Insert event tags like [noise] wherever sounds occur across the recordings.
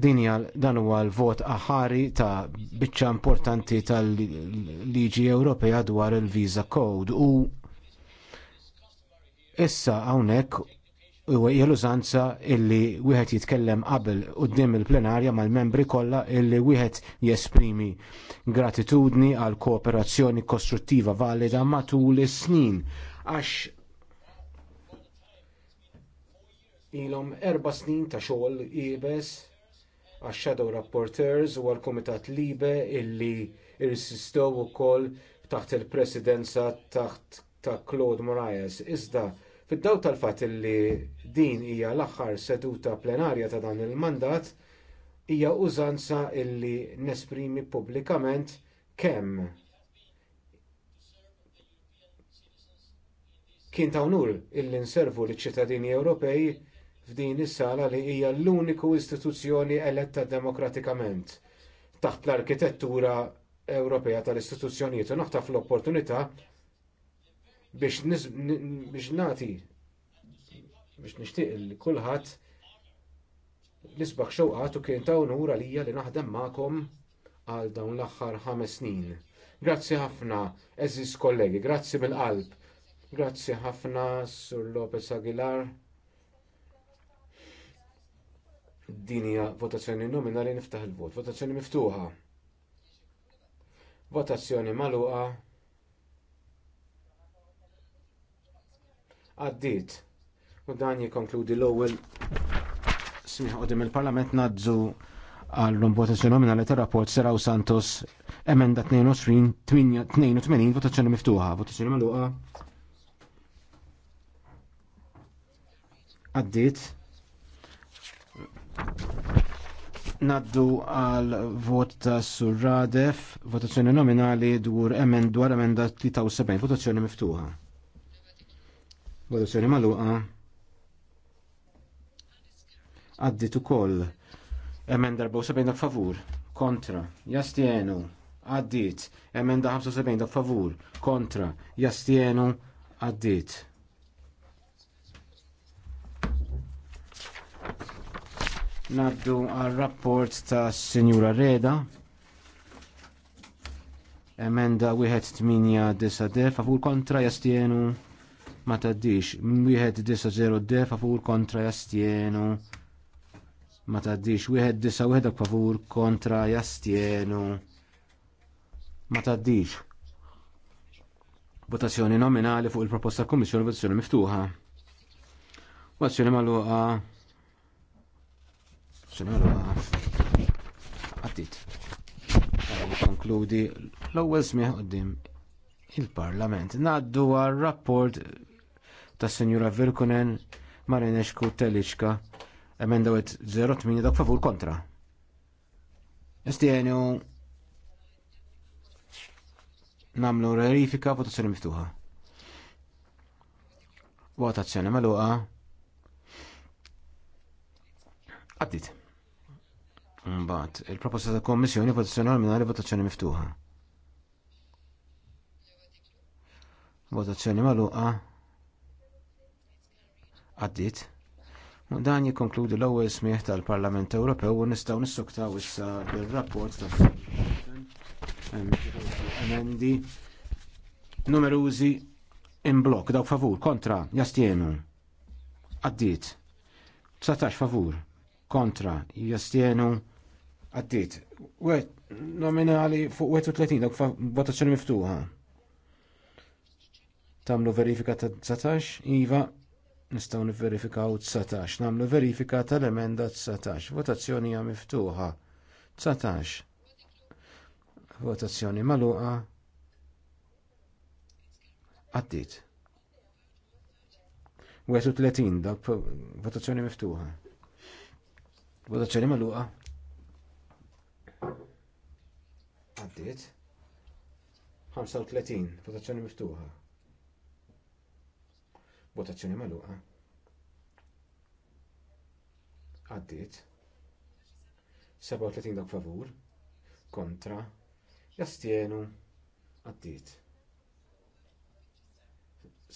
dinja dan huwa l-vot aħari ta' biċċa importanti tal-liġi Ewropea dwar il-Visa Code u issa hawnhekk huwa hija l-użanza illi wieħed jitkellem qabel quddiem il-plenarja mal-membri kollha illi wieħed jesprimi gratitudni għal kooperazzjoni kostruttiva valida matul is-snin għax ilhom erba' snin ta' xogħol ibes għax-shadow rapporteurs u għall-Kumitat Libe illi irsistow ukoll taħt il-presidenza taħt ta' Claude Moraes. Iżda, fid-daw tal-fatt illi din hija l-aħħar seduta plenarja ta' dan il-mandat, hija użanza illi nesprimi pubblikament kemm kien ta' unur illi nservu liċ ċittadini Ewropej f'din is-sala li hija l-uniku istituzzjoni eletta demokratikament taħt l-arkitettura Ewropea tal-istituzzjonijiet u naħtaf l-opportunità biex biex nagħti biex nixtieq il kulħadd nisbaħ xewqat u kien ta' unur għalija li naħdem magħkom għal dawn l-aħħar ħames snin. Grazzi ħafna, eżis kollegi, grazzi mill-qalb. Grazzi ħafna, Sur Lopez Aguilar. Din hija votazzjoni nominali niftaħ il-vot. Votazzjoni miftuħa. Votazzjoni magħluqa. Għaddiet. U dan jikkonkludi l-ewwel smiħ qudiem il-Parlament nadżu għal votazzjoni nominali tar-rapport Seraw Santos emenda 22 votazzjoni miftuħa, votazzjoni magħluqa. Għaddiet. Naddu għal vot ta' Surradef, votazzjoni nominali dwar emend dwar emenda 73, votazzjoni miftuħa. Votazzjoni maluqa. Għaddit ukoll. Emenda 74 da' favur, kontra, jastienu, għaddit. Emenda 75 da' favur, kontra, jastienu, għaddit. Naddu għal rapport ta' Sinjura Reda. Emenda 1-8 disa de favur kontra jastienu ma taddix. 1-9-0 de favur kontra jastienu ma taddix. 1-9-1 favur kontra jastienu ma taddix. Votazzjoni nominali fuq il-proposta Kommissjoni Votazzjoni Miftuħa. Votazzjoni maluqa ċenara għaddit. Konkludi l-ewwel smieħ qoddim il-Parlament. Naddu għal rapport ta' Senjura Virkunen Marinesku Teliċka emenda 08 dak favur kontra. Estienu namlu verifika votazzjoni miftuħa. Votazzjoni maluqa. Għaddit. Mbagħad, il-proposta ta' kommissjoni votazzjoni nominali votazzjoni miftuħa. Votazzjoni magħluqa għaddit. Dan jikkonkludi l-ewwel smieħ tal-Parlament Ewropew u nistgħu nissuktaw issa bir-rapport tal-emendi numerużi in blok dawk favur kontra jastienu. Għaddit. 19 favur kontra jastienu Għaddit. Wet, nominali fuq 31 dak votazzjoni miftuħa. Tamlu verifika ta' 19, Iva, nistaw u 19, namlu verifika tal-emenda 19, votazzjoni hija miftuħa. 19. Votazzjoni maluqa. Għaddit. 31 dak votazzjoni miftuħa. Votazzjoni maluqa. Għaddit. 35, votazzjoni miftuħa. Votazzjoni magħluqa. Għaddit. 37 dak favur. Kontra. Jastienu. Għaddit.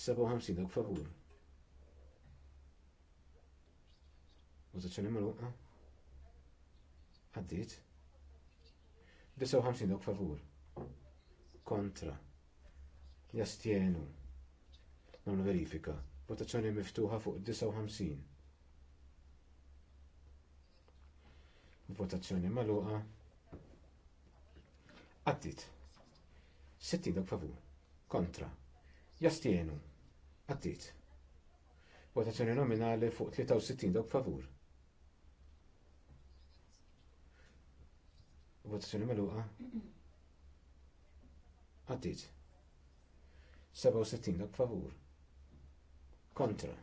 57 dak favur. Votazzjoni magħluqa. Għaddit. 59 dok favur. Kontra. Jastienu. Namlu verifika. Votazzjoni miftuħa fuq 59. Votazzjoni magħluqa. Attit. 60 dok favur. Kontra. Jastienu. Għaddit. Votazzjoni nominali fuq 63 dok favur. Votazzjoni magħluqa. Għaddit. 67 dak favur. Kontra.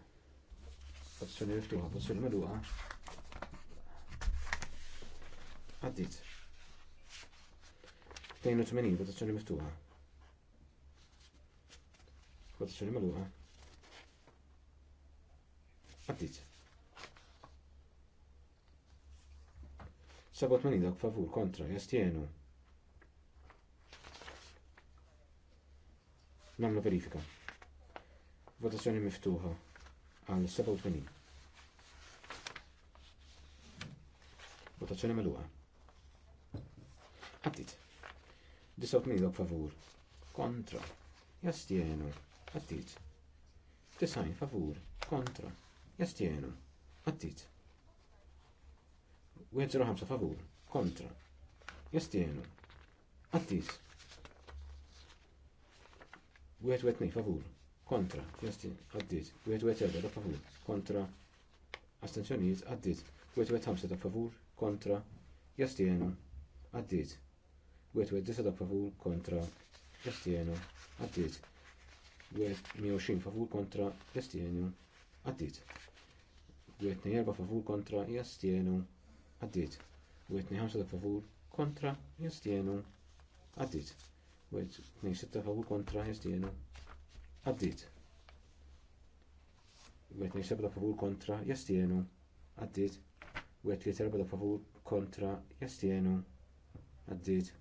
Votazzjoni miftuħa, votazzjoni magħluqa. Għaddit. 82 votazzjoni miftuħa. Votazzjoni magħluqa. Għaddit. 87 dak favur kontra jastienu. Namlu verifika. Votazzjoni miftuħa għal 87. Votazzjoni meluħa. Għattit. 89 dak favur kontra jastienu. Għattit. 90 favur kontra jastienu. Għattit. 105 favur kontra jastienu għattis 122 favur kontra jastienu għattis 124 favur kontra astenzjonijiet għattis 125 ta' favur kontra jastienu għattis 129 ta' favur kontra jastienu għattis 120 favur kontra jastienu għattis erba favur kontra jastienu għaddit. U għetni ħamsa ta' favur kontra jistienu għaddit. U għetni sitta favur kontra jistienu għaddit. U għetni sebda favur kontra jistienu għaddit. U għetni ta' favur kontra jistienu għaddit.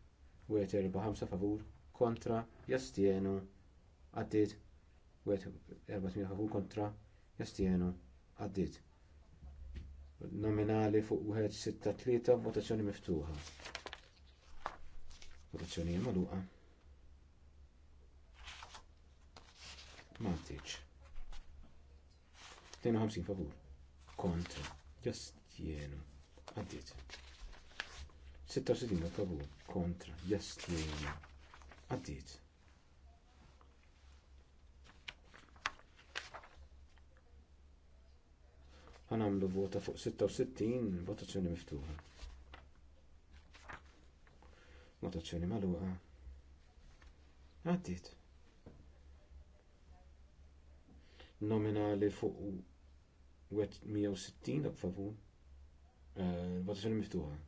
U għetni erba ħamsa favur kontra jistienu għaddit. U għetni erba favur kontra jistienu għaddit nominali fuq wieħed sitta tlieta votazzjoni miftuħa. Votazzjoni magħluqa. Mantiċ. 52 favur. Kontra. Just jenu. Għaddit. 66 favur. Kontra. Just jenu. Għaddit. ħanamlu vota fuq 66 votazzjoni miftuħa. Votazzjoni magħluqa. Għaddit. Nominali fuq 160 dak favur. Eh, votazzjoni miftuħa.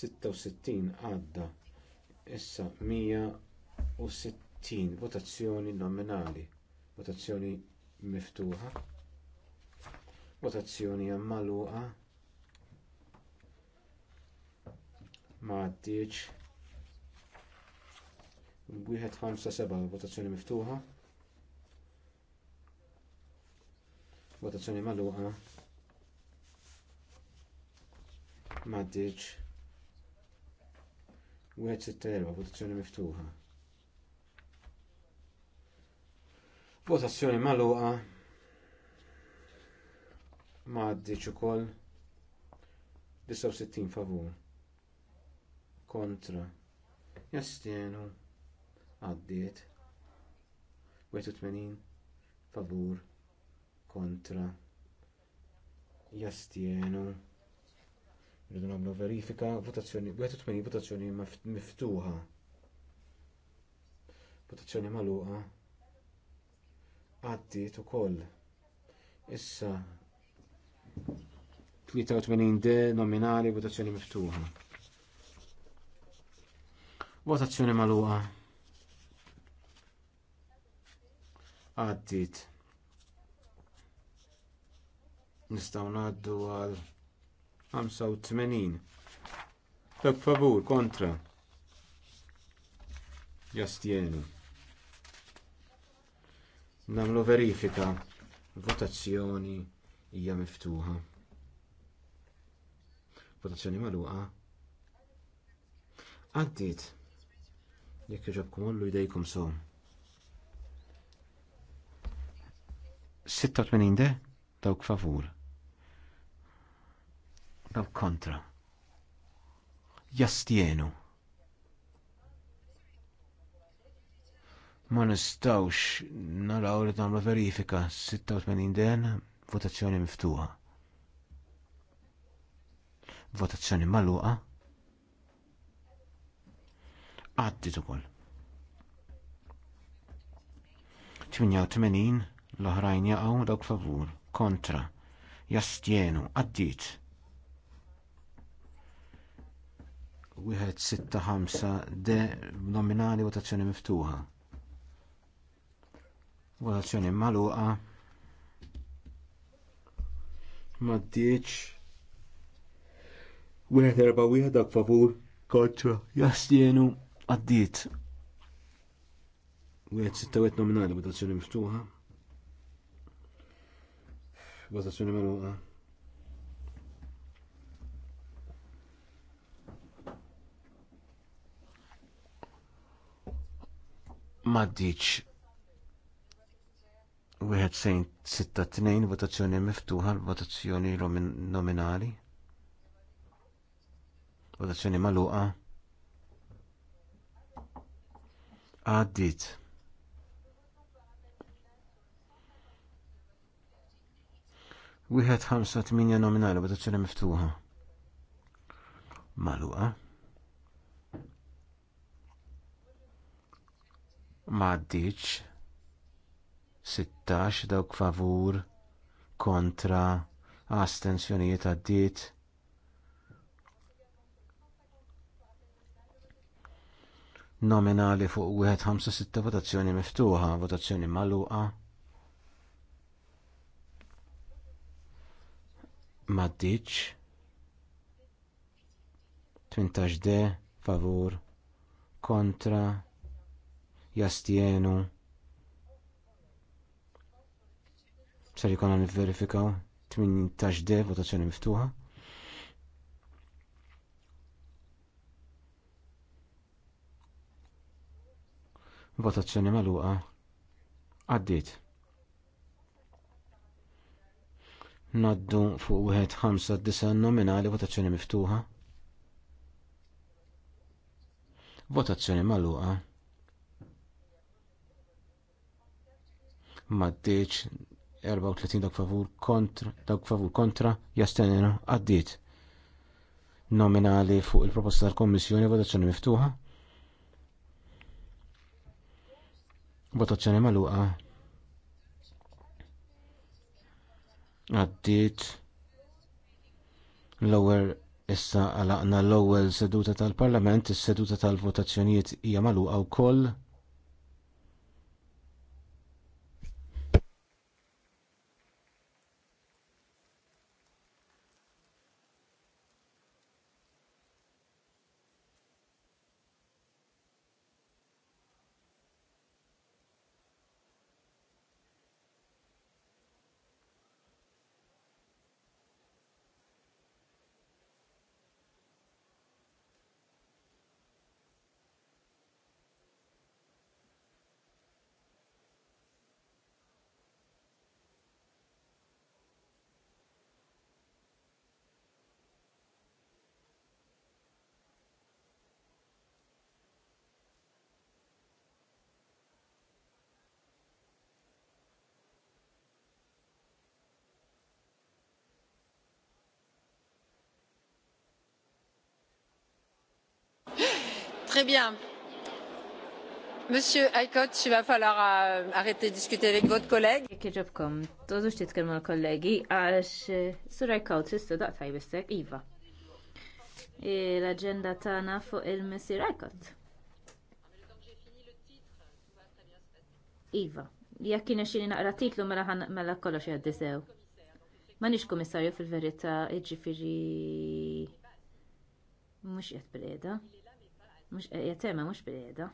Sitta u sittin għadda Issa 160 votazzjoni nominali, votazzjoni miftuħa, votazzjoni ammaluqa, maħdiċ, wieħed ħamsa seba votazzjoni miftuħa, votazzjoni magħluqa. maħdiċ, Wieħed sitta erba' votazzjoni miftuħa. Votazzjoni magħluqa m'għaddiċ ukoll 69 favur kontra jastienu għaddiet 80. favur kontra jastienu Rridu nagħmlu verifika votazzjoni, 81 votazzjoni miftuħa. Votazzjoni magħluqa. Għaddiet ukoll. Issa 83 d nominali votazzjoni miftuħa. Votazzjoni magħluqa. Għaddiet. Nistgħu ngħaddu għal 85. Per favur kontra. Jastieni. Namlu verifika. Votazzjoni hija miftuħa. Votazzjoni maluqa. Għaddit. Jekk iġobkom ollu jdejkom so. 86 de dawk favur. 86. Daw kontra. Jastienu. Ma nistawx naraw li tagħmlu verifika 86 den votazzjoni miftuħa. Votazzjoni maluqa. Għaddit ukoll. 88 l-oħrajn jaqgħu dawk favur kontra jastjenu għaddit wieħed sitta de nominali votazzjoni miftuħa. Votazzjoni magħluqa. Maddiċ. Wieħed erba' wieħed dak favur kontra jastienu għaddiet. Wieħed sitta wieħed nominali votazzjoni miftuħa. Votazzjoni magħluqa. maddiċ. Wieħed sejn 6-2 votazzjoni miftuħa votazzjoni nominali. Votazzjoni maluqa. Għaddit. Wieħed 5-8 nominali votazzjoni miftuħa. Maluqa. maddiċ 16 dawk favur kontra astensjonijiet għaddit. nominali fuq 156 votazzjoni miftuħa, votazzjoni maluqa. Maddiċ 18 de favur kontra jastienu. Sari kona nifverifikaw verifikaw 18 de votazzjoni miftuħa. Votazzjoni maluqa għaddit. Naddu fuq wieħed 5-9 nominali votazzjoni miftuħa. Votazzjoni maluqa. maddiċ 34 dak favur kontra dak favur kontra jastenina nominali fuq il-proposta tal-Kommissjoni votazzjoni miftuħa. Votazzjoni magħluqa. Għaddiet l-ewwel issa għalaqna l-ewwel seduta tal-Parlament, is-seduta tal-votazzjonijiet hija magħluqa wkoll. Monsieur Aikot, il va falloir euh, arrêter de discuter avec votre collègue. Et que comme tous les titkellmu l-kollegi as eh, sur Aikot tista' daqtaj bistek Eva. Et l'agenda tana fuq el monsieur Aikot. Iva, jekk kien xini naqra titlu mela mela kollox jgħaddisew. Ma nix komissarju fil-verità iġifieri mhux qed bil-qiegħda. Mhux qed eh, tema mhux bleda.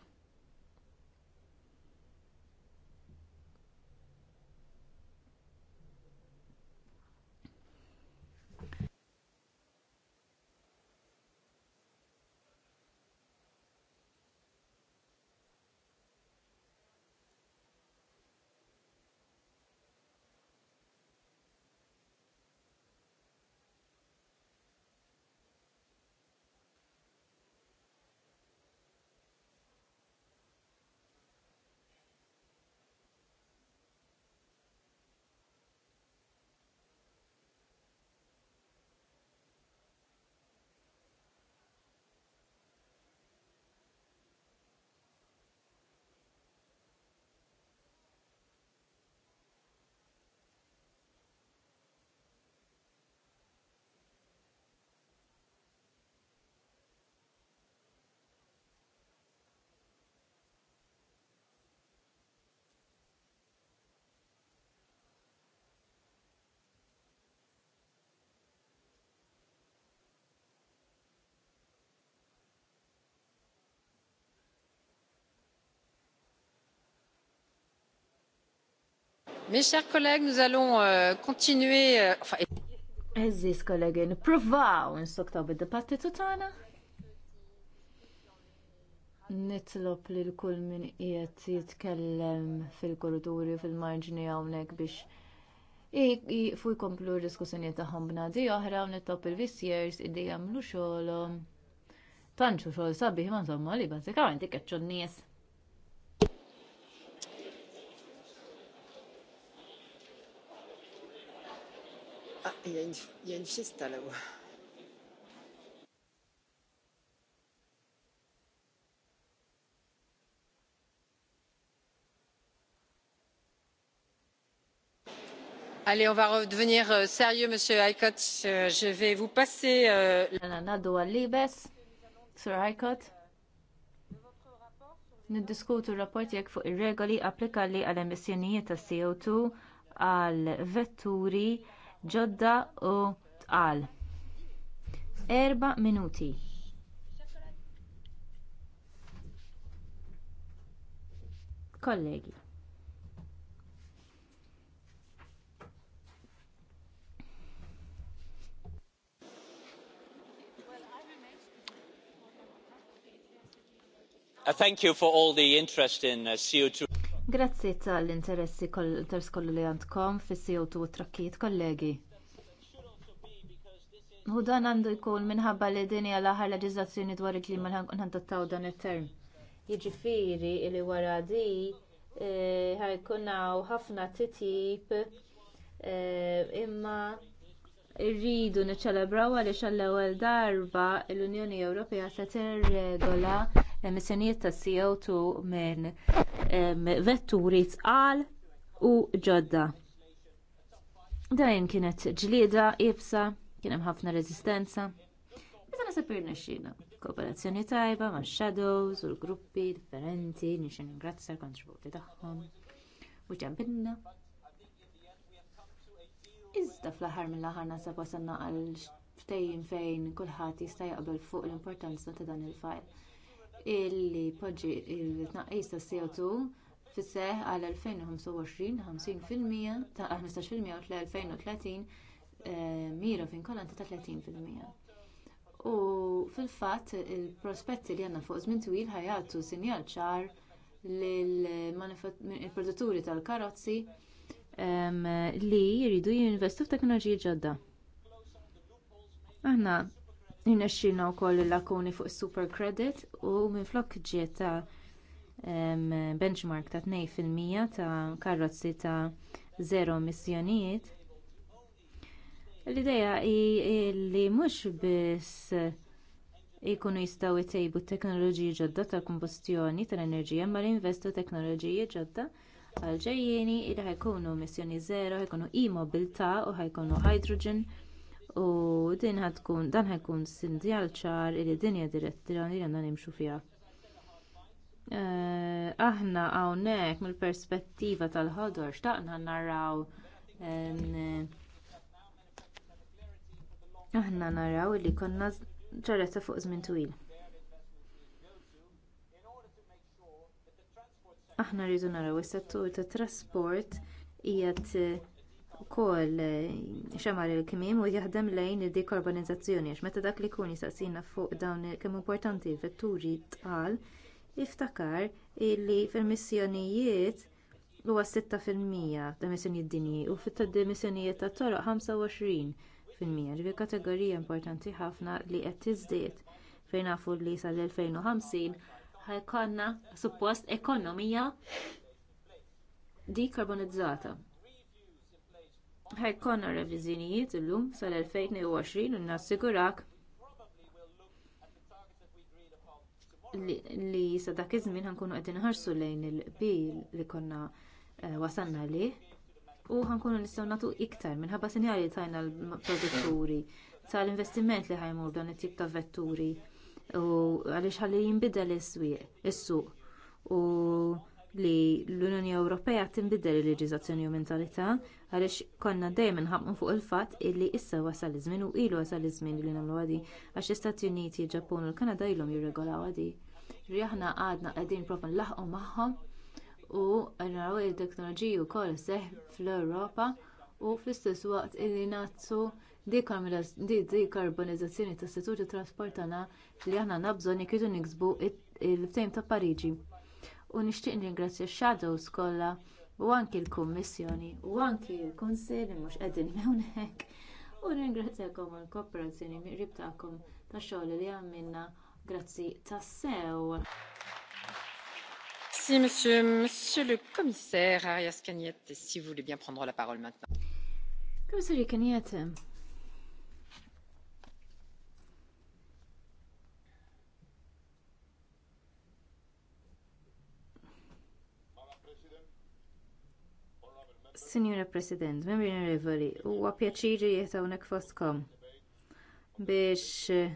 Mes chers collègues, nous allons euh, continuer. Euh, Eżis kollegi, nipruvaw nsoktaw bid-dibattitu tagħna. Nitlob li l-kull min qiegħed jitkellem fil u fil-marġni hawnhekk biex fu jkomplu r-diskussjonijiet tagħhom b'nadi oħra u nitlob il-visjers idejjem lu xogħolhom. Tantxu xogħol sabiħ ma' insomma li bażikament ikeċċu n-nies. Jien xista Allez, on va redevenir euh, sérieux, Monsieur Aykot. Euh, je vais vous passer. Euh, Nanadu għal-libes, Sir Aykot. Niddiskutu rapport jekk fuq ir-regoli applikali għall emissjonijiet ta' CO2 għal vetturi ġodda u tqal. Erba' minuti. Kollegi. Uh, thank you for all the interest in uh, co two. Grazzi tal-interessi interess kollu li għandkom fis-CO2 u trakkijiet kollegi. U dan għandu jkun minħabba li dini għal aħħar leġiżlazzjoni dwar il-klima nħantattaw dan it-term. Jiġifieri li wara di e, ħajkunaw ħafna titjib e, imma rridu niċċelebraw għal għall-ewwel darba l-Unjoni Ewropea se tirregola l-emissjonijiet tas CO2 minn vetturi tqal u ġodda. Dajem kienet ġlieda ibsa, kien hemm ħafna reżistenza. Iżda nasib irnexxina. Kooperazzjoni tajba ma' shadows u l-gruppi differenti nix ningrazzja l-kontributi tagħhom. U ġabinna. Iżda fl-aħħar mill ħar nasab wasalna għal ftejjin fejn kulħadd jista' jaqbel fuq l-importanza ta' dan il-fajl illi poġġi il-tnaqqis ta' CO2 fis-seħ għal 2025 ta' 15% u fl-2030 eh, mira fin kolanta ta' 30%. U fil-fatt il-prospetti li għandna fuq żmien twil ħajatu sinjal ċar lill-produtturi tal-karozzi ehm, li jridu jinvestu f'teknoloġiji ġodda. Aħna u wkoll il-lakuni fuq super credit u minflok ġiet ta' benchmark ta' 2% ta' karozzi ta' zero emissjonijiet. L-ideja hi li mhux biss ikunu jistgħu jtejbu t teknoloġiji ġodda ta' kombustjoni tal-enerġija ma li jinvestu teknoloġiji ġodda għal ġejjieni il ħajkunu missjoni zero, ħajkunu e mobilta u ħajkunu hydrogen u din tkun dan ħatkun sindjal ċar li din hija direzzjoni li għandna nimxu fiha. Eh, aħna hawnhekk mill-perspettiva tal-ħodor xtaqna narraw aħna naraw li konna ċarretta fuq żmien twil. Aħna rridu naraw is-settur ta' trasport qiegħed ukoll eh, xamar il-kmim u jaħdem lejn id-dekarbonizzazzjoni għax meta dak li jkun jistaqsina fuq dawn kemm importanti vetturi tqal iftakar li fil-missjonijiet huwa 6% ta' missjonijiet dinji u fit-dimissjonijiet tat toroq 25% ġifi kategorija importanti ħafna li qed tiżdied fejn nafu li sal-2050 ħajkonna suppost ekonomija dekarbonizzata ħajkonna reviżjonijiet illum sal-2020 u nassigurak li sa dak iż-żmien ħankunu qed inħarsu lejn il-qbil li konna eh, wasanna li u ħankunu nistgħu nagħtu iktar minħabba sinjali tajna l-produtturi tal-investiment li ħajmur dan it-tip ta' vetturi u għaliex ħalli jinbidel is-swieq is-suq u li l-Unjoni Ewropea tinbidel il-leġiżazzjoni u mentalità għaliex konna dejjem nħabbmu fuq il-fatt illi issa wasal iż-żmien u ilu wasal iż-żmien li nagħmlu għadi għax l-Istati Uniti, il-Ġappun u l-Kanada ilhom jirregolaw għadi. Ri aħna għadna qegħdin proprju nlaħqu magħhom u naraw il-teknoloġiji wkoll seħħ fl-Ewropa u fl-istess waqt illi nazzu dekarbonizzazzjoni tas settur tat trasport tagħna li aħna nabżon jkidu niksbu il-ftehim ta' Pariġi u nixtieq ringrazzja x-shadows kollha u anki l-Kummissjoni u anki l-Kunsill mhux qegħdin [laughs] hawnhekk u ningrazzjakom l kooperazzjoni miqrib tagħkom ta' xogħol li għamilna grazzi tassew. Merci, monsieur, monsieur le commissaire Arias Cagnette, si vous voulez bien prendre la parole maintenant. Commissaire Cagnette, Sinjura President, membri onorevoli, huwa pjaċiri qed hawnhekk fostkom biex eh,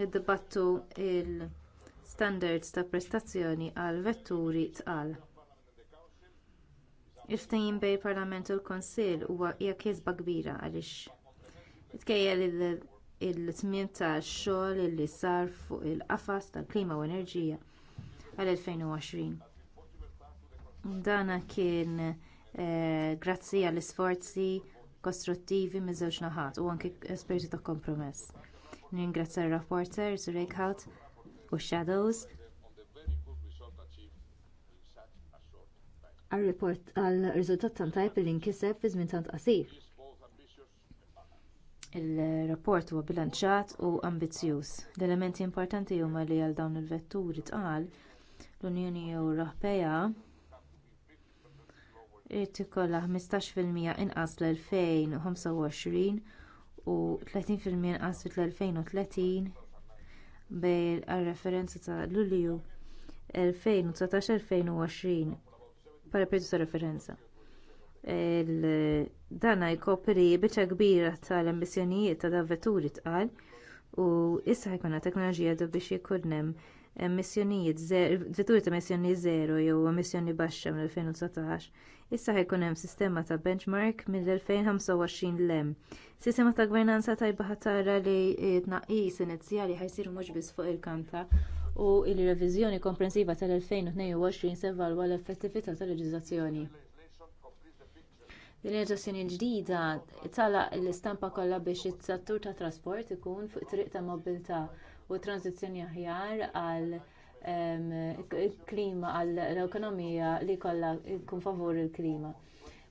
niddibattu l standards ta' prestazzjoni għal vetturi tqal. Il-ftehim bejn il-Parlament u l konsil huwa hija kisba kbira għaliex itkejjel il-tmiem tax-xogħol li sar fuq il-qafas tal-klima u enerġija għal 2020. Dana kien Eh, grazzi għall isforzi kostruttivi miż żewġ naħat u anki esperti ta' kompromess. Ningrazzja r-rapporter Sir Eichhout u Shadows għal-report għal-rizultat tan li nkiseb fi żmien tant qasir. Il-rapport huwa bilanċat u ambizzjuż. L-elementi importanti huma li għal dawn il-vetturi tqal l-Unjoni Ewropea irid ikollha 15% inqas l-2025 u 30% inqas l 2030 bejn għar-referenza ta' Lulju 2019-2020 bħala periodu ta' referenza. Dana jkopri biċċa kbira tal-emissjonijiet ta' dawn vetturi tqal u issa ħajkuna teknoloġija biex jkun hemm emissjonijiet vetturi ta' emissjoni zero jew emissjoni baxxa mill-2019 Issa ħajkun hemm sistema ta' benchmark mill-2025 lem. Sistema ta' gvernanza tajba ħatara li tnaqqis inizjali ħajsir mhux biss fuq il-kanta u il-reviżjoni komprensiva tal-2022 sevalwa l-effettività tal-leġiżlazzjoni. Din il-ġassjoni ġdida talaq l-istampa kollha biex it-settur tat trasport ikun fuq triq ta' mobilità u tranzizzjoni aħjar għal il klima għall-ekonomija li kollha jkun favur il-klima.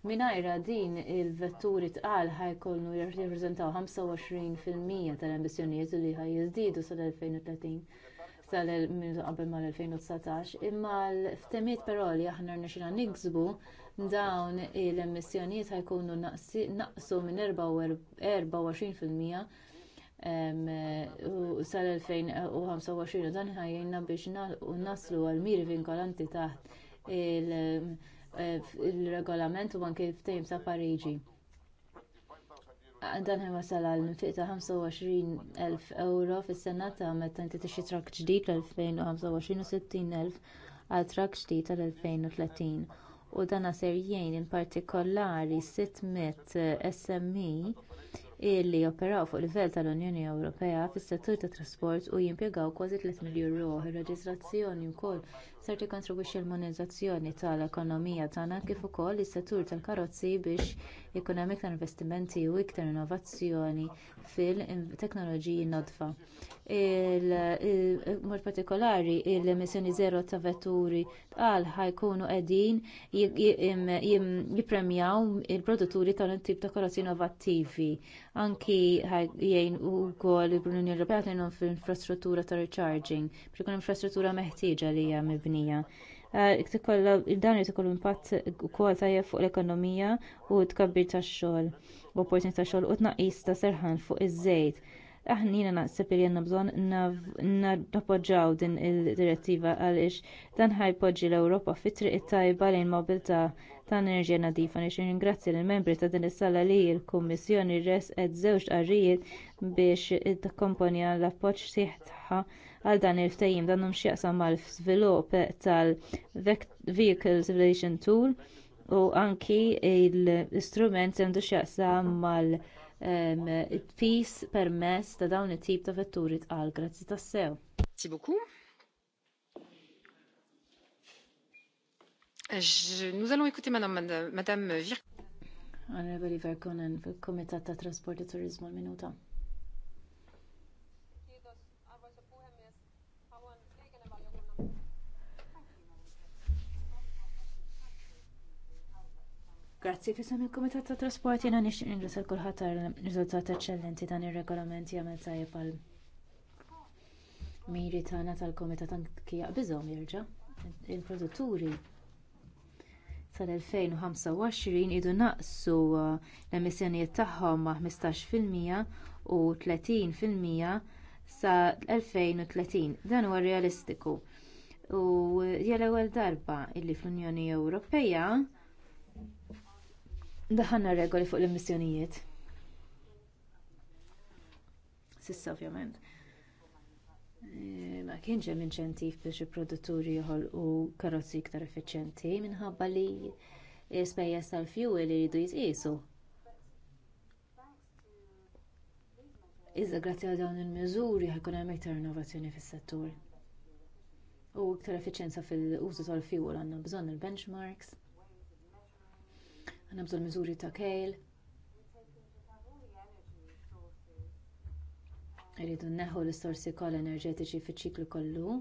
Minajra din il-vetturi tqal ħajkollu jirrappreżentaw 25% tal-emissjonijiet li ħaj sal-2030 tal qabel mal-2019, imma l-ftemiet però li aħna rnexina niksbu dawn l-emissjonijiet ħajkunu naqsu minn 24% sal-2025 dan ħajjina biex naslu għal miri vinkolanti taħt il-regolament u anke ftejm sa' Pariġi. Dan ħajma sal għal nutiq ta' 25.000 euro fis-sena ta' meta inti tixtri trak ġdid l-2025 u 60.000 għal trak ġdid tal-2030 u dan ser jgħin in partikolari 600 SMI e illi operaw fuq livell tal-Unjoni Ewropea fis-settur tat trasport u jimpjegaw kważi 3 miljun ruħ. Ir-reġistrazzjoni wkoll ser tikkontribwixxi l-monetizzazzjoni tal-ekonomija tagħna kif ukoll is-settur tal-karozzi biex jkun hemm iktar investimenti u iktar innovazzjoni fil-teknoloġiji nodfa. Mod partikolari l-emissjoni żero ta' vetturi tqal ħajkunu qegħdin jippremjaw il-produtturi tal-tip ta' karozzi innovattivi anki jgħin ukoll l-Unjoni Ewropea għatajnum fil infrastruttura ta' recharging, biex ikun infrastruttura meħtieġa li hija mibnija. Eh, dan irid ikollu impatt kol tajja fuq l-ekonomija u tkabbir tax-xogħol, u opportunità ta' xogħol u tnaqqis ta' serħan fuq iż-żejt aħnina naqseb li għanna bżon nappoġġaw din il-direttiva għalix dan ħajpoġġi l-Ewropa fitri it-tajba lejn mobilta ta' enerġija nadifa nixin ringrazzi lill membri ta' din is-sala li l-Kummissjoni resqet żewġ qarrijiet biex takkomponja l-appoġġ sieħ tagħha għal dan il-ftehim dan hum jaqsam mal-żvilupp tal-Vehicle Civilization Tool u anki l-istrument għandu x'jaqsam mal- peace ehm, permess ta' dawn it-tip ta' vetturi tqal grazzi tassew. Sibuku. nous allons écouter Madame, Madame Virk. Onorevoli Verkonen, de ta' et tourisme, Turizmu l-Minuta. Grazzi, fissam il-Komitat ta' Trasporti jena nixin ingrisal kullħat tar-riżultat eccellenti dan ir-regolament jagħmel tajjeb pal miri tagħna tal-Komitat anki jaqbiżhom jerġa' il-produtturi sal-2025 idu naqsu uh, l-emissjonijiet tagħhom ma' 15% u 30% sa l-2030. Dan huwa realistiku. U uh, jew l-ewwel darba illi fl-Unjoni Ewropea daħanna regoli fuq l-emissjonijiet. Sissa ovvjament ma kienx hemm inċentiv biex il-produtturi joħolqu karozzi iktar effiċjenti minħabba li l-ispejjeż tal-fuel iridu jitqiesu. Iżda grazzi għal dawn il-miżuri ħajkun hemm iktar innovazzjoni fis-settur. U iktar effiċjenza fil-użu tal-fuel għandna bżonn il-benchmarks. Għandna bżonn miżuri ta' kejl. Iridu neħu l-istorsi kollha enerġetiċi fiċ-ċiklu kollu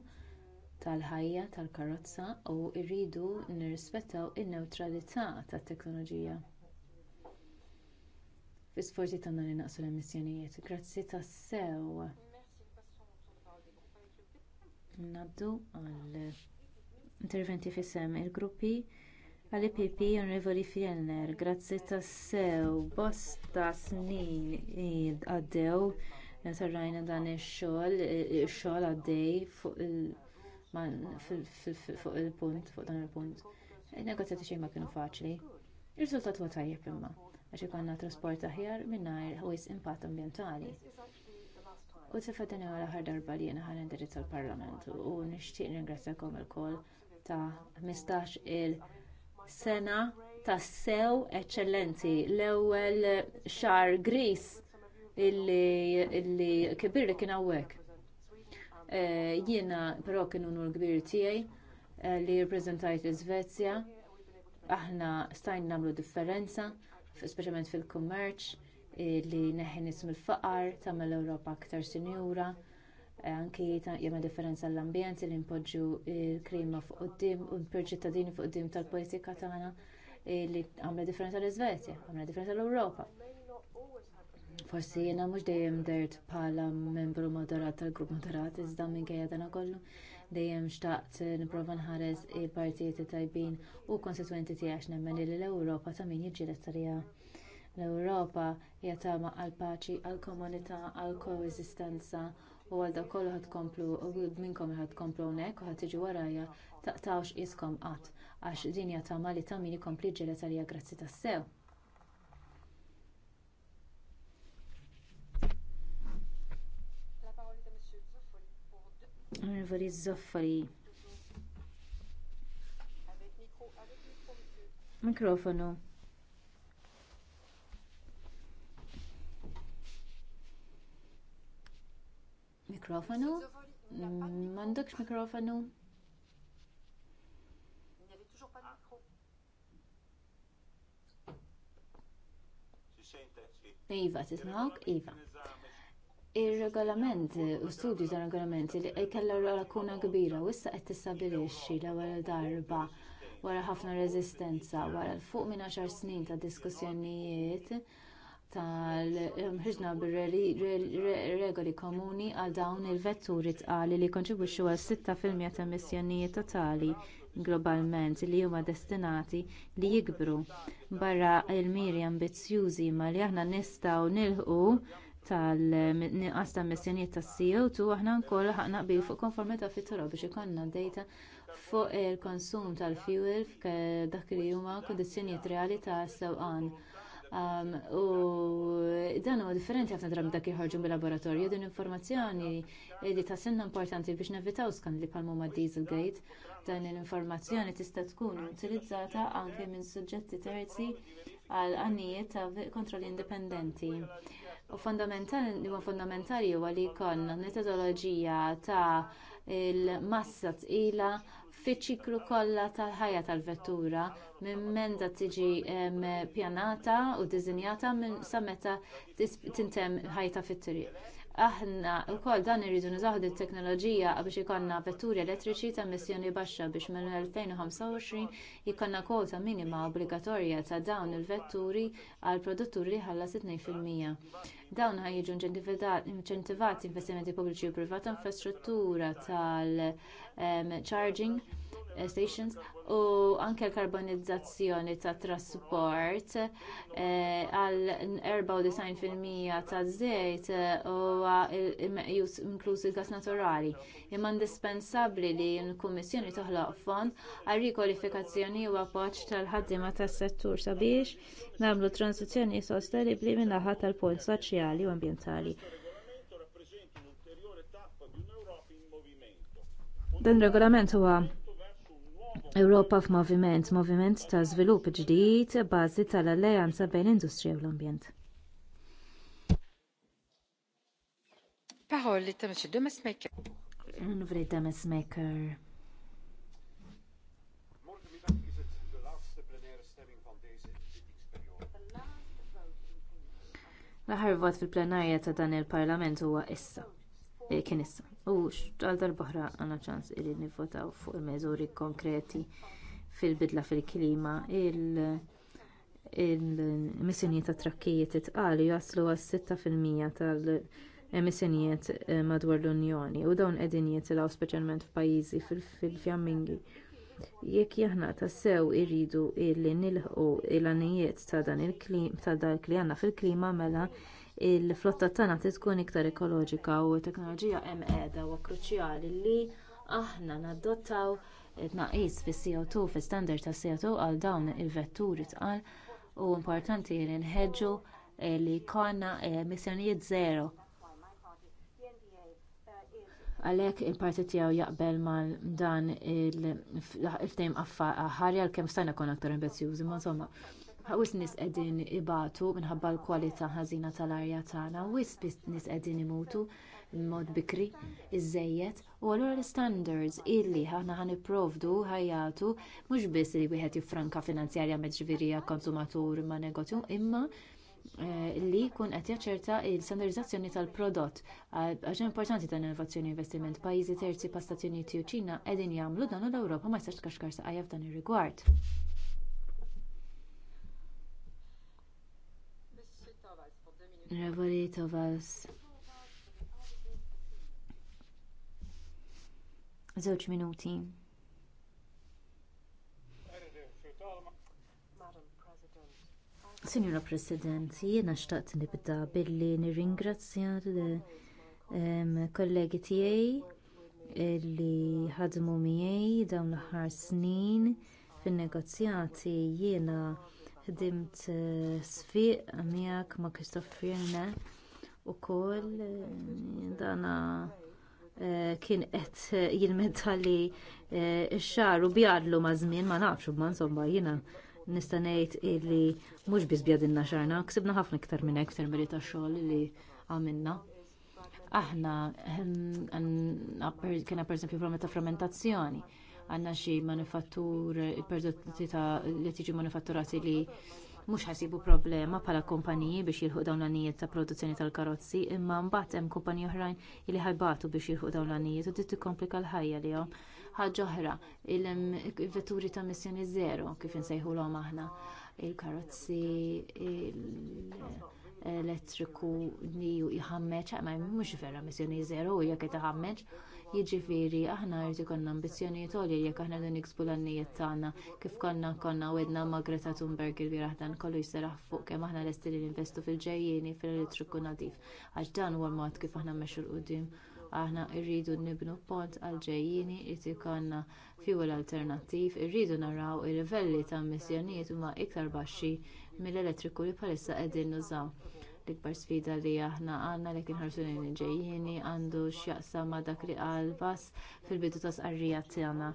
tal-ħajja tal-karozza u rridu nirrispettaw in-newtralità tat-teknoloġija. Fi sforzi tagħna li naqsu l-emissjonijiet. Grazzi tas-sew. Naddu għal interventi fis-sem il-gruppi għal-IPP Onorevoli Fjellner, grazzi tas-sew, bosta snin għaddew Netarrajna dan ix-xogħol, il-xol għaddej fuq il-punt, fuq dan il-punt. Il-negozjati xejn ma kienu faċli. il riżultat huwa tajjeb imma għax ikonna trasport aħjar mingħajr ħwejs impatt ambjentali. U t din għala ħar darba li jiena ħan l parlament u nixtieq ringrazzjakom il ta' 15 il-sena ta' sew eċċellenti l-ewwel xar gris illi kibirri kien hawnhekk. Eh, jiena però kienu nur kbir tiegħi eh, li jirpreżentajt l-Svezja, aħna stajn nagħmlu differenza, speċjalment fil-kummerċ, eh, li neħin ism il-faqar, tagħmel Ewropa aktar sinjura, anki jema differenza l-ambjent li npoġġu il-krima fuq qoddim u l ta' fuq qoddim tal-politika tagħna li għamla differenza l-Iżvezja, għamla differenza l-Ewropa forsi jiena mhux dejjem dert bħala membru moderat tal-grupp moderat iżda minkejja dan kollu dejjem xtaqt nipprova nħares il-partijiet tajbin u konsistwenti tiegħi nemmen li l-Ewropa ta' min jiġġieled tarija. L-Ewropa hija tama għall paċi, għall komunità, għall koeżistenza u għal dak kollu ħad komplu u minnkom ħad komplu hawnhekk u ħad tiġi warajja taqtawx iskom qatt għax din hija tama li ta' min ikompli ġġieled għalija grazzi tas-sew. z-zaffari. Mikrofonu. Mikrofonu? Mm, mandokx mikrofonu? Iva, t-ismawk? tismawk? Iva ir regolamenti u studju ta' regolamenti li kellha lakuna kbira u issa qed tistabilixxi l-ewwel darba wara ħafna reżistenza wara l-fuq minn għaxar snin ta' diskussjonijiet tal-ħiġna regoli komuni għal dawn il-vetturi tqali li kontribuxxu għal 6% ta' emissjonijiet totali globalment li huma destinati li jikbru barra l miri ambizzjużi ma li aħna nistgħu nilħqu tal-niqqas ta' emissjonijiet ta' CO2 aħna nkoll ħaqna qbil fuq konformità fit-toroq biex ikollna data fuq il-konsum tal-fuel dak li huma kundizzjonijiet reali ta' sewqan. u dan huwa differenti ħafna drabi dak jħorġu bil-laboratorju din informazzjoni li tasilna importanti biex nevitaw skandli bħal huma Dieselgate. Dan l-informazzjoni tista' tkun utilizzata anke minn suġġetti terzi għal għannijiet ta' kontrolli indipendenti U fondamentali huwa fondamentali huwa li jkollna metodoloġija ta' il-massa tqila fiċ-ċiklu kollha tal-ħajja tal-vettura minn menda tiġi pjanata u ddisinjata sa meta tintemm ħajta fit-triq aħna wkoll dan irridu nużaw it teknoloġija biex ikonna vetturi elettriċi ta' missjoni baxxa biex mill-2025 ikonna kwota minima obbligatorja ta' dawn il-vetturi għal produtturi li fil 2%. Dawn ħajġu inċentivati investimenti pubbliċi u privati infrastruttura tal- Um, charging uh, stations u anke l-karbonizzazzjoni tat trasport uh, għal 94% ta' żejt uh, u meqjus inkluż il-gas naturali. Imma indispensabbli li l-Kummissjoni toħloq fond għal rikwalifikazzjoni u appoġġ tal ħaddima tas-settur sabiex nagħmlu transizjoni sostenibbli min-naħa tal-punt soċjali u ambjentali. Dan regolament huwa Ewropa f'moviment, moviment ta' żvilupp ġdid bażi tal-alleanza bejn industrija u l-ambjent. Paħol li temx Demesmaker. Nvri Demesmaker. L-aħħar vot fil-plenarja ta' dan il-Parlament huwa issa. Eh, kien issa. U xtal darbaħra għandna ċans irrid nivvotaw fuq il-meżuri konkreti fil-bidla fil-klima il-missjonijiet ta' trakkijiet itqali jaslu għas 6% tal-emissjonijiet eh, madwar l-Unjoni u dawn qegħdin jitilgħu speċjalment f'pajjiżi fil-fjammingi. Jekk jaħna tassew irridu illi nilħqu l-għanijiet ta' dan il-klim ta' dak li għandna fil-klima mela il-flotta tagħna tkun iktar ekoloġika u t teknoloġija hemm qiegħda huwa kruċjali li aħna nadottaw tnaqqis fis-CO2 fis-standard tas CO2 għal dawn il-vetturi tqal u importanti li nħeġġu li jkollna eh, emissjonijiet żero għalhekk il-parti tiegħu jaqbel mal dan il-ftejm ħarja l-kem stajna kon aktar ambizzjużi, ma Wis nis qegħdin ibatu minħabba l-kwalità ħażina tal-arja tagħna, wis nis qegħdin imutu mod bikri, iżejjed, u għallura l-standards illi aħna ħan iprovdu ħajatu mhux biss li wieħed jiffranka finanzjarja meġvirija konsumatur ma' negozju, imma eh, li jkun qed jaċċerta l standardizzazzjoni tal-prodott. Għax importanti dan innovazzjoni investiment pajjiżi terzi pa' Stati Uniti u Ċina qegħdin jagħmlu dan u l-Ewropa ma jistax tkaxkar saqajja f'dan ir-rigward. Revoli Tovals. Zoċ minuti. Signora President, jiena xtaqt nibda billi nirringrazzja l-kollegi tijaj li ħadmu miegħi dawn l ħar snin fin-negozjati jiena ħdimt eh, sfiq miegħek ma' Kristofferna u koll eh, dana eh, kien qed jilmenta li x-xar u bjadlu ma' żmien ma nafx ma insomma jiena nista' ngħid illi mhux biss bjadilna xarna, ksibna ħafna iktar minn hekk termini ta' xogħol li għamilna. Aħna kienha per esempio problema ta' frammentazzjoni għanna xi manifattur prodotti ta' li tiġi manifatturati li mhux ħasibu problema bħala kumpaniji biex jilħu dawn l ta' produzzjoni tal-karozzi, imma mbagħad hemm kumpaniji oħrajn li ħajbatu biex jilħu dawn l għanijiet u dit tikkomplika l-ħajja li Ħaġa oħra, il-vetturi ta' missjoni zero kif insejħulhom aħna il-karozzi, l-elettriku li jħammeċ, ma mux vera missjoni zero u jek jħammeċ, Jiġifieri aħna rrid ikollna ambizzjonijiet għolja jekk aħna li niksbu l-annijiet tagħna kif konna konna wedna ma' Greta Thunberg il-bieraħ dan kollu jserraħ fuq kemm aħna lesti li ninvestu fil-ġejjieni fil-elettriku nadif għax dan huwa l-mod kif aħna mexxu l-qudiem aħna rridu nibnu pont għal ġejjini irid ikollna fuel alternattiv, irridu naraw ir-livelli ta' emissjonijiet huma iktar baxxi mill-elettriku li bħalissa qegħdin nużaw l-ikbar sfida li aħna għandna li kien lejn ġejjieni għandu x'jaqsam ma' dak li qal vas fil-bidu ta' sqarrija tagħna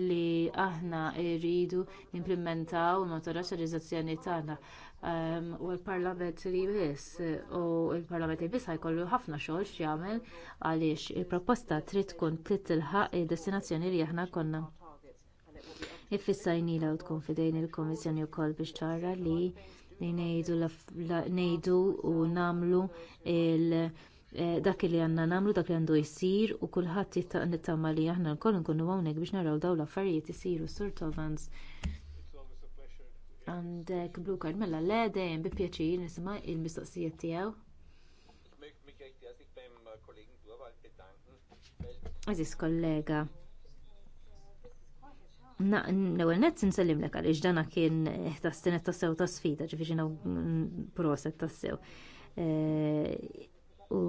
li aħna rridu nimplementaw il-motoraċċarizzazzjoni tagħna ehm, u l-parlament li biss u l-parlament li biss ħajkollu ħafna xogħol x'jagħmel għaliex il-proposta trid tkun titilħaq id-destinazzjoni li aħna konna. Ifissajni u tkun fidejn il-Komissjoni wkoll biex tara li li ngħidu u nagħmlu dak li għandna nagħmlu dak li għandu jsir u kulħadd jittama li aħna lkoll nkunu hawnhekk biex naraw dawn l-affarijiet isiru sur Tovans. Għandek blue card mela le dejjem bi pjaċir nisma' il-mistoqsijiet tiegħu. Aziz kollega, L-ewwel nett insellimlek għaliex dana kien eh, tas stinet tas sew ta' sfida, ġifieri naw proset tas sew. Eh, u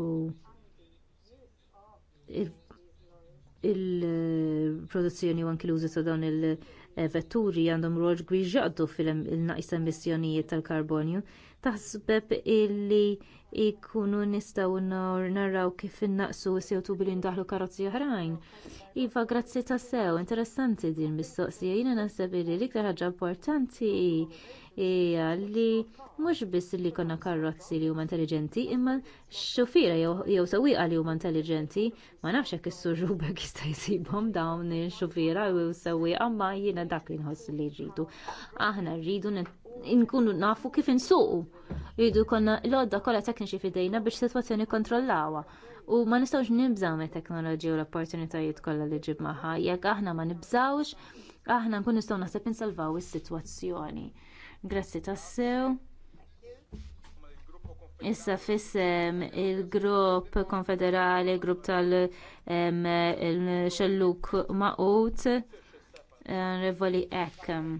il-produzzjoni u anki l-użu ta' dawn il-vetturi eh, għandhom rol gwiex jaqdu fil-naqis emissjonijiet tal-karbonju taħsbeb illi jkunu nistgħu naraw kif innaqsu s sewtu bil billi ndaħlu karozzi oħrajn. Iva, grazzi ta' sew, interessanti din mistoqsija. Jiena naħseb illi l-iktar ħaġa importanti hija li mhux biss li jkollna karozzi li huma intelligenti, imma xufiera jew sewwieqa li huma intelligenti, ma nafx hekk is-sur Rubek [laughs] jista' jsibhom dawn il-xufiera jew sewwieqa, ma jiena dak li nħoss li jridu. Aħna rridu nkunu nafu kif insuqu. Jridu konna l-odda kolla tekniċi fidejna biex situazzjoni kontrollawa. U ma nistawx nibżaw me teknoloġija u l-opportunitajiet kollha li ġib maħħa. Jekk aħna ma nibżawx, aħna nkun nistgħu naħseb insalvaw is-sitwazzjoni. Grazzi tassew. Issa fissem il-grupp konfederali, grupp tal-xelluk maqut, eh, rivoli ekkem.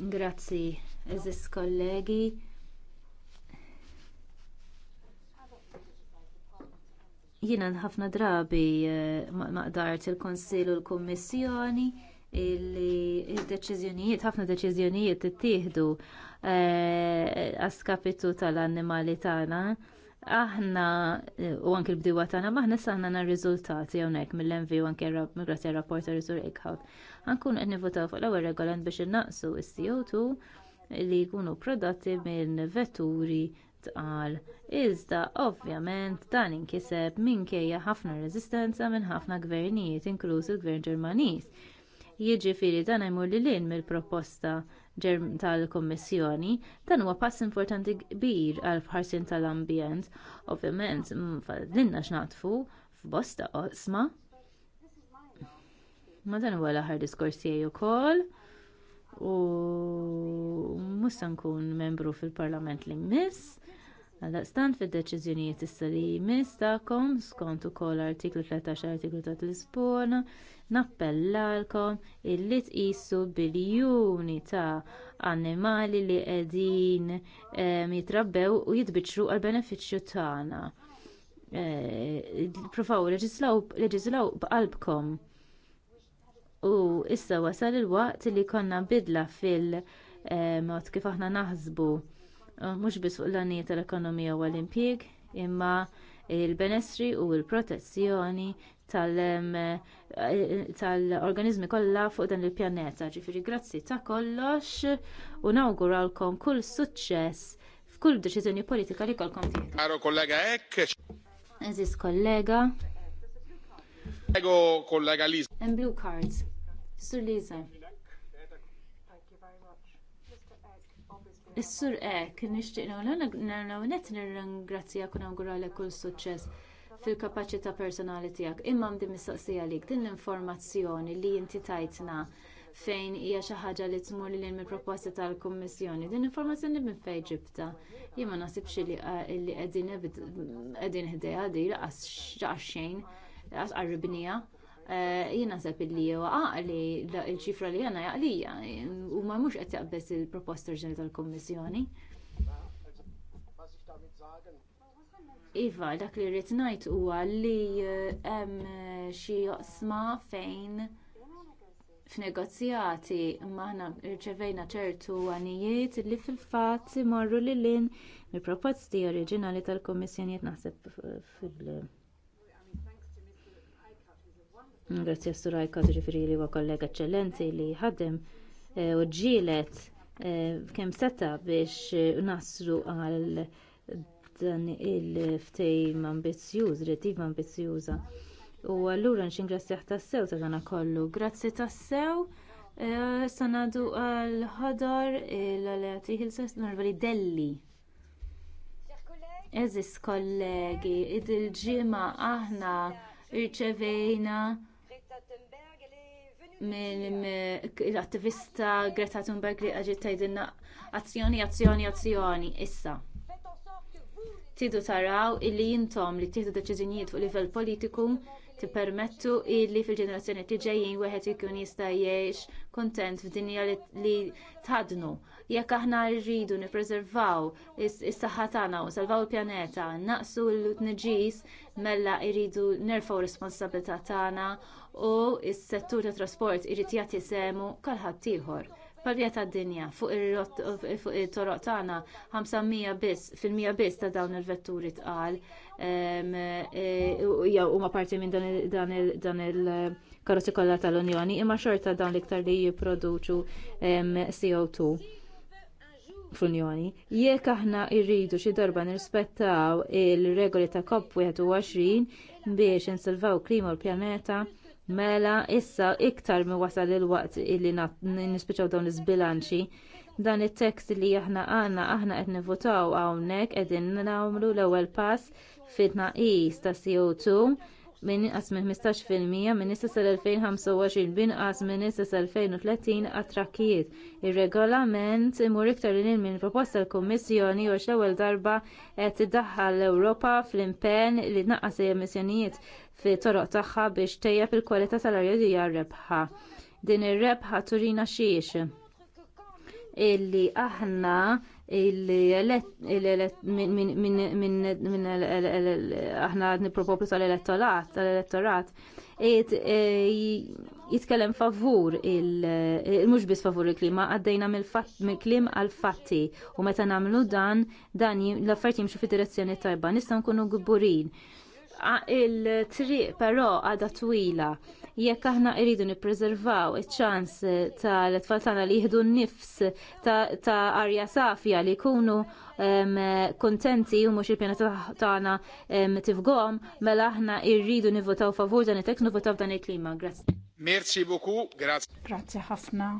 Grazzi, eżis kollegi. Jiena ħafna drabi eh, maqdart il-Konsil u l-Kommissjoni illi deċiżjonijiet, ħafna deċiżjonijiet ittieħdu eh, għaskapitu tal-annimali tagħna. Aħna eh, u anke l-bdiwa tagħna maħna saħna na riżultati hawnhekk mill mv u anke migrati rapporta Riżur Ikħaw. Għankun qed votaw fuq l-ewwel regolament biex innaqsu is-CO2 li jkunu prodotti minn vetturi tqal. Iżda ovvjament dan inkiseb minkejja ħafna reżistenza minn ħafna gvernijiet inkluż il-Gvern Ġermaniż. Jiġifieri dan jmur lil hinn mill-proposta tal kummissjoni dan huwa pass importanti kbir għal ħarsien tal-ambjent, ovvjament mm, fadlinna x'naqtfu f'bosta qosma, Ma dan huwa l-aħħar diskors tiegħi wkoll u musa nkun membru fil-Parlament li miss. għaldaqstant fid fil issa li jmiss ta'kom skont ukoll artiklu 13 artiklu ta' Tlisbona nappellalkom illi tqisu biljuni ta' annimali li qegħdin ehm, jitrabbew u jitbiċċru għall benefiċċju tagħna. Eh, provaw leġislaw b'qalbkom U issa wasal il-waqt li konna bidla fil-mod kif aħna naħsbu mhux biss fuq l-għanijiet tal-ekonomija u l-impjieg, imma il-benessri u l protezzjoni tal-organizmi kollha fuq dan il-pjaneta. Ġifieri grazzi ta' kollox u nawguralkom kull suċċess f'kull deċiżjoni politika li kolkom fih. Aro kollega hekk. Eżis kollega. Ego kollega Lisa. And blue cards. Sur Lisa. Is-sur ek, nishtiq nawla net nirrangrazzja kun awgurale kull suċċess fil-kapacità personali tiegħek. Imma mdi mistaqsija lik din l-informazzjoni li inti tajtna fejn hija xi ħaġa li tmur lil mill proposta tal-Kummissjoni. Din informazzjoni minn fejn ġibta. Jien ma nasibx li eh, qegħdin qegħdin ħdejha di laqas xejn għarribnija. Eh, jina sepp li u għaqli il ċifra li għana għalija eh, u ma mux qed jaqbess il-proposta ġenerali tal-Kommissjoni. Iva, dak li rrit ngħid huwa li eh, hemm xi joqsma fejn f'negozjati maħna rċevejna ċertu għanijiet li fil-fatt imorru l lin mill-proposti oriġinali tal-Kummissjoni naħseb fil- Grazzi Surajka ġifiri li huwa kollega eccellenti li ħaddem eh, u ġielet eh, kem seta biex eh, naslu għal dan il-ftejm ambizjuż, rettiv ambizjuża. U allura nxingrazzjaħ tassew ta' dana kollu. Grazzi tassew. Sanadu għal-ħadar l-għalati hilsas narvali delli. Eżis kollegi, id-ġima aħna irċevejna mill-attivista Greta Thunberg li għagġi tajdinna azzjoni, azzjoni, azzjoni, issa. Tidu taraw illi jintom li tidu deċiżjonijiet fuq livell politiku tippermettu illi fil-ġenerazzjoni li ġejjin wieħed ikun jista' jgħix kuntent f'dinja li tħadnu. Jekk aħna rridu nippreservaw is-saħħa tagħna u salvaw il-pjaneta, naqsu l-tniġis mella jridu nerfgħu responsabilità tagħna u s-settur tat trasport irid jagħti semu kalħadd ieħor. Parja tad dinja fuq il-toroq tagħna 500 biss fil-mija biss ta' dawn il-vetturi tqal huma e, parti minn dan il-karozzi eh, kollha tal-Unjoni, imma xorta dawn l-iktar li jipproduċu CO2 fl-Unjoni. Jekk aħna rridu xi darba nirrispettaw il-regoli ta' COP21 biex insilvaw klima u l-pjaneta, mela issa iktar mi wasal il-waqt illi nispiċaw dawn iż-bilanċi dan it-tekst li aħna għandna aħna qed nivvotaw hawnhekk qegħdin nagħmlu l-ewwel pass fit-tnaqqis ta' CO2 minn inqas minn 15% minn issa sal bin inqas minn issa sal-2030 għat-trakkijiet. Ir-regolament imur iktar lil minn proposta l-Kummissjoni u xewel darba qed tiddaħħal l-Ewropa fl-impenn li tnaqqas emissjonijiet fit toroq tagħha biex tejjeb il-kwalità tal-arja li rebħa. Din ir-rebħa turina xiex illi aħna minn aħna nipropoplu tal-elettorat tal-elettorat e, jitkellem favur il-mux e, bis favur il-klima għaddejna mill-klim għal-fatti u meta namlu dan dan l-affarijiet jimxu fi direzzjoni tajba nista' nkunu gburin il-triq però għadha twila. Jekk aħna rridu nippreservaw iċ-ċans tal-tfal tagħna li jieħdu nnifs ta' arja safja li jkunu kuntenti u mhux il-pjana tagħna tifgom, mela aħna rridu nivvotaw favur dan it-tek nivvotaw dan il-klima. Grazzi. Merci beaucoup, grazie. Grazie ħafna.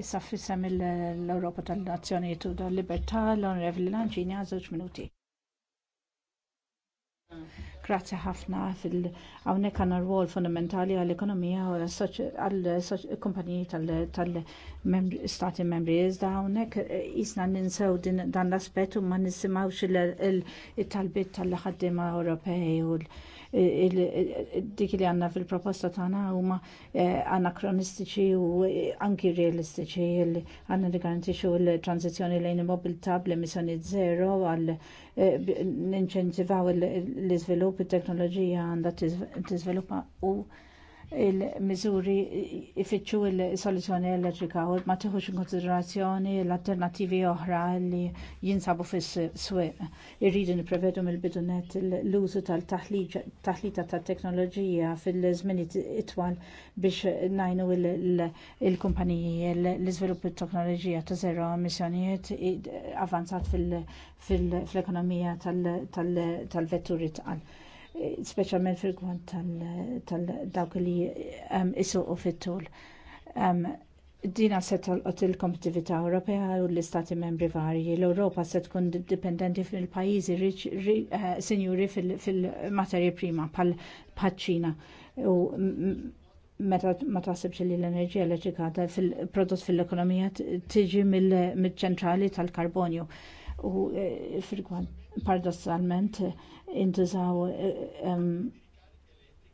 Issa fissem l-Europa tal-Nazzjonijiet u tal-Libertà l onrevli Lanġini għal minuti. Grazzi ħafna fil hawnhekk għandna rwol fundamentali għall-ekonomija u għall-kumpaniji tal-stati membri. Iżda hawnhekk eh, isna ninsew dan l-aspett u ma nisimgħux il-talbiet tal-ħaddiema Ewropej u l dik li għandna fil-proposta tagħna huma eh, anakronistiċi u anki realistiċi li għanna li garantixxu l transizjoni lejn immobilità bl-emissjoni zero għal eh, inċentivaw l-iżvilupp it-teknoloġija għandha tiżviluppa u il-mizuri ifittxu il-soluzjoni elettrika u ma tiħux in konsiderazzjoni l-alternativi oħra li jinsabu fis swieq Irridu niprevedu mill-bidunet l-użu tal-taħlita tat teknoloġija fil-żmini itwal biex najnu il-kumpaniji l-iżvilupp il-teknoloġija ta' zero emissjonijiet avanzat fil-ekonomija tal-vetturi tqal speċjalment fil-kwant tal-dawk li ehm, u fit-tul. Ehm, dina se tal-qot il kompetivita Ewropea u l-istati membri varji. L-Ewropa se tkun dipendenti fil-pajjiżi eh, sinjuri fil materi prima pal ċina U meta ma taħsibx li l-enerġija elettrika fil-prodott fil-ekonomija tiġi mill-ċentrali tal-karbonju. U eh, fil-kwant paradossalment intużaw eh,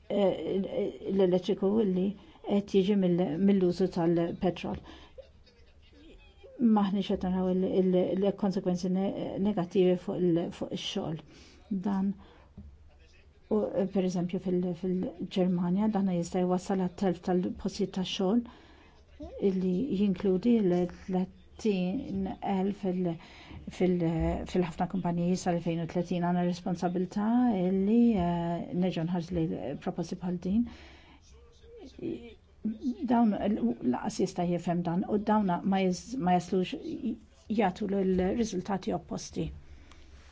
eh, l-elettriku li qed jiġi mill-użu tal-petrol. Maħni qed naraw il-konsekwenzi negattivi fuq ix-xogħol. Dan u per eżempju fil-Ġermanja dan jista' jwassal għat-telf tal-postijiet tax-xogħol illi jinkludi l fil-ħafna kumpaniji sal-2030 għana responsabilta illi eh, neġon nħarż li proposti bħal din. Dawn laqas jista jifhem dan u dawna ma jaslux jagħtu l-riżultati opposti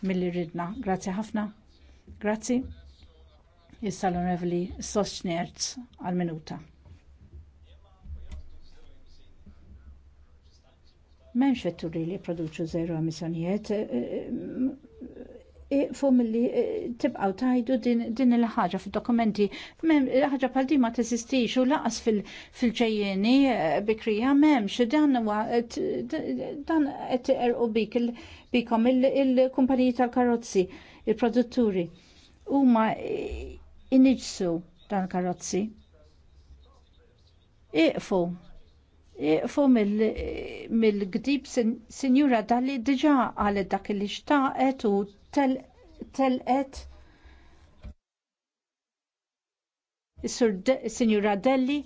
milli ridna. Grazzi ħafna. Grazzi. Issa l-onorevoli Sosnerz għal-minuta. M'hemmx vetturi li jipproduċu zero emissjonijiet eh, eh, eh, fum li tibqaw tajdu din il-ħagġa fil-dokumenti. ħaġa pal ma t-esistix u laqas fil-ġejjeni bikrija memx dan dan qed erqu bik bikom il-kumpaniji tal-karozzi, il-produtturi. Huma iniġsu dan karozzi. Iqfu Eh, fuq mill-gdib sinjura dalli diġa qalet dak li xtaqet u telqet sinjura Delli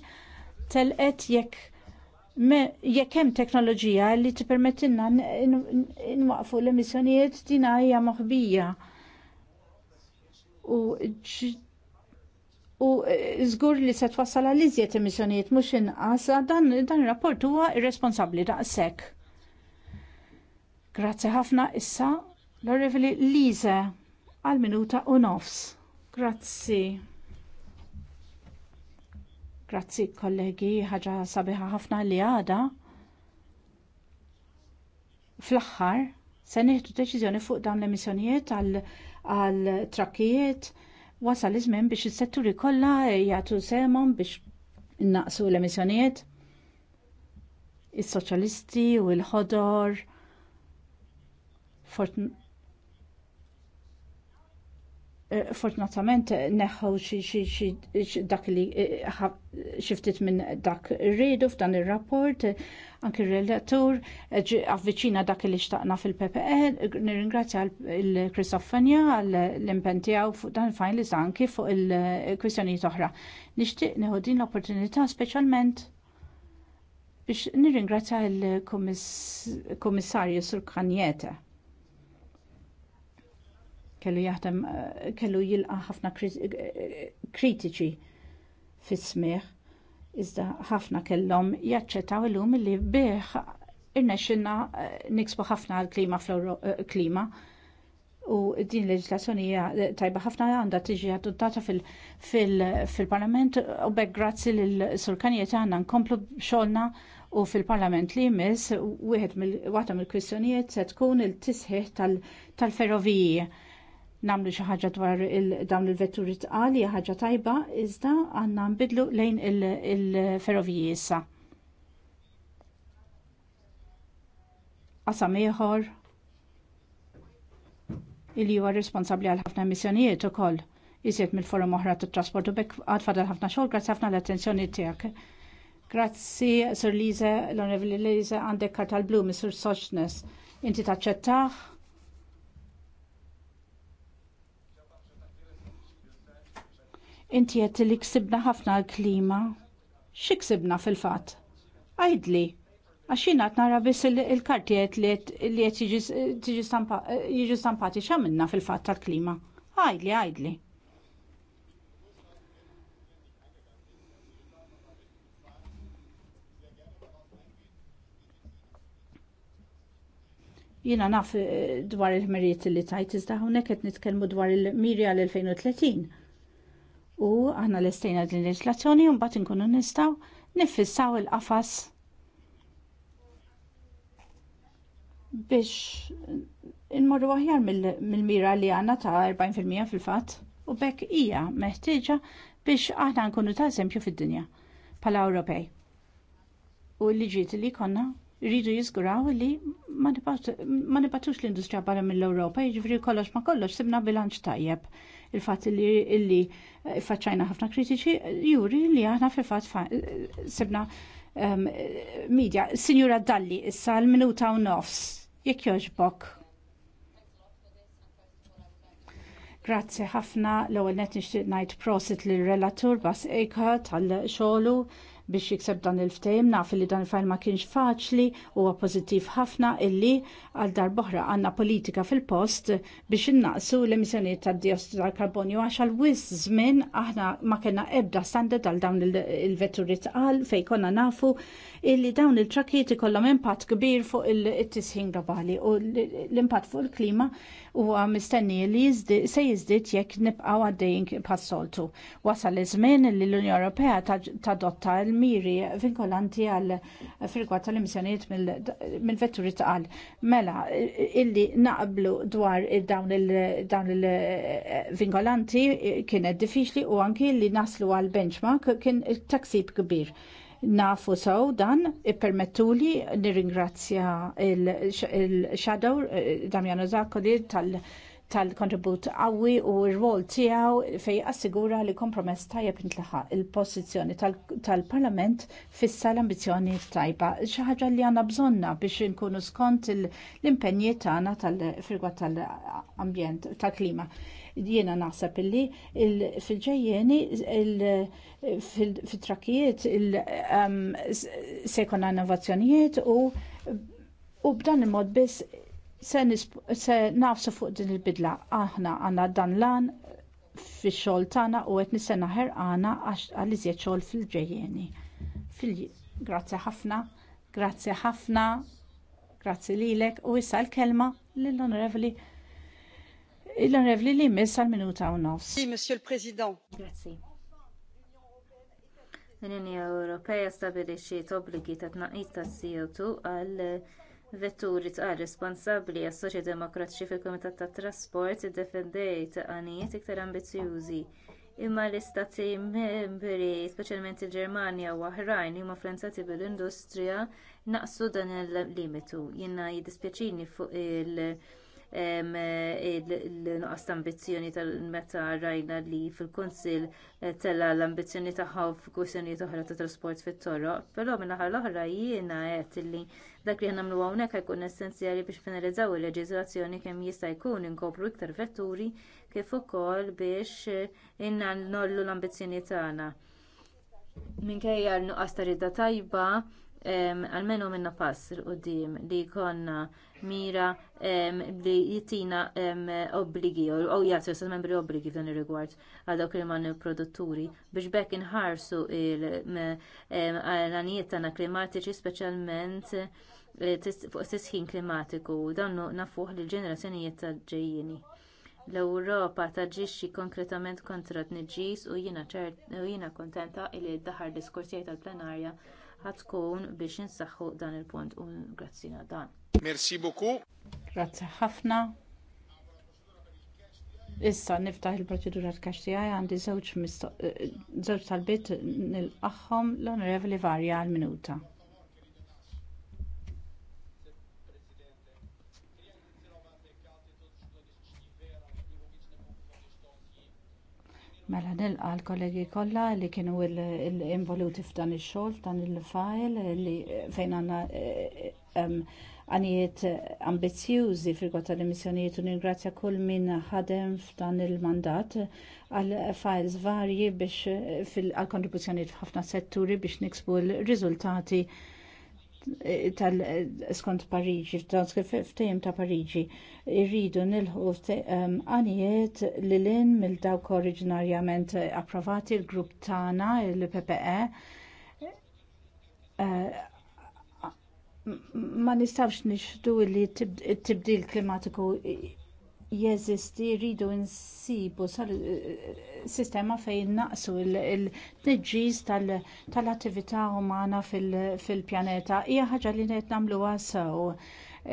telqet jekk jekk hemm teknoloġija li tippermettilna nwaqfu l-emissjonijiet din hija moħbija u u e, zgur li se twassal għal iżjed emissjonijiet mhux inqas dan dan ir-rapport huwa irresponsabbli daqshekk. Grazzi ħafna issa l-Orevili Lise għal minuta u nofs. Grazzi. Grazzi kollegi, ħaġa sabiħa ħafna li għada. Fl-axħar, se nieħdu deċiżjoni fuq dawn l-emissjonijiet għal trakkijiet wasal iż-żmien biex is-setturi kollha jagħtu semhom biex innaqsu l-emissjonijiet. Is-soċjalisti u l-ħodor fortunatament neħħu dak li eh, xiftit minn dak rridu f'dan ir-rapport, anki r-relatur, eh, avviċina dak li xtaqna fil-PPE, nirringrazzja l kristoffania għall-impentijaw fuq dan il-fajn li anki fuq il-kwistjoni oħra. Nixtieq neħu din l-opportunità speċjalment biex nirringrazzja l-Kummissarju Sur Kanjeta kellu jaħdem eh, kellu jilqa' ħafna eh, eh, kritiċi fis-smieħ iżda ħafna kellhom jaċċettaw illum li bih irnexxinna niksbu ħafna għall-klima fl-klima. U din leġislazzjoni hija tajba ħafna għandha tiġi adottata fil-Parlament u bekk grazzi lil surkanijiet għandna nkomplu xogħolna u fil-Parlament li jmiss wieħed mill-waħda mill-kwistjonijiet se tkun il-tisħiħ tal-ferroviji. tal ferroviji namlu xi ħaġa dwar dawn il-vetturi tqali ħaġa tajba iżda għandna nbidlu lejn il-ferroviji issa. Qasam ieħor illi huwa responsabbli għal ħafna emissjonijiet ukoll iżjed mill-forum oħra tat-trasport u bekk għad fadal ħafna xogħol grazzi ħafna l-attenzjoni tiegħek. Grazzi, Sir Lize, l-Onorevoli Lize, għandek kartal blu, Mr. Soċnes. Inti taċċettaħ? Inti qed li ksibna ħafna l-klima. Xi ksibna fil-fatt? Għajdli, għax jien qed nara biss il-kartijiet li qed jiġu stampati x'għamilna fil-fatt tal-klima. Għajdli, għajdli. jina naf eh, dwar il-miriet li tajt iżda hawnhekk qed nitkellmu dwar il mirja l 2030 u aħna l-istejna din leġislazzjoni u mbagħad inkunu nistgħu nifissaw il-qafas biex inmorru aħjar mill-mira li għandna ta' 40% fil-fatt u bekk hija meħtieġa biex aħna nkunu ta' eżempju fid-dinja bħala Ewropej. U l-liġiet li konna rridu jizguraw li ma nibatux l-industrija barra mill-Ewropa, jiġifieri kollox ma kollox sibna bilanċ tajjeb il-fatt li illi eh, faċċajna ħafna kritiċi juri li aħna fil-fatt sebna ehm, media. Sinjura Dalli, issa l-minuta u nofs, jekk joġbok. Grazzi ħafna l ewwel net nixtieq ngħid prosit l relatur Bas Eka tal xolu biex jikseb dan il-ftejm naf li dan il-fajl ma kienx faċli huwa pożittiv ħafna illi għal darboħra għandna politika fil-post biex innaqsu l emissjoniet tad-diossidu tal-karbonju għax għal wis żmien aħna ma kellna ebda standard għal dawn il-vetturi tqal fejn konna nafu illi dawn il-trakkiet ikollhom impatt kbir fuq it-tisħin globali u l-impatt fuq il-klima huwa mistenni li se jiżdied jekk nibqgħu għaddejjin passoltu. soltu Wasal iż-żmien li l-Unjoni Ewropea tadotta l miri vinkolanti għal frigwat tal-emissjoniet mill-vetturi taqal. Mela, illi naqblu dwar dawn il-vinkolanti kienet diffiċli u anki li naslu għal benchmark kien taksib kbir nafu saw dan, permettuli nirringrazzja il-Shadow il eh, Damiano Zaccoli tal- tal-kontribut qawwi u r-rol tiegħu fej assigura li kompromess tajjeb intlaħaq il-pożizzjoni tal-Parlament fissa l-ambizzjoni tajba. ċaħġa ħaġa li għandna bżonna biex inkunu skont l-impenji tagħna tal-firgwa tal-ambjent tal-klima. Jiena naħseb illi fil-ġejjeni fil trakijiet se jkun innovazzjonijiet u b'dan il-mod biss se nafsu fuq din il-bidla aħna għandna dan lan fix xogħol tagħna u qed nistenna ħerqana għal iżjed xogħol fil-ġejjeni. Grazzi ħafna, grazzi ħafna, grazzi lilek u issa l-kelma lill-Onorevoli l-Onorevoli li jmiss għal minuta u nofs. Monsieur le president Grazzi. L-Unjoni Ewropea stabilixxiet obbligi ta' tnaqqis ta' CO2 għal vetturi tqal responsabbli għas soċi demokratiċi fil-Kumitat tat Trasport iddefendejt għanijiet iktar ambizzjużi imma l-istati membri, speċjalment il-Ġermanja u oħrajn huma influenzati bil-industrija naqsu dan il-limitu. Jiena jiddispjaċini fuq il- l-nuqqas ambizzjoni tal-meta rajna li fil kunsill eh, tella l-ambizzjoni tagħha f'kwistjonijiet oħra ta' trasport fit-toroq, però minnaħar l-oħra jiena għedt li dak li nagħmlu hawnhekk jkun essenzjali biex finalizzaw il-leġiżlazzjoni kemm jista' jkun inkopru iktar vetturi kif ukoll biex eh, inna nollu l-ambizzjoni tagħna minkejja l-nuqqas ta' tajba għalmenu minna pass il-qoddim li jkollna mira li jittina obbligi u jgħatu s membri obbligi f'dan ir-rigward għal dawk li man produtturi biex bekk inħarsu l-għanijiet tana klimatiċi speċjalment eh, fuq sħin klimatiku u dan nafuħ l ġenerazzjonijiet ta' ġejjini l-Ewropa taġixxi konkretament kontra t tniġġis u jiena kontenta li d-daħar diskursijaj tal-plenarja ħatkun biex insaħħu dan il-punt u grazzi dan. Merci beaucoup. Grazzi ħafna. Issa niftaħ il-proċedura l għandi zewċ eh, tal-bit nil axħom l-onorevoli varja għal-minuta. Mela nilqa l-kollegi kollha li kienu involuti f'dan ix-xogħol f'dan il-fajl li fejn għandna eh, eh, għanijiet eh, ambizzjużi fil tal emissjonijiet u ningrazzja kull min ħadem f'dan il-mandat għal files varji biex għal kontribuzzjoni f'ħafna setturi biex niksbu l-riżultati tal-skont Pariġi, ftejjem ta' Pariġi, irridu nilħu għanijiet li l-in mil dawk oriġinarjament approvati l-grupp tana, l-PPE, eh, ma nistawx nixdu li t-tibdil klimatiku jeżisti rridu nsibu sistema fejn naqsu il-tneġġis tal-attività umana fil-pjaneta. Hija ħaġa li qed nagħmluha sew.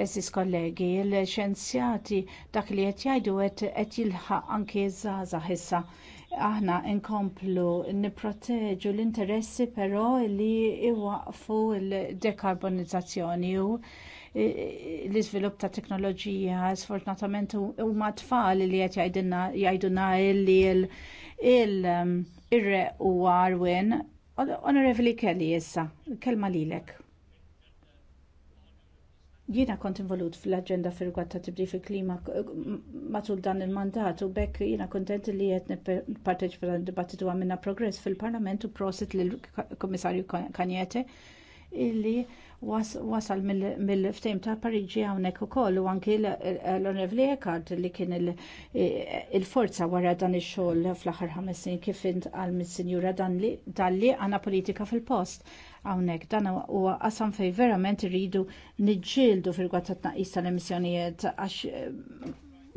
Eżis kollegi, il-xenzjati dak li qed jgħidu qed jilħaq anke żgħażagħ issa. Aħna nkomplu nipproteġu l-interessi però li iwaqfu l-dekarbonizzazzjoni u l-iżvilupp ta' teknoloġija sfortunatament huma tfal li qed jgħidulna li il-re u għarwin. Onorevoli Kelly issa, kelma lilek. Jiena kont involut fl-agenda fil ta' tibdi fil-klima matul dan il-mandat u bekk jiena kontent li qed nipparteċipa dibattitu għamilna progress fil-Parlament u prosit lill-Kummissarju Kanjete illi wasal mill-ftejm ta' Pariġi hawnhekk ukoll u anki l-Onorevoli Eckhart li kien il-forza wara dan ix-xogħol fl-aħħar ħames snin kif għal mis-Sinjura Dalli għandna politika fil-post hawnhekk dan huwa qasam fejn verament irridu niġġieldu fil-gwatt tnaqqis tal-emissjonijiet għax eh,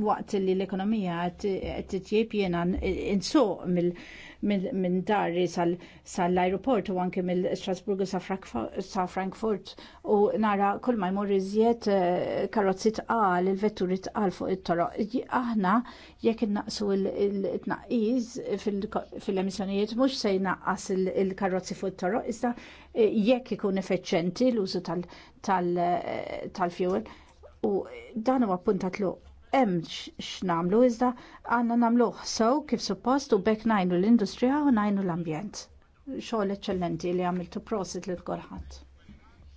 waqt li l-ekonomija qed titjieb jiena insuq mill- minn darri sal-aeroport u anke mill-Strasburgu sa' Frankfurt u nara kull ma jmur iżjed eh, karozzi tqal, il-vetturi tqal fuq it-toroq. Aħna jekk innaqsu il-tnaqqis fil-emissjonijiet mhux se jnaqqas il-karozzi fuq it-toroq, iżda eh, jekk ikun effeċenti l-użu eh, tal-fuel. U dan huwa puntat luq hemm x'namlu iżda għandna nagħmluh sew kif suppost u bekk ngħinu l-industrija u ngħinu l-ambjent. Xogħol eċċellenti li għamiltu prosit lil kulħadd.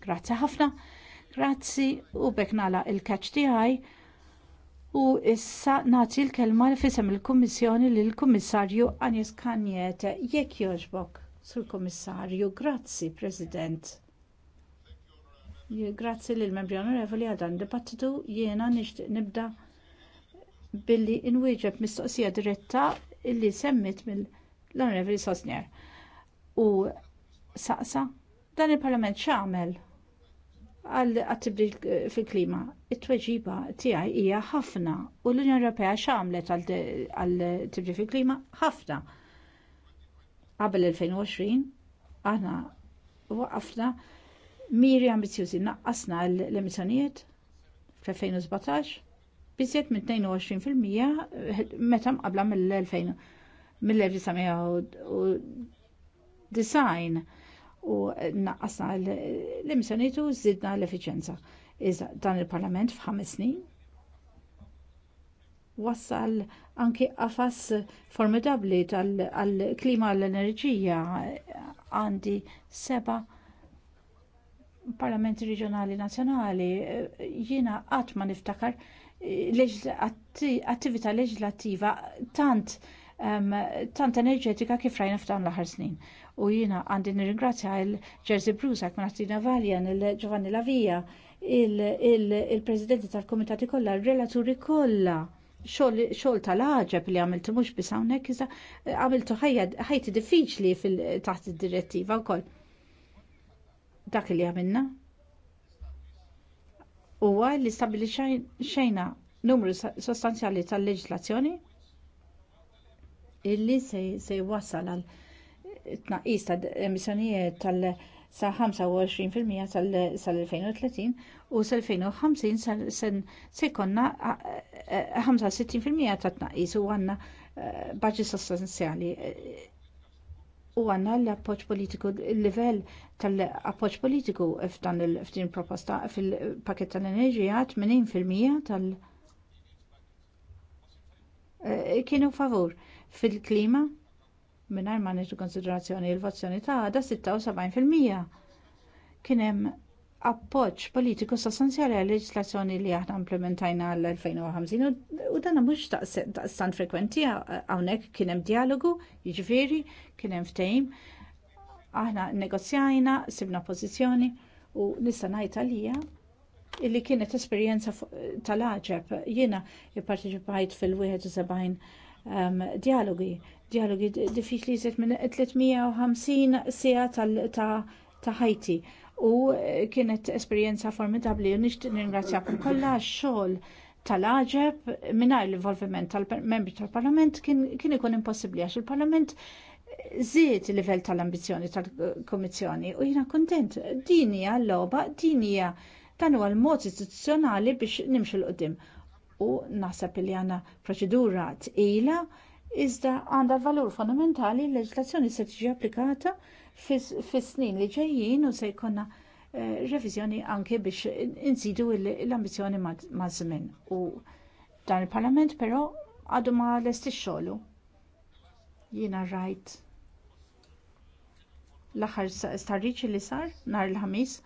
Grazzi ħafna. Grazzi u bekk nagħlaq il-catch tiegħi u issa nagħti l-kelma li fisem il-Kummissjoni lill kummissarju Agnes Kanjete jekk jogħġbok, Sur Kummissarju. Grazzi, President. Grazzi lill membri onorevoli għadan dibattitu jiena nixtieq nibda' billi inwieġeb mistoqsija diretta illi semmit mill-Onorevoli Sosnier. U saqsa, dan il-Parlament x'għamel għal għattibdil fil-klima. It-tweġiba tiegħi hija ħafna u l-Unjoni Ewropea x'għamlet għal tibdil fil-klima ħafna. Qabel 2020 aħna waqafna miri ambizjużi naqqasna l-emissjonijiet fl-2017 biżjed minn 22% meta mqabla mill-2000 mill-1990 u naqqasna l-emissjoniet u żidna l-efficienza. Iżda dan il-Parlament f'ħames snin wassal anki qafas formidabli tal-klima l-enerġija għandi seba' parlamenti reġjonali nazzjonali jiena qatt ma niftakar attività leġislattiva tant um, tant enerġetika kif rajna f'dan l-aħħar snin. U jiena għandi nirringrazzja il-Jersey Brusak, Martina Valjan, il-Giovanni Lavija, il-Presidenti tal-Komitati kollha, il-Relaturi kollha xogħol tal ħagġab li għamiltu mhux bis hawnhekk iżda eh, għamiltu ħajti diffiċli fil taħt id-direttiva wkoll. Dak li għamilna, huwa li stabbilixxejna numru sostanzjali tal-leġislazzjoni illi se jwassal għal tnaqqis ta' emissjonijiet tal- sa 25% sal-2030 u sal-2050 se jkollna 65% ta' tnaqis u għandna baġi sostanzjali u għandna l appoġġ politiku l-livell tal-appoġġ politiku f'dan il-ftin proposta fil paket tal-enerġija 80% tal- eh, kienu favur fil-klima mingħajr ma nitu konsiderazzjoni il-vozzjoni ta' għada 76% kien hemm appoġġ politiku sostanzjali għal leġislazzjoni li aħna implementajna għal 2050 u dan mhux daqstant frekwenti hawnhekk kien hemm dialogu, jiġifieri kien hemm ftehim Aħna negozjajna, sibna pożizzjoni u nista' ngħid għalija illi kienet esperjenza tal-aġeb. Jiena ipparteċipajt fil-71 um, ehm, dialogi, dialogi diffiċli jizet minn 350 sija ta' ħajti. U kienet esperjenza formidabli u nixtieq ringrazzjakom kollha għax xogħol tal-aġeb mingħajr l-involviment tal-membri tal-Parlament kien ikun impossibbli għax il-Parlament Zid il-livell tal-ambizzjoni tal-Kummissjoni u jiena kuntent. Din hija l-logħba, din hija dan huwa l-mod istituzzjonali biex nimxu l-qudiem. U naħseb li għandna proċedura tqila iżda għandha valur fondamentali l-leġislazzjoni se tiġi applikata fis-snin li ġejjin u se jkollna eh, revizjoni anke biex inżidu l-ambizjoni ma' żmien. U dan il-Parlament però għadu ma lesti xogħlu. Jiena rajt l-aħħar starriċ li sar nhar il-ħamis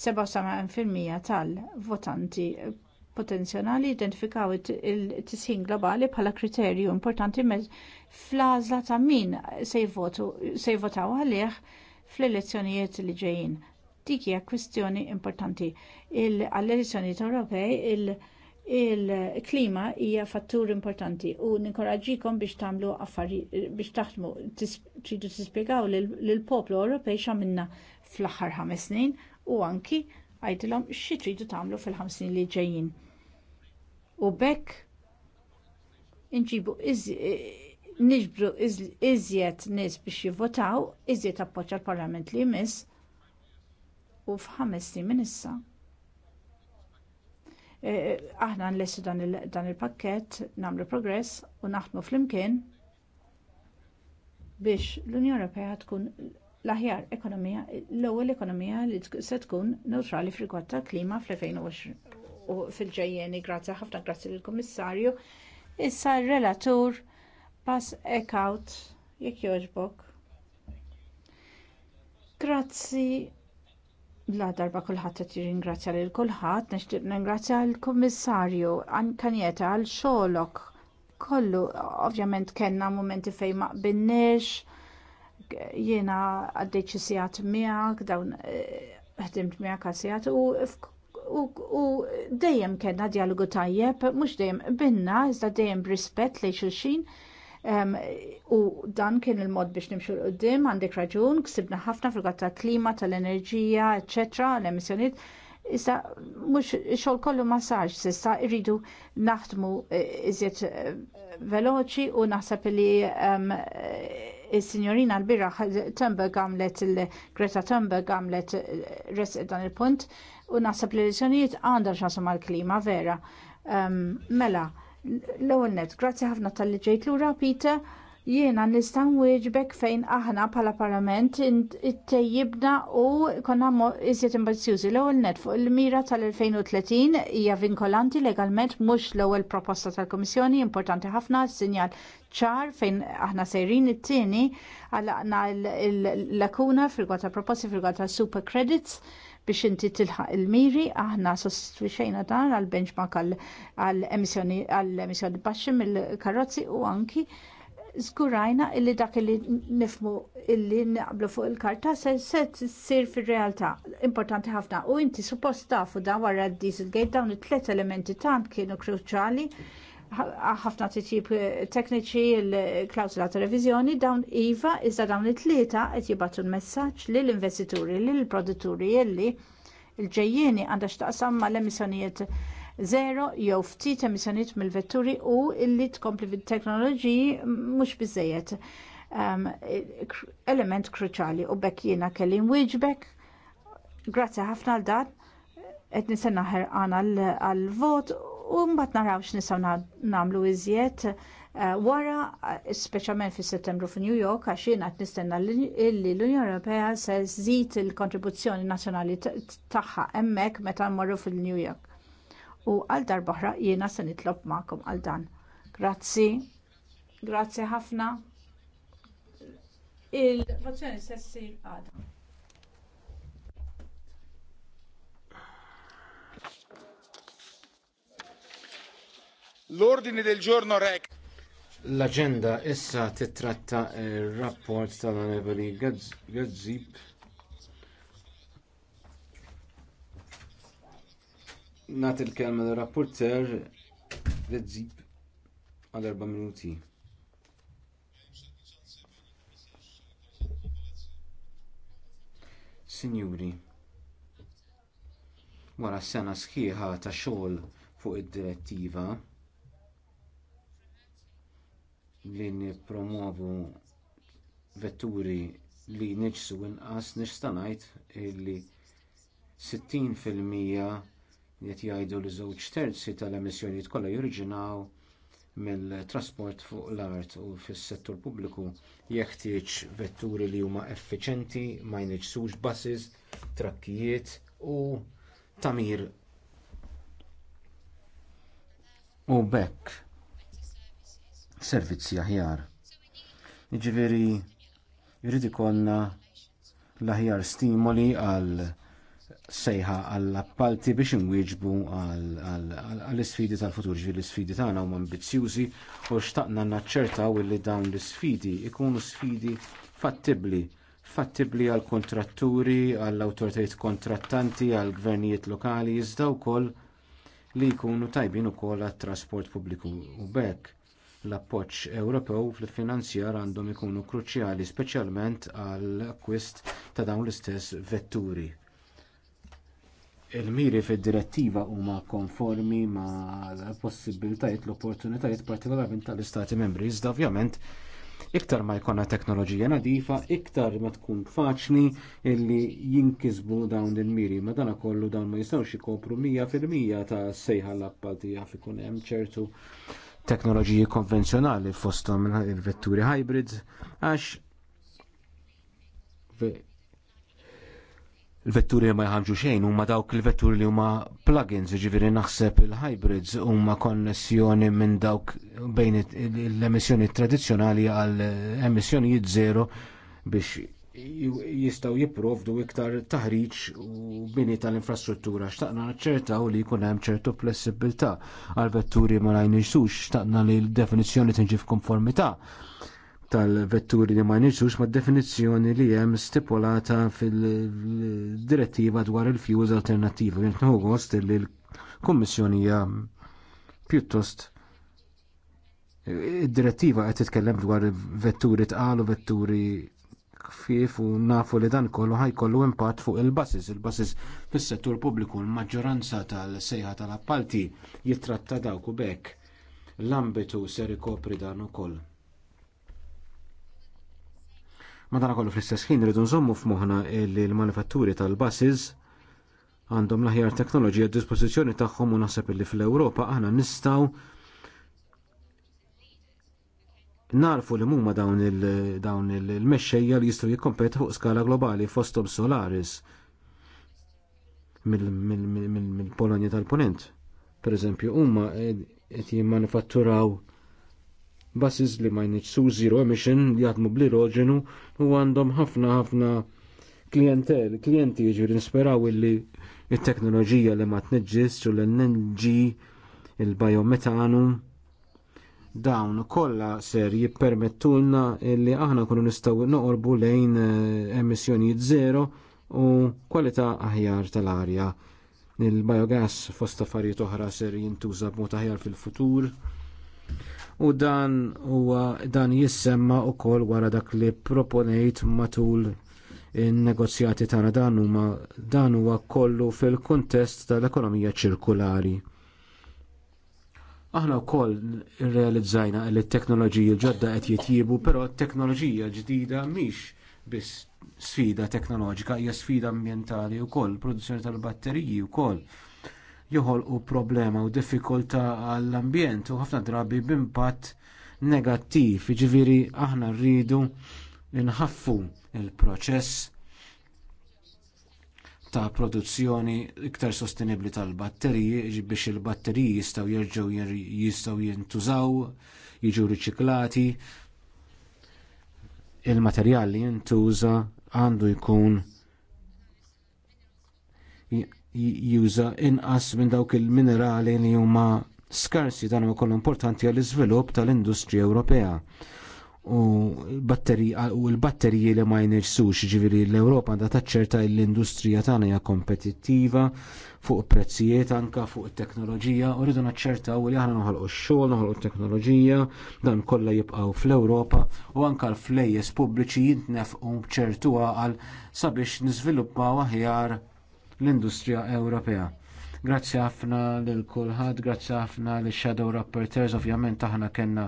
77% tal-votanti potenzjonali identifikaw it-tisħin globali bħala kriterju importanti fl-għażla ta' min se jivvotaw għalih fl-elezzjonijiet li ġejjin. Dik hija kwistjoni importanti. Għall-elezzjonijiet Ewropej il-, -il il-klima hija fattur importanti u ninkoraġġikom biex tagħmlu affarijiet biex taħdmu tridu tispjegaw lill-poplu Ewropej x'għamilna fl-aħħar ħames snin u anki għajtilhom xi tridu tagħmlu fil snin li ġejjin. U bekk inġibu niġbru iżjed nies biex jivvotaw, iżjed appoġġa l-Parlament li jmiss u f'ħames snin minn issa Eh, aħna nlessu dan il-pakket, namlu progress u naħdmu flimkien biex l-Unjoni Ewropea tkun l-aħjar ekonomija, l-ewwel ekonomija li se tkun neutrali fil-kwatt klima fl-2020 u fil-ġejjeni grazzi ħafna grazzi lill-Kummissarju. Issa r-relatur pass ek out jekk jogħġbok. Grazzi La darba kullħat qed jirringrazzja lil kulħadd, nixtieq ningrazzja l-Kummissarju Kanjeta għal xogħolok kollu. Ovvjament kellna mumenti fejn ma qbilniex, jiena għaddejt xi sigħat miegħek, dawn eh, ħdimt miegħek għal sigħat u dejjem kellna dialogu tajjeb, mhux dejjem binna, iżda dejjem brispett lejn xulxin Um, u dan kien il-mod biex nimxu l-qoddim, għandek raġun, ksibna ħafna fil ta' klima, tal-enerġija, eccetera, l-emissjoniet. Issa, mux xol kollu massaġ, sissa irridu naħdmu e, iżjed e, veloċi u naħseb li um, e, il-signorina l-birra Thunberg għamlet il-Greta Tumber għamlet resq dan il-punt u naħseb li l-elezzjonijiet għandha xasum għal klima vera. Um, mela, L-ewwel nett, grazzi ħafna tal-li ġejt lura Peter. Jiena nistgħu nwieġbek fejn aħna bħala parlament ittejjibna u konna iżjed imbazzjużi l-ewwel net fuq il-mira tal-2030 hija vinkolanti legalment mhux l-ewwel proposta tal-Kummissjoni importanti ħafna sinjal ċar fejn aħna sejrin it-tieni għal l-lakuna fil-gwata proposti fil-gwata super credits biex inti tilħaq il-miri, aħna sostwixejna dan għal benchmark għal-emissjoni baxxi mill-karozzi u anki zgurajna illi dak illi nifmu illi naqblu fuq il-karta se sir fil-realtà. Importanti ħafna u inti suppost tafu da wara d-dieselgate dawn it-tlet elementi tant kienu kruċali ħafna titjib tekniċi l-klausula ta' revizjoni dawn iva iżda dawn it-tlieta qed jibgħatu l-messaġġ lill investituri lill produtturi illi l-ġejjieni għandha x'taqsam mal-emissjonijiet zero jew ftit emissjonijiet mill-vetturi u illi tkompli fit-teknoloġiji mhux biżejjed um, element kruċali u bekk jiena kelli wieġbek. Grazzi ħafna għal dan qed nistenna ħerqana għal vot u mbagħad naraw x'nistgħu nagħmlu iżjed eh, wara eh, speċjalment fis settembru fi New York għax jiena qed nistenna li l-Unjoni Ewropea se żżid il-kontribuzzjoni nazzjonali tagħha hemmhekk meta mmorru fil-New York. U għal darba jiena se nitlob magħkom għal dan. Grazzi. Grazzi ħafna. Il-votazzjoni se ssir għadha. L-ordini del giorno rek. L-agenda issa titratta il-rapport eh, tal-Onorevoli Gazzib Nat il-kelma l-rapporter Gazzip għal erba' minuti. Signuri, wara s sena sħiħa ta' xogħol fuq id-direttiva, li nippromovu vetturi li niġsu inqas nista' ngħid li 60% fil-mija qed jgħidu li żewġ terzi tal-emissjonijiet kollha joriġinaw mill-trasport fuq l-art u fis-settur pubbliku jeħtieġ vetturi li huma effiċenti, ma jniġsux basis, trakkijiet u tamir u bekk servizzi aħjar. Jiġifieri jrid ikollna l-aħjar stimoli għal sejħa għall appalti biex inwieġbu għall isfidi tal-futur ġvi l-sfidi tagħna huma ambizzjużi u xtaqna naċċertaw li dawn l-isfidi ikunu sfidi fattibbli fattibbli għall kontratturi, għall awtoritajiet kontrattanti, għall gvernijiet lokali, iżda wkoll li jkunu tajbin ukoll għat trasport pubbliku u bekk L-appoġġ Ewropew fil-finanzjar għandhom ikunu kruċjali speċjalment għall akkwist ta' dawn l-istess vetturi. Il-miri fid-direttiva huma konformi ma' possibiltajiet l-opportunitajiet partikolarment tal-Istati membri, iżda ovvjament iktar ma jkollna teknoloġija nadifa, iktar ma tkun faċli illi jinkisbu dawn il-miri. Ma dan kollu dawn ma jistawx ikopru 100% ta' sejħa l appaltija fi ikun hemm ċertu teknoloġiji konvenzjonali fostom il-vetturi hybrids għax il-vetturi li ma jħarġu xejn huma dawk il-vetturi li huma plugins, jiġifieri naħseb il-hybrids huma konnessjoni minn dawk bejn l-emissjoni tradizzjonali għal emissjonijiet zero biex jistaw jipprovdu iktar taħriġ u bini tal-infrastruttura. Xtaqna ċertaw li jkun hemm ċertu flessibilità għal vetturi ma jnixux, xtaqna li l-definizzjoni tinġi f'konformità tal-vetturi li ma jnixux ma' definizzjoni li hemm stipulata fil-direttiva dwar il-fjuż alternattivi. Jintnu gost li l-Kummissjoni hija pjuttost id-direttiva qed titkellem dwar vetturi tqal u vetturi kfif u nafu li dan kollu ħajkollu impatt fuq il-basis. Il-basis fis-settur pubbliku l-maġġoranza tal-sejħa tal-appalti jitratta dawk u bekk. L-ambitu ser ikopri dan ukoll. Madanakollu fl-istess ħin rridu nżommu f'moħħna li l-manifatturi tal-basis għandhom l-aħjar teknoloġija d-dispożizzjoni tagħhom u naħseb li fl-Ewropa aħna nistgħu narfu li mumma dawn il-mexxejja li jistgħu jikkompetu fuq skala globali fosthom Solaris mill-Polonja tal-Ponent. Per eżempju, huma qed jimmanifatturaw basis li ma su zero emission li jaħdmu bl-iroġenu u għandhom ħafna ħafna klientel, klienti ġiri nisperaw illi il-teknoloġija li ma tneġġis u l-NNG, il-biometanu, dawn kollha ser jippermettulna li aħna nkunu nistgħu noqorbu lejn eh, emissjonijiet zero u kwalità aħjar tal-arja. Il-biogas fost affarijiet oħra ser jintuża b'mod aħjar fil-futur. U dan huwa dan jissemma wkoll wara dak li proponejt matul in-negozjati tagħna dan huma dan huwa kollu fil-kuntest tal-ekonomija ċirkulari Aħna wkoll realizzajna li t-teknoloġiji ġodda qed jitjiebu, però t-teknoloġija ġdida mhix bis sfida teknoloġika, hija sfida ambjentali wkoll, produzzjoni tal-batteriji wkoll joħolqu problema u diffikulta għall-ambjent u ħafna drabi b'impatt negattiv, jiġifieri aħna rridu nħaffu l proċess ta' produzzjoni iktar sostenibbli tal-batteriji biex il-batteriji jistgħu jerġgħu jistgħu jintużaw, jiġu riċiklati. Il-materjal li jintuża għandu jkun juża inqas minn dawk il-minerali li huma skarsi dan huwa kollu importanti għall-iżvilupp tal-industrija Ewropea u l-batteriji li ma jnirsux ġiviri l-Europa da taċċerta l-industrija tagħna hija kompetittiva fuq prezzijiet anka fuq it-teknoloġija u rridu naċċertaw li aħna noħolqu x-xogħol, noħolqu t-teknoloġija, dan kollha jibqgħu fl-Ewropa u anka l-flejjes pubbliċi jintnefqu b'ċertu għal sabiex niżviluppaw aħjar l-industrija Ewropea Grazzi ħafna lil kulħadd, grazzi ħafna lil shadow rapporteurs, ovvjament aħna kellna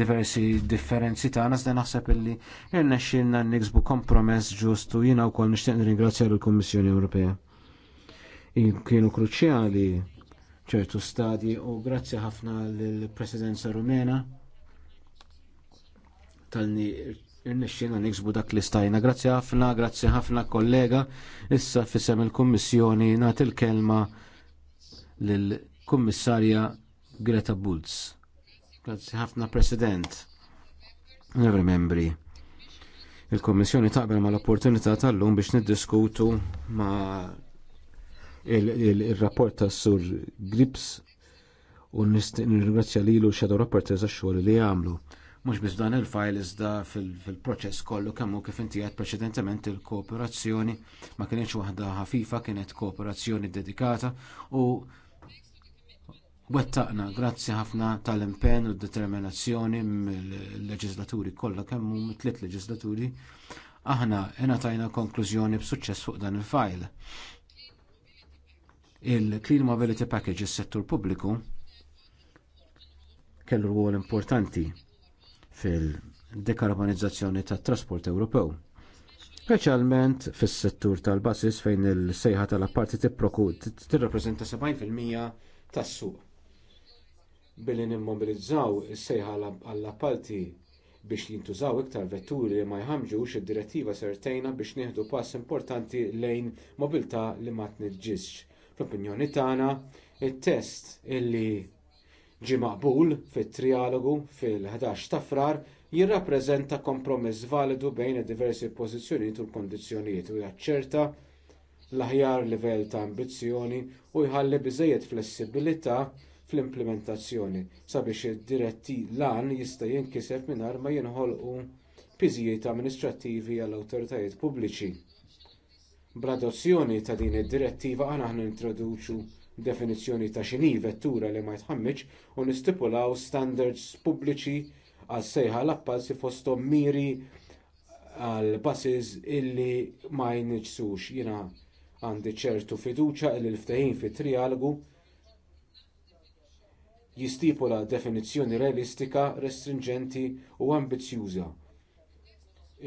diversi differenzi tagħna iżda naħseb illi irna xilna niksbu kompromess ġustu jiena wkoll nixtieq nirringrazzja lill-Kummissjoni Ewropea. Kienu kruċjali ċertu stadji u grazzi ħafna lill-Presidenza Rumena tal-ni irnexxina niksbu dak li stajna. Grazzi ħafna, grazzi ħafna kollega. Issa fissem il-Kummissjoni nagħti il-kelma lill-Kummissarja Greta Bulls. Grazzi ħafna President. Never membri. Il-Kommissjoni taqbel ma l-opportunità tal-lum biex niddiskutu ma il-rapport tas sur Grips u nirringrazzja lilu shadow rapporters għax-xogħol li għamlu. Mhux biss dan il-file iżda fil-proċess kollu kemm hu kif inti qed preċedentement il-kooperazzjoni ma kienx waħda ħafifa kienet kooperazzjoni dedikata u Wettaqna, grazzi ħafna tal-impen u determinazzjoni mill-leġislaturi kollha kemm hu tliet leġislaturi, aħna tajna konklużjoni b'suċċess fuq dan il-fajl. Il-Clean Mobility Package is-settur pubbliku kellu rwol importanti fil-dekarbonizzazzjoni tat-trasport Ewropew. Speċjalment fis-settur tal-basis fejn il-sejħa tal-apparti tirrappreżenta 70% tas-suq billi nimmobilizzaw is-sejħa għall-appalti biex jintużaw iktar vetturi li ma jħammġux id-direttiva sertejna biex nieħdu pass importanti lejn mobilità li ma tniġġisx. Fl-opinjoni tagħna, it-test illi ġie maqbul fit-trialogu fil-11 ta' frar jirrappreżenta kompromiss validu bejn id-diversi pożizzjonijiet u l-kondizzjonijiet u jaċċerta l-aħjar livell ta' ambizzjoni u jħalli biżżejjed flessibilità fl-implementazzjoni sabiex id-diretti lan jista' jinkiseb mingħajr ma jinħolqu piżijiet amministrattivi għall awtoritajiet pubbliċi. Bl-adozzjoni ta' din id-direttiva aħna nintroduċu definizzjoni ta' xini vettura li ma jitħammiċ u nistipulaw standards pubbliċi għal sejħa l si fosthom miri għal bases illi ma jniġsux jina għandi ċertu fiduċja li l-ftehim fit trialgu jistipula definizzjoni realistika, restringenti u ambizzjuża.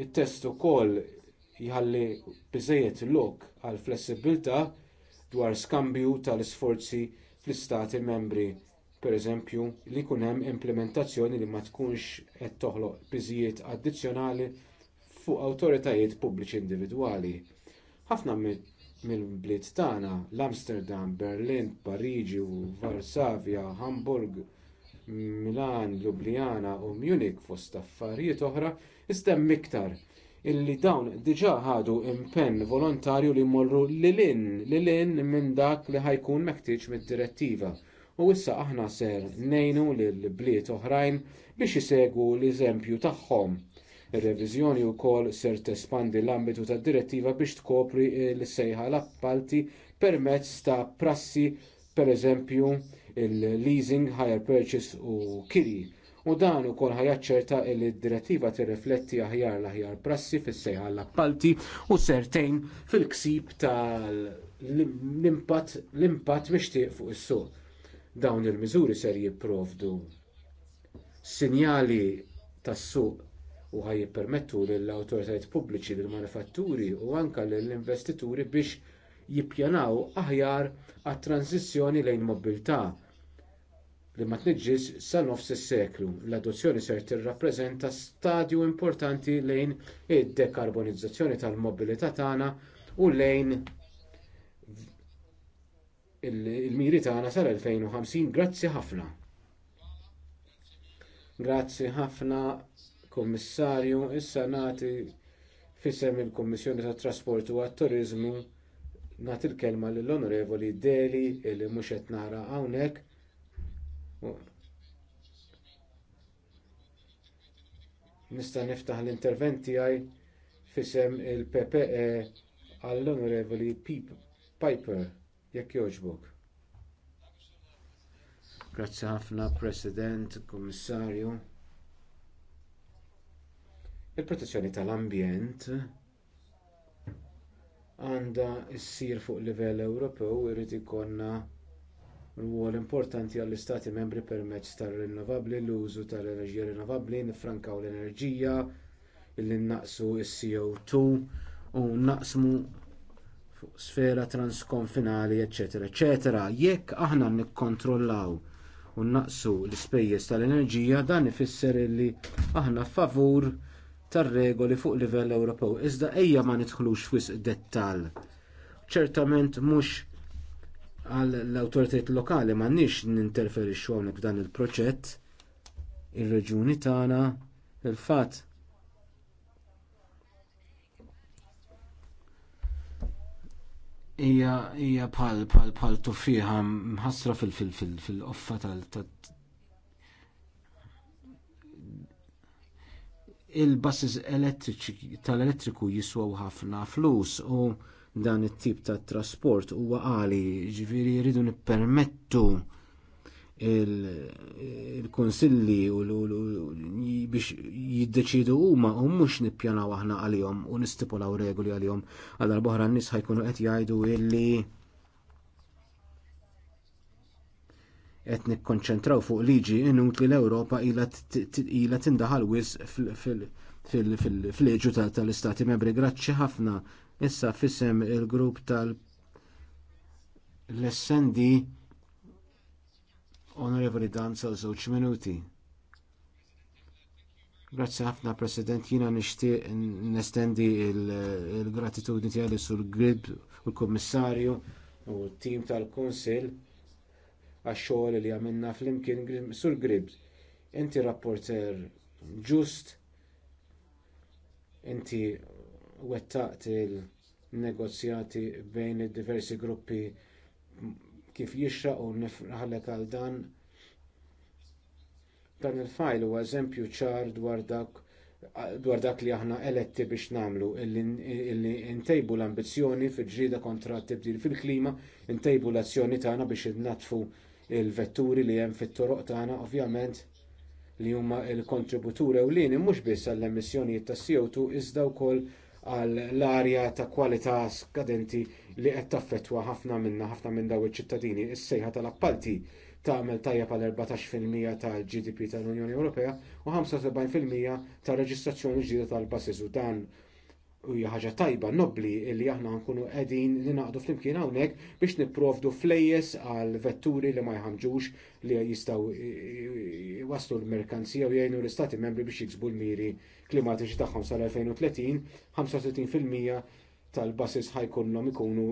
It-test ukoll jħalli biżejjed lok għal flessibilità dwar skambju tal-isforzi fl-istati membri, pereżempju li jkun hemm implementazzjoni li ma tkunx qed toħloq biżijiet addizzjonali fuq awtoritajiet pubbliċi individwali. Ħafna mit mill-bliet tagħna l-Amsterdam, Berlin, Pariġi, Varsavja, Hamburg, Milan, Ljubljana u Munich fost affarijiet oħra istemm iktar illi dawn diġà ħadu impenn volontarju li jmorru lilin lilin minn dak li ħajkun meħtieġ mid-direttiva. U issa aħna ser ngħinu lil bliet oħrajn biex isegwu l-eżempju tagħhom Ir-reviżjoni wkoll ser tespandi l-ambitu tad-direttiva biex tkopri l-sejħa l-appalti permezz ta' prassi pereżempju l leasing hire purchase u kiri u dan ukoll ħajaċċerta li d-direttiva tirrifletti aħjar l-aħjar prassi fis-sejħa l-appalti u sertejn fil-ksib tal l-impatt mixtieq fuq is-suq. Dawn il-miżuri ser jipprovdu sinjali tas-suq u ħaj jippermettu lill awtoritajiet pubbliċi lill manifatturi u anke lill investituri biex jippjanaw aħjar għat transizzjoni lejn mobilità li ma tniġġis sa nofs is-seklu. L-adozzjoni ser tirrappreżenta stadju importanti lejn id-dekarbonizzazzjoni tal-mobilità tagħna u lejn il-miri tagħna sal-2050 grazzi ħafna. Grazzi ħafna Kommissarju, issa nagħti fisem il kummissjoni tat Trasport u għat-Turiżmu nagħti l kelma lill onorevoli Deli li mhux qed nara hawnhekk. Nista' niftaħ l-intervent tiegħi fisem il-PPE għall-Onorevoli Piper jekk jogħġbok. Grazzi ħafna President, Kummissarju. Il-protezzjoni tal-ambjent għandha ssir fuq livell Ewropew jrid ikollna rwol importanti għall-istati membri permezz tar-rinnovabbli, l-użu tal-enerġija rinnovabbli, nifrankaw l-enerġija, illi naqsu s-CO2 u naqsmu fuq sfera transkonfinali, eċetera, eċetera. Jekk aħna nikkontrollaw u naqsu l ispejjeż tal-enerġija, dan ifisser illi aħna favur tar-regoli fuq livell Ewropew. Iżda ejja ma nidħlux fis dettal. Ċertament mhux għal l-autoritet lokali ma nix ninterferixxu hawnhekk f'dan il-proċett ir-reġuni tagħna il-fatt hija hija bħal bħal bħal tuffiħa mħassra fil-offa il-basses tal-elettriku jiswaw ħafna flus u dan it-tip ta' trasport huwa għali ġifiri jridu nippermettu il-konsilli biex jiddeċidu huma u mhux nippjanaw aħna jom u nistipulaw regoli għal-jom għal boħra n-nies ħajkunu qed jgħidu illi qed nikkonċentraw fuq liġi inutli l-Ewropa ilha tindaħal wis fil-liġu tal-Istati Membri. Grazzi ħafna issa fissem il-grupp tal- l-essendi Onorevoli Danza żewġ minuti. Grazzi ħafna President, jina nixtieq nestendi il-gratitudni tiegħi sul Grib u l-Kummissarju u t-tim tal-Kunsill għax-xogħol li għamilna flimkien sur Gribs. Inti rapporter ġust, inti wettaqt il-negozjati bejn id diversi gruppi kif jixra u nifraħlek għal dan. Dan il-fajl huwa eżempju ċar dwar dak dwar dak li aħna eletti biex namlu, illi ntejbu l ambizzjoni fil-ġrida kontra t-tibdil fil-klima, ntejbu l-azzjoni tagħna biex natfu il-vetturi li hemm fit-toroq tagħna ovvjament li huma l-kontributuri ewlieni mhux biss għall-emissjonijiet ta' CO2 iżda wkoll għall-arja ta' kwalità skadenti li qed taffettwa ħafna minna ħafna minn daw iċ-ċittadini. Is-sejħa tal-appalti tagħmel tajjeb għal 14% tal-GDP tal-Unjoni Ewropea u 75% tal-reġistrazzjoni ġdida tal bażiżu dan u ħaġa tajba nobli li aħna nkunu qegħdin li naqdu flimkien hawnhekk biex nipprovdu flejjes għal vetturi li ma jħamġux li jistgħu waslu l-merkanzija u jgħinu l-istati membri biex jiksbu l-miri klimatiċi tagħhom sal-2030, 35% tal-basis ħajkunhom ikunu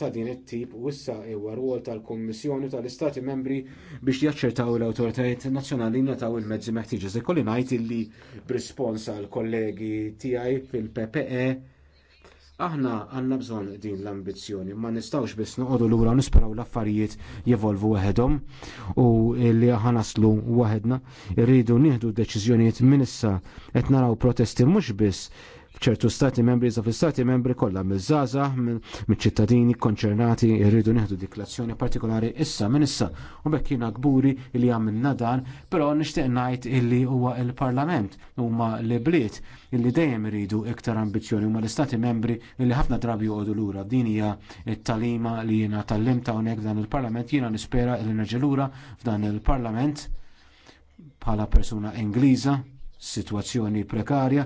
ta' din it-tip u issa huwa rwol tal-Kummissjoni tal-Istati membri biex jaċċertaw l-awtoritajiet nazzjonali nataw il-mezzi meħtieġa. Se kolli ngħid li b'rispons għal kollegi tiegħi fil-PPE aħna għandna bżonn din l-ambizzjoni, ma nistgħux biss noqogħdu lura nisperaw l-affarijiet jevolvu waħedhom u li aħna naslu waħedna, irridu nieħdu deċiżjonijiet minn issa qed naraw protesti mhux biss ċertu stati membri zaf stati membri kollha miż-żaza ċittadini konċernati jridu nieħdu diklazzjoni partikolari issa minn issa u bekk jiena kburi li għamilna dan, però nixtieq ngħid illi huwa il-Parlament huma li bliet illi dejjem irridu iktar ambizzjoni huma l-istati membri illi ħafna drabi joqogħdu lura. Din hija t-talima li tal-limta hawnhekk dan il-Parlament jena nispera li nerġa' lura f'dan il-Parlament bħala persuna Ingliża, situazzjoni prekarja,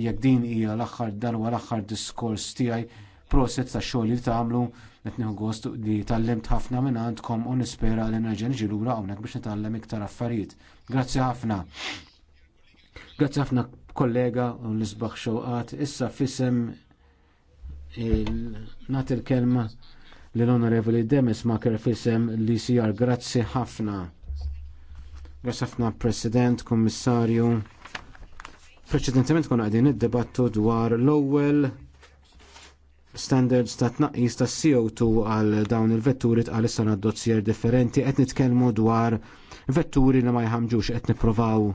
jekk din hija l-aħħar darba l-aħħar diskors tiegħi proset ta' xogħol li tagħmlu qed nieħu gost li tallimt ħafna minn għandkom u nispera li nerġa' niġi lura hawnhekk biex nitgħallem iktar affarijiet. Grazzi ħafna. Grazzi ħafna kollega u nisbaħ xewqat. Issa fisem nagħti il kelma lill-Onorevoli Demis Maker fisem li sijar grazzi ħafna. Grazzi ħafna President, Kommissarju. Preċedentement kon għadin id-debattu dwar l-ewwel standards ta' tnaqqis ta' CO2 għal dawn il-vetturi tqal issa dossier differenti qed nitkellmu dwar vetturi li ma jħamġux qed nippruvaw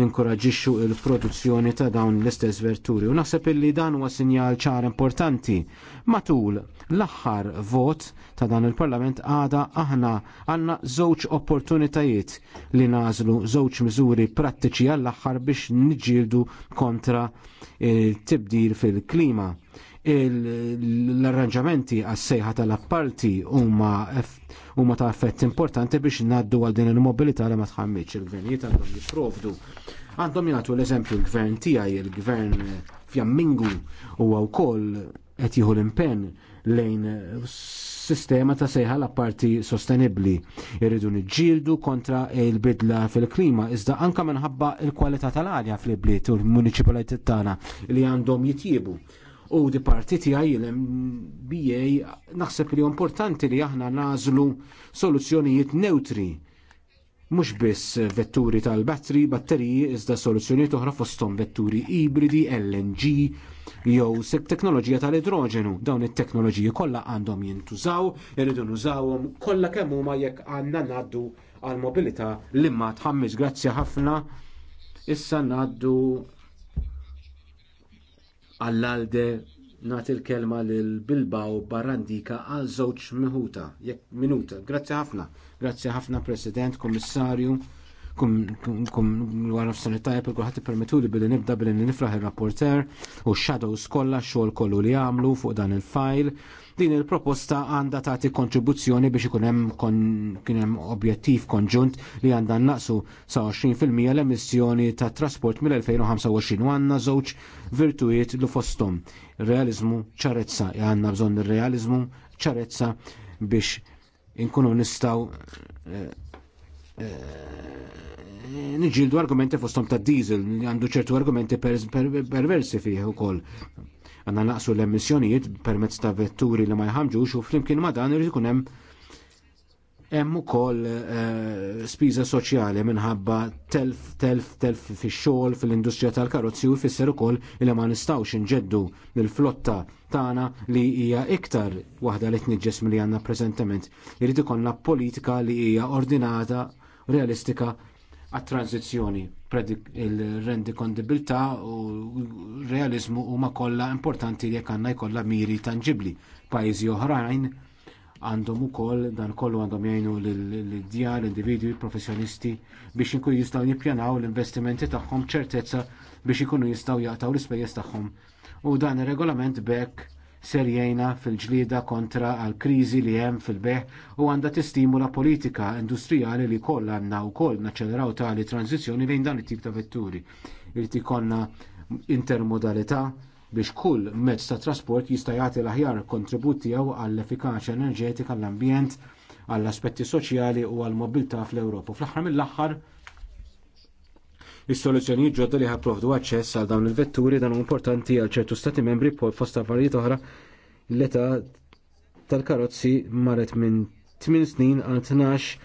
ninkoraġixxu l produzzjoni ta' dawn l-istess verturi u naħseb illi dan huwa sinjal ċar importanti. Matul l-aħħar vot ta' dan il-Parlament għada aħna għandna żewġ opportunitajiet li nażlu żewġ miżuri prattiċi għall-aħħar biex niġġieldu kontra il-tibdil fil-klima l-arranġamenti għas-sejħa tal-apparti huma ta' effett importanti biex ngħaddu għal din il-mobilità li ma tħammitx il-gvernijiet għandhom jipprovdu. Għandhom jagħtu l-eżempju l-gvern tiegħi, il-gvern fjammingu huwa wkoll qed jieħu l-impenn lejn sistema ta' sejħa l-apparti sostenibli. Irridu niġġieldu kontra il-bidla fil-klima, iżda anka minħabba il-kwalità tal-arja fl-ibliet u l-municipalitet tagħna li għandhom jitjiebu u di parti tijaj l-MBA naħseb li importanti li aħna nażlu soluzzjonijiet neutri mhux biss vetturi tal-batteri, batteriji iżda soluzzjonijiet oħra fosthom vetturi ibridi, LNG jew teknoloġija tal-idroġenu. Dawn it-teknoloġiji kollha għandhom jintużaw, irridu nużawhom kollha kemm huma jekk għandna ngħaddu għal mobilità l-imma tħammis grazzi ħafna issa ngħaddu għall-alde nagħti l kelma lil Bilbao Barandika għal żewġ minuta. Jekk minuta. Grazzi ħafna. Grazzi ħafna President, Kummissarju, kum għaraf sanitaj, per kullħat permetu li billi nibda billi nifraħ il-rapporter u shadows kollha xogħol kollu li għamlu fuq dan il-fajl Din il-proposta għandha tagħti kontribuzzjoni biex ikun hemm kien hemm objettiv konġunt li għandha naqsu sa 20% l-emissjoni ta' trasport mill-2025 u għandna żewġ virtujiet li fosthom. Realizmu ċarezza, e għandna bżonn ir-realizmu ċarezza biex inkunu nistaw eh, eh, niġildu argumenti fostom ta' diesel, għandu ċertu argumenti perversi fih u koll għanna naqsu l-emissjonijiet permezz ta' vetturi li ma jħamġux u flimkien ma dan irid ikun hemm hemm ukoll eh, spiża soċjali minħabba telf telf telf fix-xogħol fil-industrija tal-karozzi u jfisser ukoll li ma nistgħux inġeddu l-flotta tagħna li hija iktar waħda li tniġġes milli għandna preżentament. Irid ikollna politika li hija ordinata, realistika għat-tranzizjoni. Il-rendikondibilità u realizmu huma kollha importanti li għandna jkollha miri tangibbli. Pajjiżi oħrajn għandhom ukoll dan kollu għandhom jgħinu l-djar, l-individwi, professjonisti biex ikun jistgħu jippjanaw l-investimenti tagħhom ċertezza biex ikunu jistgħu jaqtaw l-ispejjeż tagħhom. U dan ir-regolament bekk serjejna fil-ġlida kontra għal kriżi li hemm fil-beħ u għandha tistimula politika industrijali li kollha għandna wkoll naċċeleraw tali tranzizjoni lejn dan it-tip ta' vetturi. Irti konna intermodalità biex kull mezz ta' trasport jista' jagħti l-aħjar kontribut tiegħu għall-efikaċja enerġetika għall-ambjent, għall-aspetti soċjali u għall-mobilità fl-Ewropa. Fl-aħħar mill-aħħar Is-soluzzjonijiet ġodda li ħapprovdu aċċess għal dawn il-vetturi dan importanti għal ċertu stati membri pol fost affarijiet oħra l-età tal-karozzi marret minn 8 snin għal 12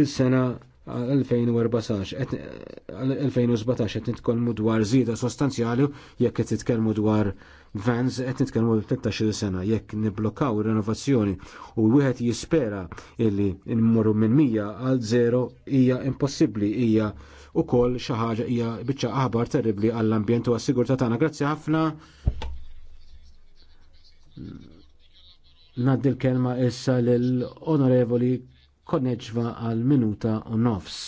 il-sena 2014 2017 qed nitkellmu dwar żieda sostanzjali jekk qed titkellmu dwar vans qed nitkellmu 13-il sena jekk niblokaw ir-renovazzjoni u wieħed jispera illi nmorru minn 100 għal 0 hija impossibbli hija u kol xaħġa hija biċċa aħbar terribli għall-ambjent u għas sigurta tagħna. Grazzi ħafna. Naddi l-kelma issa lill-Onorevoli Konneġva għal minuta u nofs.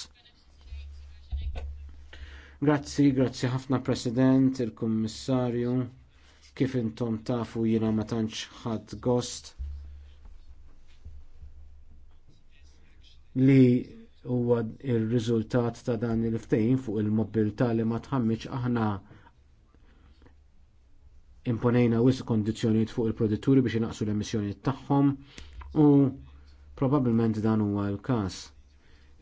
Grazzi, grazzi ħafna President, il-Kummissarju, kif intom tafu jiena ma tantx ħadd gost li huwa il-riżultat ta' dan il-ftejn fuq il-mobilità li ma tħammiċ aħna imponejna wis kundizzjonijiet fuq il-produtturi biex inaqsu l-emissjonijiet tagħhom u probabbilment dan huwa l-każ.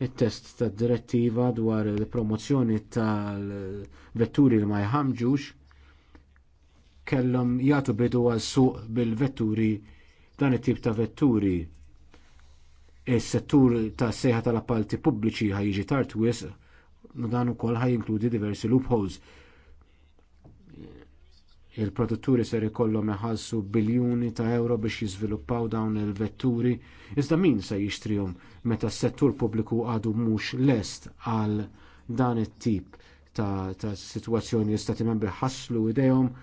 It-test tad direttiva dwar il-promozzjoni tal-vetturi li ma jħamġux kellhom jagħtu bidu għal suq bil-vetturi dan it-tip ta' vetturi Is-settur tas sejħa tal-appalti pubbliċi ħajġi tard wisq, dan ukoll ħajinkludi diversi loopholes il-produtturi ser ikollhom iħallsu biljuni ta' euro biex jiżviluppaw dawn il-vetturi, iżda min se jixtrihom meta s-settur pubbliku għadu mhux lest għal dan it-tip ta', ta situazzjoni l-istati membri ħasslu idejhom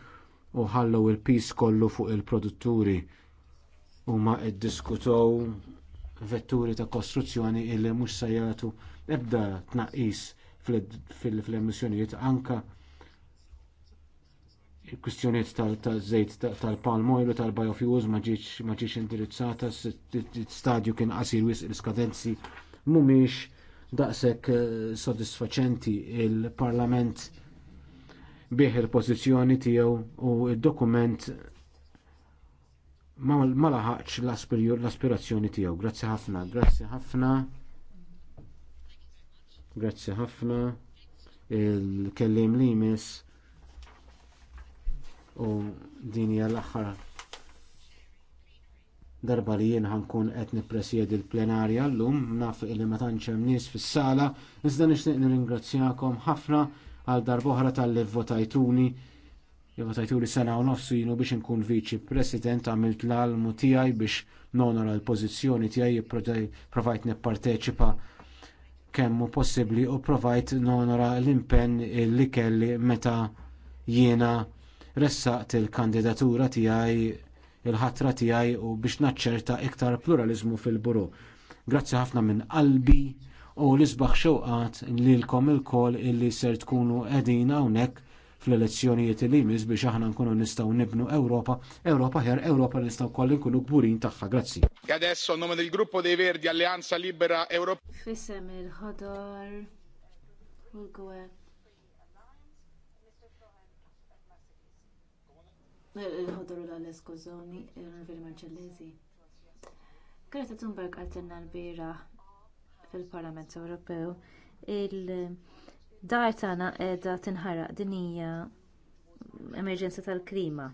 u ħallew il-pis kollu fuq il-produtturi u ma id vetturi ta' kostruzzjoni illi mhux se jagħtu ebda tnaqqis fil-emissjonijiet anke kwistjonijiet tal-żejt tal-palm oil u tal-biofuels ma ġietx indirizzata stadju kien qasir wisq l-iskadenzi mhumiex daqshekk eh, sodisfaċenti il-Parlament bih il-pożizzjoni tiegħu u d dokument ma laħaqx l-aspirazzjoni tiegħu. Grazzi ħafna, grazzi ħafna. Grazzi ħafna. Il-kellim li u din hija l-aħħar darba li jien ħankun qed nippresjedi l-plenarja llum naf li ma tantx hemm nies fis-sala, iżda nixtieq nirringrazzjakom ħafna għal oħra tal-li votajtuni Jeva li sena u nofsu jinu biex nkun viċi president għamilt l-almu tijaj biex nonora l-pozizjoni tijaj jiprovajt nepparteċipa kemmu possibli u provajt nonora l-impen li kelli meta jiena ressaqt il-kandidatura tijaj il-ħatra tijaj u biex naċċerta iktar pluralizmu fil-buru. Grazzi ħafna minn qalbi u l-isbaħ xewqat li l-kom il-kol illi ser tkunu edina unek fl-elezzjonijiet li jmiss biex aħna nkunu nistaw nibnu Ewropa, Ewropa ħer Ewropa nistaw kolli nkunu gburin taħħa, Grazzi. E adesso nome del gruppo dei Verdi Alleanza Libera Europa. Fissem il-ħodor u l-gwe. Il-ħodor u l-Alesco Zoni, il-Riveri Marcellesi. Greta Thunberg għaltenna l-bira fil-Parlament Ewropew il- dar tagħna qiegħda tinħaraq din hija emerġenza tal-klima.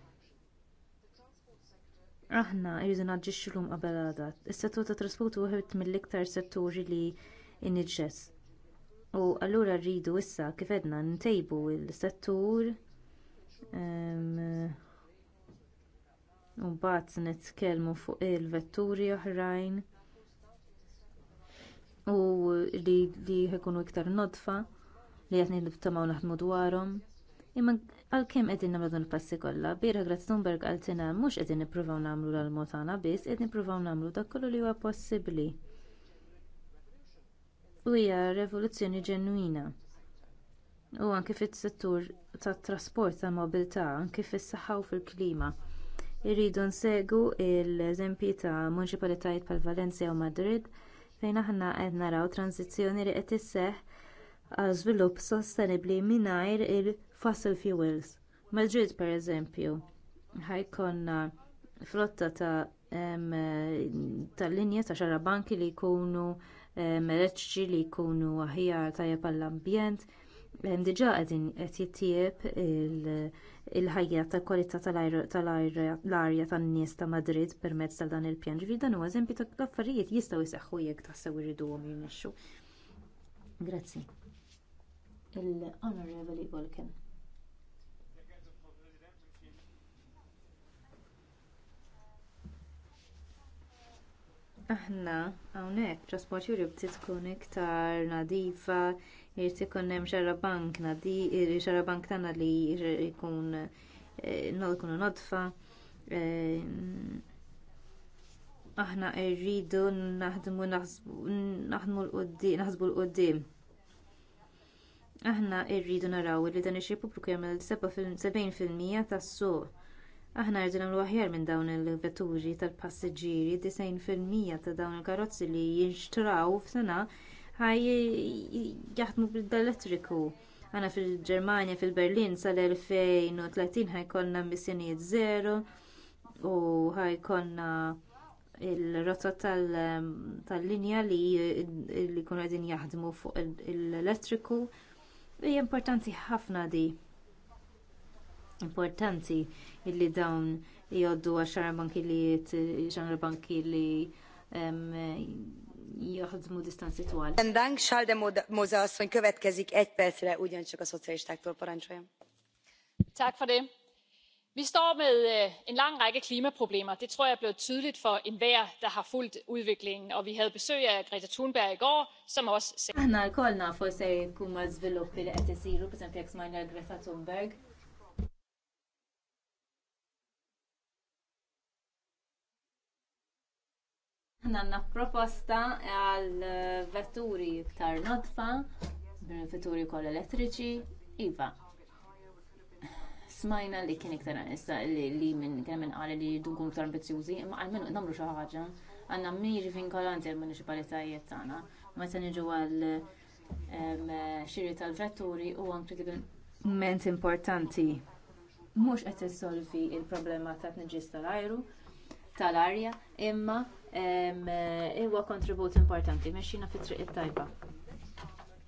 Aħna rridu naġġixxu lum qabel għada. Is-settur tat trasport wieħed mill-iktar setturi li inniġġes. U allura rridu issa kif edna ntejbu l-settur u mbagħad nitkellmu fuq il-vetturi oħrajn u li jkunu iktar nodfa li qed niftamaw naħdmu dwarhom. Imma għalkemm qegħdin nagħmlu namlu dun passi kollha, birra Grazz Thunberg tina mhux qegħdin nippruvaw nagħmlu l motana tagħna biss, niprufaw nippruvaw nagħmlu kollu li huwa possibbli. U hija revoluzzjoni ġenwina. U anke fit settur tat-trasport tal-mobilità, anke fis-saħħa u fil-klima. Irridu nsegu l-eżempji ta' munċipalitajiet pal Valencia u Madrid fejn aħna qed naraw transizzjoni li qed isseħħ għal żvilupp sostenibbli mingħajr il-fossil fuels. Madrid pereżempju ħajkonna flotta ta' linja ta' banki li jkunu mereċċi li jkunu aħjar tajjeb għall-ambjent. hemm Diġà qegħdin qed jittieb il-ħajja ta' kwalità tal-arja tan-nies ta' Madrid permezz tal dan il-pjan. Ġifieri dan huwa eżempju ta' affarijiet jistgħu jseħħu jekk tassew irriduhom jirnexxu. Grazzi l-Honorevoli Volken. Aħna hawnhekk trasport Europe trid tkun iktar nadifa, irid ikun hemm bank nadi, eh, bank tagħna li jkun eh, nkunu nodfa. Eh, aħna rridu naħdmu naħsbu l-qudiem, naħsbu l-qudiem Aħna rridu naraw li dan ix-xiri pubbliku jagħmel 70% tas-suq. Aħna rridu nagħmlu aħjar minn dawn il-vetturi tal-passiġġieri, 90% fil-mija ta' dawn il-karozzi li jinxtraw f'sena ħaj jaħdmu bil-elettriku. Aħna fil-Ġermanja, fil-Berlin sal-2030 ħajkollna missjonijiet zero u ħajkonna il-rotta tal-linja li jkunu qegħdin jaħdmu fuq l-elettriku. il Hija importanti ħafna di. Importanti illi dawn joddu għaxar banki li ġanra banki li jaħdmu distanzi twal. Dank xalde muza għasfin következik egy percre ugyancsak a szocialistáktól parancsolja. Tak for vi står med øh, en lang række klimaproblemer det tror jeg er blevet tydeligt for enhver der har fulgt udviklingen og vi havde besøg af greta thunberg i går som også sagde Aħna Greta Thunberg. proposta eh, vetturi notfa, vetturi kol iva smajna li kien iktar issa li minn kien minn qal li jridu nkunu iktar ambizjużi, imma għalmenu nagħmlu xi ħaġa. Għandna miri vinkolanti għall-municipalitajiet tagħna, meta niġu għal xiri tal-vetturi huwa ment importanti. Mhux qed issolvi l problema ta' tniġis tal-ajru, tal-arja, imma huwa kontribut importanti mexxina fit-triq it-tajba.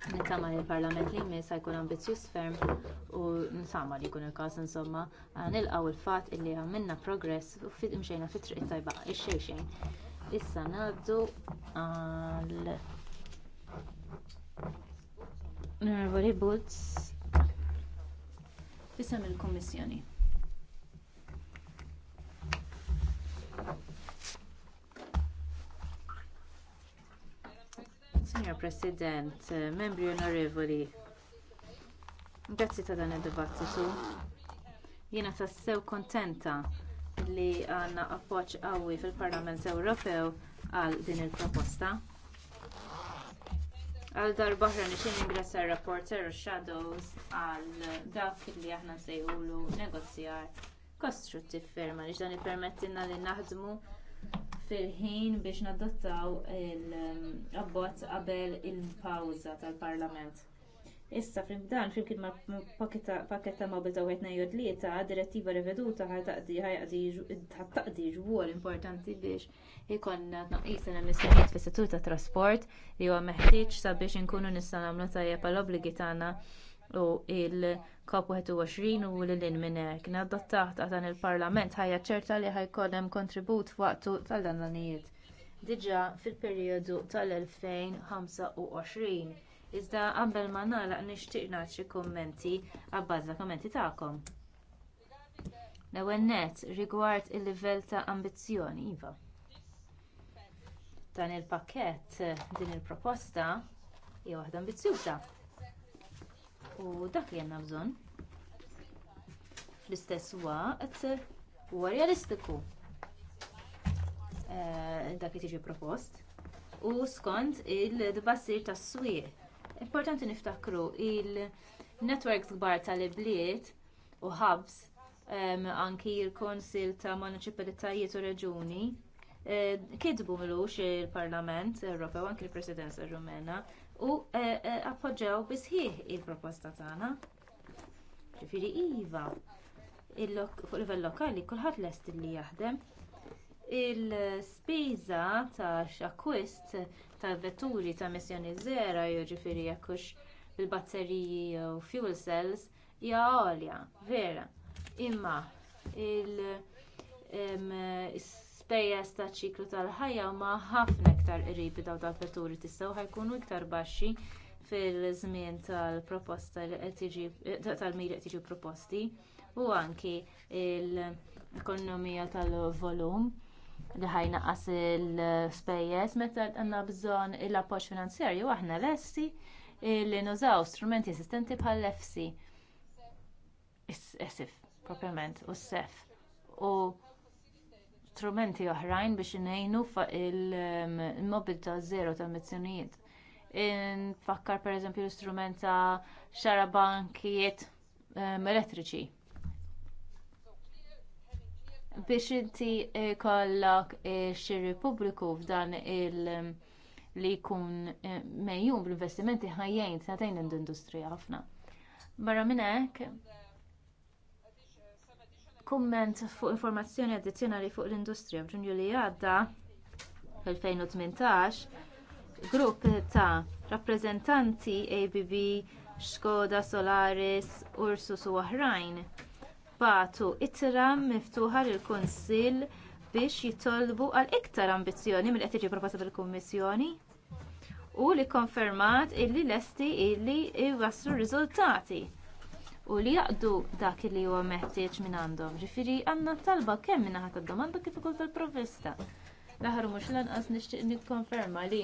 Nittama li l-Parlament li jmiss jkun ambizzjuż ferm u nittama li jkun il-każ insomma nilqgħu l fatt illi għamilna progress u fit imxejna fit triq tajba ix-xejxejn. Issa ngħaddu għal Nervoli Boots. Isem il Signor President, eh, membri onorevoli, grazzi ta' dan id-dibattitu. Jiena tassew kontenta li għandna appoġġ qawwi fil-Parlament Ewropew għal din il-proposta. Għal darbaħra nixin ingressa rapporter u shadows għal dak li aħna nsejħulu negozjar kostruttiv ferma li ġdan permettina li naħdmu fil-ħin biex nadottaw l abbozz qabel il-pawza tal-Parlament. Issa fil-dan flimkien ma' paketta mobil ta' wieħed ngħidu tlieta direttiva riveduta taqdi ġwol importanti biex ikonna tnaqqis l-emissjonijiet fis-settur tat trasport li huwa meħtieġ sabiex inkunu nistgħu nagħmlu tajjeb għall obbligi tagħna u il-COP21 u l-lin minnek. Nadottaħt għatan il-Parlament ħajja ċerta li ħajkollem kontribut waqtu tal-dananijiet. Diġa fil-periodu tal-2025. Iżda qabel ma nagħlaq nixtieq nagħti kommenti kummenti għabbaż ta' tagħkom. L-ewwel nett rigward il-livell ta' ambizzjoni iva. Dan il-pakkett din il-proposta hija waħda ambizzjuża u dak li għandna bżonn. Fl-istess waqt huwa realistiku eh, dak li tiġi propost u skont il-dibassir tas-swieq. Importanti niftakru il-networks kbar tal-ibliet u hubs anki il-Konsil ta' Municipalitajiet u Reġuni eh, kidbu milux il-Parlament Ewropew anki l-Presidenza Rumena u eh, eh, appoġġew bisħieħ il-proposta tagħna. Ġifieri iva fuq livell lokali kulħadd lest li jaħdem il-spiża ta' akkwist ta' vetturi ta' missjoni żera jiġifieri jekk bil-batteriji jew fuel cells hija għolja, vera. Imma il- l taċ-ċiklu tal-ħajja huma ħafna iktar qribi dawn tal-vetturi tistgħu ħajkunu iktar baxxi fil-żmien tal-proposta tal-miri qed tiġi proposti u anki l-ekonomija tal-volum li ħajnaqas il-spejjeż meta għandna bżonn l-appoġġ finanzjarju aħna lesti li nużaw strumenti esistenti bħal efsi. Esif, proprjament, u s-sef. U strumenti oħrajn biex inejnu il-mobilità żero tal-mizzjonijiet. Nfakkar pereżempju l-istrument ta' xarabankijiet ehm, elettriċi. Biex inti kollok xiri pubbliku f'dan il- li jkun eh, mejjum bl-investimenti ta' tagħtejn l-industrija ħafna. Barra minn hekk, kumment fuq informazzjoni addizzjonali fuq l-industrija f'Ġunju li għadda fil-2018 grupp ta' rappreżentanti ABB, Skoda, Solaris, Ursus u oħrajn batu ittra miftuħa lill kunsill biex jitolbu għal iktar ambizzjoni mill qed tiġi proposta tal-Kummissjoni u li kkonfermat illi lesti illi r riżultati u li jaqdu dak li huwa meħtieġ minn għandhom. Ġifieri għandna talba kemm minn ħadd domanda kif ukoll tal-provvista. L-aħħar mhux lanqas nixtieq nikkonferma li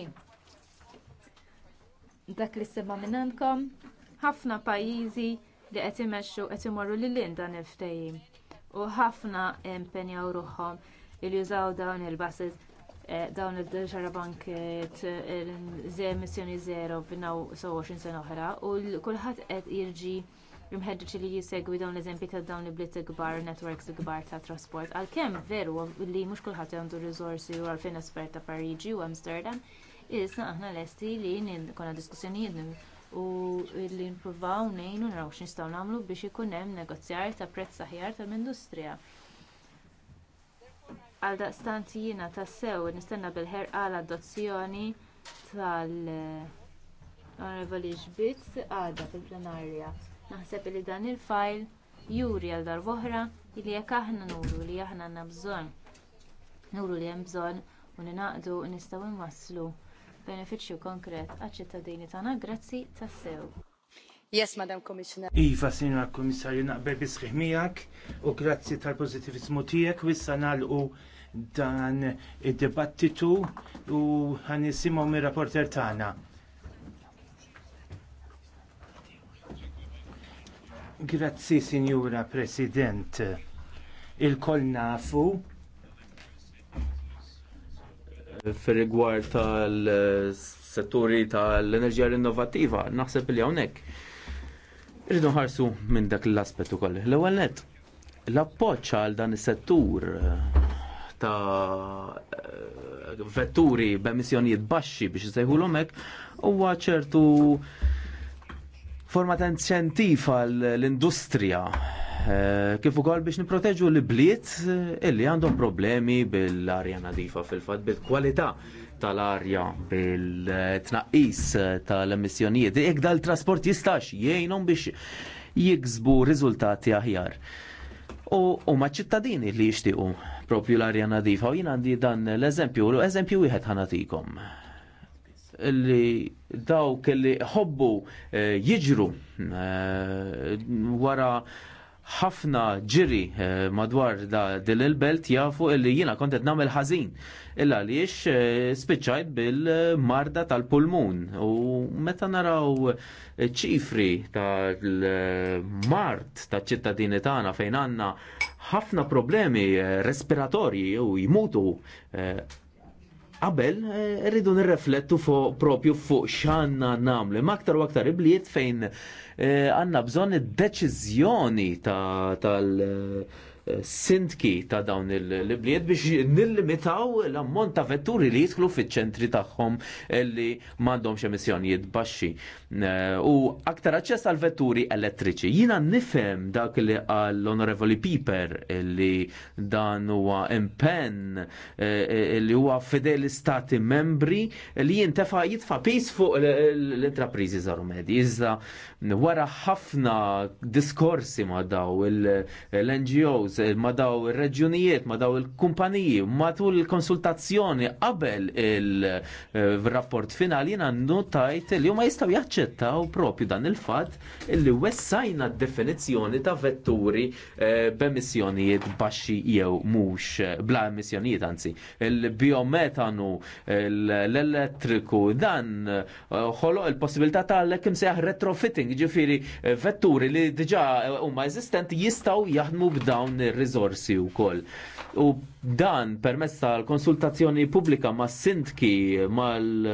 dak li sema minn għandkom ħafna pajjiżi li qed imexxu qed imorru lil dan il-ftehim u ħafna impenjaw ruħhom li jużaw dawn il-bases eh, dawn il-dirġara banket eh, ze missjoni zero b'naw 20 sena oħra u kulħadd qed jirġi jumħedġiċ li jisegwi dawn l-eżempi ta' dawn il-bliet kbar, networks kbar ta' trasport. Għalkemm veru li mhux kulħadd għandu riżorsi u għalfejn espert ta' Pariġi u Amsterdam, isna aħna lesti li konna diskussjonijiet u li nipruvaw nejnu naraw x'nistgħu nagħmlu biex ikun hemm negozjar ta' prezz aħjar tal-industrija għal daqstant jiena tassew nistenna bil-ħerqa għal adozzjoni tal-Onorevoli Ġbitz għadha fil-plenarja. Naħseb li dan il-fajl juri għal dar oħra li jekk aħna nuru li aħna għandna bżonn. Nuru li hemm bżonn u ninaqdu nistgħu nwasslu benefiċċju konkret għaċ-ċittadini tagħna grazzi tassew. Yes, Madam Commissioner. Iva, Sinjora Komissarju, naqbel bisħiħ miegħek u grazzi tal-pożittivizmu tiegħek u issa nagħlqu dan id-dibattitu u ħanisimgħu mir-rapporter tagħna. Grazzi, Signora President. Il-koll nafu fil-rigward tal-setturi tal-enerġija rinnovativa, naħseb li hawnhekk. Irridu ħarsu minn dak l-aspett ukoll. L-ewwel nett, l-appoġġ għal dan is-settur ta' vetturi b'emissjonijiet baxxi biex isejħulhom hekk huwa ċertu forma ta' incentiv l-industrija eh, kif ukoll biex nipproteġu l-bliet eh, illi għandhom problemi bil-arja nadifa fil-fatt bil-kwalità tal-arja bil-tnaqqis eh, tal-emissjonijiet. Jekk dal-trasport jistax jgħinhom biex jiksbu riżultati aħjar. U ma ċittadini li jixtiequ propju l-arja nadifa u jien għandi dan l-eżempju, l-eżempju wieħed ħanatikom li dawk li ħobbu eh, jiġru eh, wara ħafna ġiri eh, madwar da dil il-belt jafu illi jina kontet namel ħażin. Illa li jiex spiċajt bil-marda tal-pulmun. U meta naraw ċifri tal-mart ta' ċittadini tagħna fejn għandna ħafna problemi respiratorji u jmutu qabel eh, rridu nirreflettu fuq propju fuq xanna nagħmlu. Ma aktar u aktar ibliet fejn eh, għandna bżonn id-deċiżjoni tal sintki ta' dawn il-bliet biex nillimitaw l-ammont ta' vetturi li jidħlu fiċ-ċentri tagħhom li m'għandhomx emissjonijiet baxxi. Eh, u aktar aċċess għal vetturi elettriċi. Jiena nifhem dak li għall onorevoli Piper li dan huwa impenn eh, li huwa fedeli stati membri li jintefa jitfa pis fuq l-intrapriżi Zarumedi. Iżda wara ħafna diskorsi ma' daw l-NGOs Eh, ma daw il reġjonijiet ma daw il-kumpaniji, matul il-konsultazzjoni qabel il-rapport finali jina għandu tajt li huma jistgħu jaċċettaw propju dan il-fatt li wessajna d-definizzjoni ta' vetturi eh, b'emissjonijiet baxxi jew mhux eh, bla emissjonijiet anzi. Il-biometanu, l-elettriku, dan ħoloq il-possibilità tal-lek imsejħ retrofitting, ġifiri vetturi li diġa' huma eżistenti jistgħu jaħdmu b'dawn ir-riżorsi wkoll. U dan permezz tal-konsultazzjoni pubblika ma' sindki mal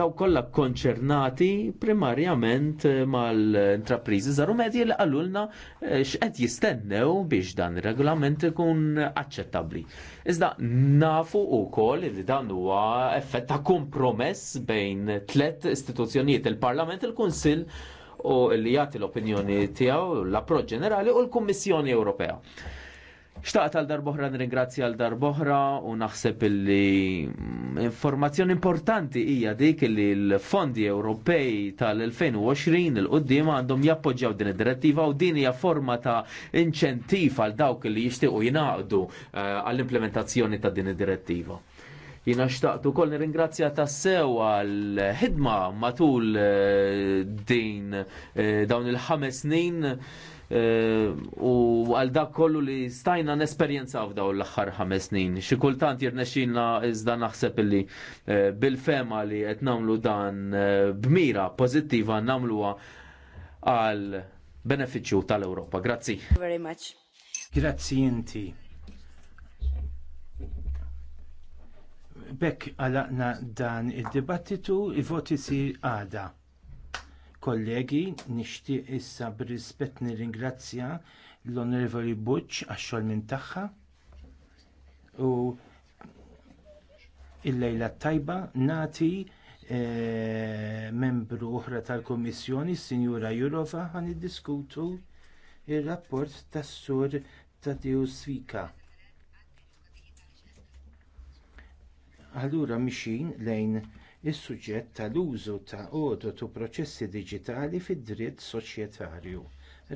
daw kollha konċernati primarjament eh, mal-intrapriżi żaru medji li qalulna eh, x'qed jistennew biex dan ir-regolament ikun aċċettabbli. Iżda nafu wkoll li dan huwa effett ta' kompromess bejn tliet istituzzjonijiet il-Parlament, il-Kunsill u li jagħti l-opinjoni tiegħu l-approċċ ġenerali u l-Kummissjoni Ewropea. Xtaqt għal darboħra nringrazzja għal darbohra u naħseb li informazzjoni importanti hija dik li l-fondi Ewropej tal-2020 il-qoddim għandhom jappoġġjaw din id-direttiva u din hija forma ta' inċentiv għal dawk li jixtiequ jingħaqdu eh, għall-implementazzjoni ta' din id-direttiva. Jina xtaqtu kol nir-ingrazzja tassew għal-ħidma matul eh, din eh, dawn il-ħames snin eh, u għal dak kollu li stajna nesperjenzaw f'daw l-axħar ħames snin. Xi kultant jirnexxilna iżda naħseb li bil-fema li qed nagħmlu dan b'mira pożittiva nagħmluha għal benefiċċju tal-Ewropa. Grazzi. Very much. Grazzi inti. Bekk għalaqna dan id-dibattitu, i-voti jsir għada. Kollegi, nixtieq issa b'rispett nirringrazzja l-Onorevoli Butch għax-xogħol minn tagħha u il-lejla tajba nati e, membru oħra tal-Komissjoni, Sinjura Jurova, għan diskutu il-rapport tas-sur Tadeusz Svika. allura mixin lejn is-suġġett tal-użu ta' għodot u proċessi diġitali fid-dritt soċjetarju.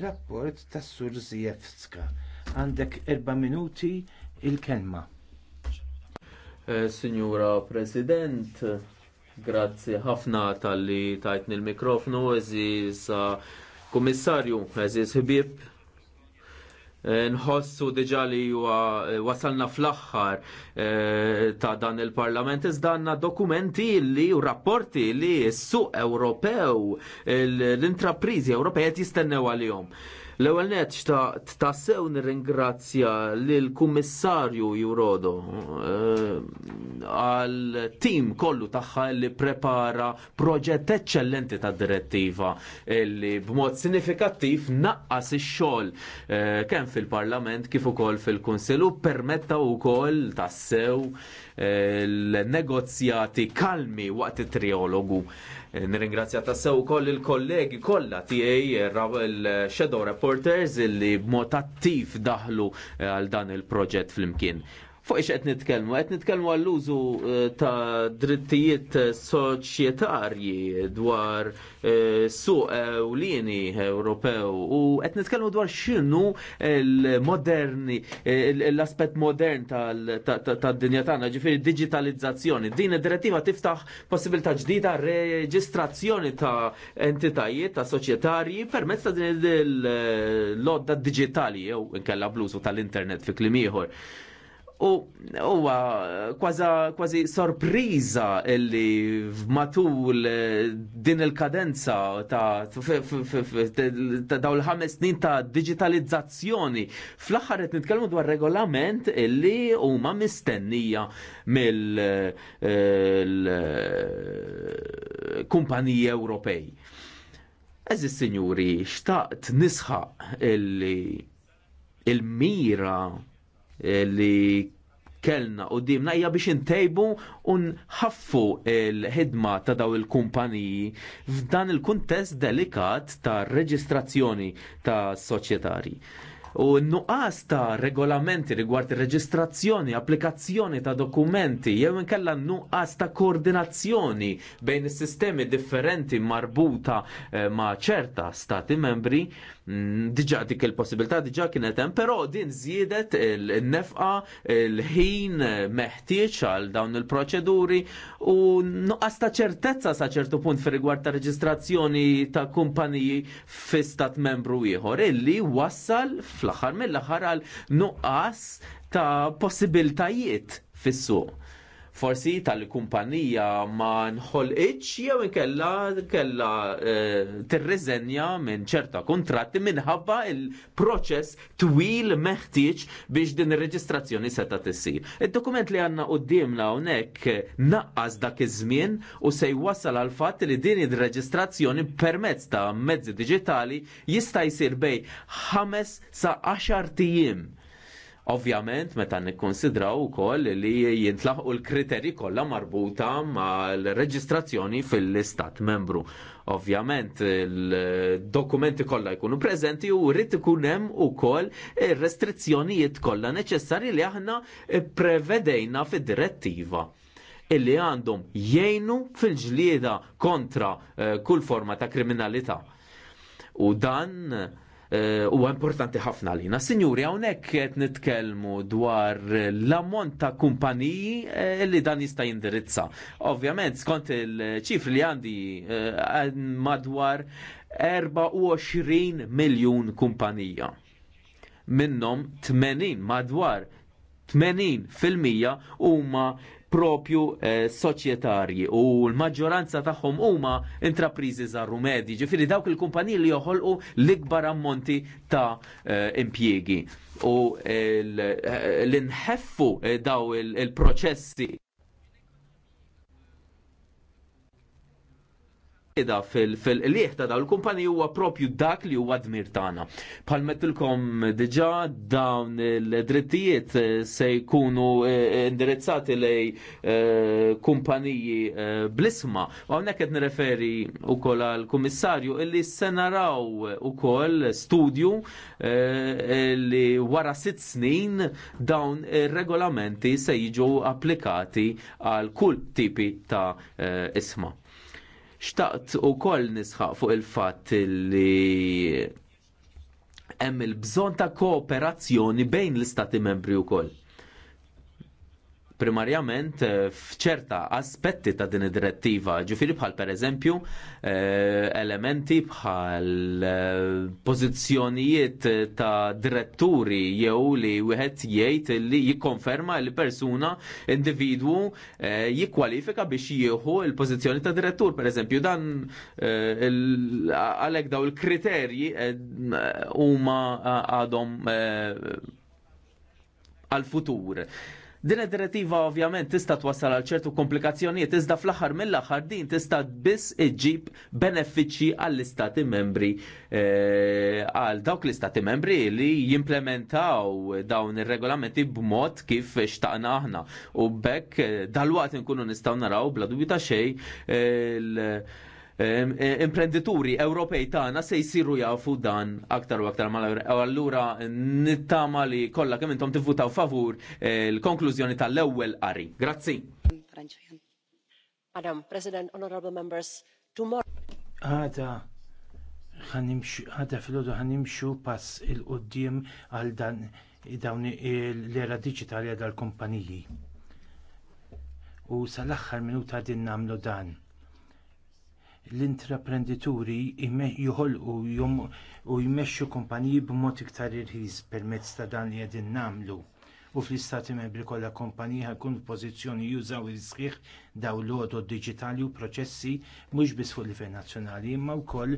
Rapport tas Sur Zjewska. Għandek erba' minuti l kelma eh, Signora President, grazzi ħafna tal-li tajtni l mikrofnu eżiz komissarju, eżiz ħbieb, Eh, nħossu diġa li eh, wasalna fl-axħar eh, ta' dan il-parlament izdanna dokumenti li u rapporti li s-suq Ewropew l-intraprizi Ewropej jistennew għal-jom. L-ewwel net xtaqt tassew nirringrazzja lil kummissarju Jurodo eh, għal tim kollu tagħha li prepara proġett eċċellenti ta' direttiva li b'mod sinifikattiv naqqas ix-xogħol eh, kemm fil-Parlament kif ukoll fil-Kunsill u permetta wkoll tassew eh, l-negozjati kalmi waqt it-triologu. Eh, nirringrazzja tassew ukoll il-kollegi kollha tiegħi eh, il-Shadow eh, Reporters illi b'mod attiv daħlu għal dan il-proġett flimkien. Fuq ix qed nitkellmu, qed nitkellmu għall-użu ta' drittijiet soċjetarji dwar suq ewlieni Ewropew u qed nitkellmu dwar x'inhu l-moderni l-aspett modern tad-dinja tagħna, ġifieri digitalizzazzjoni. Din id-direttiva tiftaħ possibilità ġdida reġistrazzjoni ta' entitajiet ta' soċjetarji permezz ta' din il-lodda digitali jew inkella bluzu tal-internet fi klim ieħor. U huwa kważi sorpriża illi matul eh, din il-kadenza ta' daw l-ħames snin ta' digitalizzazzjoni. Fl-aħħar qed nitkellmu dwar regolament illi huma mistennija mill eh, kumpaniji Ewropej. Eżis sinjuri, xtaqt nisħaq illi il-mira Eh, li kellna u dimna hija biex intejbu u nħaffu l-ħidma ta' daw il-kumpaniji f'dan il-kuntest delikat ta' reġistrazzjoni ta' soċjetari. U nuqqas ta' regolamenti rigward reġistrazzjoni, applikazzjoni ta' dokumenti, jew inkella nuqqas ta' koordinazzjoni bejn is-sistemi differenti marbuta eh, ma' ċerta stati membri, Mm, diġa dik il-possibilità diġa kienet hemm, però din żiedet il-nefqa il-ħin meħtieġ għal dawn il-proċeduri u nuqqas ta' ċertezza sa' ċertu punt fi rigward ta' reġistrazzjoni ta' kumpaniji fi stat membru ieħor illi wassal fl-aħħar mill-aħħar għal nuqqas ta' possibiltajiet fis-suq forsi tal-kumpanija ma nħolqitx jew inkella kella eh, tirreżenja minn ċerta kontratti minħabba il-proċess twil meħtieġ biex din ir-reġistrazzjoni seta tissir. Id-dokument li għandna qudiemna hawnhekk naqqas dak iż-żmien u se jwassal għal fatt li din ir-reġistrazzjoni permezz ta' mezzi diġitali jista' jsir bej 5 sa 10 tiem Ovvjament, meta nikkonsidraw ukoll li jintlaħqu l-kriteri kollha marbuta mal-reġistrazzjoni fil-istat membru. Ovvjament, il-dokumenti kollha jkunu preżenti u rrid ikun hemm ukoll restrizzjonijiet kollha neċessarji li aħna prevedejna fid-direttiva illi għandhom jgħinu fil-ġlieda kontra eh, kull forma ta' kriminalità. U dan Eh, huwa importanti ħafna lina. Signuri, hawnhekk qed nitkellmu dwar l-ammont ta' kumpaniji eh, li dan jista' jindirizza. Ovvjament, skont il-ċifri li għandi eh, madwar 24 miljun kumpanija. Minnom 80 madwar 80% huma propju eh, soċjetarji u l-maġġoranza tagħhom huma intrapriżi żarru medji, ġifieri dawk il-kumpaniji li joħolqu l-ikbar ammonti ta' eh, impjiegi. U eh, l-inħeffu daw il-proċessi Ida fil-liħ ta' dawn il-kumpani huwa propju dak li huwa dmir tagħna. Palmetilkom diġà dawn il-drittijiet eh, se jkunu eh, indirizzati lej eh, kumpaniji blisma. U hawnhekk qed nirreferi wkoll għal kummissarju illi se naraw ukoll studju li wara sitt snin dawn ir-regolamenti se jiġu applikati għal kull tipi ta' isma. Xtaqt u koll nisħaq fuq il-fat li hemm il-bżon ta' kooperazzjoni bejn l-istati membri u koll primarjament eh, fċerta aspetti ta' din id-direttiva, ġifiri bħal per eżempju eh, elementi bħal eh, pozizjonijiet ta' diretturi jew li wieħed jgħid li jikkonferma li persuna individwu jikkwalifika biex jieħu il-pożizzjoni ta' direttur, per eżempju dan għalhekk daw il-kriterji huma għadhom għal-futur. Uh, Din id-direttiva ovvjament tista' twassal għal ċertu komplikazzjonijiet iżda fl-aħħar mill-aħħar din tista' biss iġib benefiċċji għall-istati membri eh, għal dawk l-istati membri li jimplementaw dawn ir-regolamenti b'mod kif xtaqna aħna u bekk eh, dalwaqt nkunu nistgħu naraw bla dubju ta' xejn eh, Eh, imprenditori Ewropej tagħna se jsiru jafu dan aktar u aktar mal allura nittama li kollha kemm intom tivvutaw favur eh, l-konklużjoni tal-ewwel qari. Grazzi. Madam President, Honorable Members, tomorrow. Għada, għada fil-ħodu ħanimxu pass il-qoddim għal dan dawn l-era diġitali għal kumpaniji. U sal-axħar minuta din namlu dan l-intraprendituri jħolqu u jmexxu kumpaniji b'mod iktar irħis permezz ta' dan li qegħdin nagħmlu. U fl-istati membri kollha kumpaniji ħakun pożizzjoni jużaw is-sħiħ daw l-għodod digitali u proċessi mhux biss fuq livell nazzjonali imma wkoll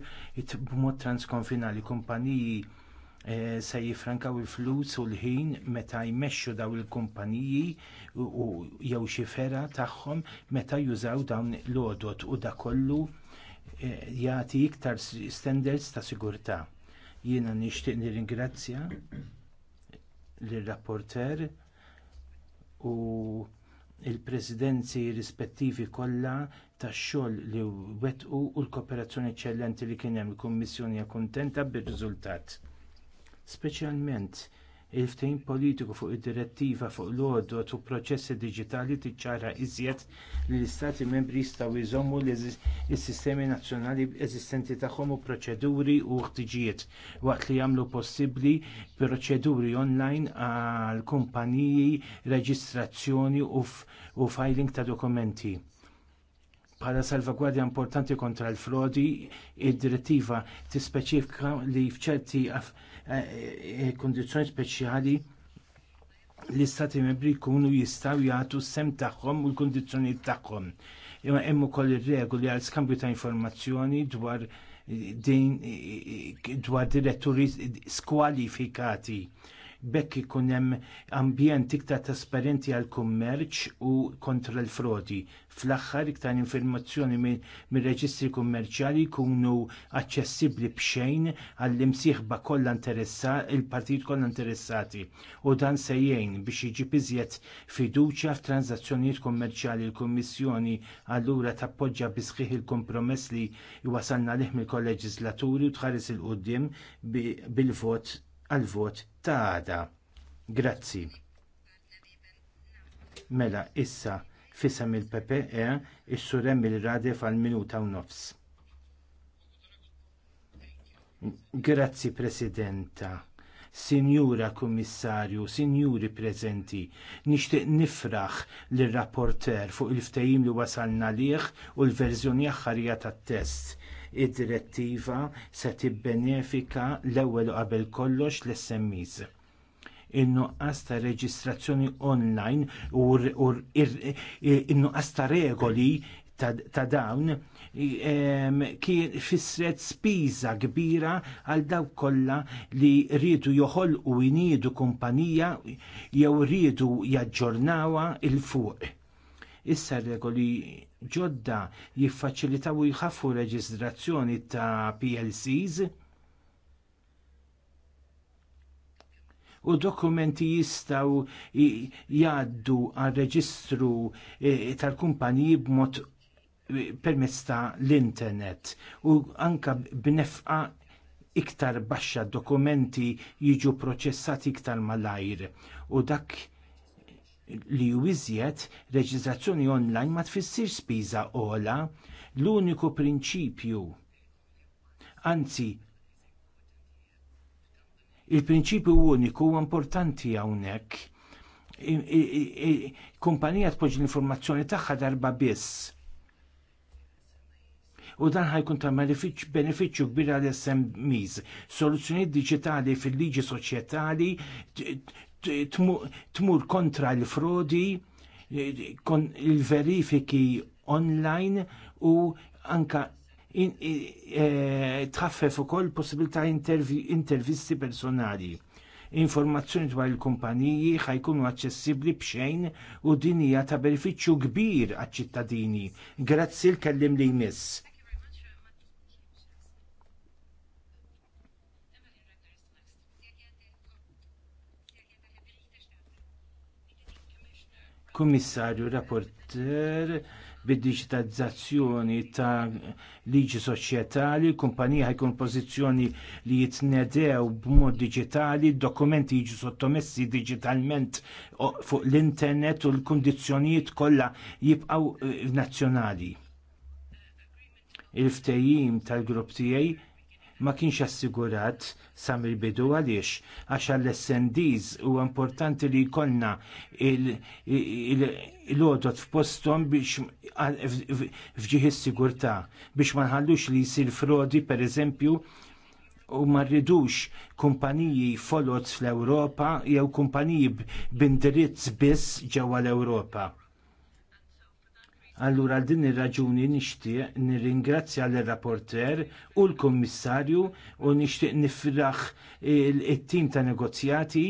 b'mod transkonfinali kumpaniji eh, se jifrankaw il-flus u l-ħin meta jmexxu daw il-kumpaniji jew xi fera tagħhom meta jużaw dawn l-odot u da kollu Jati iktar standards ta' sigurtà. Jiena nixtieq nirringrazzja lir-rapporter u il-presidenzi rispettivi kollha tax-xogħol li wettqu u l-kooperazzjoni eċċellenti li kien hemm il-Kummissjoni kuntenta bir-riżultat. Speċjalment il-ftehim politiku fuq id-direttiva fuq l-għodot u proċessi diġitali tiċċara iżjed li l-istati membri jistgħu jżommu l-sistemi nazzjonali eżistenti tagħhom u proċeduri u ħtiġijiet waqt li jagħmlu possibbli proċeduri online għal kumpaniji, reġistrazzjoni u filing ta' dokumenti. Bħala salvagwardja importanti kontra l-frodi, id-direttiva tispeċifika li fċerti Eh, eh, kondizjoni speċjali l-istati membri jkunu jistgħu jagħtu sem tagħhom u l kondizjoni tagħhom. Imma hemm ukoll ir-regoli għal skambju ta' informazzjoni dwar eh, din dwar diretturi skwalifikati bekk ikun hemm ambjent iktar trasparenti għal kummerċ u kontra l-frodi. Fl-aħħar iktar informazzjoni mir reġistri kummerċjali jkunu aċċessibbli b'xejn għall imsieħba kollha interessati, il-partit kollha interessati. U dan se jgħin biex jiġi biżjed fiduċja f'tranzazzjonijiet kummerċjali l-Kummissjoni allura tappoġġa bisħiħ il-kompromess li wasalna liħ mill-kolleġislaturi u tħares il-qudiem bil-vot għal-vot ta' għada. Grazzi. Mela, issa fisem il-PPE is-surem il-radef għal-minuta u nofs. Grazzi, Presidenta. Sinjura Kummissarju, Sinjuri prezenti, nixtieq nifraħ lir rapporter fuq il-ftehim li wasalna liħ u l-verżjoni aħħarija tat-test id-direttiva se tibbenefika l-ewwel qabel kollox l-SMEs in-nuqqas ta' reġistrazzjoni online u in-nuqqas ta' regoli ta' dawn kien fissret spiża kbira għal dawk kollha li rridu joħolqu jniedu kumpanija jew rridu jaġġornawha il fuq. Issa regoli ġodda jiffaċilitaw u jħaffu reġistrazzjoni ta' PLCs u dokumenti jistgħu jgħaddu għal reġistru e, tal-kumpaniji b'mod e, permezz ta' l-internet u anke b'nefqa iktar baxxa dokumenti jiġu proċessati iktar malajr u dak li ju iżjed reġistrazzjoni online ma tfissir spiża ola l-uniku prinċipju. Anzi, il-prinċipju uniku huwa importanti hawnhekk. Kumpanija tpoġġi l-informazzjoni tagħha darba biss. U dan ħajkun ta' benefiċċju kbira għal SMEs. Soluzzjonijiet diġitali fil-liġi soċjetali tmur kontra l-frodi, il-verifiki online u anka e, tħaffef ukoll possibilità intervisti personali informazzjoni dwar il-kumpaniji ħajkunu aċċessibbli b'xejn u din hija ta' benefiċċju kbir għaċ-ċittadini. Grazzi l-kellim li jmiss. kummissarju rapporter bid-digitalizzazzjoni ta' liġi soċjetali, kumpanija ħajkun pożizzjoni li jitnedew b'mod digitali, dokumenti jiġu sottomessi digitalment fuq l-internet u l-kundizzjonijiet kollha jibqgħu eh, nazzjonali. il ftejim tal-grupp tiegħi ma kienx assigurat sa mill-bidu għaliex għax għall-SNDs huwa importanti li jkollna il-lodot f'posthom biex fġieħ is-sigurtà biex ma nħallux li jsir frodi pereżempju u ma rridux kumpaniji folot fl-Ewropa jew kumpaniji b'indirizz biss ġewwa l-Ewropa. Allura għal din ir-raġuni nixtieq nirringrazzja l rapporter u l-Kummissarju u nixtieq nifraħ it-tim ta' negozjati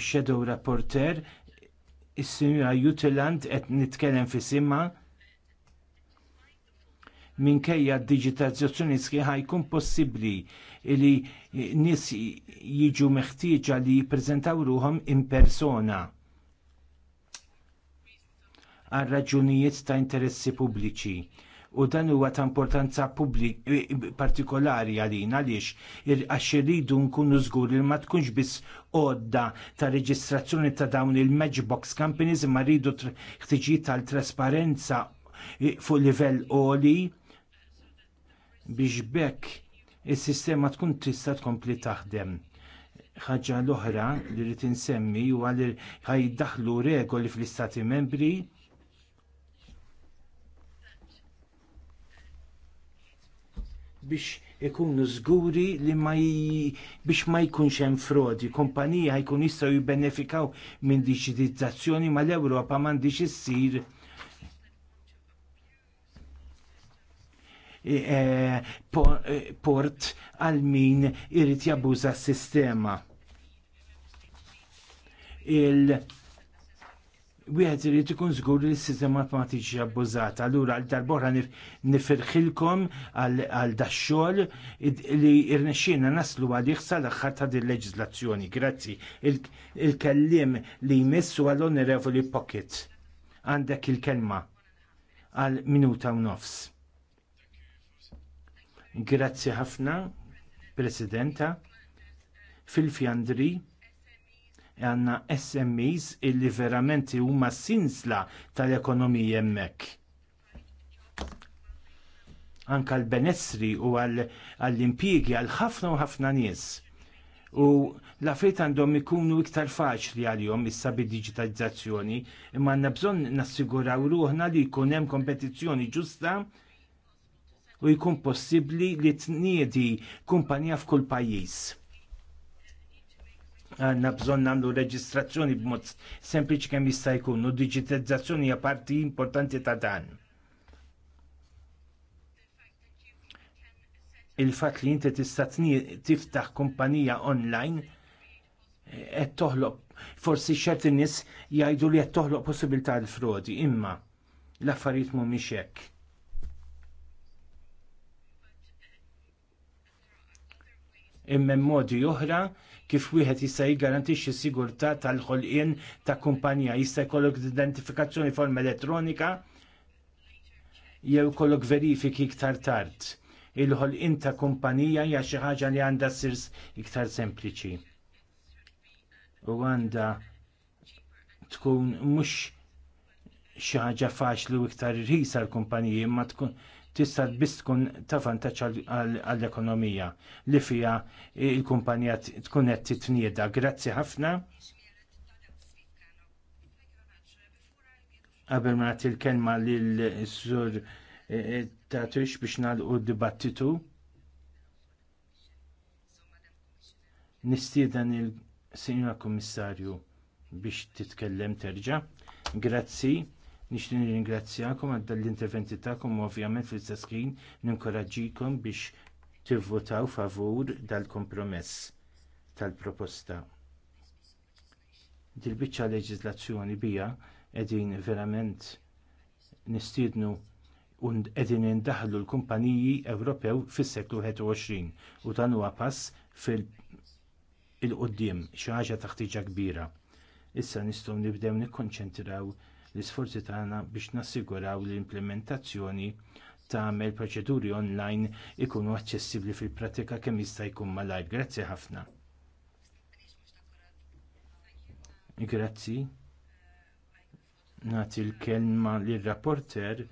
ix-shadow rapporter is-sinjura Jutiland qed nitkellem fi simma minkejja d-digitalizzazzjoni sħiħa jkun possibbli li nies jiġu meħtieġa li jippreżentaw ruhom in persona għal raġunijiet ta' interessi pubbliċi u dan huwa ta' importanza partikolari għalina għaliex għax irridu nkunu żgur li ma tkunx biss għodda ta' reġistrazzjoni ta' dawn il-matchbox companies imma rridu ħtiġijiet tal-trasparenza fuq livell oli biex bekk is-sistema tkun tista' tkompli taħdem ħaġa l-oħra li rrid insemmi huwa li ħajdaħlu regoli fl-istati membri biex ikunu żguri li ma biex ma jkunx hemm frodi. Kumpanija jkun jistgħu jibbenefikaw minn diġitizzazzjoni mal-Ewropa m'għandix issir e, e, e, port għal min irrit jabuża s-sistema. Il- wieħed irid ikun żgur li s-sistema matematiċi abbużata. Allura għal darbora nifirħilkom għal daxxol li irnexxina naslu għalih l aħħar ta' din leġiżlazzjoni. Grazzi. Il-kellim li jmissu għal onorevoli Pocket. Għandek il-kelma għal minuta u nofs. Grazzi ħafna, Presidenta. Fil-Fjandri, għanna SMEs illi verament huma sinsla tal-ekonomija hemmhekk. Anka l-benessri u għall-impjiegi għal ħafna u ħafna nies. U la fejt għandhom ikunu iktar faċli għal-jom issa bid-digitalizzazzjoni, imma għanna bżon nassiguraw ruħna li jkun hemm kompetizzjoni ġusta u jkun possibbli li tniedi kumpanija f'kull pajjiż għanna bżon namlu reġistrazzjoni b'mod sempliċi kemm jista' jkun u digitalizzazzjoni hija parti importanti ta' dan. Il-fatt li inti tista' tiftaħ kumpanija online eh, qed toħloq forsi xert nies jgħidu li qed toħloq possibilità l frodi imma l-affarijiet mhumiex hekk. Imma modi oħra kif wieħed jista' jiggarantixxi s-sigurtà tal-ħolqien ta' kumpanija jista' jkollok identifikazzjoni forma elettronika jew kollok verifiki iktar tard. Il-ħolqien ta' kumpanija hija xi ħaġa li għandha ssir iktar sempliċi. U għandha tkun mhux xi ħaġa faċli u iktar irħisa l-kumpaniji imma tkun tista' biss tkun ta' vantaġġ għall-ekonomija li fiha l kumpanija tkun qed titnieda. Grazzi ħafna. Qabel ma nagħti l-kelma lil sur eh, eh, Tatux biex nagħlqu d-dibattitu. Nistieden il-Sinjora Kummissarju biex titkellem terġa'. Grazzi. Nixtieq nirringrazzjakom għal l-interventi tagħkom ovvjament fil istess ħin ninkoraġġikom biex tivvotaw favur dal-kompromess tal-proposta. Dil-biċċa leġiżlazzjoni bija qegħdin verament nistiednu und edin indaħlu l-kumpaniji Ewropew fis-seklu 21 u tanu huwa pass fil- qoddim xi ħaġa taħtiġa kbira. Issa nistgħu nibdew nikkonċentraw l-isforzi tagħna biex nassiguraw l-implementazzjoni tagħmel proċeduri online ikunu aċċessibbli fil-pratika kemm jista' jkun malajr. Grazzi ħafna. Grazzi. Nagħti l-kelma lir-rapporter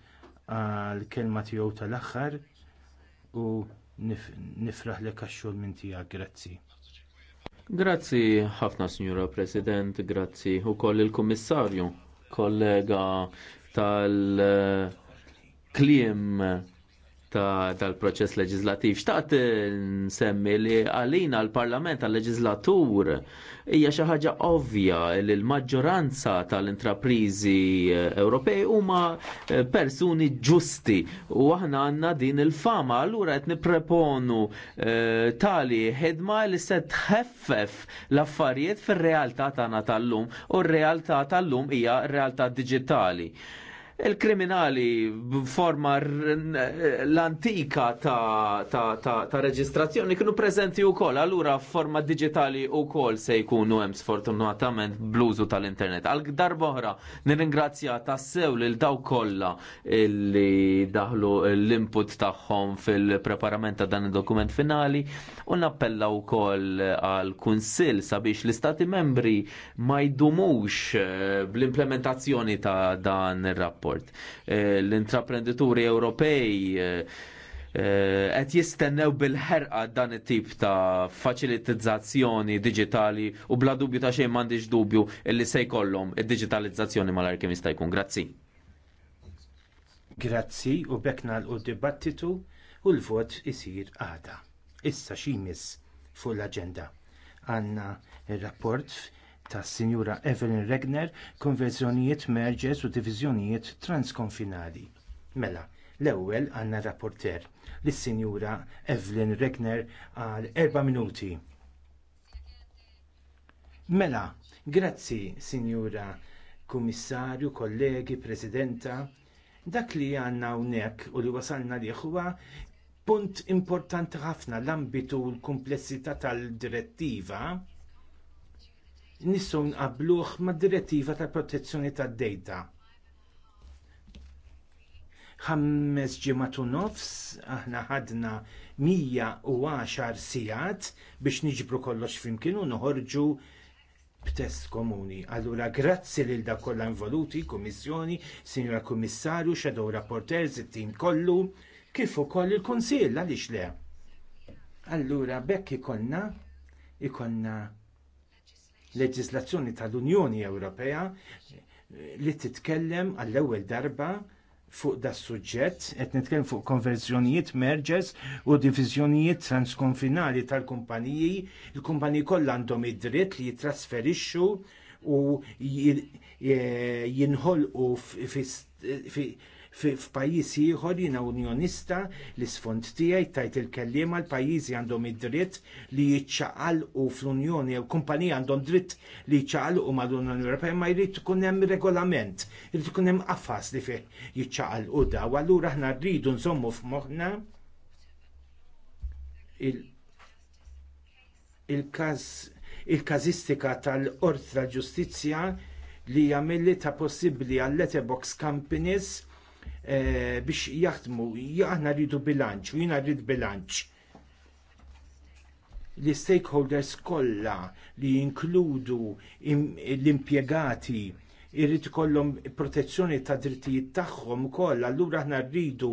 għall kelma tiegħu tal-aħħar u nifraħ lek għax-xogħol minn tiegħek. Grazzi. Grazzi ħafna, Sinjura President, grazzi wkoll il-Kummissarju kollega tal-klim ta' dal-proċess leġislattiv. Xtaqt nsemmi li għalina l-Parlament għal-leġislatur hija xi ħaġa ovvja li l-maġġoranza tal-intraprizi Ewropej huma eh, persuni ġusti u aħna għandna din il-fama allura qed nipreponu eh, tali ħidma li se tħeffef l-affarijiet fir-realtà tagħna tal-lum u r-realtà tal-lum hija r-realtà diġitali il-kriminali b'forma l-antika ta', ta, ta, ta reġistrazzjoni kienu prezenti u kol, allura forma digitali u kol se jkunu hemm sfortunatament bluzu tal-internet. Għal darboħra nirringrazzja tassew lil daw kollha li daħlu l-input tagħhom fil-preparament ta' dan id-dokument finali u nappella wkoll għal kunsill sabiex l-istati membri ma jdumux eh, bl-implementazzjoni ta' dan ir-rapport rapport. Eh, L-intraprenditori Ewropej eh, eh, qed jistennew bil-ħerqa dan it-tip ta' faċilitizzazzjoni digitali u bla dubju ta' xejn m'għandix dubju li se jkollhom id diġitalizzazzjoni mal kemm jista' jkun. Grazzi. Grazzi u bekna l-dibattitu u l-vot isir għada. Issa ximis fuq l-agenda. Għanna il-rapport ta' Sinjura Evelyn Regner konverzjonijiet mergers u diviżjonijiet transkonfinali. Mela, l-ewwel għandna rapporter lis sinjura Evelyn Regner għal erba' minuti. Mela, grazzi Sinjura Kummissarju, kollegi, Presidenta, dak li għandna hawnhekk u li wasalna li huwa punt importanti ħafna l-ambitu u l-komplessità tal-direttiva nistgħu nqabbluh mad-direttiva tal-protezzjoni tad-dejta. Ħammes ġimatu nofs aħna ħadna 110 sigħat biex niġbru kollox flimkien u noħorġu b'test komuni. Allura grazzi lil dak kollha involuti, Kummissjoni, Sinjora Kummissarju, Shadow Rapporters, it-tim kollu, kif ukoll il-Kunsill għaliex le. Allura bekk ikollna ikollna leġislazzjoni tal-Unjoni Ewropea eh, li titkellem għall-ewwel darba fuq da suġġett qed nitkellem fuq konverzjonijiet mergers u diviżjonijiet transkonfinali tal-kumpaniji, il-kumpaniji kollha għandhom id-dritt li jitrasferixxu u eh, jinħolqu fi f'pajjiż ieħor jiena unjonista l isfond tiegħi tajt il-kelliem għal pajjiżi għandhom id-dritt li jiċċaqalqu fl-Unjoni jew kumpanija għandhom dritt li jiċċaqalqu mal-Unjoni Ewropea ma jrid ikun hemm regolament, jrid ikun hemm qafas li fih jiċċaqalqu da u allura aħna rridu nżommu f'moħħna il-każ il-kazistika tal-Qorti tal-Ġustizzja li jagħmel ta' possibbli għall letterbox companies Eh, biex jaħdmu, aħna rridu bilanċ, u jina rrid bilanċ. Li stakeholders kollha li jinkludu l-impjegati irrid ikollhom protezzjoni ta' drittijiet tagħhom ukoll, allura aħna rridu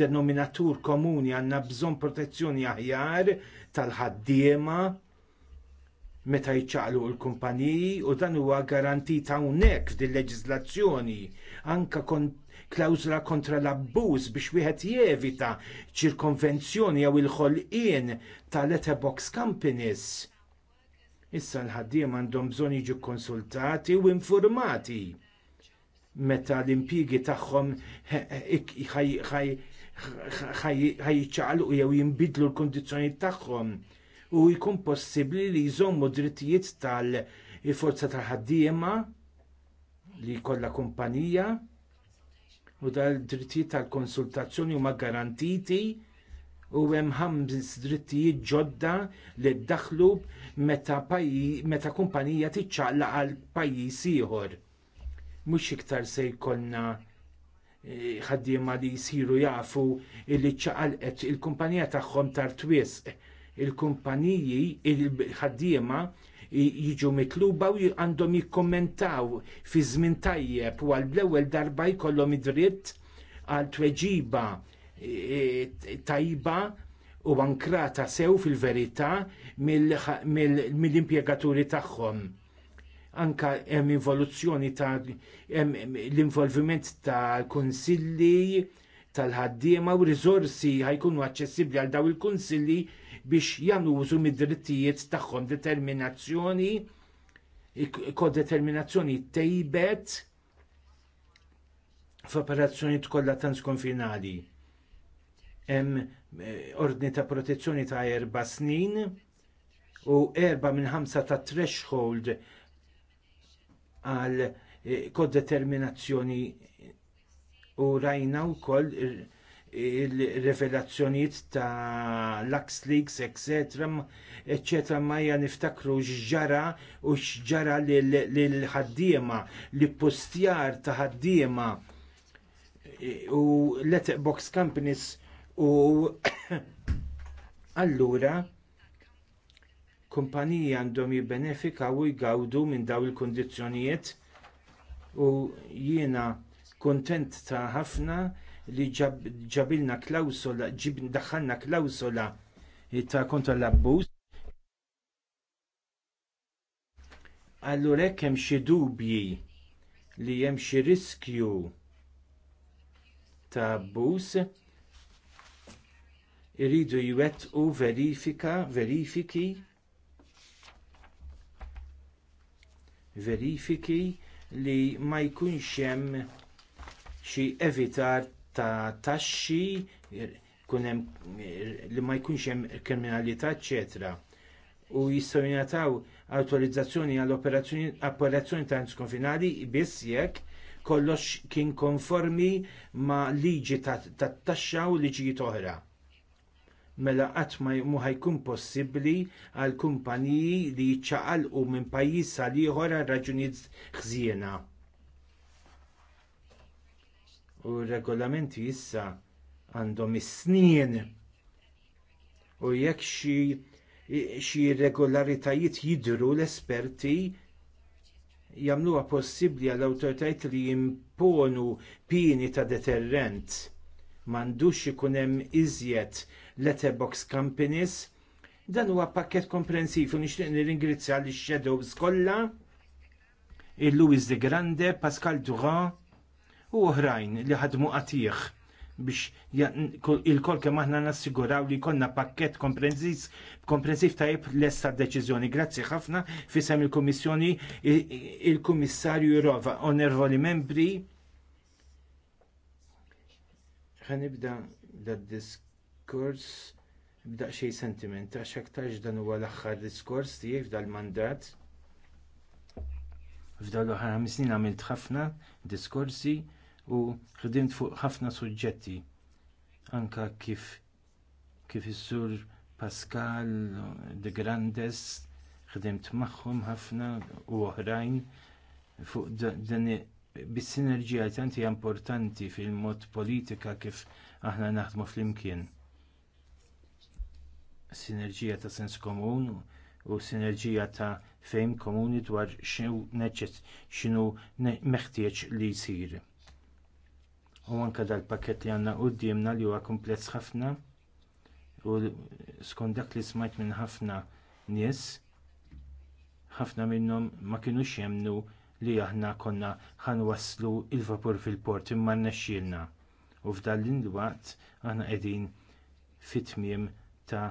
denominatur komuni għandna bżonn protezzjoni aħjar tal-ħaddiema meta jċaqlu l-kumpaniji u dan huwa garantita hawnhekk fil leġiżlazzjoni anka kont klawzla kontra l-abbuż biex wieħed jevita ċirkonvenzjoni jew il-ħolqien ta' letterbox companies. Issa l-ħaddiem għandhom bżonn jiġu konsultati u informati meta l-impjigi tagħhom ħajċaqalqu jew jinbidlu l kundizzjonijiet tagħhom u jkun possibbli li jżommu drittijiet tal-forza tal-ħaddiema li jkollha kumpanija u dal-drittijiet tal-konsultazzjoni huma garantiti u hemm ħames drittijiet ġodda li ddaħlu meta, meta kumpanija tiċċaqla għal pajjiż ieħor. Mhux iktar se jkollna e, ħaddiema li jsiru jafu li ċaqalqet il-kumpanija tagħhom tar twisq il-kumpaniji il-ħaddiema jiġu mitluba u għandhom jikkommentaw fi żmien tajjeb u għal ewwel darba jkollhom id-dritt għal tweġiba eh, tajba u ankrata sew fil-verità mill-impjegaturi tagħhom anka hemm involuzzjoni ta' l-involviment tal-kunsilli tal-ħaddiema u riżorsi ħajkunu aċċessibbli għal daw il-kunsilli biex janużu mid-drittijiet tagħhom determinazzjoni, kodeterminazzjoni tejbet f'operazzjoni kollha skonfinali. Hemm eh, ordni ta' protezzjoni ta' erba' snin u erba' minn ħamsa ta' threshold għal eh, kodeterminazzjoni u rajna wkoll il-revelazzjoniet ta' Lux Leaks, etc. etc. Maja niftakru xġara u xġara l-ħaddiema, li postjar ta' ħaddiema u letterbox companies u [coughs] allura kumpanija għandhom jibbenefika u jgawdu minn daw il-kondizjonijiet u jiena kontent ta' ħafna li ġabilna klawsola, ġib daħħalna klawsola ta' kontra l-abbuż. Allura hekk hemm xi dubji li hemm xi riskju ta' abbuż iridu jwettqu verifika, verifiki verifiki li ma jkunx hemm xi evitar ta' taxxi kunem li ma jkunx hemm kriminalità eċetera. U jistgħu jingħataw awtorizzazzjoni għall operazzjoni transkonfinali biss jekk kollox kien konformi ma liġi ta' taxxa u liġijiet oħra. Mela qatt ma jkun possibbli għal kumpaniji li jiċċaqalqu minn pajjiż sal ieħor għal raġunijiet ħżiena u regolamenti issa għandhom is-snien u jekk xi regolaritajiet jidru l-esperti jagħmluha possibbli għall awtoritajiet li jimponu pieni ta' deterrent m'għandux ikun hemm iżjed letterbox companies dan huwa pakket komprensiv u nixtieq nirringrazzja l shadows kollha il-Louis de Grande, Pascal Durand, u oħrajn li ħadmu għatijħ biex il-kol kemm aħna nassiguraw li konna pakket komprensiv tajb l-essa deċiżjoni. Grazzi ħafna fisem il-Komissjoni il-Kummissarju Rova onervoli membri. Ħanibda d diskors b'daq xej sentiment, għax aktarġ dan huwa l-aħħar diskors tiegħi dal mandat F'dal-aħħar ħames snin għamilt ħafna diskorsi u ħdimt fuq ħafna suġġetti anka kif kif is-sur Pascal de Grandes ħdimt magħhom ħafna u oħrajn fuq dan bis-sinerġija tanti importanti fil-mod politika kif aħna naħdmu flimkien. Sinerġija ta' sens komun u sinerġija ta' fejm komuni dwar xinu meħtieġ li jsir u anke dal-pakket li għandna qudiemna li huwa kompless ħafna u skont dak li smajt minn ħafna nies ħafna minnhom ma kinux jemnu li aħna konna ħanwasslu l vapur fil-port imma nnexxielna. U f'dan l-inwaqt aħna qegħdin fit-tmiem ta'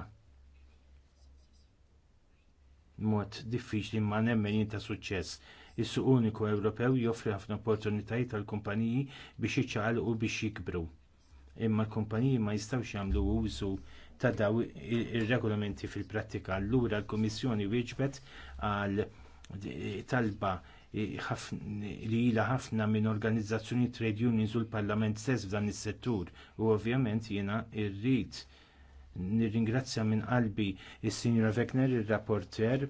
mod diffiċli ma nemmen ta' suċċess. Is-suq uniku Ewropew joffri ħafna opportunitajiet tal kumpaniji biex iċċaqalqu biex jikbru. Imma l-kumpaniji ma jistgħux jagħmlu użu ta' daw ir-regolamenti fil-prattika. Allura l-Kummissjoni wieġbet għal talba li ilha ħafna minn organizzazzjoni trade unions u l-Parlament stess f'dan is-settur u ovvjament jiena rrid nirringrazzja minn qalbi is-Sinjora Vekner, ir-rapporter,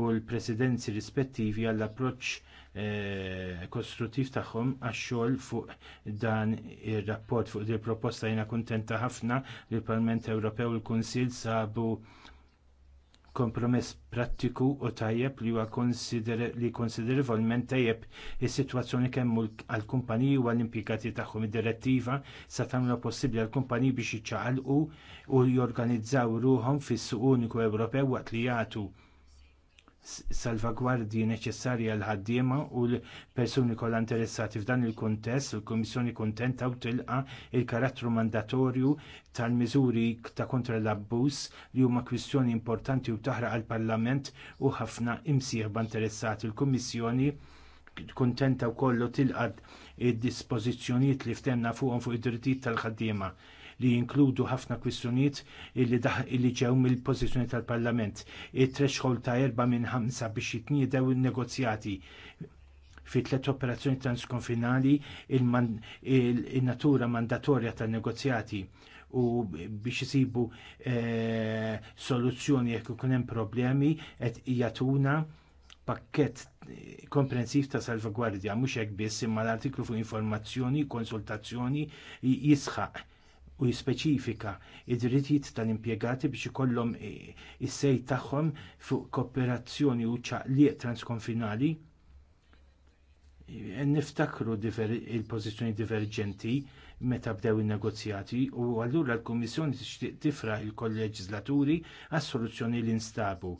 u l-presidenzi rispettivi għall approċċ eh, kostruttiv tagħhom għax-xogħol fuq dan ir-rapport fuq il proposta jiena kuntenta ħafna li l-Parlament Ewropew u l-Kunsill sabu kompromess prattiku u tajjeb li huwa li konsiderevolment tajjeb is-sitwazzjoni kemm għall-kumpaniji u għall-impjegati tagħhom id-direttiva sa tagħmlu possibbli għall-kumpaniji biex jiċċaqalqu u jorganizzaw ruhom fis-suq uniku Ewropew waqt li jagħtu salvagwardji neċessarji għal ħaddiema u l-persuni kollha interessati f'dan il-kuntest, il-Kummissjoni kuntenta u tilqa il-karattru mandatorju tal-miżuri ta' kontra l-abbuż li huma kwistjoni importanti u taħraq għall parlament u ħafna imsieħba interessati. Il-Kummissjoni kuntenta wkoll kollu tilqad id-dispożizzjonijiet li ftemna fuqhom fuq id-drittijiet tal-ħaddiema li jinkludu ħafna kwistjonijiet li ġew mill-pożizzjoni tal-Parlament. It-threshold ta' erba' minn ħamsa biex jitniedew in-negozjati fi tlet operazzjoni transkonfinali il-natura mandatorja tan-negozjati u biex isibu eh, soluzzjoni jekk ikun hemm problemi qed jagħtuna pakkett komprensiv ta' salvagwardja mhux hekk biss imma l-artiklu fuq informazzjoni, konsultazzjoni jisħaq u jispeċifika id-drittijiet tal-impjegati biex ikollhom is-sej tagħhom fuq kooperazzjoni u ċaqliq transkonfinali. E, niftakru il-pożizzjoni diverġenti meta bdew in-negozjati u allura l-Kummissjoni tixtieq tifra l kolleġislaturi għas-soluzzjoni li nstabu.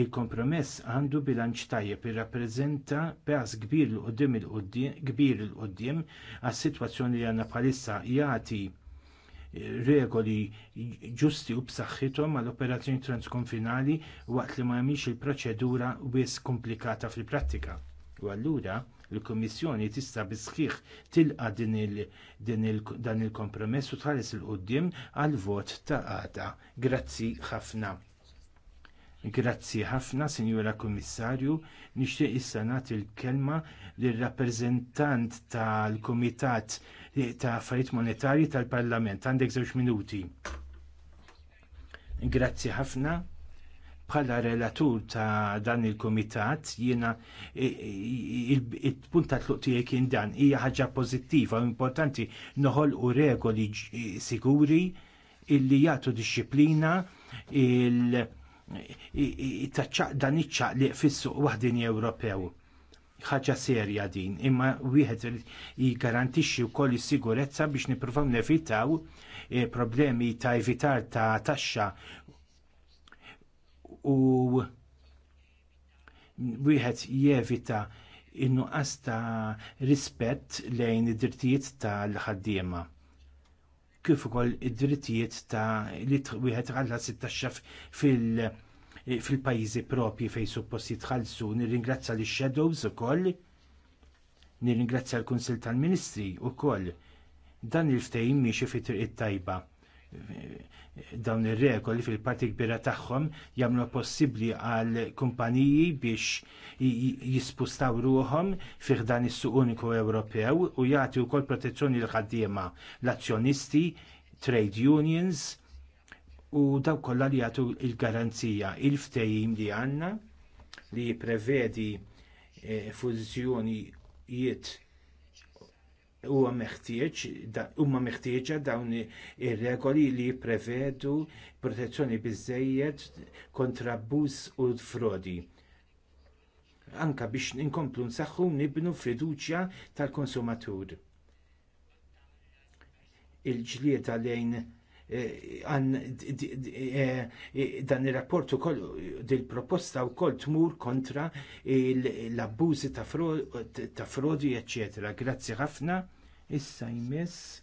Il-kompromess għandu bilanċ tajjeb irrappreżenta pass kbir l qudiem il-qudiem kbir il qudiem għas-sitwazzjoni li għandna bħalissa jagħti regoli ġusti u b'saħħithom għal operazzjoni transkonfinali waqt li ma jagħmilx il-proċedura wis komplikata fil-prattika. U allura il-Kummissjoni tista' bisħiħ tilqa dan il-kompromess u tħares il-qudiem għal vot ta' għada. Grazzi ħafna. Grazzi ħafna, Sinjura Kummissarju. Nixtieq issa nagħti l-kelma lir rappreżentant tal-Kumitat ta' affarijiet monetarji tal-Parlament. Għandek żewġ minuti. Grazzi ħafna. Bħala relatur ta' dan il-komitat jiena il-punt ta' tluqtijek kien dan hija ħaġa pożittiva u importanti noħol u regoli siguri illi jagħtu disċiplina il taċċaq dan iċċaq li fissuq waħdin Ewropew ħaġa serja din, imma wieħed jiggarantixxi wkoll is-sigurezza biex nippruvaw nevitaw eh, problemi ta' evitar ta' taxxa u wieħed jevita in-nuqqas ta' rispett lejn id-drittijiet tal-ħaddiema kif ukoll id-drittijiet ta' li wieħed ħallas it-taxxa fil- Eh, fil-pajjiżi propi fejn suppost jitħallsu. nirringrazza lix shadows ukoll, nirringrazzja l-Kunsil tal-Ministri koll. Dan il-ftehim miexi fit-triq tajba dawn ir-regoli fil-parti kbira tagħhom jagħmlu possibbli għal kumpaniji biex jispustaw ruhom fih dan is-suq uniku Ewropew u jagħti wkoll protezzjoni l ħaddiema l-azzjonisti, trade unions u daw kollha li jagħtu l garanzija il ftejim li għandna li jipprevedi e, fużjonijiet huwa meħtieġ huma meħtieġa dawn ir-regoli li jipprevedu protezzjoni biżżejjed kontra abbuż u frodi. Anke biex inkomplu nsaħħu nibnu fiduċja tal-konsumatur. il ġlieta lejn E, e, e, dan il-rapport ukoll dil-proposta wkoll tmur kontra l-abbużi ta' frodi, eccetera. Grazzi ħafna. Issa jmiss.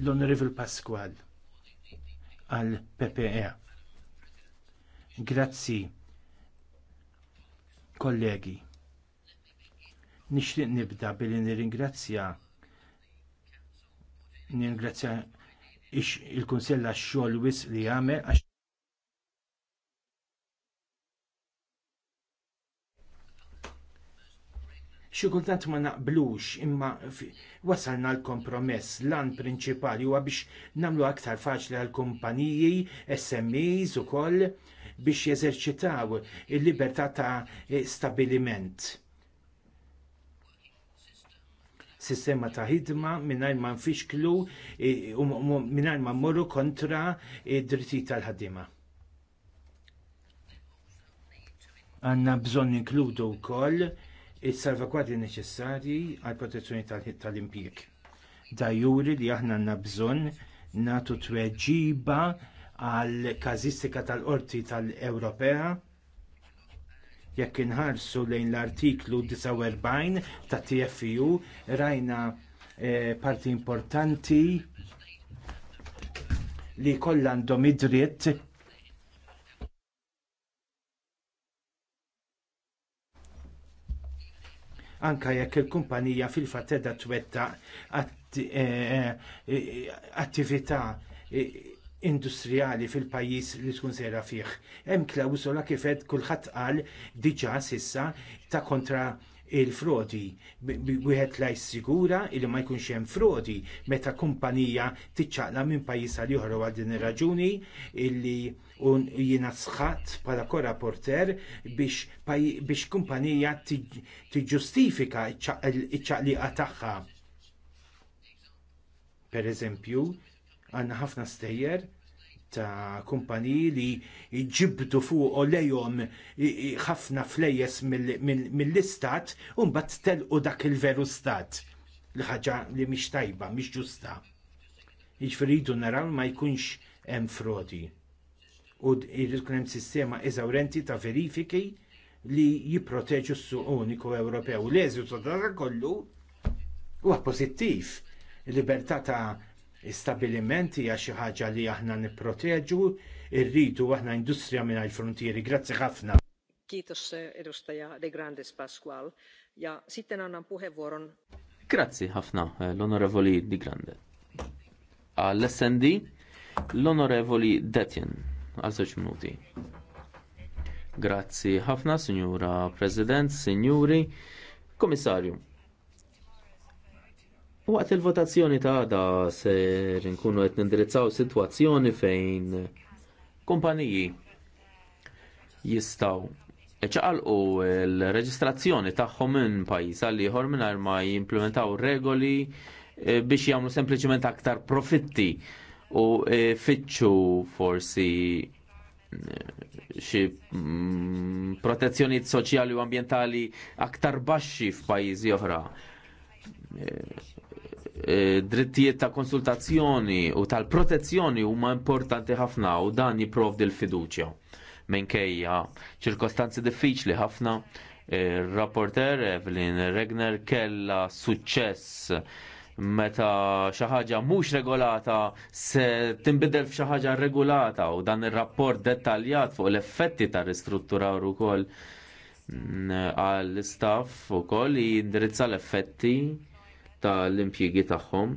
l-Onorevole Pasqual għal PPE. Grazzi, kollegi. Nixtieq nibda billi nirringrazzja nirringrazzja il-Kunsell għax-xogħol wis li għamel għax xi kultant ma naqblux imma wasalna l-kompromess lan prinċipali huwa biex nagħmlu aktar faċli għal kumpaniji, SMEs ukoll biex jeżerċitaw il-libertà ta' stabiliment sistema ta' ħidma mingħajr ma nfixklu u mingħajr ma mmorru kontra id-dritti tal-ħaddiema. Għanna bżonn inkludu wkoll is-salvagwardji neċessarji għall protezzjoni tal-impjieg. Dajuri juri li aħna għandna bżonn nagħtu tweġiba għal kazistika tal-qorti tal-Ewropea Jekk inħarsu lejn l-artiklu 49 ta' TFU rajna eh, parti importanti li kollha għandhom id-dritt anka jekk il-kumpanija fil-fatedda twetta att, eh, eh, attività eh, industrijali fil-pajis li tkun sejra fih. Hemm klawsola kif qed kulħadd qal diġà sissa ta' kontra il-frodi. Wieħed la sigura li ma jkunx hemm frodi meta kumpanija tiċċaqla minn pajjiż għal oħra għal din ir-raġuni illi jiena sħat bħala korrapporter biex kumpanija tiġġustifika ċ-ċaqliqa tagħha. Pereżempju Għanna ħafna stejjer ta' kumpaniji li jġibdu fuq u lejhom ħafna flejjes mill-istat u mbagħad telqu dak il-veru stat. Li ħaġa li mhix tajba, mhix ġusta. Jiġifieri jridu naraw ma jkunx hemm frodi. U jrid hemm sistema eżawrenti ta' verifiki li jipproteġu s-suq uniku Ewropew. L-eżitu ta' kollu huwa pożittiv. libertà ta' Istabilimenti għaxi xi ħaġa li aħna nipproteġu rridu aħna industrija mingħajr frontieri. Grazzi ħafna. Kiitos edustaja De Grandes Pasqual. Ja sitten annan puheenvuoron. Grazzi ħafna eh, l-Onorevoli Di Grande. l snd l-Onorevoli Detjen għal żewġ minuti. Grazzi ħafna, Signora President, Signori Komissarju Waqt il-votazzjoni ta' għada se nkunu qed nindirizzaw sitwazzjoni fejn kumpaniji jistaw ċaqalqu l-reġistrazzjoni tagħhom minn pajis għalli jħormin mingħajr ma jimplementaw regoli eh, biex jagħmlu sempliċement aktar profitti u eh, fitxu forsi eh, xi mm, protezzjonijiet soċjali u ambjentali aktar baxxi f'pajjiżi oħra Eh, drittijiet ta' konsultazzjoni u tal-protezzjoni huma importanti ħafna u dan jipprovdi l-fiduċja. Minkejja ċirkostanzi diffiċli ħafna, il-rapporter eh, Evelyn Regner kella suċċess meta xaħġa ħaġa mhux regolata se tinbidel f'xi ħaġa regolata u dan ir-rapport dettaljat fuq l-effetti ta' ristrutturar ukoll mm, għall-istaff ukoll jindirizza l-effetti tal-impjiegi tagħhom.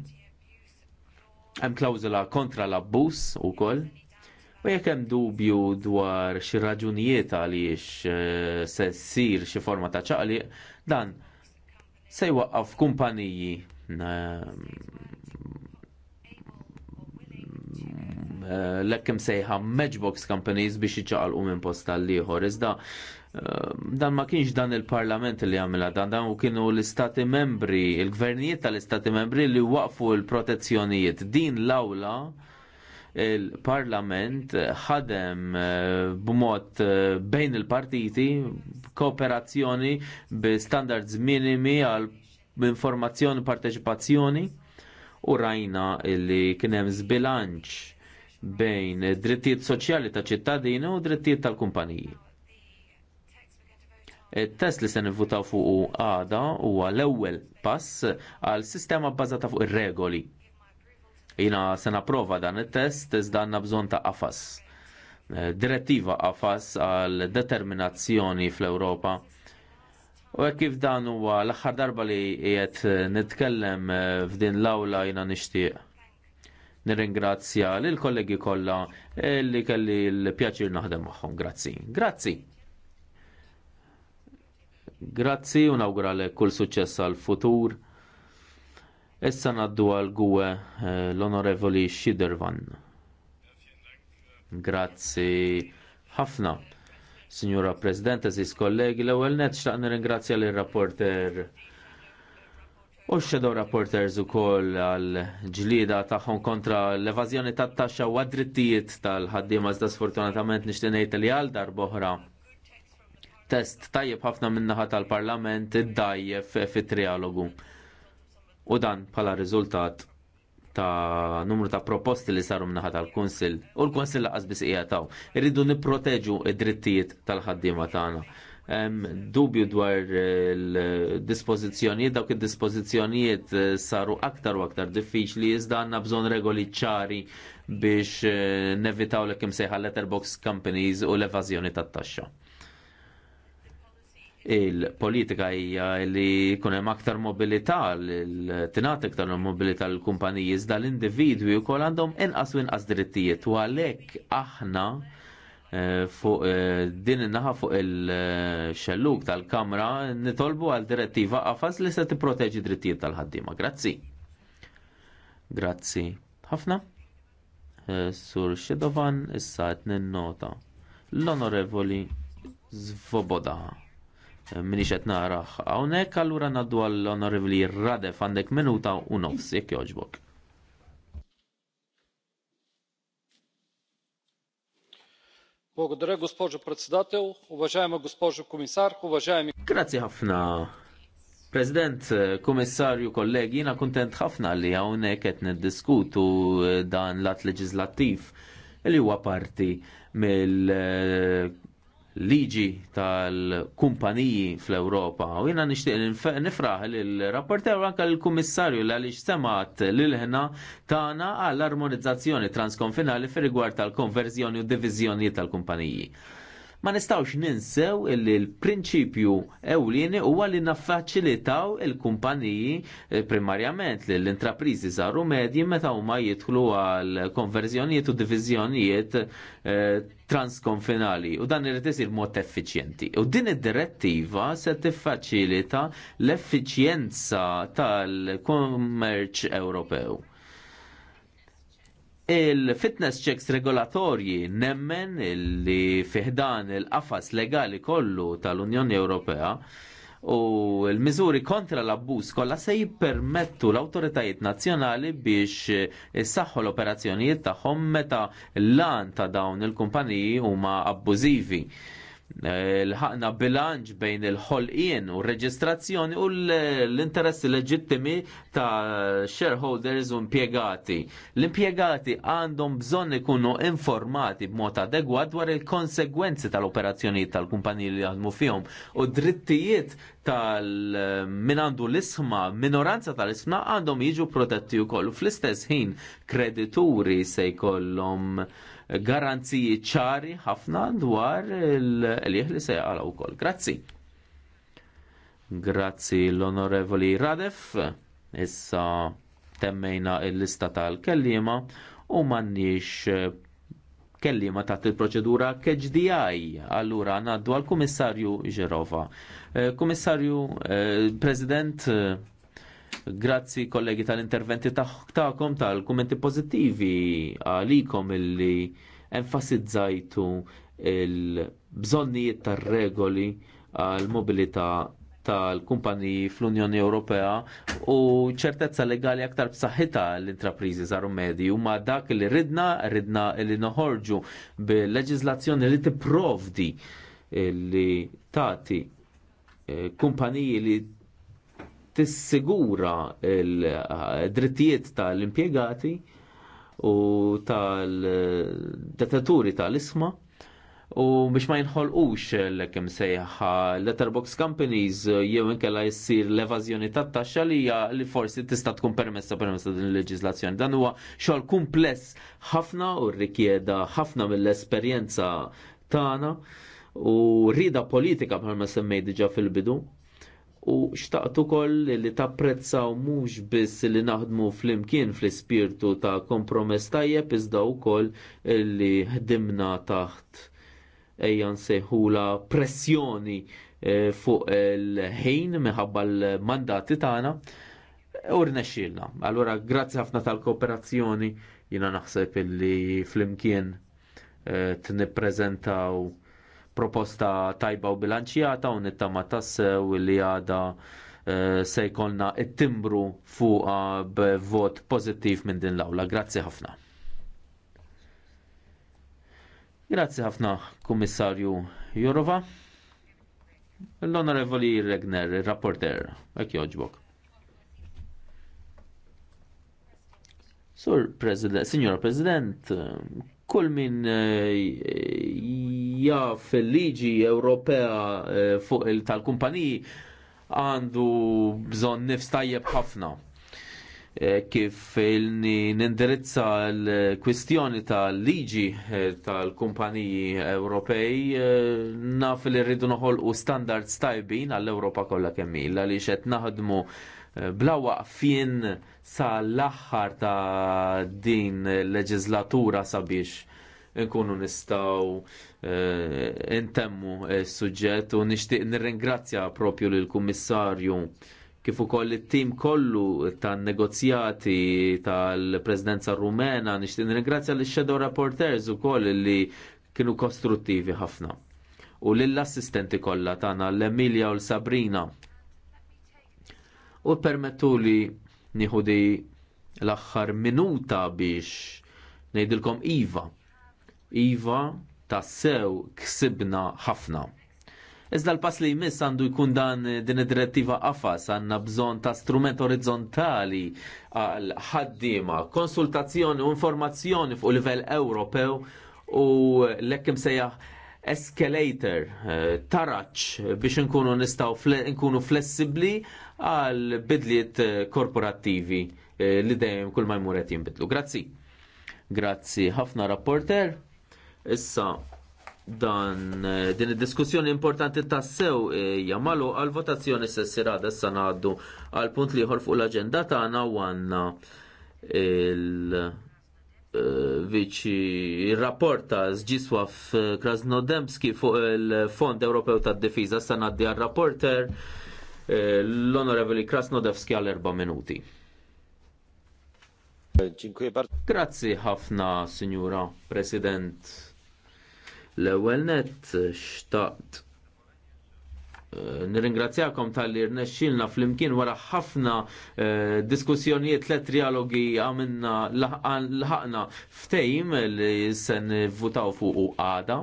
Hemm klawżola kontra l-abbuż ukoll. U jekk hemm dubju dwar xi raġunijiet għaliex eh, se ssir xi forma ta' ċaqli, dan se jwaqqaf kumpaniji eh, eh, l-ekkim sejħa matchbox companies biex jiċċaqalqu minn post għal liħor Iżda Ehm, dan ma kienx dan il-parlament li għamela dan, dan u kienu l-istati membri, il-gvernijiet tal-istati membri li waqfu l-protezzjonijiet. Din l-awla il-parlament ħadem eh, b'mod eh, bejn il-partiti kooperazzjoni bi standards minimi għal informazzjoni parteċipazzjoni u rajna li kienem zbilanċ bejn drittijiet soċjali ta' ċittadini u drittijiet tal-kumpaniji Il-test li se nivvutaw fuq għada huwa l-ewwel pass għal sistema bbażata fuq ir-regoli. Jina se napprova dan it-test iżda għandna bżonn ta' qafas. Eh, direttiva qafas għal determinazzjoni fl-Ewropa. U hekk kif dan huwa l-aħħar darba li qiegħed eh, nitkellem eh, f'din l-awla jina nixtieq nirringrazzja lill kollegi kollha li kelli l-pjaċir naħdem magħhom. Grazzi. Grazzi. Grazzi u nawgralek kull suċċess għal futur. Issa naddu għal gwe eh, l-onorevoli Shidervan. Grazzi ħafna. Signora Presidente, eżis kollegi, l-ewel net xtaq nirringrazzja l-rapporter u shadow rapporters u koll għal-ġlida taħħon kontra l-evazjoni tat taxxa u għadrittijiet tal-ħaddima zda sfortunatament nishtinejt li għal darboħra. boħra test tajjeb ħafna min-naħa tal-Parlament id-dajjef fit-trialogu. U dan bħala riżultat ta' numru ta' proposti li saru min-naħa tal-Kunsil u l-Kunsil laqas bis taw. Irridu nipproteġu id-drittijiet tal-ħaddiema tagħna. Dubju dwar il-dispozizjonijiet, dawk il-dispozizjonijiet eh, saru aktar u aktar diffiċli, iżda għanna bżon regoli ċari biex eh, nevitaw l-kim sejħa letterbox companies u l-evazjoni tat-taxxa il-politika hija li jkun hemm aktar mobilità, tingħat aktar mobilità l kumpaniji iżda l-individwi wkoll għandhom inqas u inqas drittijiet u għalhekk aħna eh, fuq eh, din in-naħa fuq il-xelluk tal-kamra nitolbu għal direttiva qafas li se tipproteġi drittijiet tal-ħaddiema. Grazzi. Grazzi. Ħafna. Eh, Sur Xedovan issa qed ninnota. L-Onorevoli Zvoboda minix qed naraħ hawnhekk allura ngħaddu għall onorevoli Radef għandek minuta u nofs jekk jogħġbok. Благодаря, госпожо председател, уважаема госпожо комисар, уважаеми... Grazie ħafna, President, Komissarju, kollegi, jina kontent ħafna li hawnhekk qed niddiskutu dan l-att leġislattiv li huwa parti mill liġi tal-kumpaniji fl-Europa. U jena nishtiq nifraħ l-rapporter anka l-kummissarju li għaliex semat l-ħna tagħna għall-armonizzazzjoni transkonfinali fir rigward tal-konverzjoni u divizjoni tal-kumpaniji ma nistawx ninsew illi l-prinċipju ewlieni huwa li naffaċilitaw il-kumpaniji eh, primarjament li l-intraprizi zaru medji meta huma jidħlu għal konverzjonijiet u diviżjonijiet eh, transkonfinali u dan irid isir mod effiċjenti. U din id-direttiva se tiffaċilita l-effiċjenza tal kommerċ Ewropew Il-fitness checks regolatorji nemmen li fiħdan il-qafas legali kollu tal-Unjoni Ewropea u l-miżuri kontra l-abbuż kollha se jippermettu l-awtoritajiet nazzjonali biex issaħħu l-operazzjonijiet tagħhom meta l-lan ta' dawn il-kumpaniji huma abbużivi. Eh, l-ħakna bilanċ bejn il-ħolqien u reġistrazzjoni u l-interessi leġittimi ta' shareholders u impiegati. L-impiegati għandhom bżonn ikunu informati b'mod adegwat dwar il-konsegwenzi tal-operazzjonijiet tal-kumpaniji li għadmu fihom u drittijiet tal-min għandu l-isma, minoranza tal-isma għandhom jiġu protetti u kollu. Fl-istess ħin, kredituri se jkollhom garanziji ċari ħafna dwar il-liħ li se jgħala wkoll. Grazzi. Grazzi l-Onorevoli Radef. Issa temmejna il-lista tal-kellima u mannix eh, kellima taħt il-proċedura KHDI. Allura naddu għal-Kummissarju Ġerova. Eh, Komissarju eh, President, Grazzi kollegi tal-interventi taħkom tal-kummenti pożittivi għalikom illi enfasizzajtu il-bżonnijiet tar-regoli għal mobilità tal-kumpaniji fl-Unjoni Ewropea u ċertezza legali aktar b'saħħitha l-intrapriżi żaru medji u ma dak li ridna, ridna li noħorġu bil-leġiżlazzjoni li tipprovdi li tagħti eh, kumpaniji li tissigura l-drittijiet tal-impjegati u tal-detaturi tal-isma u biex ma jinħolqux l-kem sejħa letterbox companies jew inkella jessir l-evazjoni tat taxxa li hija li forsi tista' tkun permessa permessa din il-leġiżlazzjoni. Dan huwa xogħol kumpless ħafna u rrikjeda ħafna mill-esperjenza tagħna u rida politika bħalma semmej diġà fil-bidu u xtaqtu ukoll li tapprezzaw mhux biss li naħdmu flimkien fl-ispirtu ta' kompromess tajjeb iżda wkoll li ħdimna taħt ejja nsejħula pressjoni eh, fuq il-ħin minħabba l-mandati tagħna u rnexxielna. Allura grazzi ħafna tal-kooperazzjoni jiena naħseb illi flimkien eh, tnippreżentaw proposta tajba u bilanċjata u nittama tassew li għada eh, se jkollna it-timbru fuqa b'vot pożittiv minn din l-awla. Grazzi ħafna. Grazzi ħafna, Kummissarju Jurova. L-Onorevoli Regner, rapporter, ek joġbok. Sur President, Signora President, Kull min eh, ja fil liġi Ewropea eh, fuq tal-kumpaniji għandu bżon nifs tajjeb ħafna eh, kif nindirizza l-kwistjoni tal-liġi tal-kumpaniji Ewropej naf li rridu noħolqu standards tajbin għall-Ewropa kollha kemm ilha li qed naħdmu bla waqfien sa l-aħħar ta' din leġislatura sabiex nkunu nistaw ntemmu eh, intemmu s-suġġett u nixtieq nirringrazzja propju lill kummissarju kif ukoll it-tim kollu tan-negozjati tal-Presidenza Rumena nixtieq nirringrazzja lix shadow Rapporteurs ukoll li kienu kostruttivi ħafna. U lill-assistenti kollha tagħna l-Emilia u l-Sabrina. U permettu li nieħu di l-aħħar minuta biex ngħidilkom iva. Iva tassew ksibna ħafna. Iżda l-pass li jmiss għandu jkun dan din id-direttiva qafas għandna bżonn ta' strument orizzontali għal ħaddiema, konsultazzjoni u informazzjoni fuq livell Ewropew u l-ekkim sejja escalator, eh, taraċ biex nkunu nistaw nkunu flessibli għal bidliet eh, korporattivi eh, li dejjem kull ma jmur qed jinbidlu. Grazzi. Grazzi ħafna rapporter. Issa dan eh, din id-diskussjoni importanti tassew jamalu għal votazzjoni sessira issa ngħaddu għal punt liħor fuq l-aġenda tagħna u għandna il viċi il-rapport ta' Zġiswaf Krasnodemski fuq il-Fond Ewropew tad-Difiża s ngħaddi għal rapporter L-Onorevoli Krasnodevski għal erba' minuti. Grazzi ħafna, Signora President. L-ewwel net xtaqt eh, nirringrazzjakom tal-li rnexxilna fl-imkien wara ħafna eh, diskussjonijiet tlet trialogi għamilna laħqna ftejm li sen votaw fuq għada.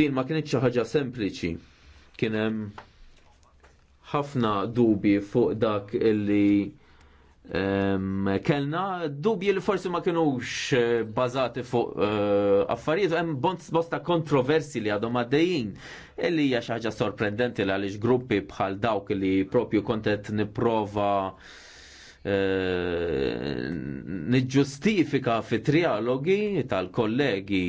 Din ma kienieċ xi ħaġa sempliċi Kien hemm ħafna dubi fuq dak illi um, kellna dubji li forsi ma kienux bazati fuq uh, affarijiet hemm bosta kontroversi li għadhom għaddejjin illi hija xi ħaġa sorprendenti li għaliex gruppi bħal dawk li propju kontet nipprova uh, niġġustifika fit trialogi tal-kollegi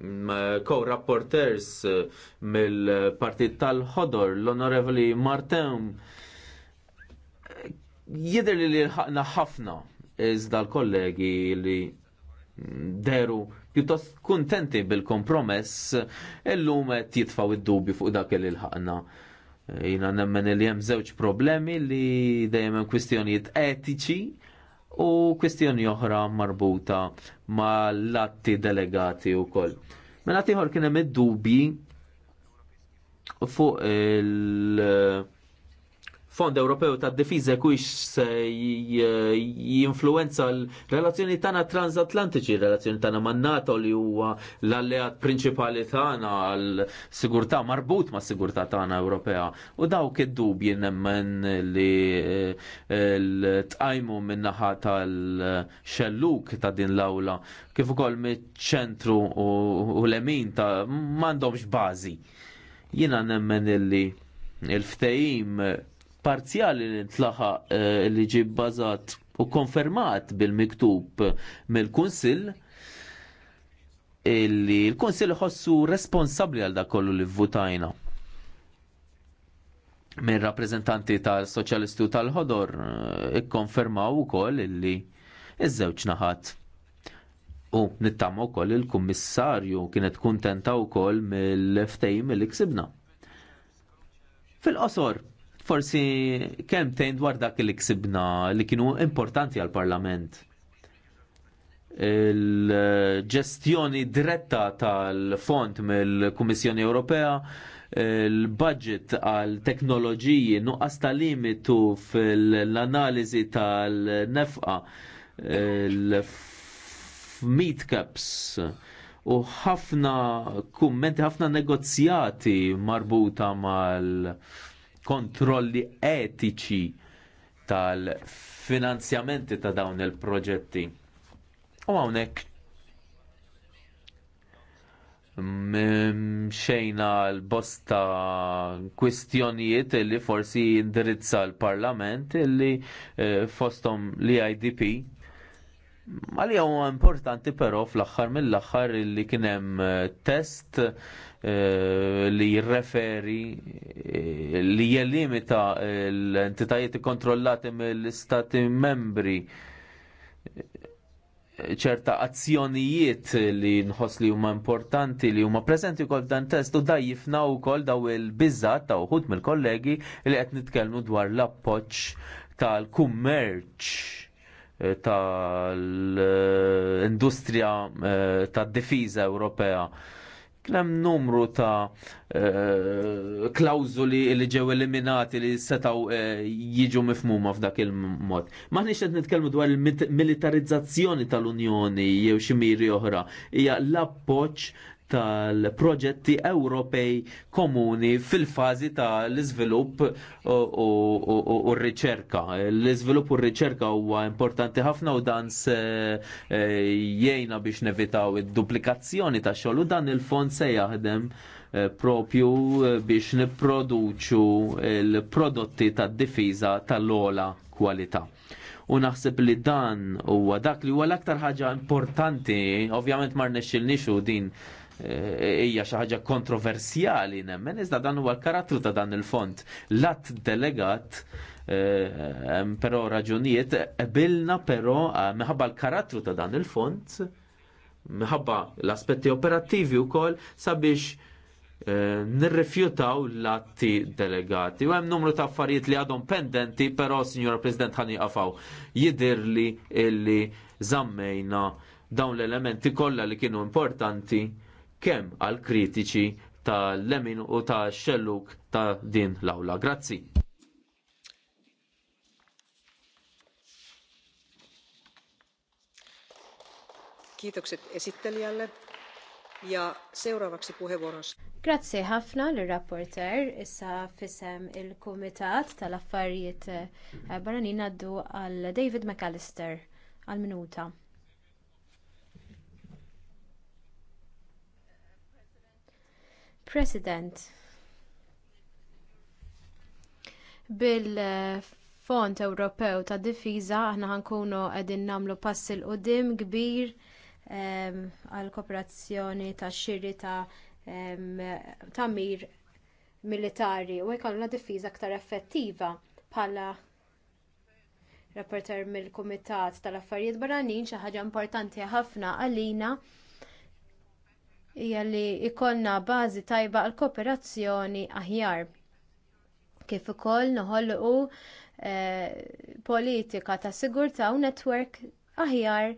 co-rapporters eh, mill-partit tal-ħodor, l-onorevoli Martin, jider li li ħafna ħafna iżda l-kollegi li deru pjuttost kuntenti bil-kompromess illum qed jitfaw id-dubju fuq dak li l-ħaqna. Jina nemmen li hemm żewġ problemi li dejjem hemm kwistjonijiet etiċi u kwistjoni oħra marbuta ma' l-atti delegati u koll. Mela tiħor kienem id-dubi fuq il- Fond Ewropew tad Difiża kux se jinfluenza l-relazzjoni tagħna transatlantiċi, relazzjoni tagħna man NATO li huwa l-alleat prinċipali tagħna għal sigurtà marbut ma' sigurtà tagħna Ewropea. U dawk id-dubji nemmen li eh, l-tqajmu minnaħa tal-xelluk ta' din l-awla kif ukoll miċ-ċentru u l-emin ta' m'għandhomx bażi. Jiena nemmen illi il-ftehim parzjali li tlaħa eh, li ġi bbażat u konfermat bil-miktub mill-Kunsill illi l-Kunsill ħossu responsabbli għal dak kollu li vvutajna minn rappreżentanti tal-Soċjalisti tal-Ħodor eh, ikkonfermaw ukoll illi iż-żewġ naħat u nittama wkoll il-Kummissarju kienet kuntenta wkoll mill ftejim il iksibna Fil-qosor, Forsi tejn dwar dak li ksibna li kienu importanti għal-Parlament il-ġestjoni diretta tal-fond mill-Kummissjoni Ewropea, il-budget għal teknoloġiji nuqqas tal limitu fil-analizi tal-nefqa il caps u ħafna kummenti, ħafna negozjati marbuta mal- kontrolli etiċi tal-finanzjamenti ta' dawn il-proġetti. U hawnhekk xejna l-bosta kwistjonijiet li forsi indirizza l-parlament li eh, fostom li IDP Għalija huwa importanti però fl-axħar mill-axħar li kienem eh, test Eh, li jirreferi eh, li jelimita eh, l-entitajiet kontrollati mill-istati membri ċerta azzjonijiet li nħoss li huma importanti li huma preżenti wkoll dan test u daj jifna wkoll daw il-biżat ta' uħud mill-kollegi li qed nitkellmu dwar l-appoġġ tal-kummerċ tal-industrija tad-difiża Ewropea. Klem numru ta' eh, klawzuli li ġew eliminati li setaw eh, jiġu mifmuma f'dak il-mod. Maħniex qed nitkellmu dwar il-militarizzazzjoni tal-Unjoni jew xi miri oħra. Hija l-appoġġ tal-proġetti Ewropej komuni fil-fazi tal-iżvilupp uh, u r-riċerka. L-iżvilupp u r-riċerka huwa importanti ħafna u dan se eh, jgħina biex nevitaw id-duplikazzjoni ta' xogħol u dan il-fond se jaħdem eh, propju eh, biex nipproduċu l prodotti tad-difiża tal-ola kwalità u naħseb li dan huwa dak li huwa l-aktar ħaġa importanti, ovvjament ma rnexxilniex u din hija xi ħaġa kontroversjali nemmen, iżda dan huwa l-karattru ta' dan il-fond. L-att delegat eh, però raġunijiet qebilna però eh, minħabba l-karattru ta' dan il-fond minħabba l-aspetti operattivi wkoll sabiex eh, nirrifjutaw l-atti delegati. U hemm numru ta' affarijiet li għadhom pendenti, però, Signora President, ħani qafaw jidir illi zammejna dawn l-elementi kollha li kienu importanti kemm għal kritiċi tal lemin u ta' xelluk ta' din l-awla. Grazzi. Kiitokset esittelijalle. Ja seuraavaksi puheenvuoros. Grazzi ħafna l-rapporter issa fisem il-Kumitat tal-Affarijiet eh, Barranin għaddu għal David McAllister għal minuta. President, bil-Fond Ewropew ta' Difiża aħna ħankunu qegħdin nagħmlu passi l qudiem kbir ehm, għal kooperazzjoni tax xiri ehm, ta' mir militari u jkollna difiża aktar effettiva bħala rapporter mill-Kumitat tal-Affarijiet Barranin xi ħaġa importanti ħafna għalina hija li jkollna bażi tajba għal kooperazzjoni aħjar. Kif ukoll noħolqu eh, politika ta' sigurtà u netwerk aħjar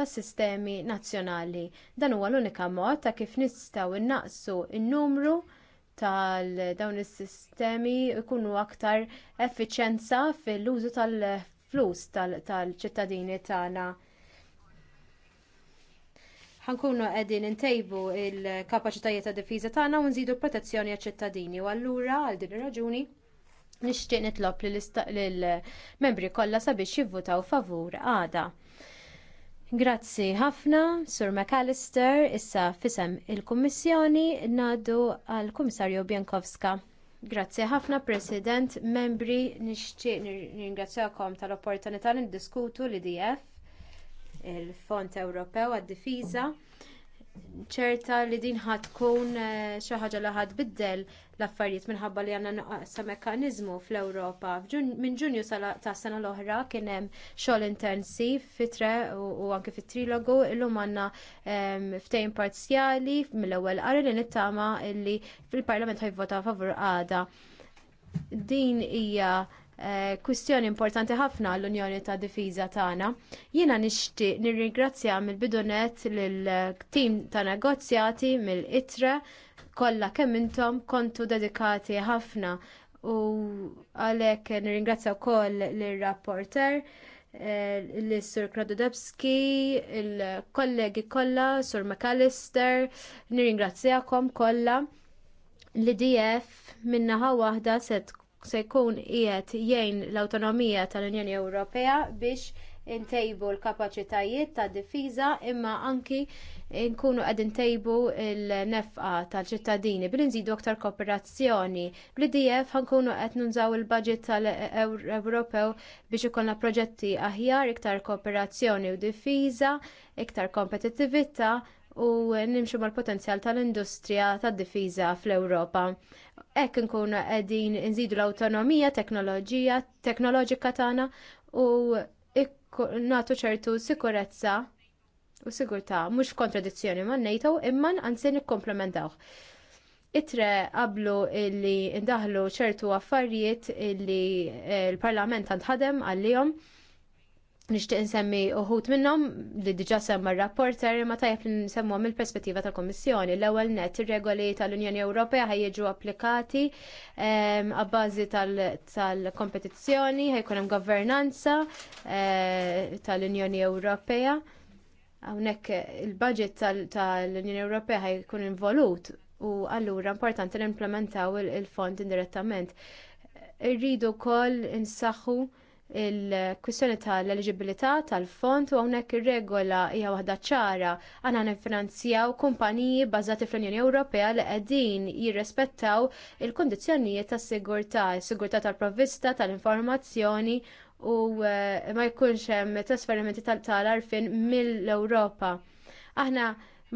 tas sistemi nazzjonali. Dan huwa l-unika mod ta' kif nistgħu innaqsu n-numru tal-dawn is-sistemi jkunu aktar effiċjenza fil-użu tal-flus tal-ċittadini tal tagħna ħankunu qegħdin intejbu il-kapaċitajiet ta' difiza tagħna u nżidu protezzjoni għaċ-ċittadini u allura għal din ir-raġuni nixtieq nitlob lill-membri kollha sabiex jivvutaw favur għada. Grazzi ħafna, Sur McAllister, issa fisem il-Kummissjoni nadu għal Kummissarju Bjankowska. Grazzi ħafna, President, membri, nixtieq nirringrazzjakom tal-opportunità n-diskutu l-IDF il-Fond Ewropew għad-Difiża ċerta li din tkun eh, xi ħaġa li ħad biddel l-affarijiet minħabba li għandna naqsa mekkaniżmu fl-Ewropa. Minn Ġunju tas sena l-oħra kien hemm xogħol intensiv fitre u anke fit-trilogu illum għandna ehm, ftehim parzjali mill-ewwel qari li nittama li fil-Parlament ħajvota favur għada. Din hija Eh, kwistjoni importanti ħafna l-Unjoni ta' Difiża tagħna. Jiena nixtieq nirringrazzja mill-bidunet lill-tim ta' negozjati mill-ITRE kollha kemm intom kontu dedikati ħafna u għalhekk nirringrazzja wkoll lir-rapporter eh, l-Sur Kradudebski, il-kollegi kollha, Sur McAllister, nirringrazzjakom kollha l idf minnaħa waħda set se jkun qiegħed jgħin l-awtonomija tal-Unjoni Ewropea biex intejbu l-kapaċitajiet tad difiża imma anki nkunu qed intejbu l-nefqa tal-ċittadini billi nżidu aktar kooperazzjoni. Bl-IDF ħankunu qed nunżaw il-budget tal-Ewropew biex ikollna proġetti aħjar, iktar kooperazzjoni u difiża, iktar kompetittività u nimxu mal-potenzjal tal-industrija tad-difiża fl-Ewropa ekk nkunu qegħdin nżidu l-awtonomija teknoloġija teknoloġika tagħna u nagħtu ċertu sikurezza u sigurtà mhux f'kontradizzjoni ma NATO imma anzi nikkomplementawh. Itre qablu illi ndaħlu ċertu affarijiet illi eh, l-Parlament għandħadem għalihom nixtieq insemmi uħut minnhom li diġa' semma r-rapporter ma tajf li nsemmuhom mill-perspettiva tal komissjoni L-ewwel net ir-regoli tal-Unjoni Ewropea ħajjiġu applikati għabbażi ehm, tal-kompetizzjoni, ħajkun hemm governanza eh, tal-Unjoni Ewropea. Hawnhekk il-budget tal-Unjoni Ewropea ħajkun involut u allura importanti l-implementaw il-fond indirettament. Irridu wkoll insaħħu il-kwistjoni tal-eligibilità tal-fond u hawnhekk ir-regola hija waħda ċara għandna nifinanzjaw kumpaniji bbażati fl-Unjoni Ewropea li qegħdin jirrispettaw il-kundizzjonijiet tas-sigurtà, is-sigurtà tal-provvista tal-informazzjoni u eh, ma jkunx hemm trasferimenti tal-arfin mill-Ewropa. Aħna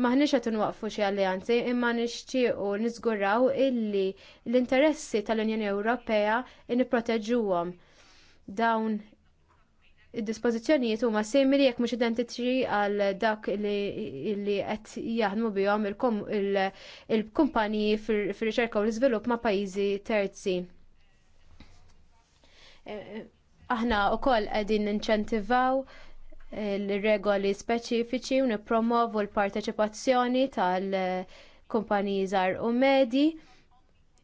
maħniex qed nwaqfu xi alleanzi imma nixtiequ niżguraw illi l-interessi tal-Unjoni Ewropea nipproteġuhom dawn id-dispożizzjonijiet huma simili jekk mhux identiċi għal dak li qed jaħdmu bihom il-kumpaniji fir-riċerka u l-iżvilupp ma' pajjiżi terzi. Eh, eh, aħna wkoll qegħdin ninċentivaw eh, l-regoli speċifiċi u nippromovu l-parteċipazzjoni tal-kumpaniji żgħar u medji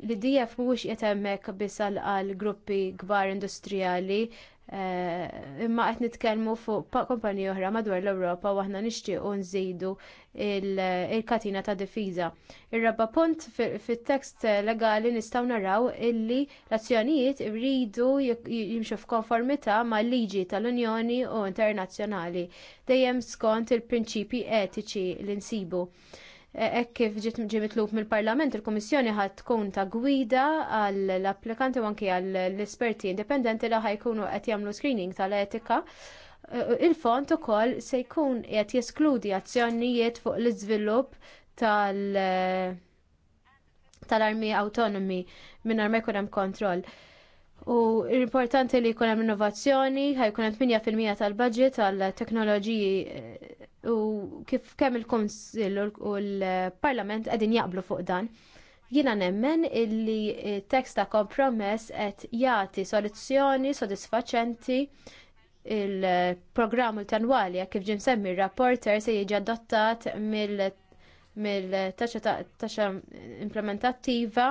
L-DF mhuwiex qed hemmhekk biss għal gruppi kbar industrijali eh, imma qed nitkellmu fuq kumpaniji oħra madwar l-Ewropa u aħna nixtiequ nżidu il-katina ta' difiża. Ir-raba punt fit-tekst legali nistgħu naraw illi l-azzjonijiet irridu jimxu f'konformità mal liġi tal-Unjoni u internazzjonali dejjem skont il-prinċipji etiċi li nsibu. Ekk e kif ġiet ġi mitlub mill-Parlament, il-Kummissjoni ħadd tkun ta' gwida għall-applikanti u anki għall-esperti indipendenti li ħajkunu qed jagħmlu screening tal-etika. E, e, Il-fond ukoll se jkun qed jeskludi azzjonijiet fuq l-iżvilupp tal- armi autonomi minn ma jkun hemm kontroll. U l-importanti li jkun hemm innovazzjoni, ħajkun hemm 8% tal-budget għall teknoloġiji eh, u kif kemm il-Kunsill u l-Parlament qegħdin jaqblu fuq dan. Jiena nemmen illi tekst ta' kompromess qed jagħti soluzzjoni sodisfaċenti il-programm tanwali kif ġim semmi rapporter se jiġi adottat mill-taċċa implementattiva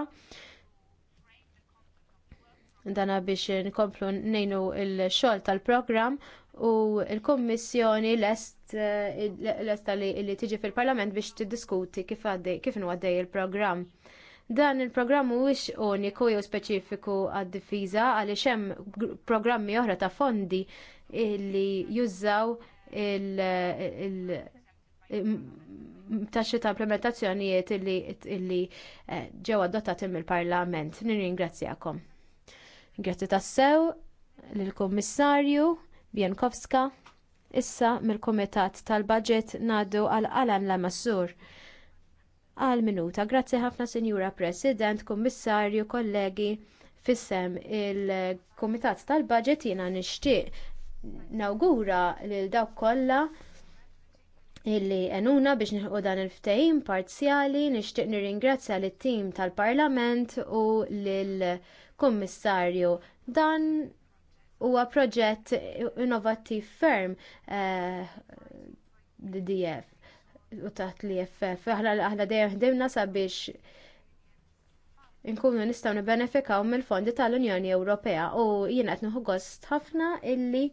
dana biex nkomplu nejnu il-xol tal-program u il-kommissjoni lest lest li tiġi fil-parlament biex tiddiskuti kif għaddej kif nwaddej il-program. Dan il-programm mhuwiex uniku jew speċifiku għad-difiża għaliex hemm programmi oħra ta' fondi li jużaw il- taxxi ta' implementazzjonijiet illi eh, ġew adottati mill-Parlament. Nirringrazzjakom. Grazzi tassew lill-Kummissarju Bienkowska. Issa mill-Kumitat tal-Budget ngħaddu għal Alan Lamassur. Għal minuta, grazzi ħafna Sinjura President, Kummissarju, kollegi, fissem il-Kumitat tal-Budget jiena nixtieq nawgura lil dawk kollha illi enuna biex nilħu dan il-ftehim parzjali nixtieq nirringrazzja lit tim tal-Parlament u lil Kummissarju, dan huwa proġett innovattiv ferm eh, DDF u taħt li FF. Aħna dejjem ħdimna sabiex inkunu nistgħu nibbenefikaw mill-fondi tal-Unjoni Ewropea u jiena qed gost ħafna illi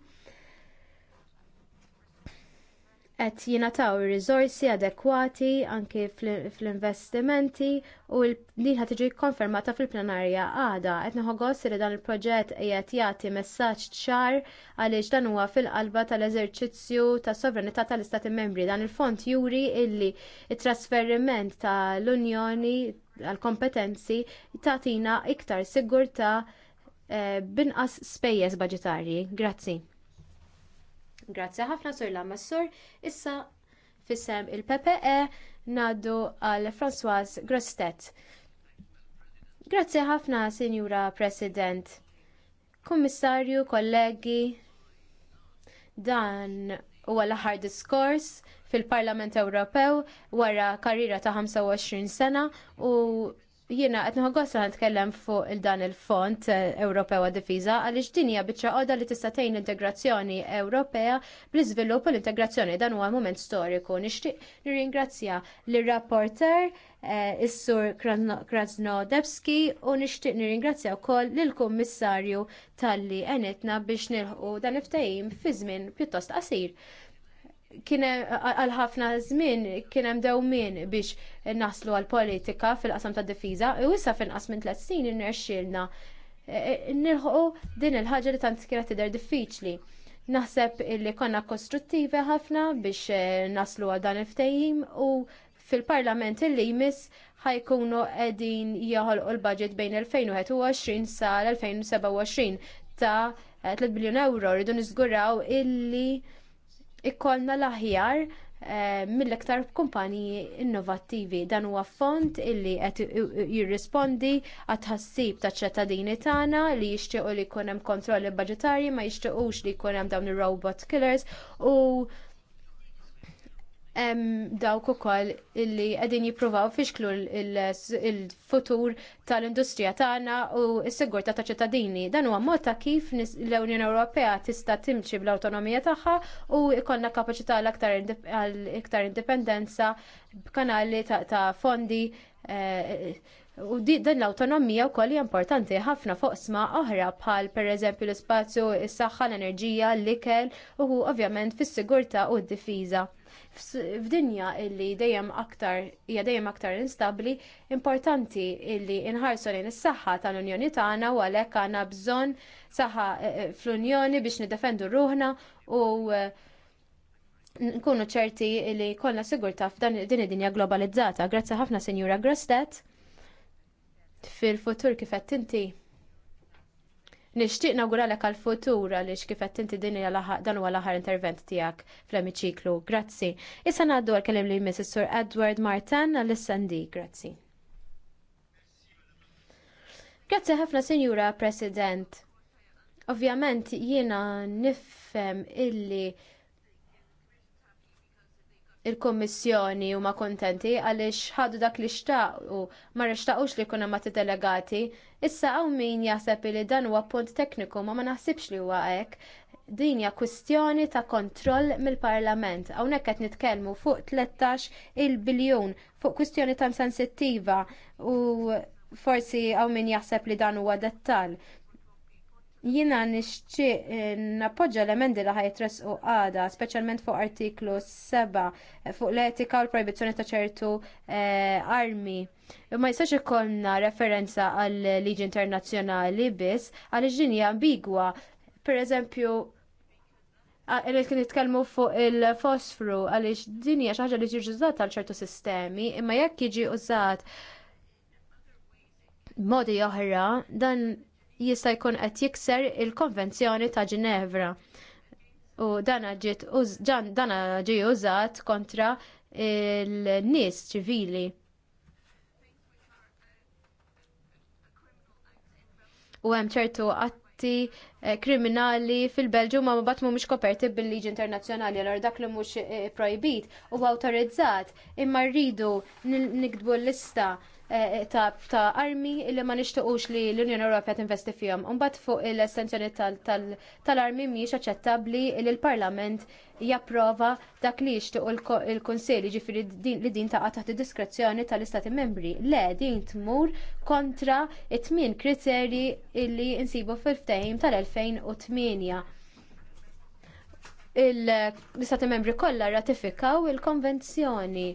qed jingħataw ir-riżorsi adekwati anke fl-investimenti u din ħad tiġi konfermata fil-plenarja għada. Qed nħogoss li dan il-proġett qiegħed jagħti messaġġ ċar għaliex dan huwa fil-qalba tal-eżerċizzju tas sovranità tal-Istati Membri. Dan il-fond juri illi t trasferiment tal-Unjoni għall kompetenzi tagħtina iktar sigurtà eh, binqas spejjeż baġitarji. Grazzi. Grazzi ħafna sur la massur. Issa fissem il-PPE ngħaddu għal François Grostet. Grazzi ħafna, Sinjura President. Kummissarju, kollegi, dan huwa l-aħħar diskors fil-Parlament Ewropew wara karriera ta' 25 sena u Jiena qed nħoggossa nitkellem fuq il-dan il-Fond Ewropew għad-Difiża għaliex din hija biċċa għoda li tista' tgħin l-integrazzjoni Ewropea bl-iżvilupp u l-integrazzjoni dan huwa mument storiku. Nixtieq nirringrazzja lir-rapporter eh, is-sur Krasnodebski u nixtieq nirringrazzja wkoll lill-Kummissarju talli għenitna biex nilħqu dan il-ftehim fi żmien pjuttost qasir għal ħafna żmien kien hemm dewmien biex naslu għal politika fil-qasam tad difiża u issa finqas minn tliet snin irnexxielna e, e, nilħu din il-ħaġa li tant kienet tidher diffiċli. Naħseb li konna kostruttivi ħafna biex e, naslu għal dan il-ftehim u fil-parlament illi jmiss ħajkunu qegħdin jaħolqu l-budget bejn 2021 sa l-2027 ta' 3 biljun euro rridu niżguraw illi ikkolna l-aħjar eh, mill-iktar kumpaniji innovattivi. Dan huwa fond illi qed jirrispondi għat ħassib ta' ċittadini tagħna li jixtiequ li jkun hemm kontrolli budgetarji ma jixtiequx li jkun hemm dawn ir-robot killers u hemm dawk ukoll illi qegħdin jippruvaw fixklu il-futur tal-industrija tagħna u s-sigurtà ta' ċittadini. Dan huwa mod ta' kif l-Unjoni Ewropea tista' timxi bl-awtonomija tagħha u jkollna kapaċità għall-aktar iktar indipendenza b'kanali ta' fondi eh, U din l-autonomija u koll importanti ħafna fuq sma oħra bħal per eżempju l-spazju, is-saħħa, l-enerġija, l-ikel u ovvjament fis-sigurta u d-difiża f'dinja illi dejjem aktar hija dejjem aktar instabbli, importanti illi inħarsu lejn is-saħħa tal-Unjoni tagħna u għalhekk għandna bżonn saħħa eh, eh, fl-Unjoni biex nidefendu ruħna u eh, nkunu ċerti li kollna sigurtà f'dan din id-dinja globalizzata. Grazzi ħafna Sinjura Grostet fil-futur kif qed inti. Nixtieq nawguralek għal futur għaliex kif qed inti din dan għal l-aħħar intervent tiegħek fl-emiċiklu. Grazzi. Issa ngħaddu għal kellim li jmiss sur Edward Martin għall sandi Grazzi. Grazzi ħafna, Sinjura President. Ovvjament jiena nifhem illi il kummissjoni huma kuntenti għaliex ħadu dak li xtaqu ma rixtaqux li jkun hemm għati delegati. Issa hawn min jaħseb li dan huwa punt tekniku ma ma naħsibx li huwa hekk. Din hija kwistjoni ta' kontroll mill-Parlament. Hawnhekk qed nitkellmu fuq 13 il-biljun fuq kwistjoni ta' sensittiva u forsi għaw min jaħseb li dan huwa dettal. Jiena nixtieq eh, nappoġġa l-emendi li ħajtres u għada, speċjalment fuq artiklu 7 fuq l-etika u l-proibizzjoni ta' ċertu eh, armi. Ma jistax ikollna referenza għal liġi internazzjonali biss għaliex din hija ambigwa. Pereżempju, Għalek nitkellmu fuq il-fosfru għaliex din hija xi ħaġa li ġiġi użat għal ċertu sistemi, imma jekk jiġi użat b'modi oħra, dan jista' jkun qed jikser il-Konvenzjoni ta' Ginevra. U dan ġiet ġie użat kontra il-nies ċivili. U hemm ċertu atti eh, kriminali fil-Belġu ma mbagħad mhumiex koperti bil-liġi internazzjonali għal dak li mhux eh, projbit u awtorizzat imma rridu nikdbu l-lista Eh, ta' armi li ma nishtuqux li l-Unjoni Ewropea tinvesti fihom. Imbagħad fuq l-estensjoni tal-armi mhijiex aċċettabbli li l-Parlament japprova dak li jixtiequ il-Kunsill jiġifieri li din taqa' taħt id-diskrezzjoni tal-Istati Membri. Le din tmur kontra t tmien kriterji li insibu fil-ftehim tal-2008 l istati membri kollha rratifikaw il-konvenzjoni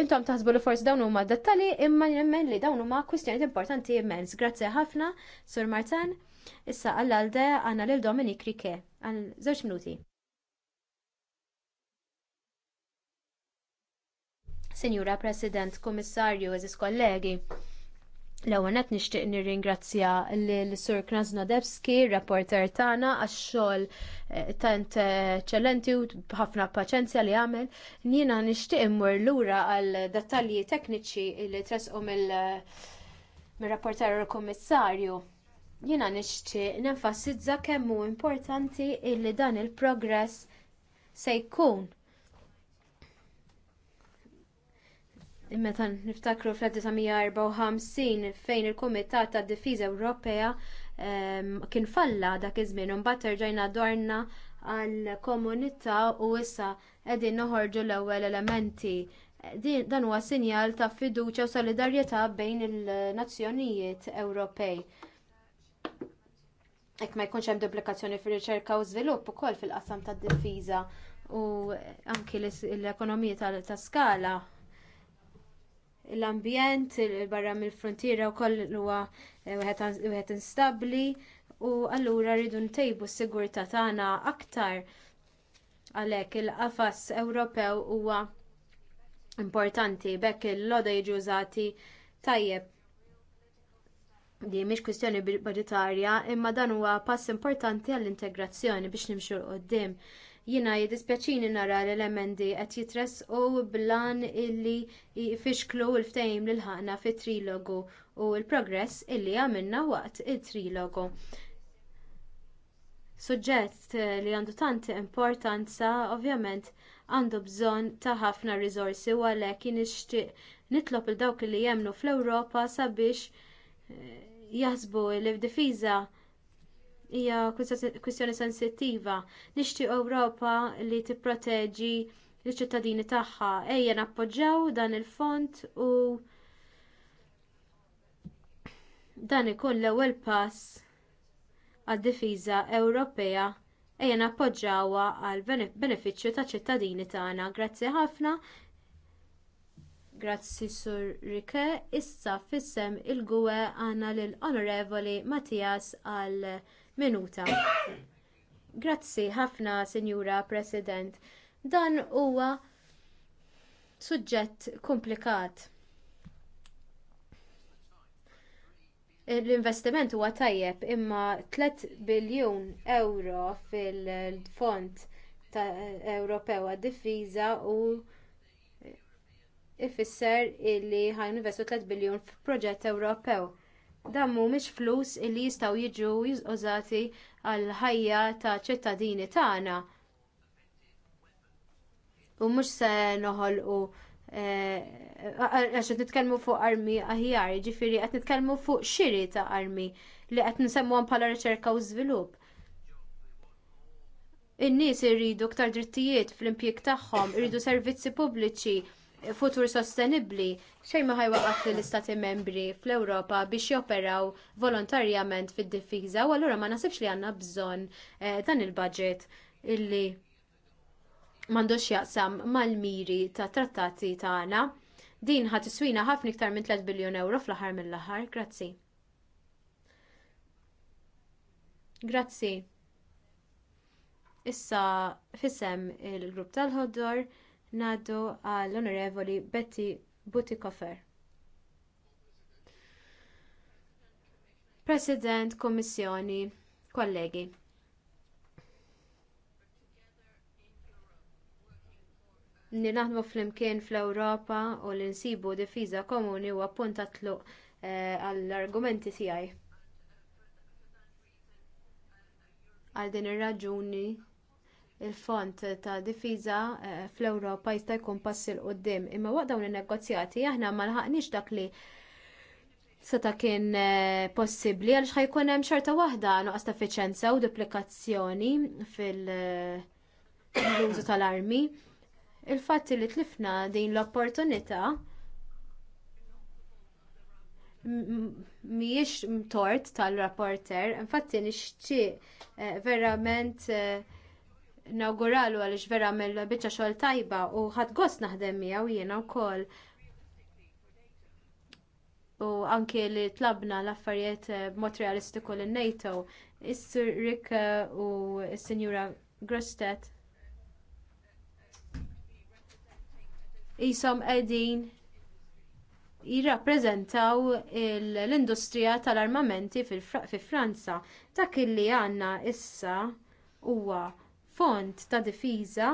intom taħsbu li forsi dawn huma dettali imma nemmen li dawn huma kwistjonijiet importanti immens. Grazzi ħafna, Sur Martin. Issa għall-għalde għanna lil Dominik Rike. Għal żewġ minuti. Senjura President, Komissarju, eżis kollegi, L-ewwel qed nixtieq nirringrazzja lil Sur Krasnodebski, rapporter tagħna għax-xogħol eh, tant eh, eċċellenti u b'ħafna paċenzja li għamel. Jiena nixtieq immur lura għal dettalji tekniċi li tresqu mill-rapporter eh, u l-kummissarju. Jiena nixtieq nenfasizza kemm hu importanti li dan il-progress se jkun meta niftakru fl-1954 fejn il-Kumitat tad Difiża Ewropea ehm, kien falla dak iż-żmien u mbagħad terġajna dorna għall komunità u issa qegħdin noħorġu l-ewwel elementi. Dan huwa sinjal ta' fiduċja u solidarjetà bejn il-nazzjonijiet Ewropej. Hekk ma jkunx hemm duplikazzjoni fir-riċerka u żvilupp ukoll fil-qasam tad-difiża u anki l-ekonomija ta' skala l-ambjent barra mill-frontiera wkoll huwa eh, wieħed instabbli u allura rridu ntejbu s-sigurtà tagħna aktar għalhekk il-qafas Ewropew huwa importanti b'hekk il-loda jiġu użati tajjeb. Di mhix kwistjoni budgetarja imma dan huwa pass importanti għall-integrazzjoni biex nimxu l-qoddim. Jiena jiddispjaċini nara l-elementi qed jitressqu blan illi jfixklu l-ftehim li ħana fit trilogu u l-progress illi għamilna waqt it trilogu Suġġett li għandu tant importanza ovvjament għandu bżonn ta' ħafna riżorsi u għalhekk jien nixtieq nitlob il dawk li jemnu fl-Ewropa sabiex eh, jaħsbu li f-difiża hija kwistjoni sensittiva. Nixtieq Ewropa li tipproteġi l-ċittadini tagħha. Ejja nappoġġjaw dan il-fond u dan ikun l-ewwel pass għad-difiża Ewropea ejja nappoġġawha għal benefiċċju taċ ċittadini tagħna. Grazzi ħafna. Grazzi Sur Rike, issa fissem il-gwe għandna lill onorevoli Mattias għal minuta. Grazzi ħafna, Sinjura President. Dan huwa suġġett komplikat. L-investiment huwa tajjeb imma 3 biljun euro fil-fond ta' Ewropew għad-difiża u ifisser illi ħajn investu 3 biljun f'proġett Ewropew. Dan mhumiex flus illi jistgħu jiġu użati għal ħajja ta' ċittadini tagħna. U mhux se noħolqu eh, għax qed nitkellmu fuq armi aħjar, jiġifieri qed nitkellmu fuq xiri ta' armi li qed nsemmuhom bħala riċerka u żvilupp. In-nies irridu iktar drittijiet fl-impjieg tagħhom, irridu servizzi pubbliċi, futur sostenibbli xejn ma ħajwaqaf lill-istati membri fl-Ewropa biex joperaw volontarjament fid-difiża u allura ma nasibx li għandna bżonn eh, dan il-budget illi m'għandux jaqsam mal-miri tat trattati tagħna. Din ħat iswina ħafna iktar minn 3 biljun euro fl-aħħar mill-aħħar. Grazzi. Grazzi. Issa fisem il-grupp tal-ħoddor Ngħaddu għall onorevoli Betty Butikofer. President, Kommissjoni, kollegi. Li naħdmu flimkien fl-Ewropa u li nsibu difiża komuni huwa punt tluq eh, għall-argumenti tiegħi. Għal din ir-raġuni il-fond ta' difiża eh, fl-Ewropa jista' jkun passi l qoddim Imma waqt dawn in-negozjati aħna ma laħaqniex dak li seta' kien eh, possibbli għaliex ħajkun hemm xorta waħda nuqqas ta' effiċenza u duplikazzjoni fil-użu eh, tal-armi. Il-fatt li tlifna din l-opportunità mhijiex tort tal-rapporter, infatti nixtieq verament uh, nawguralu għaliex vera mill biċċa xogħol tajba u ħadd gost naħdem miegħu jiena wkoll. U anke li tlabna l-affarijiet eh, b'mod realistiku lin nato Is-Sur Rick eh, u s-Sinjura Grostet. Isom qegħdin jirrappreżentaw l-industrija tal-armamenti fi Franza. Dak illi għandna issa huwa fond ta' difiża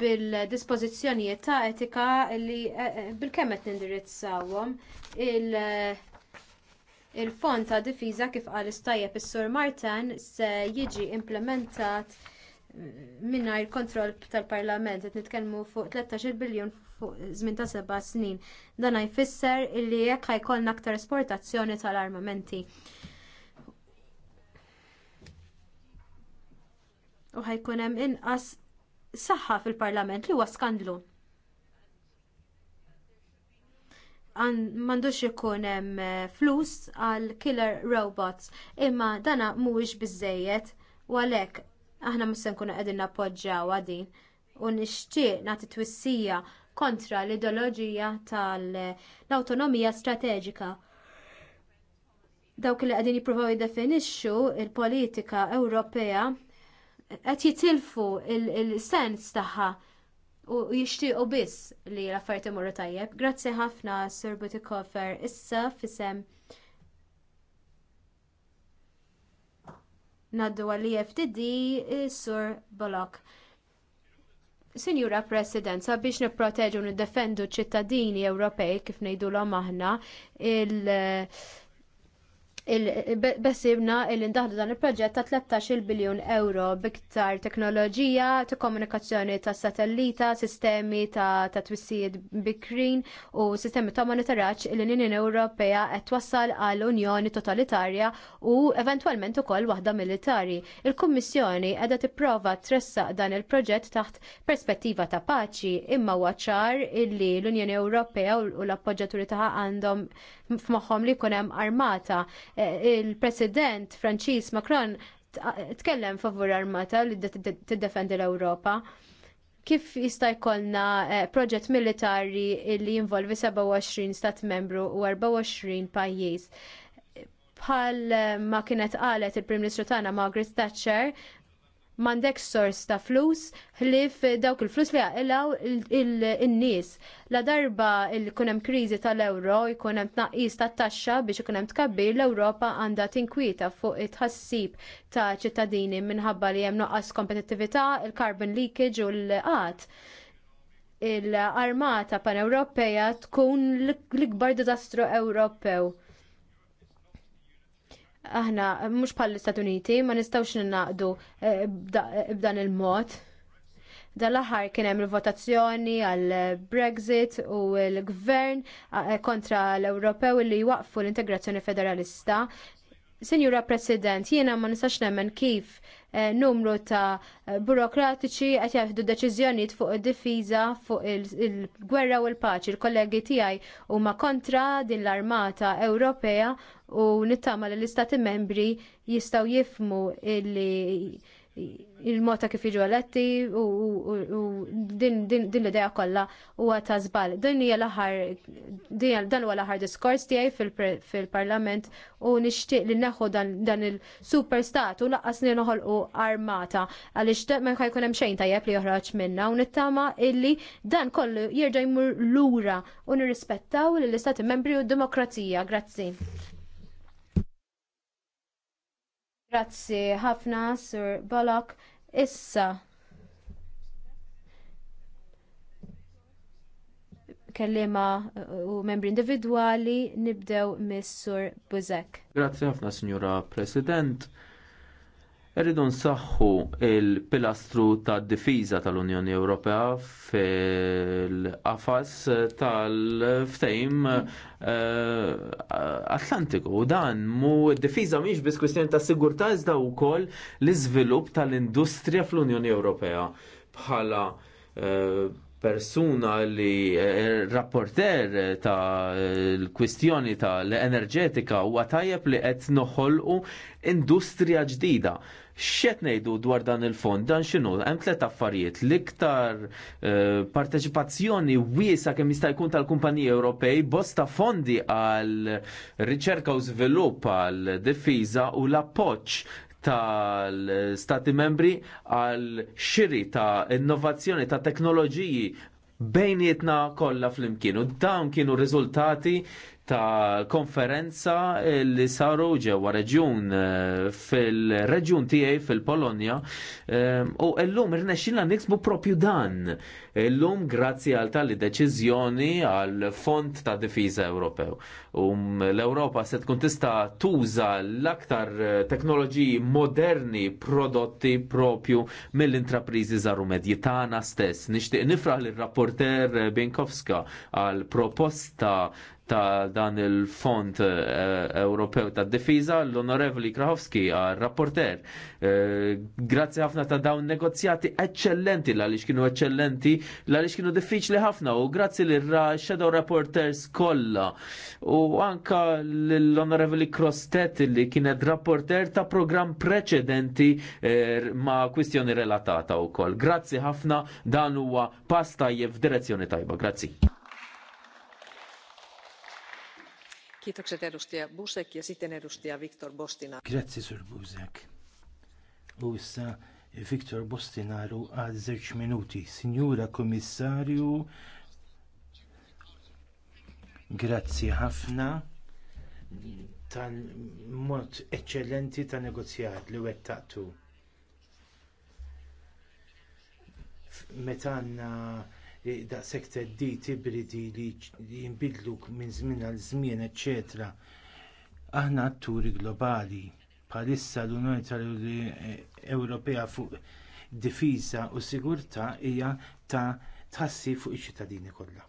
bil-dispożizzjonijiet ta' etika li eh, eh, bil-kemm qed nindirizzawhom il-fond eh, ta' difiża kif qal istajjeb is-Sur Martin se jiġi implementat mingħajr kontroll tal-Parlament qed nitkellmu fuq 13 biljun fuq żmien ta' seba' snin. Dan jfisser li jekk ħajkollna aktar esportazzjoni tal-armamenti. u ħajkun hemm inqas saħħa fil-Parlament li huwa skandlu. M'għandux ikun hemm eh, flus għal killer robots imma dana mhuwiex biżejjed u għalhekk aħna mhux se nkunu qegħdin nappoġġjaw għadin u nixtieq nagħti twissija kontra l-ideoloġija tal-autonomija eh, strateġika. Dawk li qegħdin jippruvaw jiddefinixxu l politika Ewropea qed jitilfu il-sens tagħha u jixtiequ biss li l-affarijiet imorru tajjeb. Grazzi ħafna Sir Butikofer issa fisem naddu għalli e FTD Sur Bolok. Sinjura President, sabiex nipproteġu u niddefendu ċittadini Ewropej kif ngħidulhom aħna il- Besibna il indahdu dan il-proġett ta' 13 biljun euro biktar teknoloġija, ta' komunikazzjoni ta' satellita, sistemi ta' twissijiet bikrin u sistemi ta' monitoraċ l-Unjoni Ewropea qed wassal għal Unjoni Totalitarja u eventwalment ukoll waħda militari. Il-Kummissjoni qiegħda tipprova tressaq dan il-proġett taħt perspettiva ta' paċi imma waċar illi l-Unjoni Ewropea u l-appoġġaturi tagħha għandhom f'moħħom li jkun hemm armata Eh, il-President Franċis Macron tkellem favur armata li tiddefendi l-Ewropa. Kif jista' jkollna eh, proġett militari li jinvolvi 27 stat membru u 24 pajjiż? Bħal eh, ma kienet qalet il-Prim Ministru tagħna Margaret Thatcher mandek sors ta' flus ħlif dawk il-flus li għaqilaw il-nis. La darba il-kunem krizi tal-euro, jkunem tnaqqis ta' taxxa biex jkunem tkabbir l-Europa għanda tinkwita fuq it-ħassib ta' ċittadini minħabba li jem noqqas kompetittività, il-carbon leakage u l-qat il-armata pan-Ewropeja tkun l-ikbar dizastru Ewropew aħna mhux bħall istat Uniti ma nistgħux ninnaqdu eh, eh, b'dan il-mod. Dal-aħħar kien hemm il-votazzjoni għal Brexit u l-Gvern eh, kontra l-Ewropew li jwaqfu l-integrazzjoni federalista. Senjura President, jiena ma nistax nemmen kif Eh, numru ta' eh, burokratiċi qed jaħdu deċiżjonijiet fuq id-difiża fuq il-gwerra u l-paċi. Il-kollegi tiegħi huma kontra din l-Armata Ewropea u nittama li l-Istati membri jistgħu jifmu illi il-mota kif jiġu għaletti u din l-idea kollha huwa ta' żball. Din hija l-aħħar dan huwa l-aħħar diskors tiegħi fil-Parlament u nixtieq li neħu dan il-superstat u laqqas li noħolqu armata għaliex ma jkun hemm xejn tajjeb li joħroġ minna u nittama illi dan kollu jerġa' jmur lura u nirrispettaw lill-istati membri u d-demokrazija. Grazzi. Grazzi ħafna, Sur Balak. Issa, kellima uh, u membri individuali nibdew mis-sur Buzek. Grazzi ħafna, Signora President. Irridu nsaħħu il-pilastru tad difiża tal-Unjoni Ewropea fil-qafas tal-ftejm eh, Atlantiku. Dan mu d-difiża mhix biss kwistjoni ta' sigurtà iżda wkoll l-iżvilupp tal-industrija fl-Unjoni Ewropea bħala eh, persuna li eh, rapporter ta' l-kwistjoni ta' l-enerġetika huwa tajjeb li qed noħolqu industrija ġdida X'qed ngħidu dwar dan il-fond, dan x'inhu hemm tlet affarijiet l-iktar eh, parteċipazzjoni wiesa kemm jista' jkun tal-kumpaniji Ewropej bosta fondi għal riċerka u żvilupp għal difiża u l-appoġġ tal-stati membri għal xiri ta' innovazzjoni ta' teknoloġiji bejnietna kollha flimkien. U dawn kienu riżultati ta' konferenza li saru ġewwa reġjun eh, fil-reġjun tiegħi fil-Polonja eh, u llum irnexxilna niksbu propju dan. Illum grazzi għal tali deċiżjoni għal Fond ta' Difiża Ewropew. U um, l-Ewropa se tkun tista' tuża l-aktar eh, teknoloġiji moderni prodotti propju mill-intrapriżi żaru medji tagħna stess. Nixtieq nifraħ lir rapporter Binkowska għal proposta ta' dan il-Fond eh, Ewropew ta' Difiża l-Onorevoli Krahovski, għal rapporter. Eh, grazzi ħafna ta' dawn negozjati eccellenti għaliex kienu eccellenti għaliex kienu diffiċli ħafna u grazzi lill-ra shadow rapporters kollha u anka l-Onorevoli Krostet li kienet rapporter ta' program preċedenti eh, ma' kwistjoni relatata wkoll. Grazzi ħafna dan huwa pasta jew direzzjoni tajba. Grazzi. Kiitokset edustaja Busek ja sitten edustaja Viktor Bostina. Grazzi sur Busek. U issa Viktor Bostinaru għal żewġ minuti. Signora Komissarju, grazzi ħafna tal-mod eċċellenti ta' negozjat li wettaqtu. Meta għandna daqshekk teddit ibridi li jinbidlu minn żmien għal żmien, eċetera. Aħna atturi globali bħalissa l-Unjoni tal-Ewropea fuq difiża u sigurtà hija ta' tassi fuq iċ-ċittadini kollha.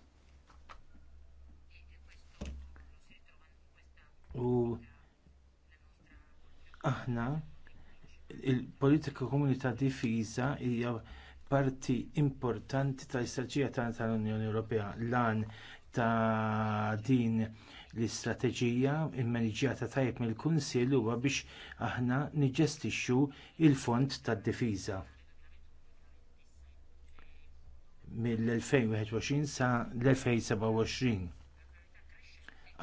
U aħna il-politika komunità difiża hija parti importanti tal-istraġija tal-Unjoni Ewropea lan ta' din l-istrateġija immaniġjata tajjeb mill-Kunsill huwa biex aħna niġġestixxu l fond tad-difiża. Mill-2021 sa l-2027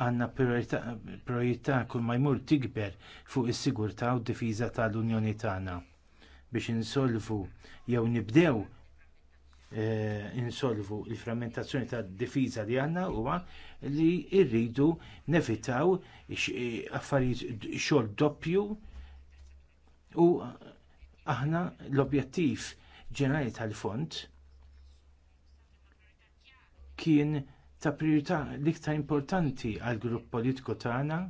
għandna priorità kull ma jmur tikber fuq is-sigurtà u d-difiża tal-Unjoni tagħna biex insolvu jew nibdew eh, insolvu il-frammentazzjoni ta' difiża li għandna huwa li rridu nevitaw eh, affarijiet xogħol doppju u aħna l-objettiv ġenerali tal-fond kien ta' priorità l-iktar importanti għall grupp politiku tagħna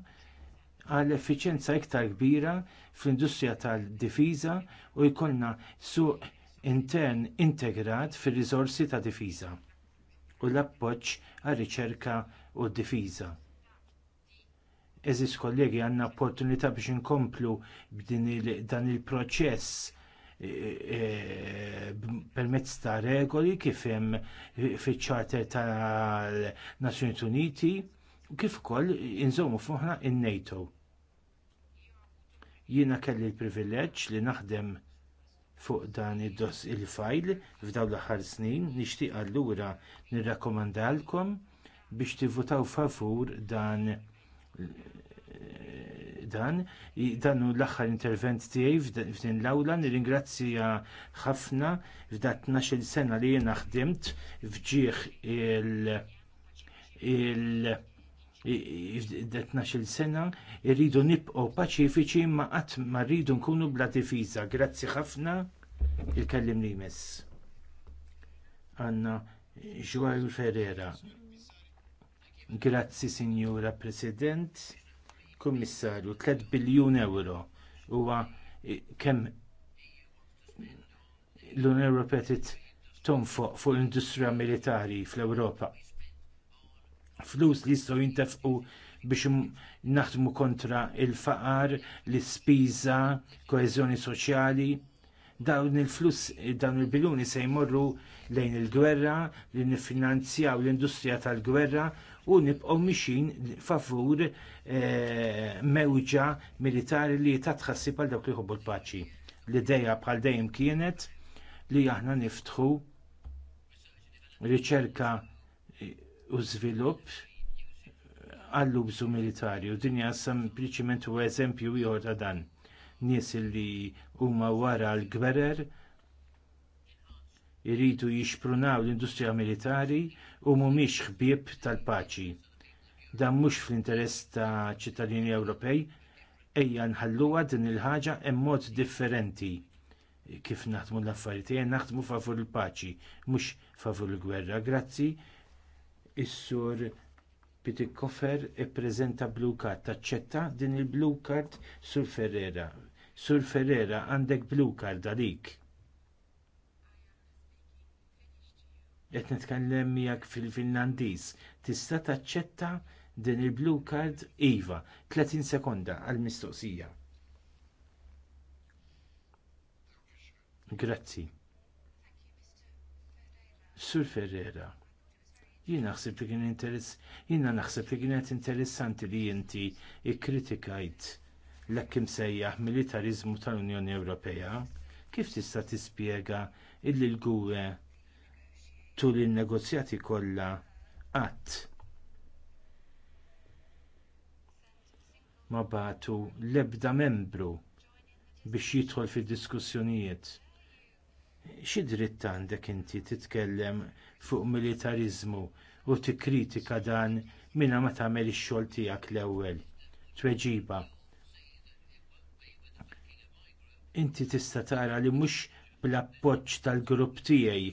għal effiċjenza iktar kbira fl-industrija tal-difiża u jkollna suq intern integrat fir-riżorsi ta' difiża u l-appoġġ għar-riċerka u d-difiża. Eżis kollegi għandna opportunità biex inkomplu dan il-proċess e, e, permezz ta' regoli kif hemm fiċ-ċarter tal-Nazzjonijiet Uniti kif ukoll inżommu fuħna in-NATO. Jiena kelli l-privileġġ li naħdem fuq dan id-dos il-fajl f'dawn l-aħħar snin nixtieq allura nirrakkomandalkom biex tivvutaw favur dan dan dan l-aħħar intervent tiegħi f'din l-awla nirringrazzja ħafna f'da 12 sena li jien ħdimt fġieħ il-, il il sena irridu nibqgħu paċifiċi ma qatt ma rridu nkunu bla difiża. Grazzi ħafna il-kellim li jmiss. Anna Joao Ferrera. Grazzi Sinjura President, Kummissarju, 3 biljun euro huwa eh, kemm l-Unjoni Ewropea tonfoq fuq l-industrija militari fl-Ewropa flus li jistgħu jintefqu biex naħdmu kontra il-faqar, l-ispiża, koeżjoni soċjali. Dawn il-flus, dawn il-biluni se jmorru lejn il-gwerra, li nifinanzjaw l-industrija tal-gwerra u nibqgħu mixin favur eh, mewġa militari li ta' tħassib għal dawk li ħobbu l-paċi. L-ideja bħal dejjem kienet li aħna niftħu riċerka u żvilupp għall-użu militari u dinja sempliċiment u eżempju ieħor ta' dan. Nies li huma wara l-gwerer irridu jixprunaw l-industrija militari u mhumiex ħbieb tal-paċi. Dan mhux fl-interess ta' ċittadini Ewropej, ejja nħalluha din il-ħaġa hemm mod differenti kif naħdmu l-affarijiet, naħdmu favur il-paċi, mhux favur il-gwerra. Grazzi Is-sur Pitikofer ippreżenta blue card. Taċċetta din il-blue card sur Ferrera. Sur Ferrera għandek blue card għalik. Qed nitkellem miegħek fil-Finlandiż. Tista' taċċetta din il-blue card Iva, 30 sekonda għall mistoqsija Grazzi. Sur Ferrera jina naħseb li kien interess, jina naħseb li kienet interessanti li inti ikkritikajt l-ekkim sejjaħ militarizmu tal-Unjoni Ewropea. Kif tista' tispjega illi l-gure tul il-negozjati kollha qatt ma batu l-ebda membru biex jidħol fid diskussjonijiet. Xi dritt għandek inti titkellem fuq militarizmu u tikkritika dan minna ma tagħmel ix-xogħol tiegħek l-ewwel. Tweġiba. Inti tista' tara li mhux bl-appoġġ tal-grupp tiegħi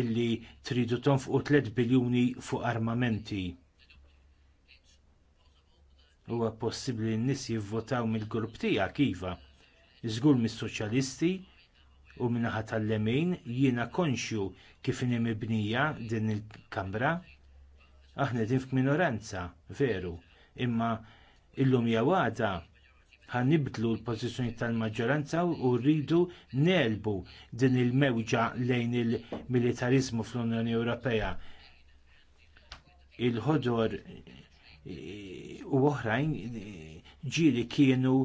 illi tridu tonfqu 3 biljuni fuq armamenti. Huwa possibbli n-nies jivvotaw mill-grupp tiegħek iva. Iżgur mis-soċjalisti, u minnaħa tal-lemin jiena konxju kif inhi mibnija din il-kamra. Aħna din f'minoranza, veru, imma illum hija għada ħanibdlu l-pożizzjoni tal-maġġoranza u rridu nelbu din il-mewġa lejn il-militarizmu fl-Unjoni Ewropea. Il-ħodor eh, u oħrajn eh, ġieli kienu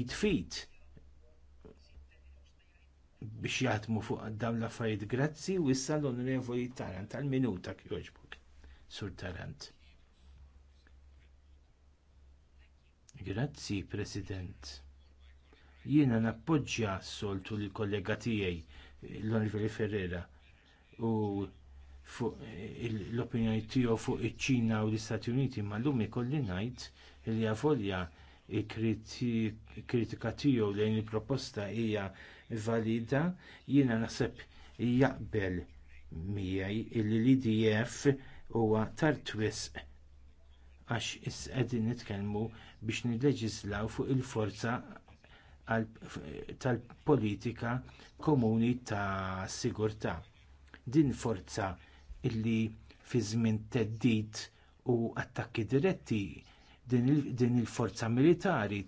id-fit biex jaħdmu fuq dawn l-affarijiet grazzi u issa l-Onorevoli Tarant għal minuta kjoġbuk. Sur Tarant. Grazzi, President. Jiena nappoġġja soltu l kollega tiegħi l-Onorevoli Ferrera u eh, l-opinjoni tiegħu fuq iċ-Ċina u l-Istati Uniti ma llum ikolli ngħid li avolja kritika tiegħu lejn il-proposta hija valida jiena naħseb jaqbel miegħi illi l-IDF huwa tartwisq għax is qegħdin nitkellmu biex nilleġislaw fuq il-forza tal-politika komuni ta' sigurtà. Din forza illi fi żmien theddid u attakki diretti din il-forza militari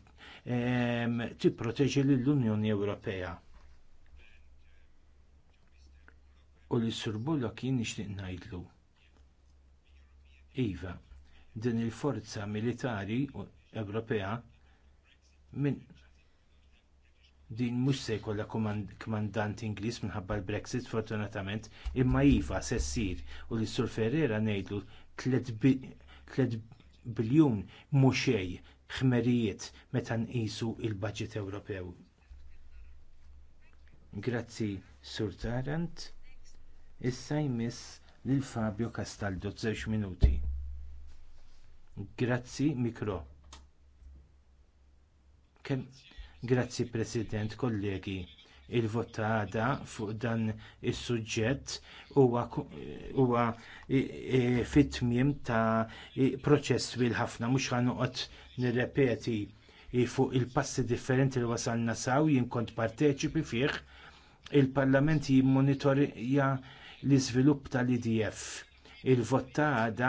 ehm, tipproteġi lill-Unjoni Ewropea. u li surbulla kien nixtieq ngħidlu. Iva, din il-forza militari Ewropea minn din mhux se jkollha kmandant Ingliż minħabba l-Brexit fortunatament imma iva se ssir u li sur Ferrera ngħidu 3 biljun mhux ħmerijiet meta nqisu l budget Ewropew. Grazzi Sur Tarant. Issa jmiss lil Fabio Castaldo żewġ minuti. Grazzi mikro. Kem... Grazzi President, kollegi il-vot għada fuq dan is-suġġett huwa fit-tmiem ta' proċess twil ħafna mhux ħanoqgħod nirrepeti fuq il-passi differenti li wasalna saw jien kont parteċipi fih il-Parlament jimmonitorja l-iżvilupp tal-IDF. Il-vot ta' għada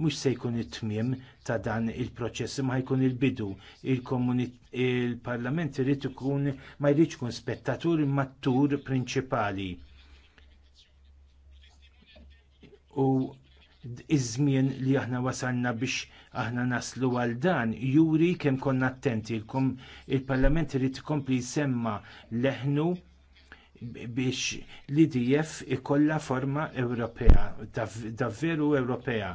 mhux se jkun it-tmiem ta' dan il-proċess ma jkun il-bidu. Il-Parlament il irid ikun ma jridx ikun spettatur imma tur prinċipali. U iż-żmien li aħna wasalna biex aħna naslu għal dan juri kemm konna attenti il-parlament irid ikompli jsemma leħnu biex l-IDF ikollha forma Ewropea, davveru Ewropea.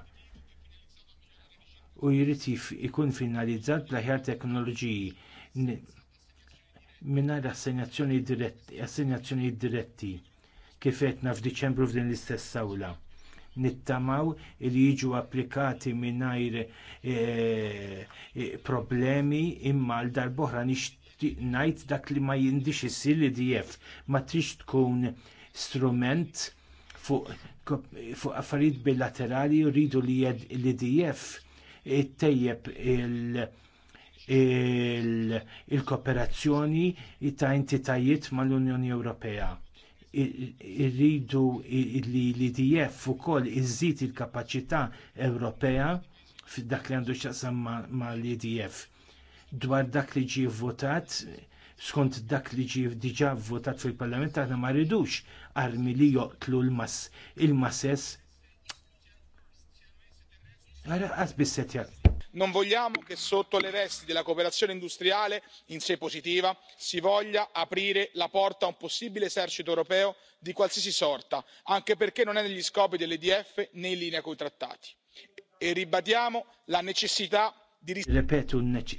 U jrid ikun finalizzat bl-aħjar teknoloġiji mingħajr assenjazzjoni diretti, assenjazzjoni diretti kif qedna f'Diċembru f'din l-istess sawla. Nittamaw li jiġu applikati mingħajr eh, eh, problemi imma l-darbohra nix ngħid dak li ma jindix issir li dijef, ma trix tkun strument fuq affarijiet bilaterali u rridu li l-IDF tejjeb il- il-kooperazzjoni il ta' entitajiet mal-Unjoni Ewropea. Irridu li l-IDF ukoll iżżid il kapaċità Ewropea f'dak li għandu xaqsam mal-IDF dwar dak li ġie votat skont dak li ġie diġa votat fil-parlament aħna ma rridux armi li joqtlu l mas il-masses. Ara għaz bissetja. Non vogliamo che sotto le vesti della cooperazione industriale in sé positiva si voglia aprire la porta a un possibile esercito europeo di qualsiasi sorta, anche perché non è negli scopi dell'EDF né in linea coi trattati. E ribadiamo la necessità Ripetu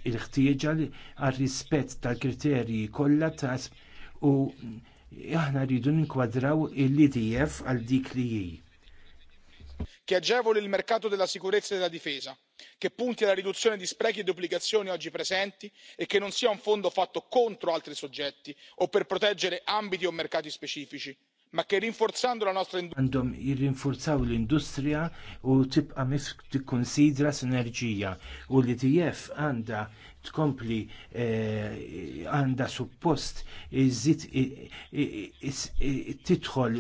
il-ħtieġa għal-rispett tal-kriterji kollha ta' u aħna rridu ninkwadraw il-IDF għal dik li hi. Che agevoli il mercato della sicurezza e della difesa, che punti alla riduzione di sprechi e duplicazioni oggi presenti e che non sia un fondo fatto contro altri soggetti o per proteggere ambiti o mercati specifici ma che rinforzando la nostra industria. Għandhom jirrinforzaw l-industrija u tibqa mif tikkonsidra sinerġija u li TF għanda tkompli eh, għanda suppost iżid tidħol.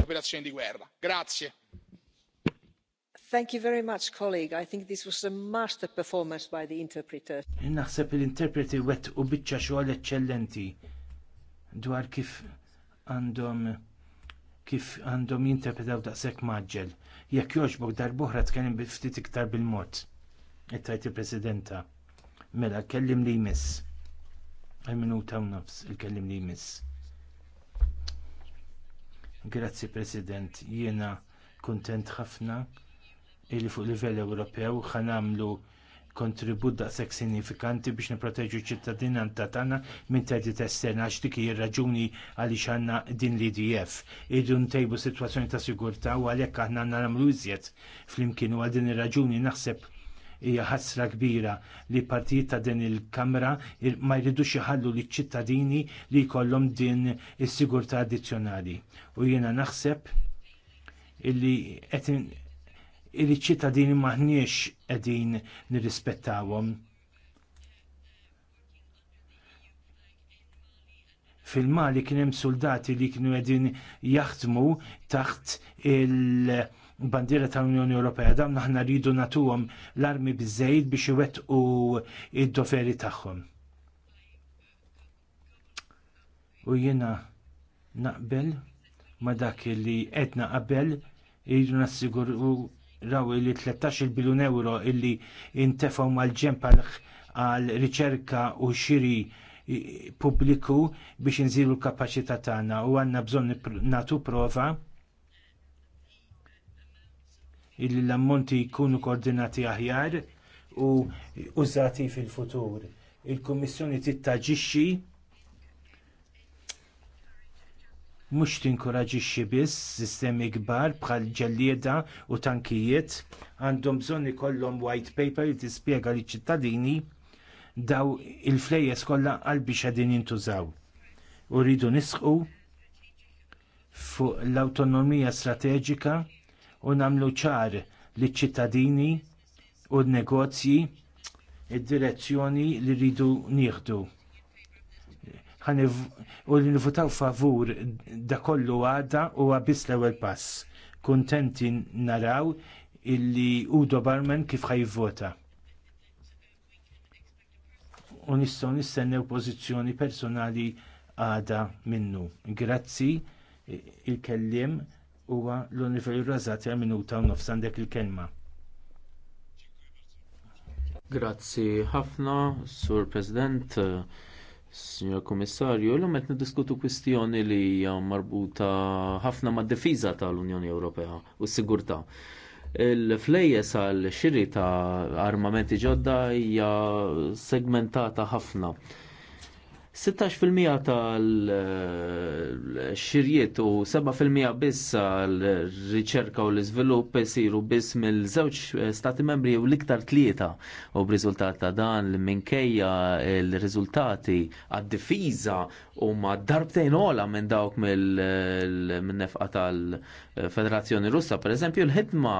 Operazzjoni di guerra. Grazie. Thank you very much, colleague. I think this was a master performance by the interpreter. Naħseb l-interpreti wet u bicċa xogħol eċċellenti dwar kif għandhom kif għandhom jinterpretaw daqshekk maġġel. Jekk jogħġbok darbohra tkellim ftit iktar bil-mod. Ittajt il-Presidenta. Mela, kellim li jmiss. Għal-minuta u nofs, il-kellim li jmiss. Grazzi, President. Jiena kuntent ħafna li fuq livell Ewropew ħanamlu kontribut daqshekk sinifikanti biex nipproteġu ċ-ċittadinanza tagħna minn tedit esterna għax dik hija raġuni għaliex għandna din l-IDF. Irdu ntejbu sitwazzjoni ta' sigurtà u għalhekk aħna nagħmlu iżjed flimkien u għal din ir-raġuni naħseb hija ħasra kbira li partijiet ta' din il-Kamra ma jridux iħallu liċ ċittadini li jkollhom din is-sigurtà addizzjonali. U jiena naħseb illi qed il-ċittadini maħniex qegħdin nirrispettawhom. Fil-Mali kien hemm soldati li kienu qegħdin jaħdmu taħt il- bandiera tal-Unjoni Ewropea dawn aħna rridu nagħtuhom l-armi biżejjed biex iwettqu id-doferi tagħhom. U jiena naqbel ma dak li qedna qabel irridu nassiguru raw li 13 biljun euro illi intefaw mal-ġempal għal riċerka u xiri pubbliku biex nżilu l-kapacità tagħna u għandna bżonn nagħtu prova illi l-ammonti jkunu koordinati aħjar u użati fil-futur. Il-Kummissjoni tittaġixxi mhux tinkoraġixxi biss sistemi kbar bħal ġellieda u tankijiet għandhom bżonn ikollhom white paper li tispjega liċ ċittadini daw il-flejjes kollha għal biex qegħdin jintużaw. U rridu nisqu fuq l-awtonomija strateġika u nagħmlu ċar liċ ċittadini u n-negozji id-direzzjoni li rridu nieħdu u li nivutaw favur da kollu għada u għabis l ewwel pass. Kuntenti naraw illi Udo Barman kif vota. U nistgħu nistennew pożizzjoni personali għada minnu. Grazzi il-kellim huwa l-Univer Razzati għal minuta u nofsandek il-kelma. Grazzi ħafna, Sur President. Signor Komissarju, l qed diskutu kwistjoni li hija marbuta ħafna mad-difiża tal-Unjoni Ewropea u s-sigurtà. Il-flejjes għal xiri ta' armamenti ġodda hija segmentata ħafna 16% tal-xirjiet eh, u 7% biss tal-riċerka u l-izvilupp isiru biss mill-żewġ eh, stati membri u l-iktar tlieta u b'riżultat ta' dan minkejja l-riżultati għad-difiża u ma darbtejn ola minn dawk eh, mill-nefqa tal-Federazzjoni Russa, per eżempju, l-ħidma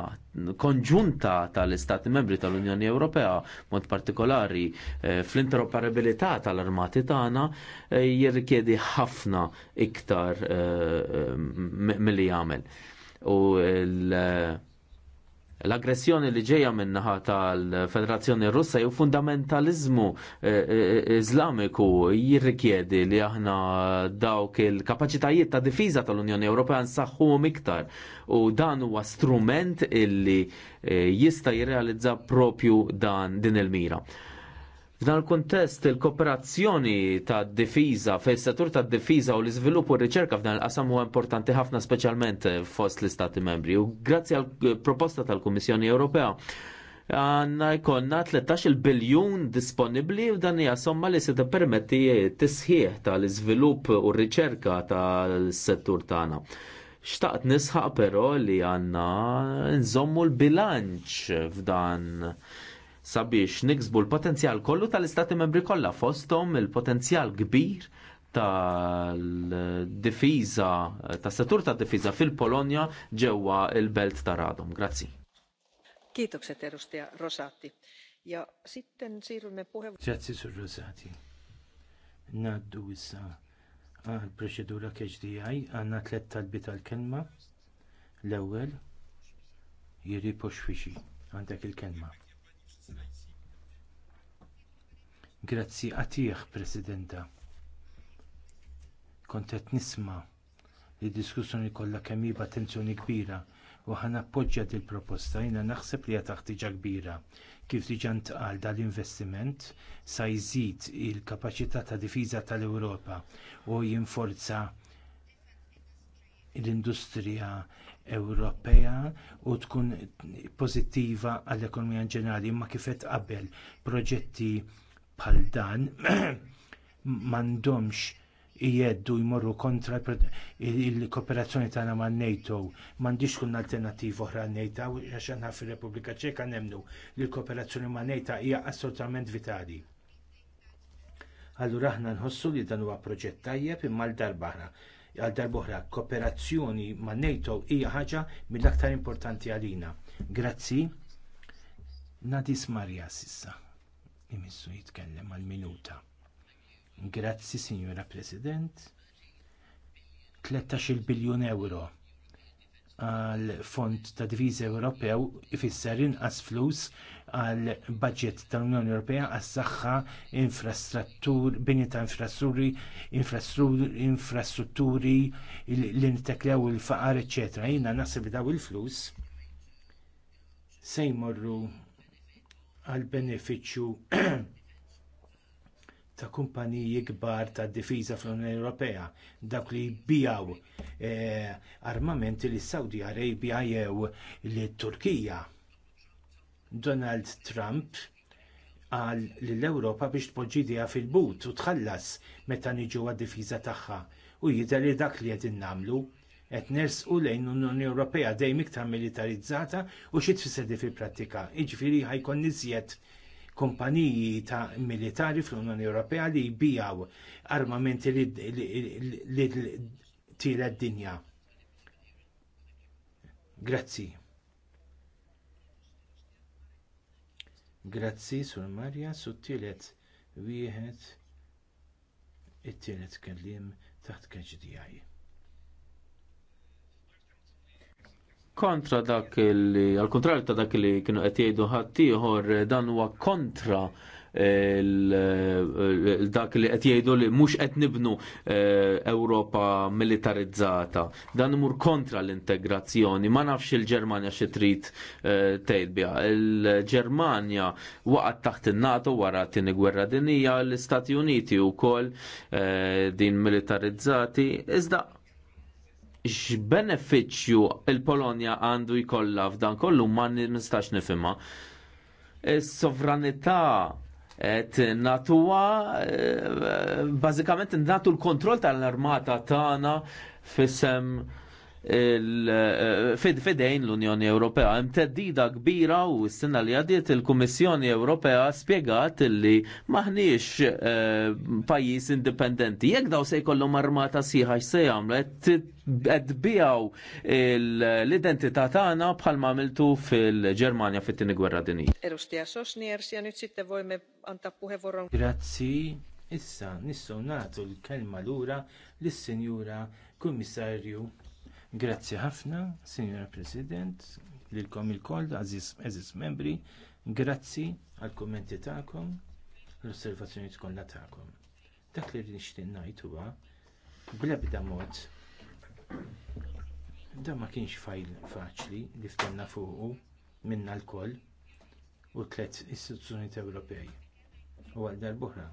konġunta tal-Istati Membri tal-Unjoni Ewropea, mod partikolari eh, fl-interoperabilità tal-armati tagħna eh, jirrikjedi ħafna iktar eh, milli jagħmel. U l- l-aggressjoni li ġeja minnaħa tal-Federazzjoni Russa jew fundamentalizmu eh, eh, eh, iżlamiku jirrikjedi li aħna dawk il-kapaċitajiet ta' difiża tal-Unjoni Ewropea nsaħħuhom iktar u dan huwa strument illi jista' jirrealizza propju dan din il-mira. F'dan il-kuntest il-kooperazzjoni ta' difiża fis settur ta' difiża u l-iżvilupp u r-riċerka f'dan il-qasam huwa importanti ħafna speċjalment eh, fost l-Istati membri. U grazzi għall eh, proposta tal-Kummissjoni Ewropea għanna jkonna 13 biljun disponibli u dan hija somma li se permetti tisħieħ tal-iżvilupp u r-riċerka tas-settur tagħna. Xtaqt nisħaq però li għanna nżommu l-bilanċ f'dan sabiex niksbu l-potenzjal kollu tal-istati membri kollha fosthom il-potenzjal kbir tal-difiża, tas-settur tad-difiża fil-Polonja ġewwa il-Belt ta' Radom. Grazzi. Kiitokset edustaja Rosati. Ja sitten siirrymme puhe... Grazzi sur Rosati. Naddu issa għal proċedura KHDI għanna tlet talbi tal-kelma. L-ewwel jiri poxfixi għandek il-kelma. Grazzi għatih, Presidenta. Kontet nisma li diskussjoni kollha kemm iba attenzjoni kbira u ħan appoġġja dil proposta jiena naħseb li taħt diġà kbira. Kif diġà ntqal dal-investiment sa jżid il-kapaċità ta' difiża tal-Ewropa u jinforza l-industrija Ewropea u tkun pożittiva għall-ekonomija ġenerali imma kif qed qabel proġetti bħal dan [clears throat] m'għandhomx jeddu jmorru kontra il-kooperazzjoni tagħna man NATO. M'għandix kun alternattiva oħra NATO għax aħna fir-Repubblika Ċeka nemnu li l-kooperazzjoni man NATO hija assolutament vitali. Allura aħna nħossu li dan huwa proġett tajjeb imma l-darba għal darbohra kooperazzjoni ma' NATO hija ħaġa mill-aktar importanti għalina. Grazzi. Nadis Marja sissa imissu jitkellem għal minuta. Grazzi, Signora President. 13 biljun euro għal fond ta' divizi Ewropew ifisser inqas flus għal budget tal-Unjoni Ewropea għas saħħa infrastruttur, bini ta' infrastrutturi, infrastrutturi li nteklew il-faqar, eċetera. Jiena nasib li daw il-flus se jmorru għal benefiċċju [clears throat] ta' kumpaniji kbar tad difiża fl-Unjoni Ewropea dak li bijaw eh, armamenti lis Saudi Arabia jew lit Turkija. Donald Trump qal li l-Ewropa biex tpoġġidija fil-but u tħallas meta niġu għad-difiża tagħha u jidher li dak li qegħdin nagħmlu qed nersqu lejn l-Unjoni Ewropea dejjem iktar militarizzata u xi tfisser di fil-prattika. Jiġifieri ħajkun niżjed kumpaniji ta' militari fl-Unjoni Ewropea li jbijaw armamenti li tira d-dinja. Grazzi. Grazzi sur Marja su t-tilet wieħed it-tielet kellim taħt KGDI. kontra dak li, għal kontrarju ta' dak li kienu qed jgħidu ħaddieħor dan huwa kontra dak li qed jgħidu li mhux qed nibnu e, Ewropa militarizzata. Dan imur kontra l-integrazzjoni, ma nafx il-Ġermanja xi trid e, tgħid biha. Il-Ġermanja waqgħet taħt in-NATO wara tieni gwerra dinija l-Istati Uniti wkoll e, din militarizzati iżda x'benefiċċju il-Polonja għandu jkollha f'dan kollu ma nistax nifhimha. Is-sovranità et natuwa eh, bażikament natu l-kontroll tal-armata tagħna fissem Eh, fidejn l-Unjoni Ewropea. Hemm teddida kbira u s-sena li għadiet il-Kummissjoni Ewropea spjegat li maħniex eh, pajjiż indipendenti. Jekk daw se jkollhom armata sieħa se jagħmlu qed bijaw l-identità tagħna bħal għamiltu fil-Ġermanja fit-tieni gwerra dinija. Erustija Sosnier, sija nyt vojme anta vorron. Grazzi, issa nissonatu l-kelma lura lis-Sinjura Kummissarju Grazzi ħafna, Signor President, lilkom il-koll, għaziz membri, grazzi għal kommenti ta'kom, l-osservazzjoni tkollna ta'kom. Dak li nixtieq ngħid huwa bl-ebda mod da ma kienx fajl faċli li ftemna fuqu minna l-koll u tliet istituzzjonijiet Ewropej. U għal darb'oħra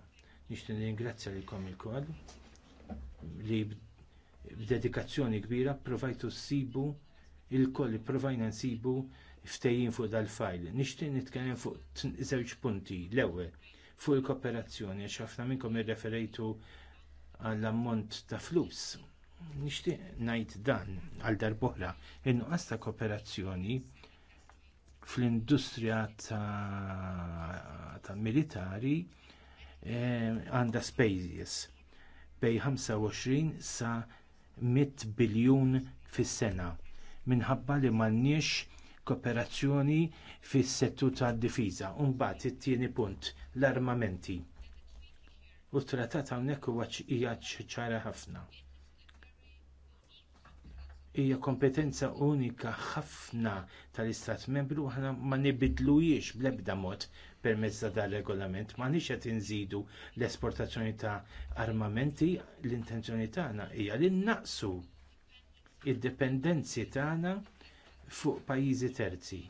nixtieq ningrazzja lilkom il-koll li b'dedikazzjoni kbira provajtu ssibu il-koll provajna nsibu ftejjin fuq dal-fajl. Nixtieq nitkellem fuq żewġ punti. L-ewwel fuq il-kooperazzjoni għax ħafna minnkom irreferejtu għall-ammont ta' flus. Nixtieq ngħid dan għal darbohra in-nuqqas ta' kooperazzjoni fl-industrija tal-militari eh, għandha e, spejjeż bejn 25 sa' 100 biljun fis-sena minħabba li m'għandniex kooperazzjoni fis-settur tad-difiża. U mbagħad it-tieni punt l-armamenti. U t tratat hawnhekk huwa hija ċara ħafna hija kompetenza unika ħafna tal-Istat membru aħna ma nibidlujiex bl-ebda mod permezz ta' dan regolament ma nix qed inżidu l-esportazzjoni ta' armamenti l-intenzjoni tagħna hija li naqsu id-dependenzi tagħna fuq pajjiżi terzi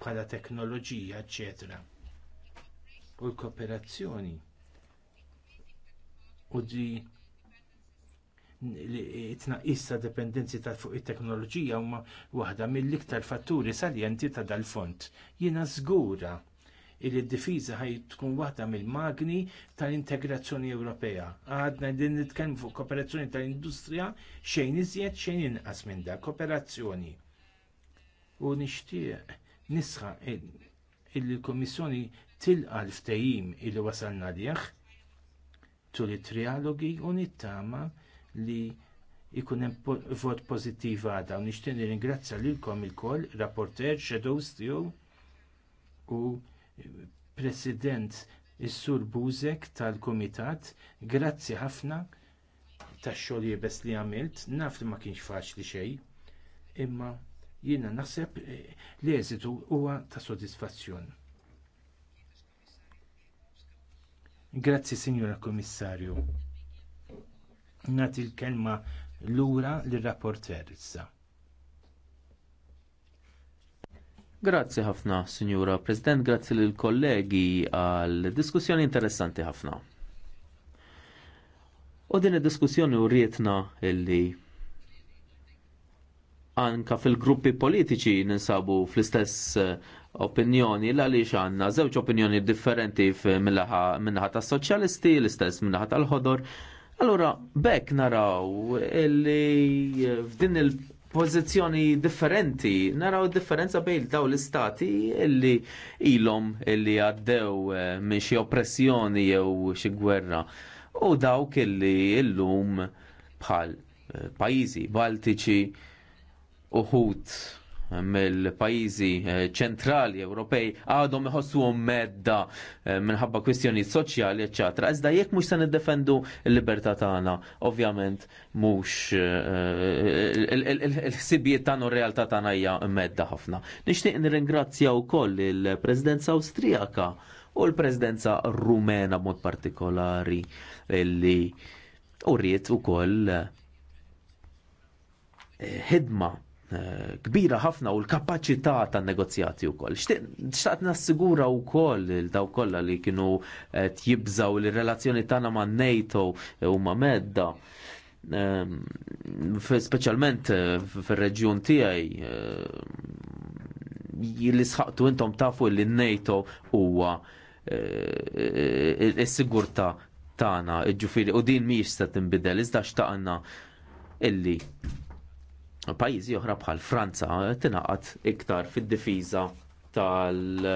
bħala teknoloġija, eċetera. U l-kooperazzjoni u di tnaqqis ta' dependenzi ta' fuq it-teknoloġija huma waħda mill-iktar fatturi saljenti ta' dal-font. Jiena żgura li d-difiża ħaj tkun waħda mill-magni tal-integrazzjoni Ewropea. Għadna din nitkellmu fuq kooperazzjoni tal-industrija xejn iżjed xejn inqas minn da kooperazzjoni. U nixtieq nisħa illi l-Kommissjoni tilqa l-ftehim illi wasalna liħ tul it-trialogi u nittama' li ikun hemm vot pożittiv għadha u nixtieq nirringrazzja lilkom ilkoll, rapporter, shadows tiegħu u President is-Sur Buzek tal-Kumitat, grazzi ħafna tax-xogħol jibes li għamilt, naf li ma kienx faċli xejn, imma jiena naħseb eh, li eżitu huwa ta' sodisfazzjon. Grazzi, Signora Kommissarju. Nati l-kelma l-ura l-rapporter issa. Grazzi ħafna, Signora President, grazzi lill kollegi għal diskussjoni interessanti ħafna. U din id-diskussjoni u rietna illi anka fil-gruppi politiċi ninsabu fl-istess eh, opinjoni l għaliex għandna żewġ opinjoni differenti minnaħa tas soċjalisti, l-istess minnaħa tal-ħodor, Allura, bekk naraw illi eh, f'din il pożizzjoni differenti, naraw differenza bejn daw l-istati illi ilhom illi għaddew eh, minn xi oppressjoni jew xi gwerra u dawk illi illum bħal eh, pajjiżi baltiċi uħud mill-pajizi eh, ċentrali Ewropej għadhom iħossuhom medda eh, minħabba kwistjoni soċjali, eċċetera. Iżda jekk mhux se niddefendu l-libertà tagħna, ovvjament mhux eh, il-ħsibijiet tagħna u r-realtà tagħna hija medda ħafna. Nixtieq nirringrazzja wkoll il-Presidenza Awstrijaka u l-Presidenza Rumena mod partikolari li u ukoll ħidma Eh, kbira ħafna u l-kapacità ta' negozjati u koll. Xtaqt nassigura u koll il-daw kolla li kienu eh, tjibżaw li relazzjoni tana ma' NATO u ma' Medda. Ehm, Specialment eh, fil-reġjun tijaj li sħaqtu intom tafu li NATO huwa il-sigurta tana, ġifiri, u din miex se tinbidel, iżda xtaqna illi pajjiżi oħra bħal Franza tingħaqad iktar fid-difiża tal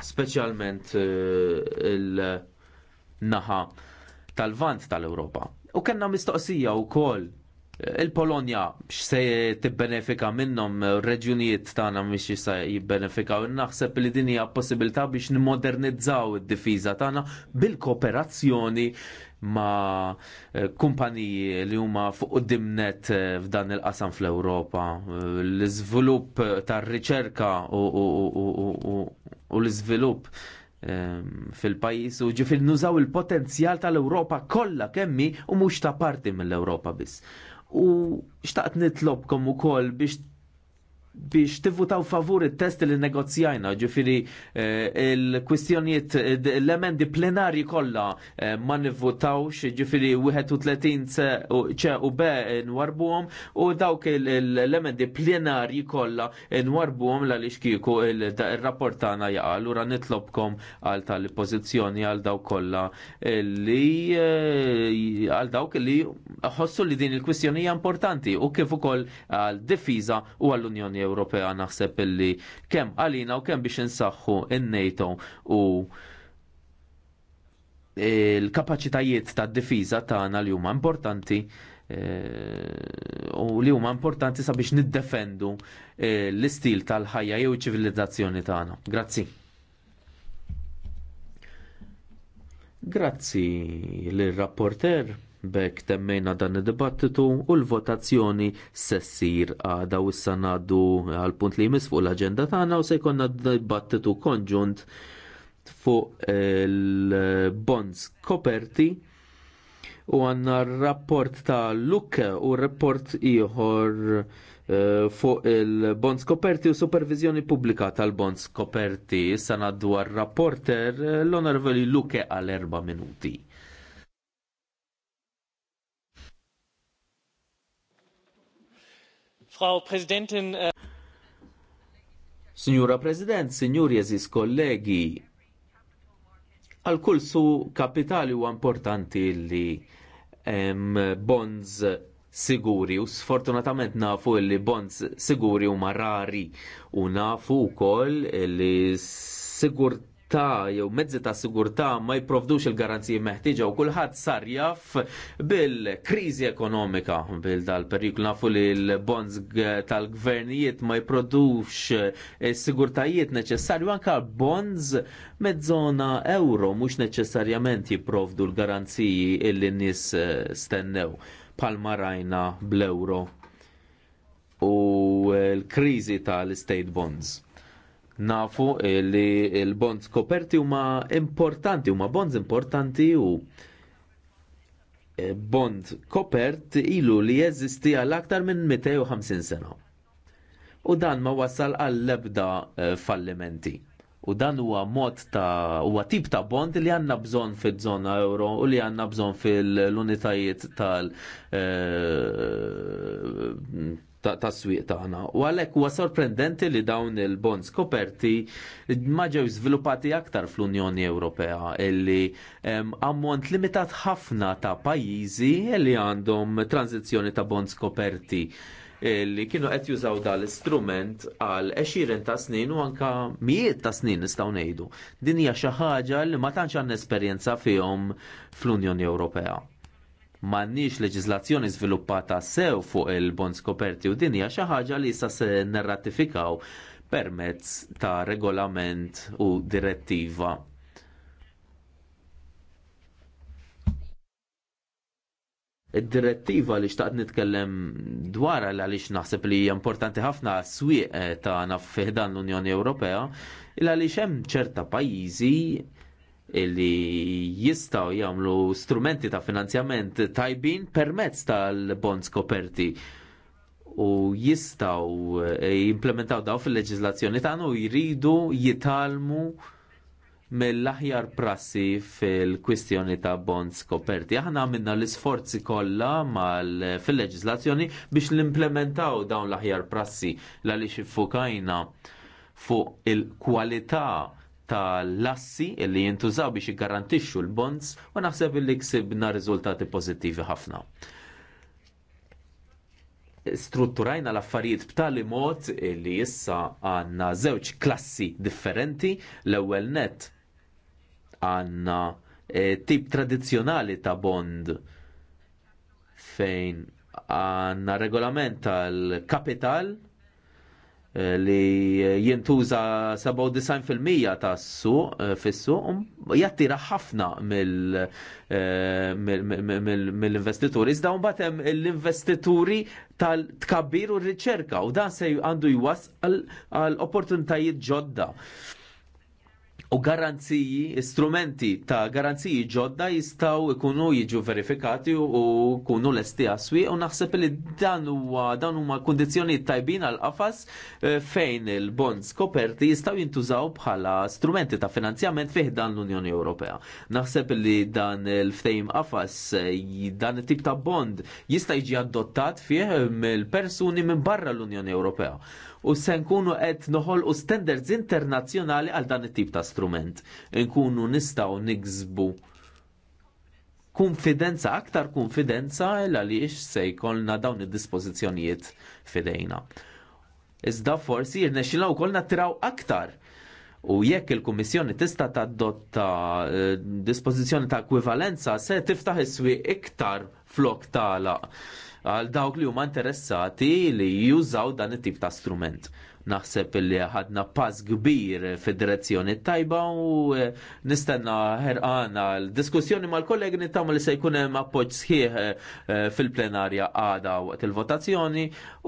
speċjalment eh, il-naħa tal-vant tal-Ewropa. U kellna mistoqsija wkoll eh, il-Polonja x'se tibbenefika minnhom reġjunijiet tagħna mhix jista' jibbenefikaw. Naħseb li din hija possibilità biex nimmodernizzaw id-difiża tagħna bil-kooperazzjoni ma eh, kumpaniji li huma fuq dimnet eh, f'dan il-qasam fl-Ewropa. Eh, l-iżvilupp tar-riċerka u l-iżvilupp ehm, fil-pajis u ġifir nużaw il-potenzjal tal-Ewropa kollha kemmi u mhux ta' parti mill-Ewropa biss. U xtaqt nitlobkom ukoll biex biex tivvutaw favur il-test li negozjajna, ġifiri eh, il-kwistjoniet, eh, l-emendi plenari kolla eh, ma nivvutawx, ġifiri 31 ċe u be nwarbuhom u dawk l-emendi plenari kolla nwarbuhom la li xkiku il-rapportana jaqal, ura nitlobkom għal tal-pozizjoni għal dawk kolla li għal dawk li ħossu li din il-kwistjoni importanti u kif ukoll għal difiża u għall-Unjoni unjoni Ewropea naħseb illi kemm għalina u kemm biex insaħħu in-NATO u il-kapacitajiet ta' difiża tagħna li huma importanti eh, u li huma importanti sabiex niddefendu eh, l-istil tal-ħajja jew ċivilizzazzjoni tagħna. Grazzi. Grazzi l-rapporter. Bekk temmejna dan id-dibattitu u l-votazzjoni sessir għada u issa ngħaddu għal punt li jmiss fuq l-aġenda tagħna u se jkollna dibattitu konġunt fuq il-bonds koperti u għanna rapport ta' Luke u rapport ieħor eh, fuq il-bonds koperti u supervizjoni pubblika tal-bonds koperti. Issa għal rapporter l-onorveli Luke għal erba' minuti. Frau Präsidentin. Äh, Signora President, signori eżis kollegi, għal kull su kapitali u importanti li em, bonds siguri u sfortunatament nafu li bonds siguri u marrari u nafu kol li sigurt ta' jew mezzi ta' sigurtà ma jipprovdux il-garanziji meħtieġa u kulħadd sar jaff bil-kriżi ekonomika bil dal-periklu nafu li l-bonds tal-gvernijiet ma jiprodux sigurtajiet neċessarju anka bonds mezzona euro mhux neċessarjament jipprovdu l-garanziji illi nies eh, stennew palma rajna bl-euro u eh, l-kriżi tal state bonds nafu li l-bonds koperti huma importanti, huma bonds importanti u e, bond kopert ilu li jeżisti għal aktar minn 250 sena. U dan ma wasal għal ebda e, fallimenti. U dan huwa mod ta' huwa tip ta' bond li għandna bżonn fiż-żona euro u li għandna bżonn fil-unitajiet tal e, ta' swieq tagħna. U għalhekk huwa sorprendenti li dawn il-bonds koperti ma ġew żviluppati aktar fl-Unjoni Ewropea illi ammont limitat ħafna ta' pajjiżi li għandhom tranzizzjoni ta' bonds koperti li kienu qed jużaw dal-istrument għal eċirin ta' snin u anka mijiet ta' snin nistgħu ngħidu. Din hija xi ħaġa li ma tantx għandna esperjenza fihom fl-Unjoni Ewropea m'għandniex leġiżlazzjoni żviluppata sew fuq il-bonds koperti u dinja xi ħaġa li issa se nirratifikaw permezz ta' regolament u direttiva. Id-direttiva li xtaqt nitkellem dwar għal għaliex naħseb li hija importanti ħafna swieq ta' fiħdan l-Unjoni Ewropea, il għaliex hemm ċerta pajjiżi Illi jistaw jagħmlu strumenti ta' finanzjament tajbin permezz tal-bonds koperti u jistaw jimplementaw eh, daw fil-leġizlazzjoni tagħna u jridu jitalmu mill-aħjar prassi fil-kwistjoni ta' bonds koperti. Aħna għamilna l-isforzi kollha fil leġizlazzjoni biex l-implementaw dawn l-aħjar prassi l għalix fukajna fuq il-kwalità tal-lassi li jintużaw biex jiggarantixxu l-bonds u naħseb li ksibna riżultati pożittivi ħafna strutturajna l-affarijiet b'tali mod li issa għandna żewġ klassi differenti l-ewwel net għandna eh, tip tradizzjonali ta' bond fejn għandna regolament tal-kapital Eh, li jintuża 97% ta' s-suq eh, fissu um, jattira ħafna eh, mill-investituri. Iżda mbagħad hemm l-investituri tal-tkabbir u r-riċerka u dan se għandu jwassal għal opportunitajiet ġodda. U garanziji, strumenti ta' garanziji ġodda jistaw ikunu jiġu verifikati u kunu l-esti għaswi u naħseb li dan huwa dan huma kondizjoni tajbin għal qafas eh, fejn il-bonds koperti jistaw jintużaw bħala strumenti ta' finanzjament fih dan l-Unjoni Ewropea. Naħseb li dan il-ftejm qafas eh, dan it-tip ta' bond jista' jiġi adottat fih eh, mill-persuni minn barra l-Unjoni Ewropea u se nkunu qed noħolqu standards internazzjonali għal dan it-tip ta' strument. Nkunu nistgħu nigżbu konfidenza, aktar konfidenza għaliex se jkollna dawn id-dispożizzjonijiet fidejna. Iżda forsi jirnexxilna wkoll nattiraw aktar U jekk il-Kummissjoni tista' tadotta eh, dispożizzjoni ta' ekwivalenza se tiftaħ iswi iktar flok tagħlaq għal dawk li huma interessati li jużaw dan it-tip ta' strument. Naħseb li ħadna pass kbir fid-direzzjoni tajba u eh, nistenna ħerqana l-diskussjoni mal-kollegi nittam li se jkun hemm appoġġ sħiħ eh, fil-plenarja għada waqt il-votazzjoni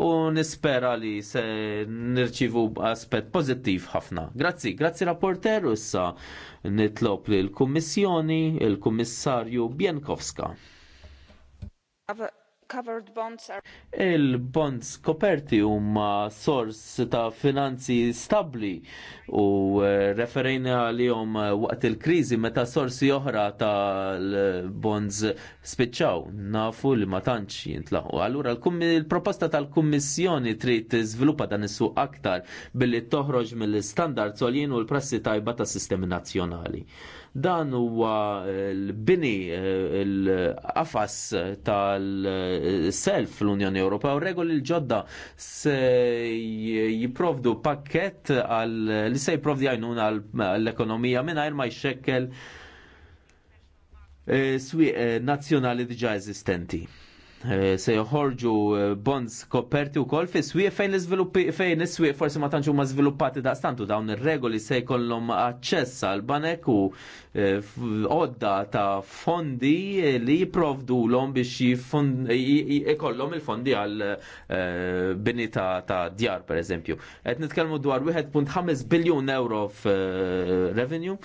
u nispera li se nirċivu aspett pożittiv ħafna. Grazzi, grazzi rapporter u issa nitlob li l-Kummissjoni, il-Kummissarju Bienkowska covered bonds are Il-bonds koperti huma sors ta' finanzi stabli u eh, referejna għalihom eh, waqt il-kriżi meta sorsi oħra ta bonds spiċċaw nafu li ma tantx jintlaħu. Allura l-proposta tal-Kummissjoni trid tiżviluppa dan is-suq aktar billi toħroġ mill-standards għoljien u l-prassi tajba ta' sistemi nazzjonali. Dan huwa eh, l-bini eh, l-qafas tal-self l-Unjoni Ewropea u regoli l-ġodda se jiprovdu pakket għal li se jiprovdi għajnuna l-ekonomija mingħajr ma jxekkel eh, swieq nazzjonali diġà eżistenti. Eh, se joħorġu eh, bonds koperti u kol fi swieq fejn fejn is-swieq forsi ma tantx huma żviluppati daqstantu dawn ir-regoli se jkollhom aċċess għal banek u eh, odda ta' fondi li jiprovdu l-om biex jikollhom il-fondi għal bini ta' djar per eżempju. Qed nitkellmu dwar 1.5 biljun euro f'revenue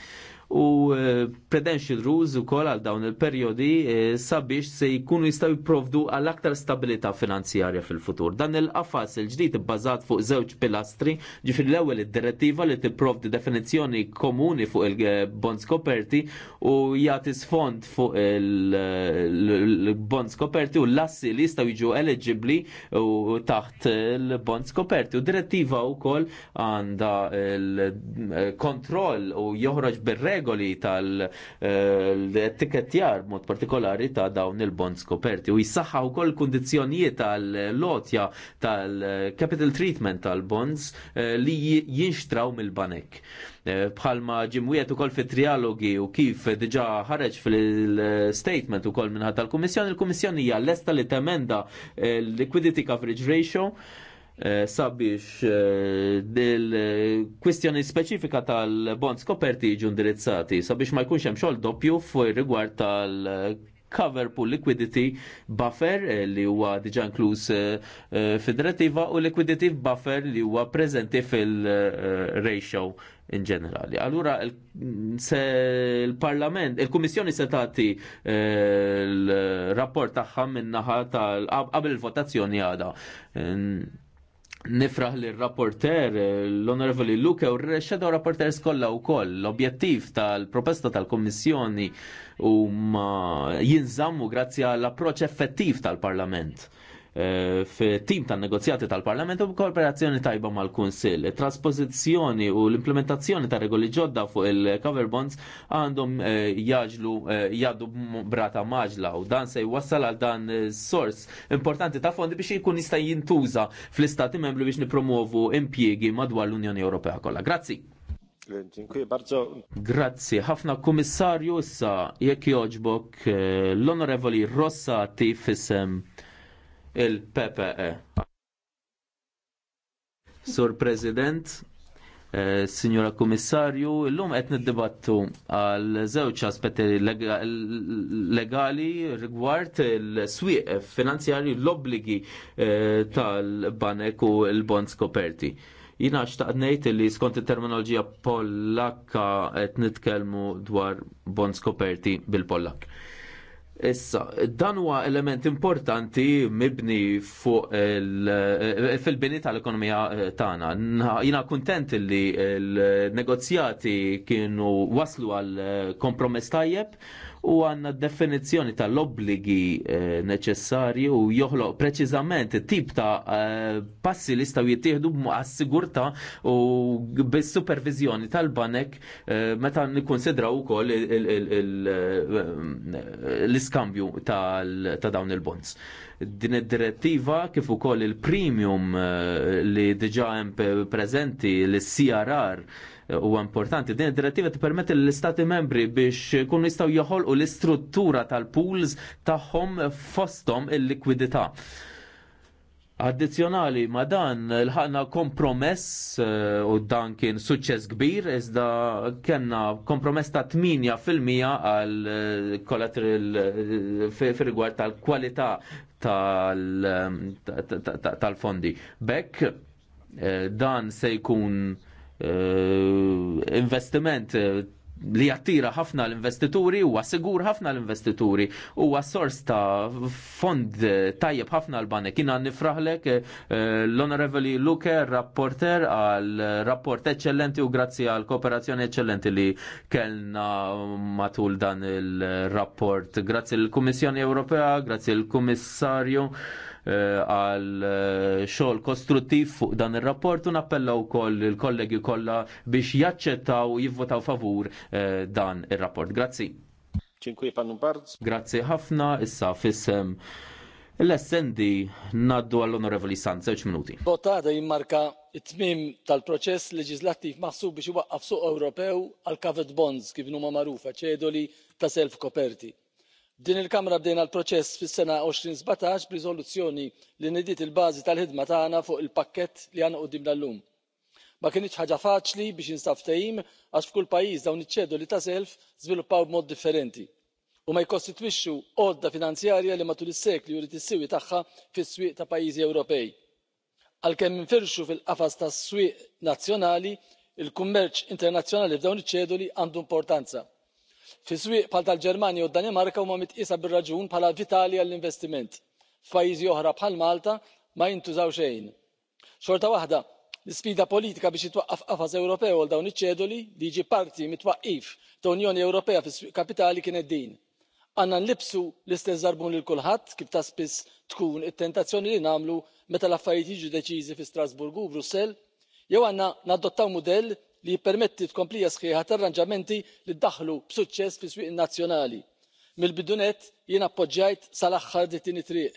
u eh, prudential rules u kol għal dawn il-periodi eh, sabiex se jkunu jistaw jiprovdu għal aktar stabilita finanzjarja fil-futur. Dan il-qafas il-ġdid bazat fuq żewġ pilastri, ġifir l-ewwel id-direttiva li tipprovdi definizzjoni komuni fuq il-bonds koperti u jagħti sfond fuq il-bonds koperti u l-assi li jistaw jiġu eligibli u taħt il-bonds koperti. U direttiva wkoll għandha il-kontroll eh, u joħroġ bir regoli tal-etikettjar eh, mod partikolari ta' dawn il-bonds koperti u jissaħħa wkoll kundizzjonijiet tal-lotja tal-capital treatment tal-bonds eh, li jinxtraw mil banek eh, bħalma ġimwiet u kol fi trialogi u kif diġa ħareġ fil-statement u kol minnħat tal-Komissjoni, il-Komissjoni hija l-esta li temenda liquidity Coverage Ratio Eh, sabiex eh, dil-kwistjoni eh, speċifika tal-bonds koperti jiġu indirizzati sabiex ma jkunx hemm xogħol doppju fuq rigward tal- cover pool liquidity buffer li huwa diġa inkluż fid-direttiva u liquidity buffer li huwa preżenti fil-ratio in ġenerali. Allura il-Parlament, il-Kummissjoni se tagħti l-rapport tagħha min-naħa tal qabel il-votazzjoni għada. Ehm, nifraħ li rapporter l-Onorevoli Luke u r-xedaw rapporter skolla u koll. L-objettiv tal-proposta tal-Kommissjoni u ma jinżammu grazzi għall approċ effettiv tal-Parlament. Eh, fit-tim tan negozjati tal-Parlament u kooperazzjoni tajba mal-Kunsill. T-Traspożizzjoni u l-implementazzjoni ta' regoli ġodda fuq il-cover bonds għandhom eh, jaġlu eh, jaddu brata maġla u dan se jwassal għal dan sors importanti ta' fondi biex jkun jista' jintuża fl-istati membru biex nipromuovu impjiegi madwar l-Unjoni Ewropea kollha. Grazzi. Grazzi, ħafna kummissarju issa jekk joġbok l-onorevoli Rossati fissem il-PPE. Sur President, eh, Signora Kommissarju, illum qed niddibattu għal żewġ aspetti legali rigward il-swieq finanzjarju l-obbligi eh, tal-banek u l-bonds koperti. Jina xtaqt ngħid li skont it-terminoloġija pollakka qed nitkellmu dwar bonds koperti bil-Pollak. Issa, dan huwa element importanti mibni fuq eh, fil-bini tal-ekonomija eh, tagħna. Jina kuntent li l-negozjati kienu waslu għal eh, kompromess tajjeb u għanna definizzjoni tal-obbligi eh, neċessarji u joħloq preċiżament tip ta' eh, passi li staw jittieħdu għas-sigurta u bis-supervizjoni tal-banek eh, meta nikkonsidraw ukoll eh, l-iskambju ta' dawn il-bonds din id-direttiva kif ukoll il-premium li diġa hemm preżenti l-CRR huwa importanti. Din id-direttiva tippermetti l-istati membri biex kunu jistgħu joħolqu l-istruttura tal-pools tagħhom fosthom il-likwidità. Addizzjonali ma dan l-ħana kompromess eh, u dan kien suċċess kbir iżda kenna kompromess ta' 8% għal kollateral eh, eh, fir-rigward tal-kwalità tal-fondi. Bekk dan se jkun Eh, investiment eh, li jattira ħafna l-investituri u għassigur ħafna l-investituri u għassors ta' fond tajjeb ħafna l-banek. Kina nifraħlek eh, l honorable Luke, rapporter għal rapport eccellenti u grazzi għal kooperazzjoni eccellenti li kellna matul dan il-rapport. Grazzi l-Kommissjoni Ewropea, grazzi l-Kommissarju. Eh, għal eh, xogħol kostruttiv fuq dan ir-rapport u nappella wkoll il-kollegi kollha biex jaċċettaw jivvotaw favur eh, dan ir-rapport. Grazzi. Dziękuję panu bardzo. Grazzi ħafna issa fissem l-essendi naddu għall-onorevoli Sant, zewċ minuti. Votada jimmarka it-tmim tal-proċess leġislattiv maħsub biex waqqaf suq Ewropew għal covered bonds kif huma magħrufa ċedoli ta' self koperti din il kamra bdejna l-proċess fis-sena two thousand and sbatax b'riżoluzzjoni li nidiet il bażi tal ħidma tagħna fuq il pakkett li għandna qudiemna llum. ma kinitx ħaġa faċli biex jinstab ftehim għax f'kull pajjiż dawn iċ-ċeduli ta' self żviluppaw b'mod differenti u ma jkostitwixxu għodda finanzjarja li matul is-sekli uriet is-siewi tagħha fis-swieq ta' pajjiżi ewropej. għalkemm infirxu fil qafas tas-swieq nazzjonali il kummerċ internazzjonali f'dawn iċ ċeduli għandu importanza fi swieq bħal tal-ġermanja u d-danimarka huma mitqisa bir raġun bħala vitali għall investiment f'pajjiżi oħra bħal malta ma jintużaw xejn. xorta waħda l-isfida politika biex jitwaqqaf qafas ewropew għal dawn iċ-ċeduli li jiġi parti mitwaqqif ta' unjoni ewropea fis-swieq kapitali kienet din għandna nlibsu l-istess żarbun lil kulħadd kif ta' spiss tkun it tentazzjoni li nagħmlu meta l affarijiet jiġu deċiżi fi strasburgu u brussell jew għandna nadottaw mudell li jippermetti tkomplija sħiħa tarranġamenti li ddaħħlu b'suċċess fis-swieq nazzjonali. mill bidu nett jien appoġġjajt sal aħħar din it triq.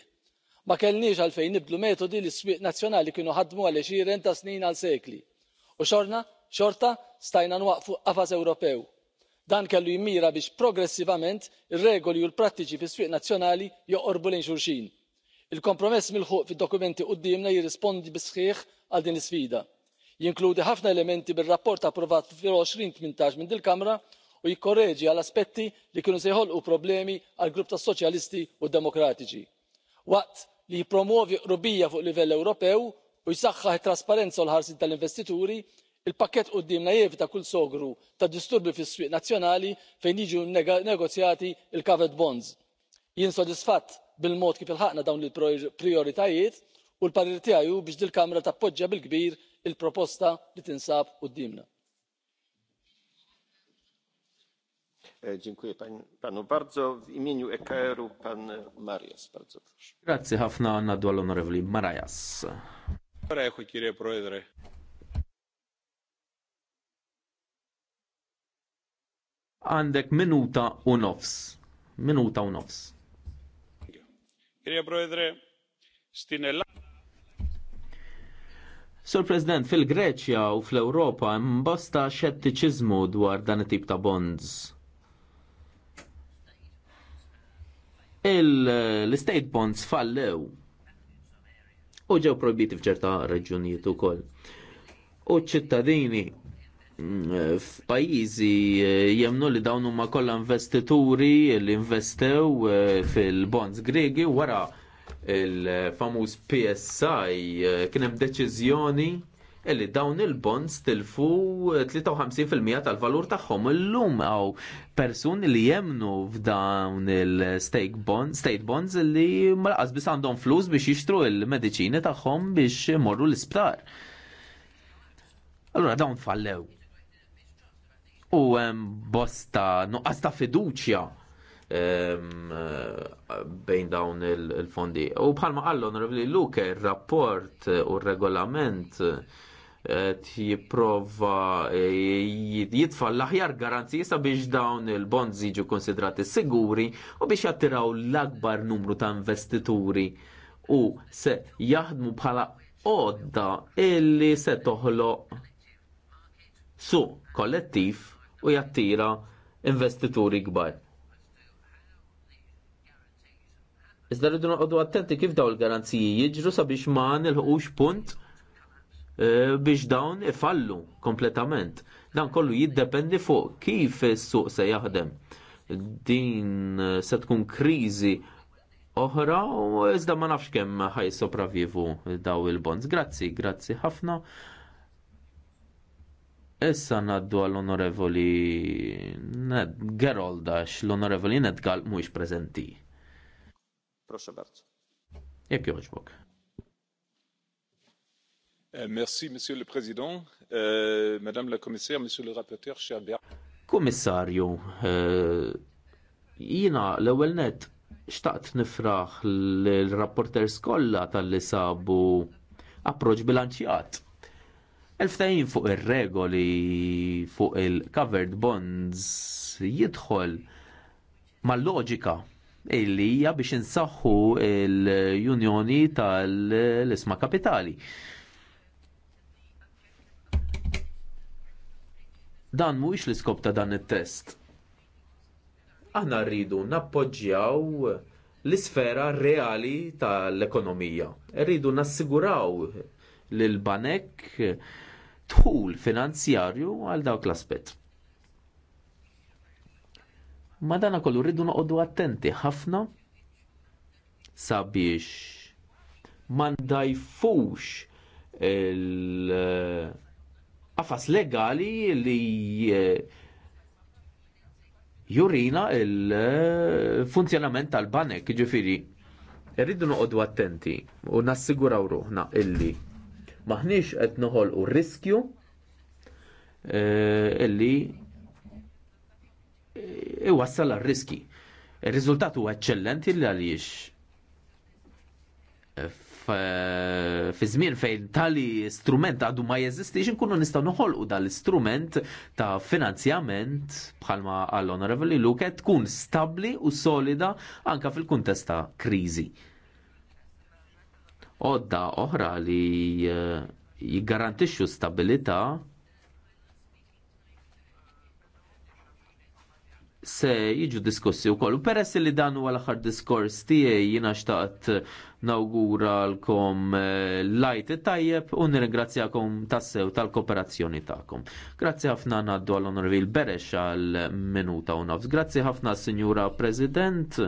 ma kellniex għalfejn nibdlu metodi li s-swieq nazzjonali kienu ħadmu għal għexieren ta' snin għal sekli u xorta stajna nwaqfu qafas ewropew. dan kellu jmira biex progressivament ir regoli u l prattiċi fis-swieq nazzjonali joqorbu lejn xulxin. il kompromess milħuq fid dokumenti qudiemna jirrispondi bi sħiħ għal din is-sfida jinkludi ħafna elementi bir rapport approvat fil għoxrin minn din il-kamra u jikkorreġi għal aspetti li kienu se jħolqu problemi għall grupp tas-soċjalisti u demokratiċi waqt li jippromovi qrubija fuq livell ewropew u jsaħħaħ it trasparenza u l ħarsien tal investituri il pakkett qudiemna jevita kull sogru ta' disturbi fis-swieq nazzjonali fejn jiġu nnegozjati l covered bonds. jien sodisfatt bil mod kif ilħaqna dawn il prijoritajiet u l parir tiegħi hu biex din il kamra tappoġġja bil kbir il proposta li tinsab qudiemna. Grazzi ħafna għanna dwar l-Onorevoli Marajas. Għandek minuta u Minuta u nofs. Proedre, stinella. Sur President, fil-Greċja u fl-Ewropa imbosta xettiċiżmu dwar dan it-tip ta' bonds. l-state bonds fallew u ġew probiti f'ċerta reġunijiet ukoll. U ċittadini mm, f'pajjiżi eh, jemnu li dawn huma kollha investituri li investew eh, fil-bonds Gregi wara il-famuż PSI eh, kien hemm deċiżjoni illi dawn il-bonds tilfu 53% tal-valur tagħhom illum għaw persuni li jemnu f'dawn il-state bonds, state bonds li malqas biss għandhom flus biex jixtru il-mediċini tagħhom biex morru l-isptar. Allura dawn fallew. U hemm bosta nuqqas ta' fiduċja Eh, bejn dawn il-fondi. U bħalma għallu, l Luke, il-rapport u regolament jiprofa eh, eh, jitfa l-aħjar garanzija biex dawn il-bonds jiġu konsidrati siguri u biex jattiraw l-akbar numru ta' investituri u se jaħdmu bħala odda illi se toħloq su kollettiv u jattira investituri kbar. Iżda rridu noqogħdu attenti kif daw il-garanziji jiġru sabiex ma nilħuqux punt e, biex dawn ifallu kompletament. Dan kollu jiddependi fuq kif is-suq se jaħdem. Din e, se tkun kriżi oħra u iżda ma nafx kemm ħaj sopravvivu daw il-bonds. Grazzi, grazzi ħafna. Issa naddu għall-onorevoli Ned Geroldax, l-onorevoli Ned Gal mhuwiex preżenti. Proszę bardzo. Jak bok. Eh, merci, Monsieur le Président, euh, Madame la Commissaire, Monsieur le Rapporteur, cher Bernard. Komissarju, euh, jina l-ewel net xtaqt nifraħ l rapporter skolla tal-li sabu approċ bilanċjat. Elftajn fuq ir-regoli fuq il-covered bonds jidħol mal-loġika illi hija biex insaħħu l-Unjoni tal-Isma Kapitali. Dan mhuwiex l-iskop ta' dan it-test. Aħna rridu nappoġġjaw l-isfera reali tal-ekonomija. Rridu nassiguraw lil banek tħul finanzjarju għal dawk l-aspett dana kollu rridu noqogħdu attenti ħafna sabiex ma ndajfux il-qafas legali li jurina il-funzjonament tal-banek, ġifiri, rridu noqogħdu attenti u nassiguraw ruħna illi maħniex qed noħolqu riskju eh, illi iwassal għal riski. Il-riżultat huwa eċċellenti li għaliex eh, fi żmien fejn tali strument għadu ma jeżistix inkunu nistgħu noħolqu dal-istrument ta' finanzjament bħalma għall onorevoli Luke tkun stabbli u solida anka fil-kuntest ta' kriżi. Odda oħra li eh, jiggarantixxu stabilità se jiġu diskussi u koll. Peress li dan u għal aħħar diskors tiegħi jina xtaqt nawgura l-kom eh, lajt tajjeb u nirringrazzjakom tassew tal-kooperazzjoni tagħkom. Grazzi ħafna ngħaddu għall onorvil Berex għal minuta u nofs. Grazzi ħafna Signora President.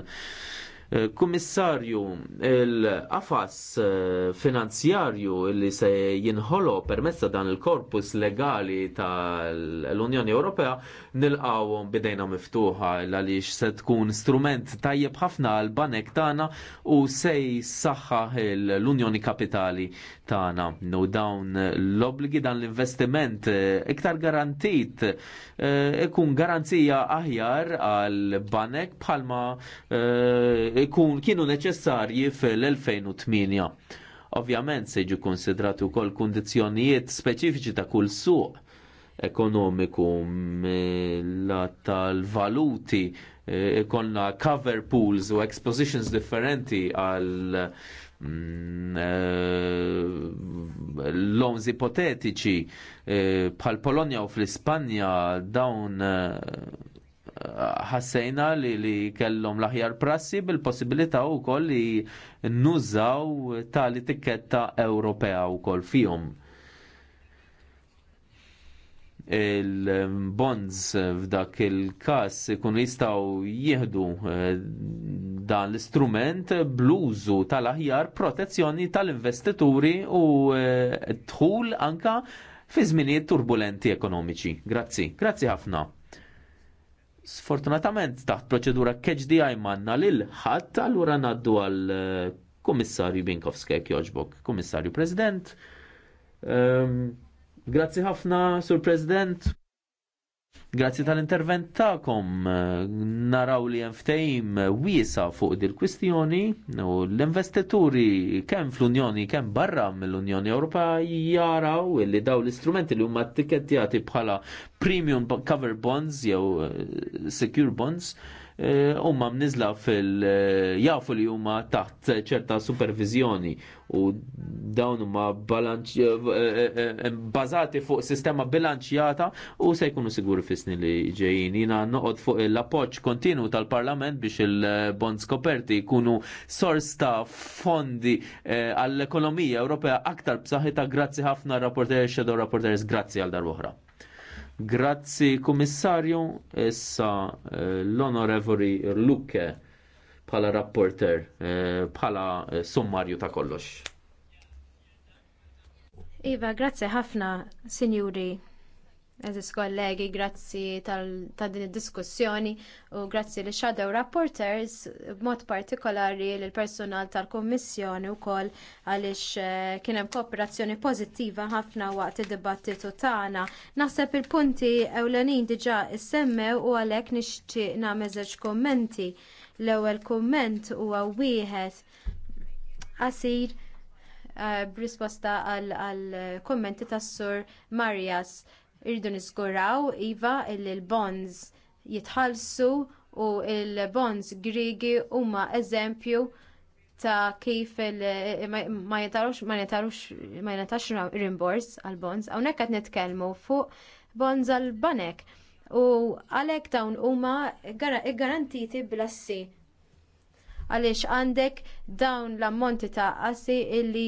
Kummissarju, l qafas eh, finanzjarju li se jinħolo permessa dan il-korpus legali tal-Unjoni Ewropea nilqawhom bidejna miftuħa għaliex se tkun strument tajjeb ħafna għal banek tagħna u se jsaħħaħ l-Unjoni Kapitali tagħna. No dawn l-obligi dan l-investiment eh, iktar garantit eh, ikun garanzija aħjar għal banek bħalma ikun kienu neċessarji fil-2008. Ovvjament se jiġu konsidrati wkoll kundizzjonijiet speċifiċi ta' kull suq ekonomiku tal-valuti e, konna cover pools u expositions differenti għal mm, e, loans ipotetiċi bħal e, polonia u fl-Ispanja dawn ħassejna li, li kellhom l-aħjar prassi bil-possibilità wkoll li nużaw tal tikketta Ewropea wkoll fihom il-bonds f'dak il każ ikunu jistgħu jieħdu eh, dan l-istrument bluzu tal-aħjar protezzjoni tal-investituri u eh, dħul anka fi żminijiet turbulenti ekonomiċi. Grazzi, grazzi ħafna. Sfortunatament taħt proċedura KHDI manna lil ħadd allura ngħaddu għal eh, Kummissarju Binkowski jogħġbok, Kummissarju President. Um, Grazzi ħafna, Sur President. Grazzi tal-intervent ta'kom naraw li hemm wisa wiesa fuq dil-kwistjoni u l-investituri kemm fl-Unjoni kemm barra mill-Unjoni Ewropea jaraw li daw l-istrumenti li huma tikettjati bħala premium cover bonds jew eh, secure bonds Eh, umma mnizla fil-jafu eh, li huma taħt ċerta supervizjoni u dawn huma eh, bazati fuq sistema bilanċjata u se jkunu siguri fisni li ġejjin. Jina noqod fuq l-appoġġ kontinu tal-Parlament biex il-bonds koperti jkunu sors ta' fondi għall-ekonomija Ewropea aktar b'saħħitha grazzi ħafna rapporters, shadow rapporters, grazzi għal darbohra. Grazzi kummissarju, issa eh, l-onorevoli Luke bħala rapporter, bħala eh, eh, sommarju ta' kollox. Iva, grazzi ħafna, sinjuri Eżis kollegi, grazzi ta' din id-diskussjoni u grazzi li shadow rapporters b'mod partikolari l personal tal-Kommissjoni u koll għalix eh, kienem kooperazzjoni pozittiva ħafna waqt id-dibattitu tagħna. Naħseb il-punti ewlenin diġa issemmew u għalhekk nixtieq nagħmel kommenti. L-ewwel kumment huwa wieħed qasir eh, b'risposta għal kommenti tas-sur Marjas Irridu niżguraw iva l bonds jitħallsu u l bonds Griegi huma eżempju ta' kif ma jitarux ma jitarux ma rimbors għal bonds hawnhekk qed nitkellmu fuq bonds għal banek u għalhekk dawn huma garantiti bl-assi għaliex għandek dawn l-ammonti ta' qassi illi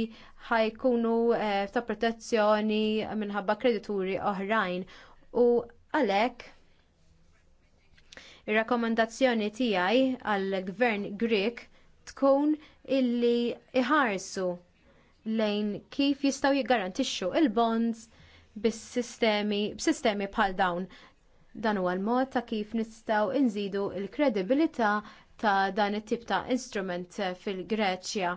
ħajkunu eh, ta' protezzjoni minħabba kredituri oħrajn. U għalhekk ir-rakkomandazzjoni tiegħi għall-Gvern Grek tkun illi iħarsu lejn kif jistgħu jiggarantixxu il bonds bis-sistemi bħal dawn. Dan huwa l-mod ta' kif nistgħu nżidu l kredibilità ta' dan it-tip ta' instrument eh, fil-Greċja.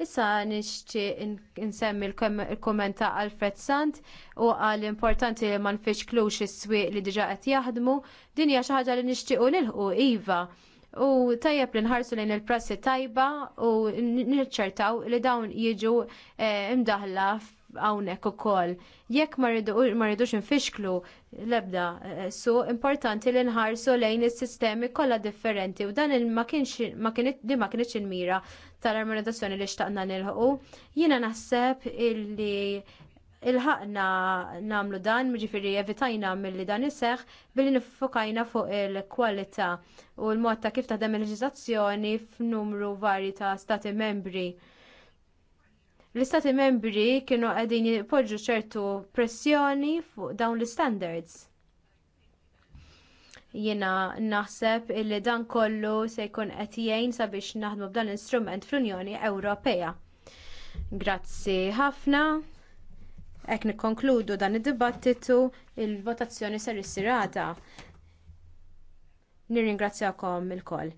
Issa nixtieq insemmi l-komment ta' Alfred Sant u għal importanti li ma klux is-swieq li diġa' qed jaħdmu, din hija xi ħaġa li nixtiequ nilħu iva. U tajjeb li nħarsu lejn il-prassi tajba u nirċertaw li dawn jiġu eh, imdaħla hawnhekk ukoll. Jekk ma rridux infixklu l-ebda eh, su importanti li nħarsu lejn is-sistemi kollha differenti u dan ma kienx ma il-mira tal-armonizzazzjoni li xtaqna nilħu. Jiena naħseb illi il-ħakna namlu dan, mġifiri evitajna mill-li dan isseħ, billi nifokajna fuq il-kwalità u l-mod ta' kif taħdem il-leġizazzjoni f'numru varji ta' stati membri. L-istati membri kienu qegħdin jipoġġu ċertu pressjoni fuq dawn l istandards Jiena naħseb illi dan kollu se jkun qed jgħin sabiex naħdmu b'dan l-istrument fl-Unjoni Ewropea. Grazzi ħafna. Hekk nikkonkludu dan id-dibattitu il-votazzjoni ser issirata. Nirringrazzjakom ilkoll.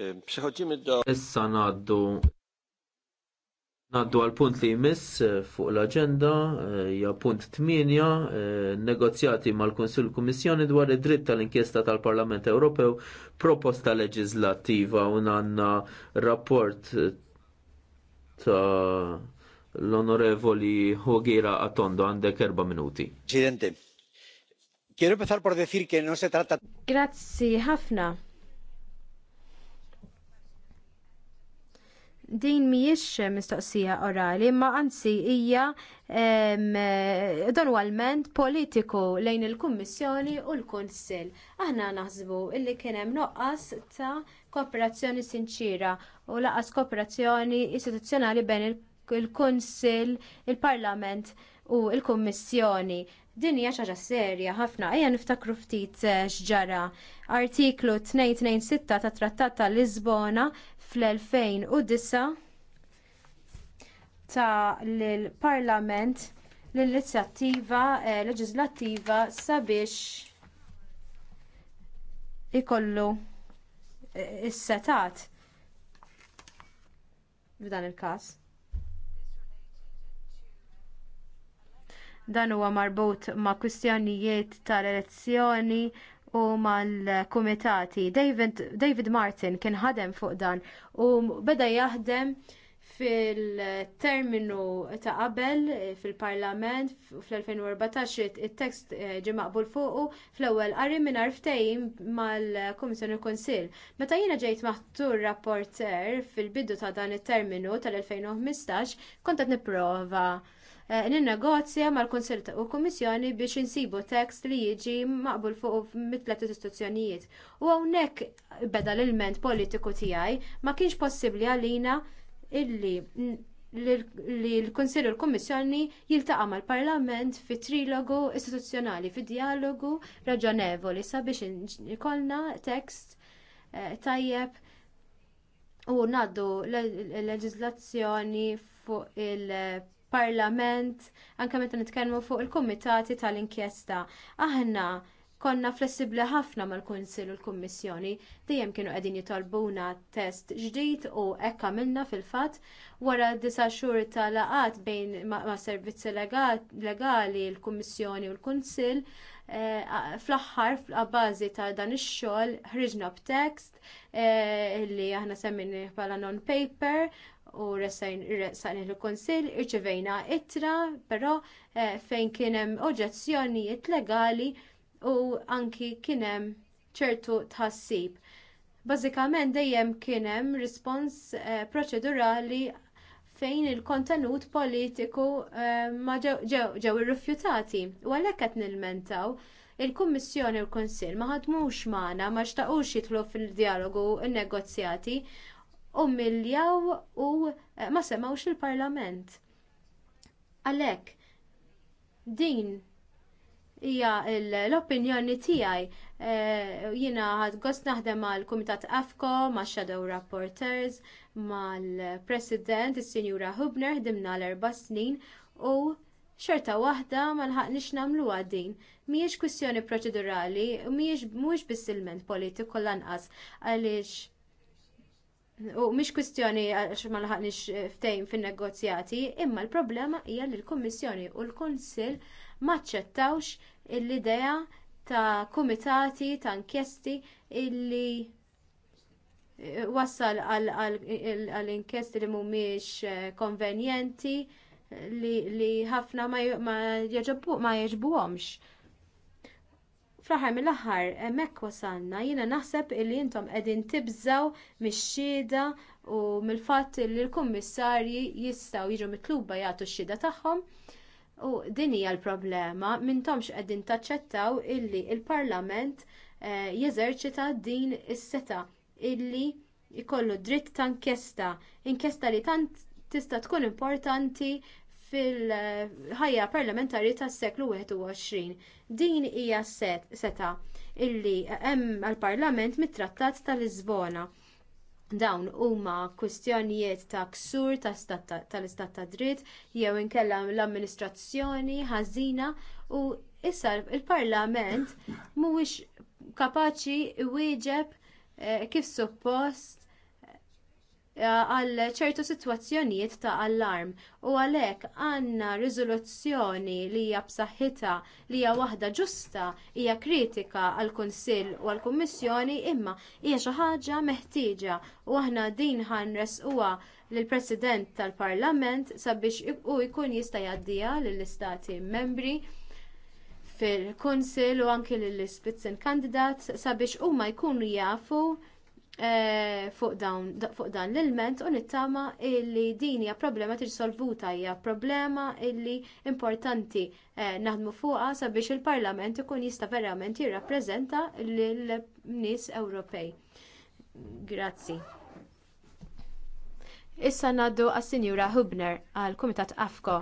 id do... Issa naddu Naddu għal punt li jmiss eh, fuq l-agenda, eh, ja punt 8, eh, negozjati mal-Konsil Kummissjoni dwar id-dritt tal-inkjesta tal-Parlament Ewropew, proposta leġislativa un għanna rapport ta' l-onorevoli Hogira Atondo għandek erba minuti. Presidente, quiero por decir se Grazzi, ħafna. din mhijiex mistoqsija orali, ma anzi hija donwalment politiku lejn il-Kummissjoni u l-Kunsill. Aħna naħsbu illi kien hemm noqqas ta' kooperazzjoni sinċira u laqas kooperazzjoni istituzzjonali bejn il-Kunsill, il-Parlament u l kummissjoni Din hija xi ħaġa serja ħafna ejja niftakru ftit eh, x'ġara. Artiklu 226 tat Trattat ta' Lisbona fl-2009 ta' l-Parlament l-inizjattiva eh, leġislattiva sabiex ikollu eh, is-setat f'dan il-każ. Dan huwa marbut ma' kwistjonijiet tal-elezzjoni u mal-kumitati. David, David Martin kien ħadem fuq dan u beda jaħdem fil-terminu ta' qabel fil-parlament fl-2014 it-tekst eh, ġie maqbul fuqu fl-ewwel qari mingħajr ftehim mal-Kummissjoni Kunsill. Meta jiena ġejt maħtur rapporter fil-bidu ta' dan it-terminu tal-2015 kont qed nipprova Eh, ninnegozja mal-Kunsill u Kummissjoni biex insibu tekst li jiġi maqbul fuq mitlet istituzzjonijiet. U hawnhekk beda l-ilment politiku tiegħi ma kienx possibbli għalina illi li l-Konsil u l-Kommissjoni jiltaqa' mal-Parlament fi trilogu istituzzjonali, fi dialogu raġonevoli sabiex ikollna tekst eh, tajjeb u naddu leġizlazzjoni fuq il- parlament, anke meta nitkellmu fuq il-kumitati tal-inkjesta. Aħna konna flessibbli ħafna mal-Kunsill u l-Kummissjoni, dejjem kienu qegħdin jitolbuna test ġdid u hekk għamilna fil-fatt wara disa' xhur ta' laqat bejn ma' servizzi legali, l-Kummissjoni u l-Kunsill Eh, fl-aħħar fl-bażi ta' dan ix-xogħol ħriġna b'tekst eh, li aħna semmin bħala non-paper u ressajn il-konsil irċivejna ittra, però eh, fejn kien hemm oġezzjonijiet legali u anki kien hemm ċertu tħassib. Bażikament dejjem kien hemm rispons proċedurali fejn il-kontenut politiku eh, ma ġew irrifjutati. U għalhekk qed nilmentaw il-Kummissjoni u l-Konsil ma ħadmux magħna ma xtaqux jidħlu fil-dialogu n-negozjati u miljaw eh, u ma semawx il-Parlament. Għalhekk din hija l-opinjoni tiegħi eh, jiena ħad gost naħdem mal kumitat AFCO, ma' Shadow Rapporters, mal-President, is-Sinjura Hubner, ħdimna l-erba snin u xorta waħda ma nħaqnix namlu għaddin. Miex kwistjoni proċedurali, miex mux bis-silment politiku lanqas għaliex U mhix kwistjoni għax ma laħaqniex eh, ftejn fin-negozjati, imma l-problema hija li l-Kummissjoni u l-Kunsill aċċettawx l-idea ta' kumitati ta' inkjesti illi wassal għal inkjesti li mhumiex eh, konvenjenti li ħafna ma jogħġbuhomx. Fl-aħħar mill-aħħar hemmhekk wasalna jiena naħseb illi intom qegħdin tibżaw mix-xhieda u mill-fatt li l-kummissarji jistgħu jiġu mitluba jagħtu x-xhieda tagħhom. U din hija l-problema mintomx qegħdin taċċettaw illi l parlament eh, jeżerċita din is-seta' illi jkollu dritt ta' inkjesta, inkjesta li tant tista' tkun importanti fil-ħajja parlamentari tas seklu 21. Din hija set, seta illi hemm għall-Parlament mit-Trattat ta' Lisbona. Dawn huma kwistjonijiet ta' ksur tal-istat ta' dritt jew inkella l-amministrazzjoni ħażina u issa l parlament mhuwiex kapaċi iwieġeb Eh, kif suppost eh, għal ċertu sitwazzjonijiet ta' allarm u għalhekk għandna riżoluzzjoni li hija b'saħħitha li hija waħda ġusta hija kritika għall kunsill u għall kummissjoni imma hija xi ħaġa meħtieġa u aħna din huwa lill-President tal-Parlament sabiex u jkun jista' jgħaddiha lill-Istati membri fil konsil u anki l-Spitzen kandidat sabiex huma jkunu jafu eh, fuq dan l-ilment u nittama illi din hija problema tirsolvuta hija problema illi importanti eh, naħdmu fuqha sabiex il-Parlament ikun jista' verament jirrappreżenta l nies Ewropej. Grazzi. Issa naddu għas-Sinjura Hubner għall kumitat AFCO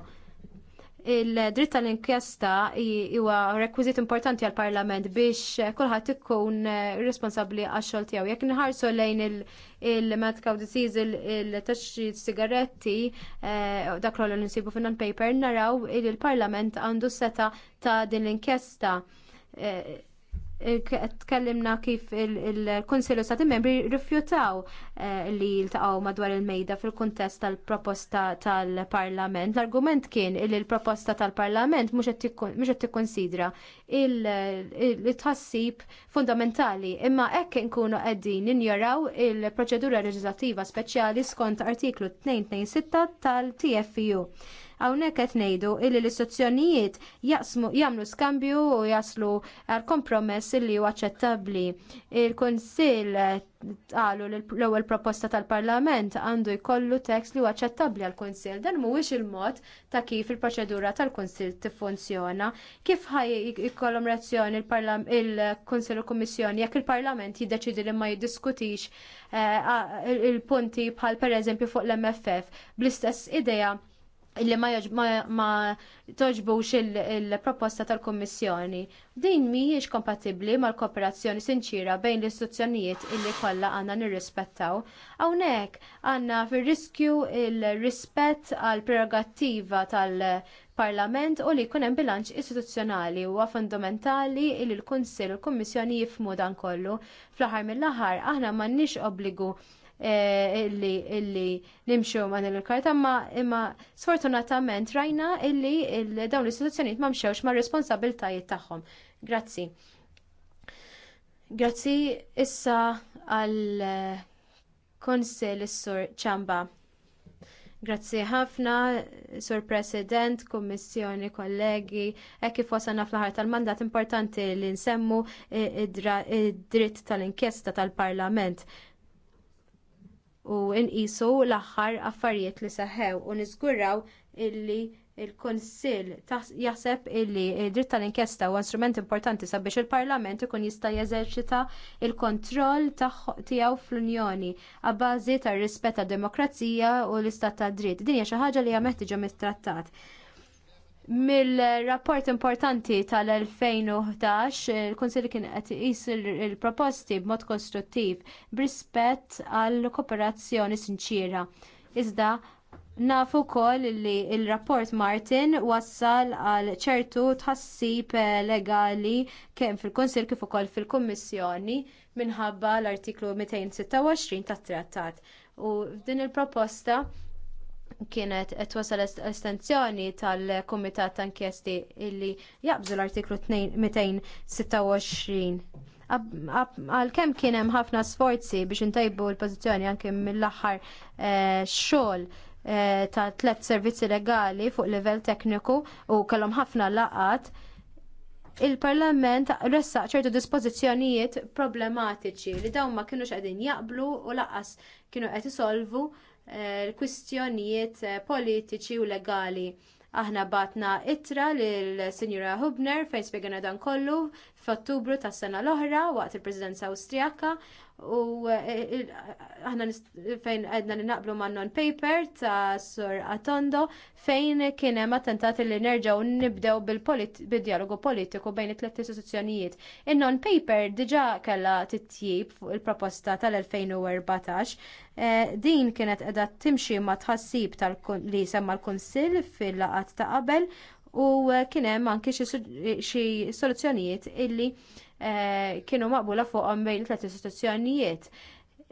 il-dritt tal-inkjesta huwa rekwiżit importanti għall parlament biex kulħadd ikun eh, responsabbli għax-xogħol tiegħu. Jekk nħarsu lejn il-medical disease il-taxxi sigaretti eh, dak l nsibu fin paper naraw il-Parlament għandu seta ta' din l-inkjesta eh, tkellimna kif il-Konsilju Stati Membri rifjutaw eh, li jiltaqgħu madwar il-mejda fil-kuntest tal-proposta tal-Parlament. L-argument kien li l-proposta tal-Parlament mhux qed tikkonsidra il-tħassib fundamentali imma hekk inkunu qegħdin ninjaraw il-proċedura leġislattiva speċjali skont artiklu 226 tal-TFU. Hawnhekk qed ngħidu illi l-istituzzjonijiet jagħmlu skambju u jaslu għal kompromess illi huwa aċċettabbli. Il-Kunsill qalu l-ewwel proposta tal-Parlament għandu jkollu tekst li huwa aċċettabbli għal kunsill Dan mhuwiex il-mod ta' kif il-proċedura tal-Kunsill tiffunzjona. Kif ħaj jkollom reazzjoni il-Kunsill u Kummissjoni jekk il-Parlament jiddeċidi li ma jiddiskutix eh, il-punti bħal pereżempju fuq l-MFF bl-istess idea illi ma toġbux il-proposta tal kummissjoni Din mhijiex kompatibbli mal-kooperazzjoni sinċira bejn l-istituzzjonijiet illi kollha għandna nirrispettaw. Hawnhekk għandna fir-riskju il-rispett għall prerogattiva tal-Parlament u li jkun hemm bilanċ istituzzjonali huwa fundamentali li l-Kunsill u l-Kummissjoni jifhmu dan kollu. Fl-aħħar mill-aħħar aħna m'għandniex obbligu Eh, illi nimxu ma' din il-karta imma imma sfortunatament rajna illi dawn l-istituzzjonijiet ma' mxewx ma' responsabiltajiet tagħhom. Grazzi. Grazzi issa għal eh, konsil is-sur ċamba. Grazzi ħafna, Sur President, Kommissjoni, kollegi, e kif wasalna fl-ħar tal-mandat importanti li nsemmu eh, id-dritt tal-inkjesta tal-Parlament u nqisu l-aħħar affarijiet li saħew u niżguraw illi il-Konsil jaħseb illi dritt tal-inkjesta huwa strument importanti sabiex il-Parlament ikun jista' jeżerċita l kontroll tiegħu fl-Unjoni għabbażi tar-rispett tad-demokrazija u l-istat tad dritt. Din hija xi ħaġa li hija meħtieġa mit-trattat. Mill-rapport importanti tal-2011, il-Konsil kien qed iqis il-proposti b'mod kostruttiv b'rispett għall kooperazzjoni sinċira. Iżda nafu wkoll li l rapport Martin wassal għal ċertu tħassib legali kemm fil-Konsil kif ukoll fil-Kummissjoni minħabba l-artiklu 226 tat-trattat. U f'din il-proposta kienet qed wasal estensjoni tal-Kumitat ta' inkjesti illi jaqbżu l-artiklu 226. Għalkemm kien hemm ħafna sforzi biex intajbu l-pożizzjoni anke mill-aħħar eh, xogħol eh, ta' tliet servizzi legali fuq livell tekniku u kellhom ħafna laqat il-Parlament ressaq ċertu dispożizzjonijiet problematiċi li dawn ma kinux qegħdin jaqblu u laqas kienu qed isolvu Eh, l-kwistjonijiet eh, politiċi u legali. Aħna batna ittra l Sinjura Hubner fejn spiegħna dan kollu f'Ottubru tas sena l-oħra waqt il-Presidenza Awstrijaka u eh, eh, eh, aħna fejn għedna li naqblu ma' non-paper ta' Sur Atondo fejn kien hemm attentati li nerġgħu nibdew bil-dialogu politiku bejn it-tliet istituzzjonijiet. In-non-paper diġà kellha titjib fuq il-proposta tal-2014. Din kienet qiegħda timxi ma' tħassib tal li semma l-Kunsill fil-laqat ta' qabel u eh, kien hemm anke xi soluzzjonijiet illi eh, kienu maqbula fuqhom bejn tliet istituzzjonijiet.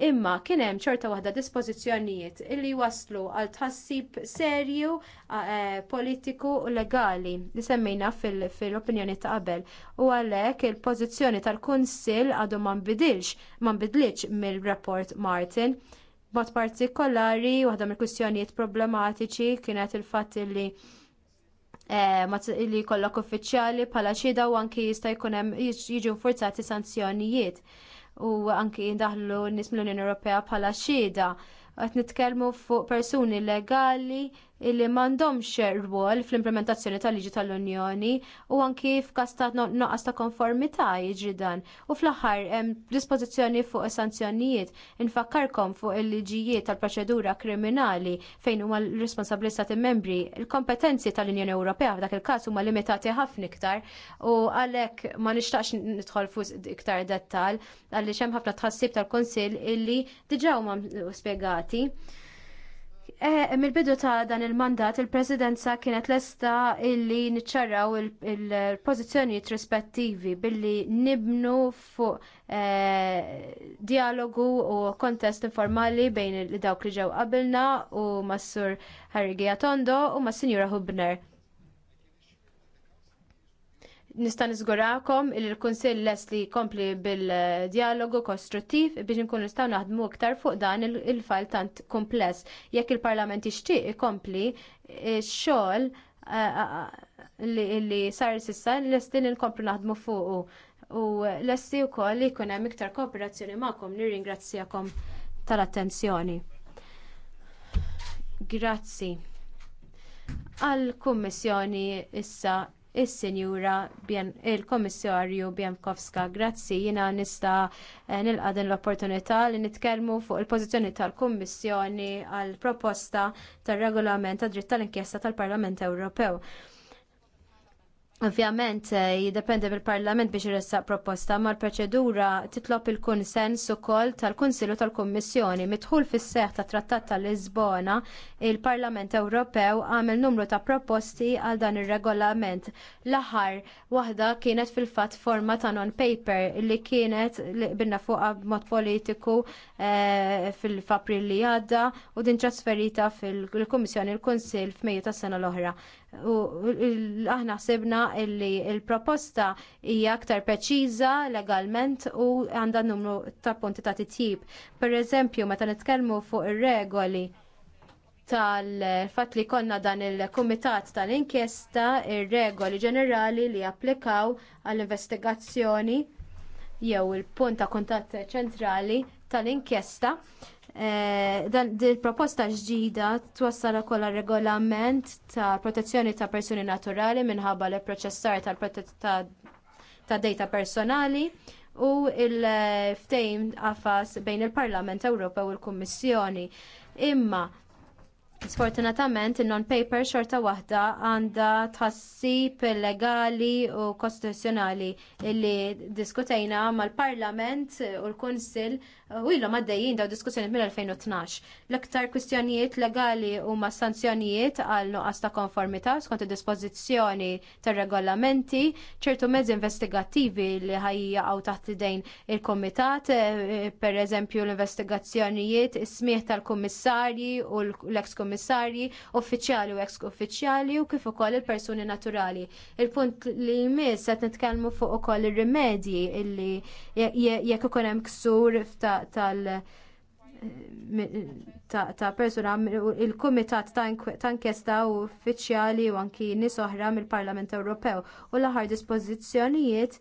Imma kien hemm ċerta waħda dispożizzjonijiet illi waslu għal tħassib serju eh, politiku u legali li semmejna fil-opinjoni ta' qabel. U għalhekk il-pożizzjoni tal-Kunsill għadu ma nbidilx, ma nbidlitx mill-rapport Martin. B'mod partikolari, waħda mill-kwistjonijiet problematiċi kienet il-fatt li Eh, li jkollok uffiċjali bħala xhieda u anki jista' jkun hemm jiġu forzati sanzjonijiet u anki n nies mill-Unjoni Ewropea bħala xhieda qed nitkellmu fuq persuni legali illi m'għandhomx rwol fl-implementazzjoni tal-liġi tal-Unjoni u anki f'każ ta' noqqas ta' konformità jiġri dan. U fl-aħħar hemm dispożizzjoni fuq sanzjonijiet infakkarkom fuq il-liġijiet tal-proċedura kriminali fejn huma responsabbli stati membri. Il-kompetenzi tal-Unjoni Ewropea f'dak il-każ huma limitati ħafna iktar u għalhekk ma nixtaqx nidħol fuq iktar dettal għaliex hemm ħafna tħassib tal-Kunsill illi diġà huma spjegati. Eh, mill-bidu ta' dan il-mandat il-presidenza kienet lesta illi niċċarraw il-pozizjonijiet rispettivi billi nibnu fuq eh, dialogu u kontest informali bejn dawk li ġew qabilna u massur Harry Tondo u mas-Sinjura Hubner nista' niżgurakom li l-Kunsill lest li jkompli bil-dialogu kostruttiv biex nkun nistgħu naħdmu iktar fuq dan il-fajl tant kumpless. Jekk il-Parlament ixtieq ikompli x-xogħol li sar sissa lesti li nkomplu naħdmu fuq. U lesti wkoll li jkun hemm iktar kooperazzjoni magħkom nirringrazzjakom tal-attenzjoni. Grazzi. Għal kummissjoni issa is-Sinjura il-Komissarju Bjankowska. Grazzi jiena nista eh, nilqa din l-opportunità li nitkellmu fuq il-pożizzjoni tal-Kummissjoni għall proposta tar-regolament tad dritt tal-inkjesta tal-Parlament Ewropew. Ovvjament eh, jiddependi mill-Parlament biex iressaq proposta, ma l-proċedura titlob il-konsens ukoll tal-Kunsillu tal-Kummissjoni. Midħul fis seħħ tat Trattat tal-Lisbona, il-Parlament Ewropew għamel numru ta' proposti għal dan ir-regolament. L-aħħar waħda kienet fil-fatt forma ta' non-paper li kienet li binna fuqha b'mod politiku e, eh, fil april li għadda u din trasferita fil-Kummissjoni l-Kunsill f'Mejju tas-sena l-oħra. U aħna ħsibna li l proposta hija aktar preċiża legalment u għandha numru ta' punti ta' titjib. Pereżempju, meta nitkellmu fuq ir-regoli tal-fat li konna dan il-Kumitat tal-inkjesta ir-regoli ġenerali li applikaw għall-investigazzjoni jew il-punt ta' kuntatt ċentrali tal-inkjesta Eh, dan proposta ġdida twassal ukoll regolament ta' protezzjoni ta' persuni naturali minħabba l proċessar ta' data personali u l ftejm għafas bejn il-Parlament Ewropew u l-Kummissjoni. Imma Sfortunatament, il-non-paper xorta waħda għandha tħassib legali u kostituzzjonali li diskutejna mal-Parlament u l kunsill u ilhom għaddejjin daw diskussjoni mill-2012. L-aktar kwistjonijiet legali huma sanzjonijiet għal nuqqas ta' konformità skont id-dispożizzjoni tar-regolamenti, ċertu mezzi investigattivi li ħajja għaw taħt idejn il-Komitat, eh, per eżempju l-investigazzjonijiet, is-smieħ tal-Kummissarji u l-ex-Kummissarji kummissarji uffiċjali u eks uffiċjali u kif ukoll il-persuni naturali. Il-punt li jmiss qed nitkellmu fuq ukoll ir-rimedji illi jekk ikun hemm ksur tal ta' persuna il-Kumitat ta' inkjesta u uffiċjali u anki nies oħra mill-Parlament Ewropew u l-aħħar dispożizzjonijiet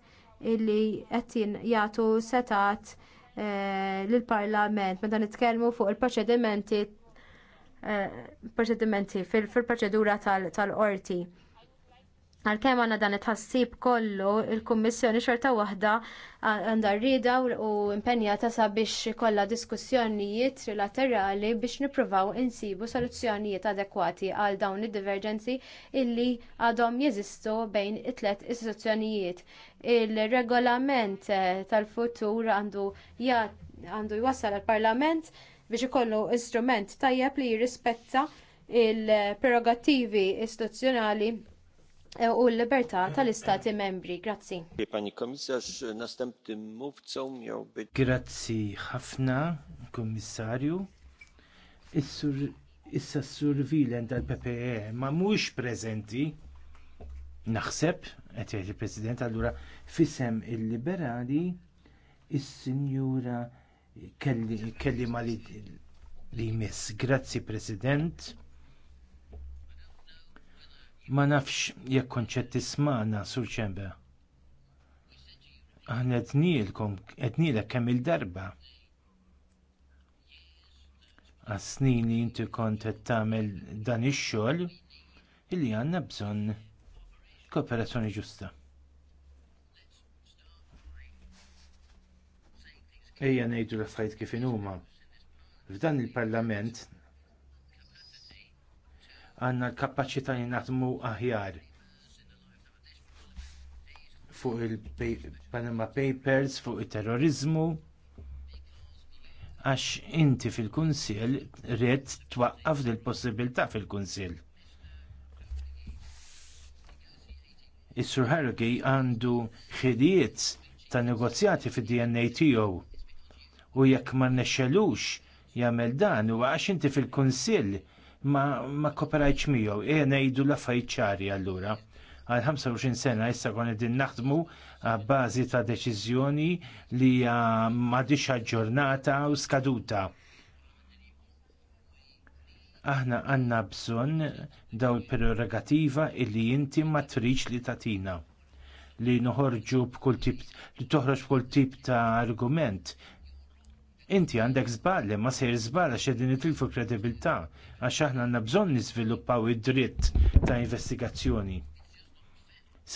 illi qed jagħtu setat eh, lill parlament meta nitkellmu fuq il-proċedimenti Eh, proċedimenti fil-proċedura tal-qorti. Għalkemm għandna dan it-ħassib kollu, il-Kummissjoni xorta waħda għandha rrida u impenjata sabiex kollha diskussjonijiet trilaterali biex nippruvaw insibu soluzzjonijiet adekwati għal dawn id-divergenzi illi għadhom jeżistu bejn it-tlet istituzzjonijiet. Il-regolament eh, tal-futur għandu jwassal il parlament biex ikollu instrument tajjeb li jirrispetta il-prerogativi istituzzjonali eh, u l-libertà tal-istati membri. Grazzi. Pani komisarz, nastem mówcą miał być... Grazzi ħafna, komissarju. Issa s-survilen tal-PPE ma mux prezenti, naħseb, għetjajt il-President, għallura fissem il-liberali, il-Sinjura il sinjura kelli ma li jmiss. Grazzi, President. Ma nafx jekk konċett tismana sur ċembe. Aħna etnilkom, etnilek kemm il-darba. Għas-snin li inti kont qed tagħmel dan ix-xogħol illi għandna bżonn kooperazzjoni ġusta. Ejja ngħidu l-affarijiet kif huma. F'dan il-Parlament għandna l-kapaċità li naħdmu aħjar fuq il-Panama Papers, fuq it terrorizmu għax inti fil-Kunsill rrid twaqqaf dil possibilità fil-Kunsill. Is-Sur Harrogate għandu ħiliet ta' negozjati fid-DNA tiegħu U jekk ma nexxelux jagħmel dan huwa għax inti fil-Kunsill ma, ma koperajċ miegħu, e ngħidu la fajċari allura. Għal 25 sena issa kon qegħdin naħdmu bażi ta' deċiżjoni li m'għadix aġġornata u skaduta. Aħna għandna bżonn daw il-prerogativa illi inti ma trix li tatina li noħorġu b'kull tip li toħroġ b'kull tip ta' argument Inti għandek żball li ma sejr żball għax qegħdin itilfu kredibilità għax aħna għandna bżonn niżviluppaw id-dritt ta' investigazzjoni.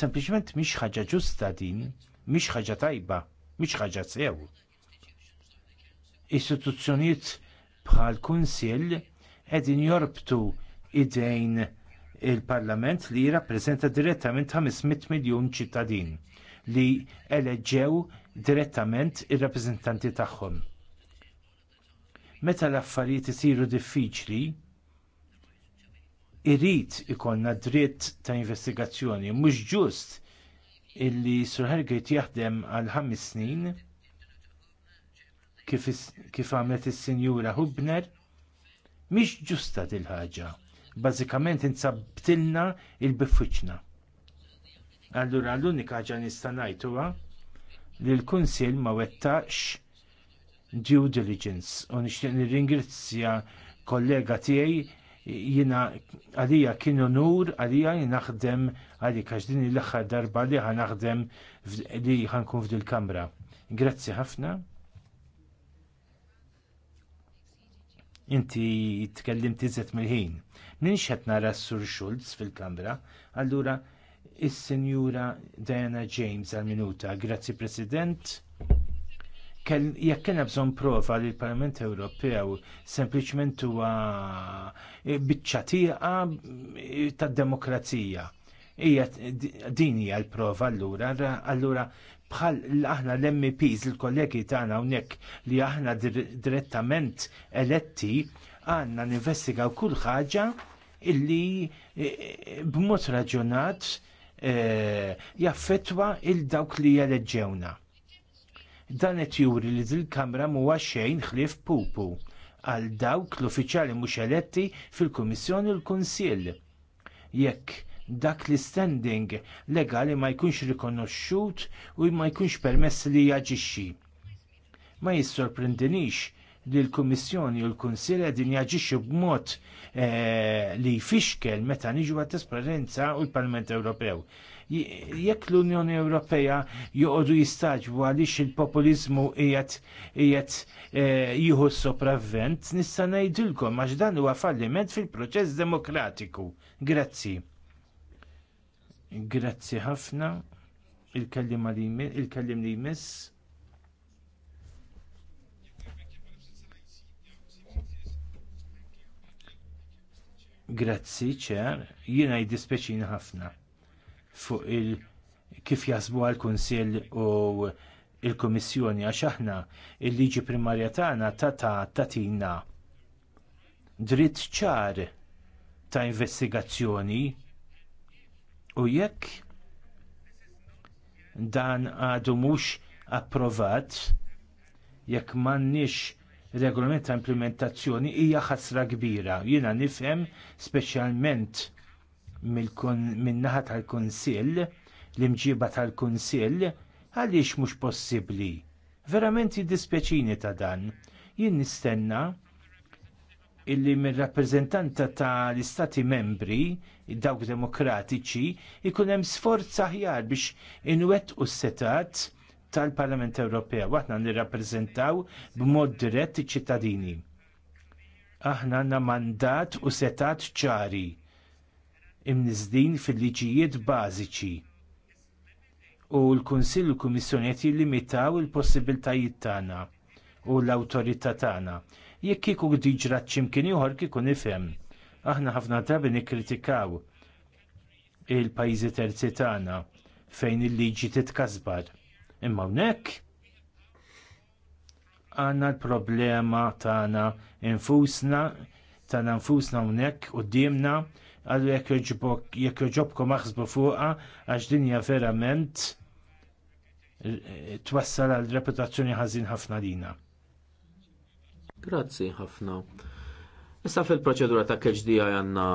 Sempliċement mhix ħaġa ġusta din, mhix ħaġa tajba, mhix ħaġa sew. Istituzzjonijiet bħal kunsill qegħdin jorbtu idejn il-Parlament li jirrappreżenta direttament 500 miljun ċittadin li eleġġew direttament ir-rappreżentanti tagħhom. Meta l-affarijiet isiru diffiċli, irrid ikollna dritt ta' investigazzjoni, mhux ġust illi Sir Hergate jaħdem għal ħames snin kif għamlet is-Sinjura Hubner, mhix ġusta dil ħaġa Bażikament insabtilna il-bifuċna. Allura l-unika ħaġa nista' ngħid huwa li l-Kunsill ma wettax due diligence u nixtieq nirringrazzja kollega tiegħi jina għalija kienu nur, għalija naħdem għalik għax din l-axħar darba li naħdem li ħankun f'dil kamra. Grazzi ħafna. Inti tkellim iżet mill-ħin. Ninxet nara s-sur Schulz fil-kamra, allura is-senjura Diana James għal-minuta. Grazzi President jekk kellna bżon prova li l-Parlament Ewropew sempliċement huwa eh, biċċa tieqa eh, tad-demokrazija. Hija din hija l-prova allura, allura bħal aħna l-MPs, il-kollegi tagħna hawnhekk li aħna direttament eletti għandna ninvestigaw kull ħaġa illi eh, b'mod raġunat jaffetwa il dawk li jeleġġewna. Dan qed juri li din kamra huwa xejn ħlief pupu għal dawk l-uffiċjali mhux eletti fil-Kummissjoni u l-Kunsill. Jekk dak li standing legali ma jkunx rikonoxxut u ma jkunx permess li jaġixxi. Ma jissorprendinix li l-Kummissjoni u l-Kunsil qegħdin jaġixxu b'mod eh, li jfixkel meta niġu għat-trasparenza u l-Parlament Ewropew. Jekk l-Unjoni Ewropea joqogħdu jistaġbu għaliex il-populizmu qiegħed eh, jieħu sopravvent, nista' ngħidilkom għax dan huwa falliment fil-proċess demokratiku. Grazzi. Grazzi ħafna il-kellim li jmiss. Grazzi ċer, jiena jiddispeċina ħafna fuq il kif jasbu għal kunsill u l kummissjoni għax aħna il-liġi primarja tagħna tata tatina dritt ċar ta' investigazzjoni u jekk dan għadu mhux approvat jekk m'għandniex regolament ta' implementazzjoni hija ħasra kbira. Jiena nifhem speċjalment min-naħa tal-Kunsill, l-imġiba tal-Kunsill, għaliex mhux possibbli. Verament jiddispjaċini ta' dan. Jien nistenna illi mir rappreżentanta tal istati membri, dawk demokratiċi, ikun hemm sforz aħjar biex inwettqu s-setat tal-Parlament Ewropew, aħna nirrappreżentaw b'mod dirett iċ-ċittadini aħna għandna mandat u setat ċari imnizdin fil-liġijiet bażiċi. U l-Kunsill u l-Kummissjoni qed jillimitaw il-possibiltajiet tagħna u l-awtorità tagħna. Jekk kieku diġrat x'imkien ieħor kieku nifhem. Aħna ħafna drabi nikkritikaw il-pajjiżi terzi tagħna fejn il-liġi titkasbar. Imma hawnhekk għandna l-problema tagħna infusna tagħna nfusna hawnhekk qudiemna għallu jekk joġobkom maħsbu fuqa għax dinja verament eh, twassal għal reputazzjoni ħażin ħafna dina. Grazzi ħafna. Issa fil-proċedura ta' KHDI għanna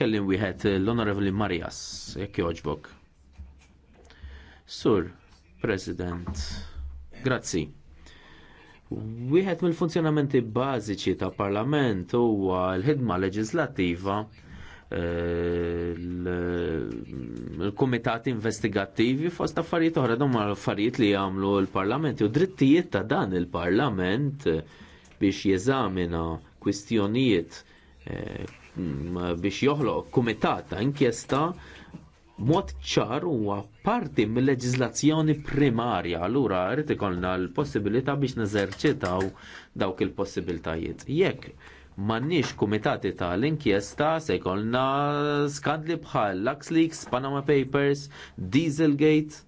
kellim wieħed l-Onorevoli Marias, jekk joġbok. Sur, President, grazzi. Wieħed mill-funzjonamenti bażiċi ta' Parlament huwa l-ħidma leġislattiva il eh, kumitati investigattivi fost affarijiet oħra dom affarijiet li jagħmlu l-Parlament u drittijiet ta' dan il-Parlament biex jeżamina kwistjonijiet eh, biex joħloq kumitat ta' inkjesta mod ċar huwa parti mill-leġiżlazzjoni primarja, allura rrid ikollna l-possibilità biex neżerċitaw dawk il-possibilitajiet. Jekk Mannix kumitati tal-inkjesta se jkollna skandli bħal LuxLeaks, Panama Papers, Dieselgate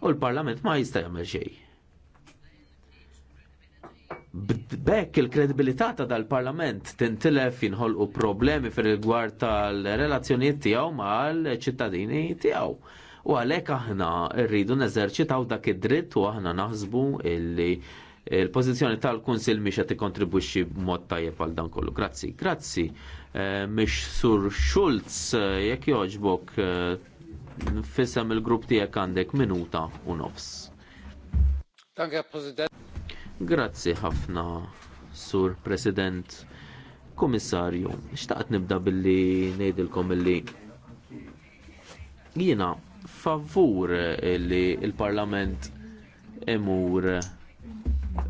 u l-Parlament ma jista' jagħmel xejn. Bekk il-kredibilità ta' dal-Parlament tintilef jinħolqu problemi fir rigward tal-relazzjonijiet tiegħu mal-ċittadini tiegħu. U għalhekk aħna rridu neżerċitaw dak id-dritt u aħna naħsbu illi il-pożizzjoni tal-Kunsil miex qed ikkontribwixxi b'mod tajjeb għal dan kollu. Grazzi, grazzi. Eh, miex sur Schulz eh, jekk joġbok eh, fissem il-grupp tiegħek għandek minuta u nofs. Danke, President. Grazzi ħafna, Sur President. Komissarju, xtaqt nibda billi ngħidilkom illi jiena favur li l parlament imur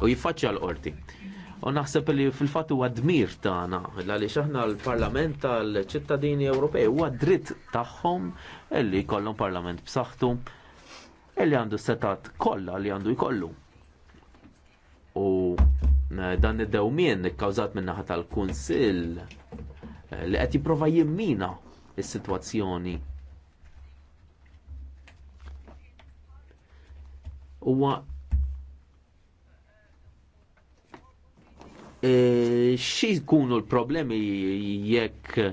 u jiffaċċja l-qorti. U naħseb li fil-fatt huwa dmir tagħna għaliex aħna l-Parlament tal-ċittadini Ewropej huwa dritt tagħhom illi jkollhom parlament b'saħħtu illi għandu setat kollha li għandu jkollu. U eh, dan id-dewmien ikkawżat min-naħa tal-Kunsill eh, li qed jipprova jimmina is-sitwazzjoni huwa E, xie kunu l-problemi jekk e,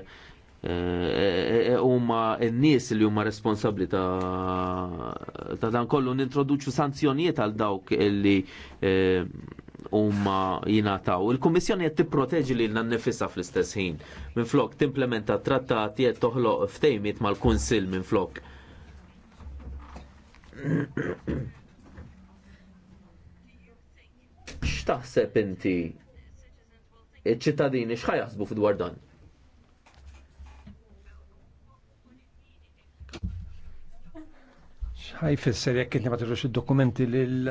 e, huma n-nies li huma responsabbli ta' dan kollu nintroduċu sanzjonijiet għal dawk li huma jingħataw. Il-Kummissjoni qed tipproteġi lil nnifisha fl-istess ħin. Minflok timplementa trattati qed toħloq ftejmiet mal-Kunsill minflok. [clears throat] X'taħseb inti ċittadini xħaj jaħsbu fidwar dan? ħaj fisser jekk inti ma tirrux id-dokumenti lil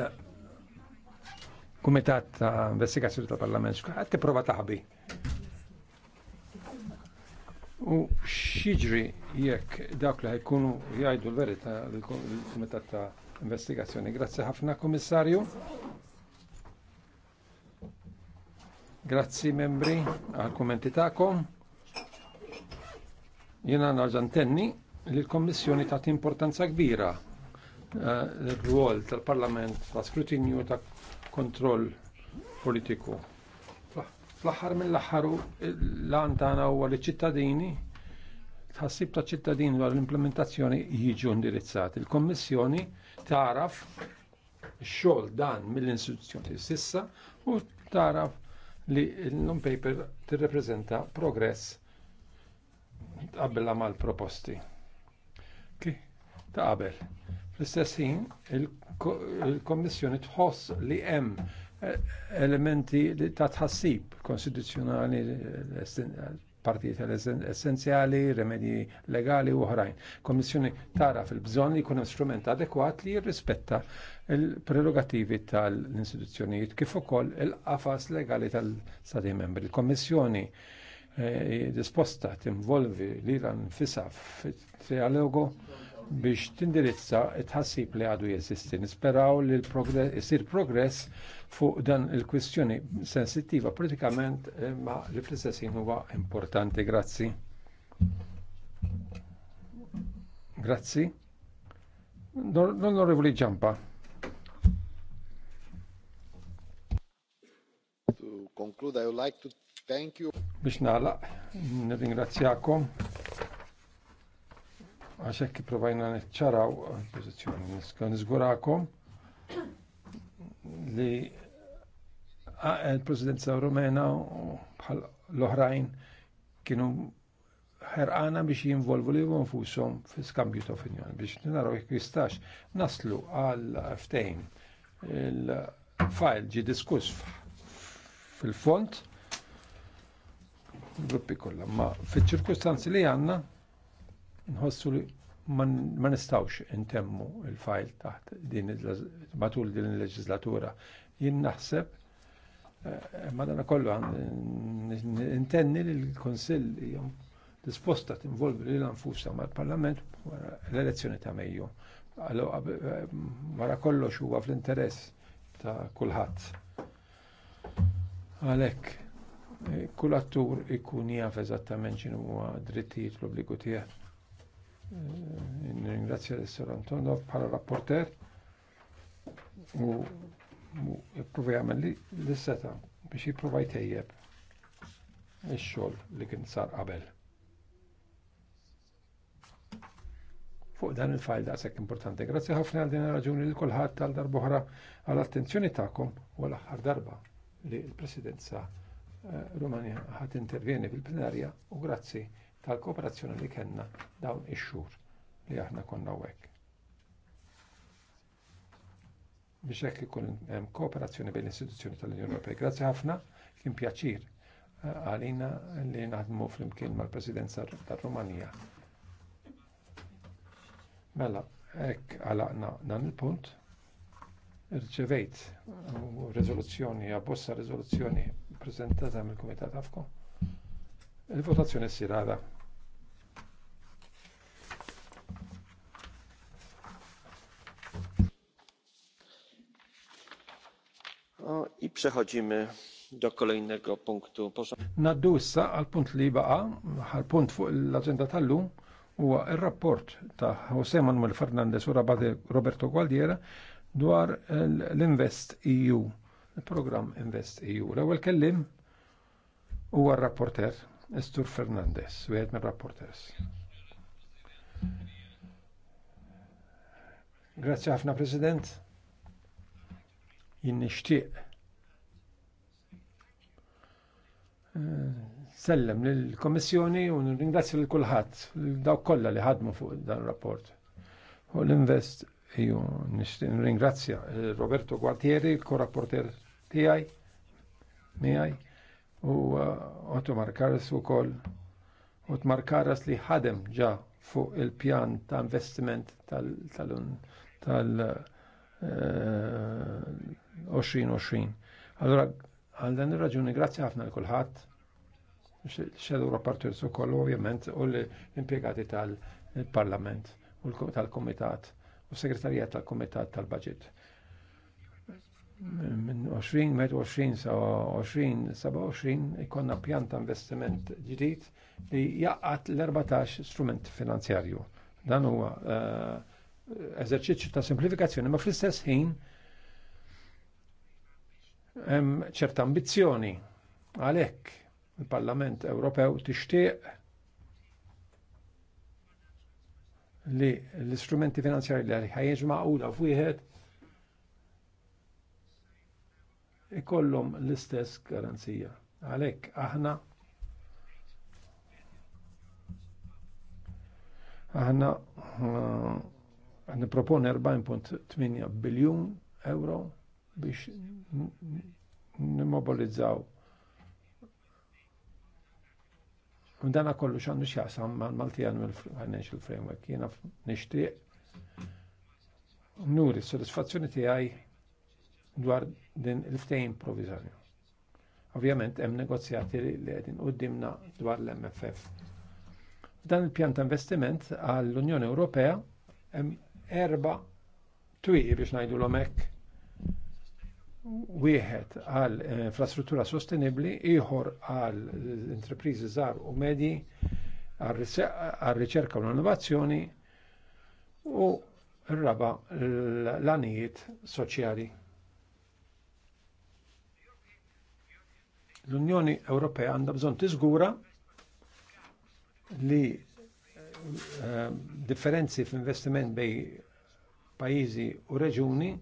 Kumitat ta' Investigazzjoni ta' Parlament, qed tipprova taħbi. U xiġri jekk dawk li ħajkunu jgħidu l-verità l-Kumitat ta' Investigazzjoni. Grazzi ħafna, Komissarju. Grazzi membri għal kommenti ta'kom. Jena narġantenni li l-Kommissjoni ta' importanza kbira l-rwol eh, tal-Parlament ta' skrutinju ta' kontroll politiku. Fl-aħħar mill-aħħar l-għan tagħna huwa li ċittadini tħassib ta' ċittadini dwar l-implementazzjoni jiġu indirizzati. Il-Kommissjoni taraf xogħol dan mill instituzzjoni sissa u taraf li l-non-paper tirrepreżenta progress tqabbel mal proposti. Ki ta' qabel. Fl-istess ħin il-Kommissjoni tħoss li hemm eh, elementi ta' tħassib konstituzzjonali partijiet essenzjali, remedji legali u oħrajn. Kommissjoni tara fil-bżonn li jkun strument adekwat li jirrispetta il-prerogativi tal-istituzzjonijiet kif ukoll il-qafas legali tal-Stati membri. Il-Kommissjoni eh, disposta tinvolvi l-Iran fisa fit-trialogo biex tindirizza tħassib li għadu jeżisti. Nisperaw li jisir progress fuq dan il-kwistjoni sensittiva politikament eh, ma li fl-istessin huwa importanti. Grazzi. Grazzi. Non onorevoli Ġampa. conclude, I would like to thank you. Biex nagħlaq, nirringrazzjakom għaxek hekk provajna niċċaraw pożizzjoni niżgurakom li il-Presidenza Rumena bħal l-oħrajn kienu ħerqana biex jinvolvu li nfushom fil-skambju ta' opinjoni biex naraw jekk jistax naslu għal ftejn il-fajl ġi diskuss fil-font gruppi kollha, ma fiċ-ċirkustanzi li għandna nħossu li ma nistawx intemmu il-fajl taħt din matul din il-leġislatura. Jien naħseb madana kollu kollu intenni li l-Konsill jom disposta tinvolvi li l-anfusa ma l-Parlament l-elezzjoni ta' Mejju. Allora, wara kollox huwa fl-interess ta' kulħadd Għalhekk eh, kull attur ikun jaf eżattament x'inhu għu drittijiet l obligu tiegħek. Eh, Ringrazzja l-Sor Antonio bħala rapporter u jipprova jagħmel l-seta biex jipprova jtejjeb ix-xogħol li kien sar qabel. Fuq dan il-fajl daqshekk importanti. Grazzi ħafna għal din raġuni li kulħadd tal-darbohra għal attenzjoni tagħkom u l-aħħar darba li l-Presidenza eh, Rumania ħat intervjeni fil-plenarja u grazzi tal-kooperazzjoni li kellna dawn ix-xhur li aħna konna hekk. Biex hekk ikun hemm kooperazzjoni bejn l-istituzzjoni tal-Unjoni Ewropea. Grazzi ħafna, kien pjaċir eh, għalina li naħdmu flimkien mal-Presidenza tar-Rumanija. Mela, hekk għalaqna dan il-punt rċevejt rezoluzzjoni, abbossa rezoluzzjoni prezentata mill komitat Afko. Il-votazzjoni s għada. I przechodzimy do kolejnego punktu. Naddu issa għal punt li baqa, għal punt fuq l-agenda tal-lum, huwa il-rapport ta' Jose Manuel Fernandez u Roberto Gualdiera dwar l-Invest EU, il-programm Invest EU. L-ewwel kellim huwa r-rapporter Estur Fernandez, wieħed mir-rapporters. Grazie ħafna President. Jinn nixtieq. Eh, sellem lill-Kommissjoni u ringrazzja lil kulħadd dawk kollha li ħadmu fuq dan rapport. U l-Invest Iju, ringrazzja eh, Roberto Gualtieri, il-korrapporter tijaj, miħaj, u eh, Otmar Karas u koll, Otmar Karas li ħadem ġa fuq il-pjan ta' investiment tal-2020. Eh, allora, għal dan il raġuni grazzi ħafna l kulħat xedur rapporti su kollu ovvijament, u l-impiegati tal-parlament u tal-komitat u segretarijat tal-Kumitat tal-Budget. Minn 20, 20 sa 20, 27 ikonna pjan ta' investiment ġdid li jaqqat l-14 strument finanzjarju. Dan huwa eh, eżerċiċċju ta' simplifikazzjoni, ma fl-istess ħin hemm ċerta ambizzjoni għalhekk il-Parlament Ewropew tixtieq li l-istrumenti finanzjari li ħajġ maqula f'wieħed ikollhom l-istess garanzija. Għalek, aħna aħna nipropon 40.8 biljun euro biex mobilizzaw. U dana kollu nix jasam mal-Malti għan il-Financial Framework. Jena nishtiq nuri s-sodisfazzjoni għaj dwar din il-ftejn provizorju. Ovvjament, hemm negozjati li qegħdin dimna dwar l-MFF. F'dan il-pjan ta' investiment għall-Unjoni Ewropea hemm erba' twieqi biex ngħidu l-omek wieħed għal eh, infrastruttura sostenibli, ieħor għal eh, intrepriżi żgħar u medji, għal riċerka u l-innovazzjoni u r-raba l-anijiet soċjali. L-Unjoni Ewropea għandha bżonn tiżgura li eh, differenzi f'investiment bej pajjiżi u reġuni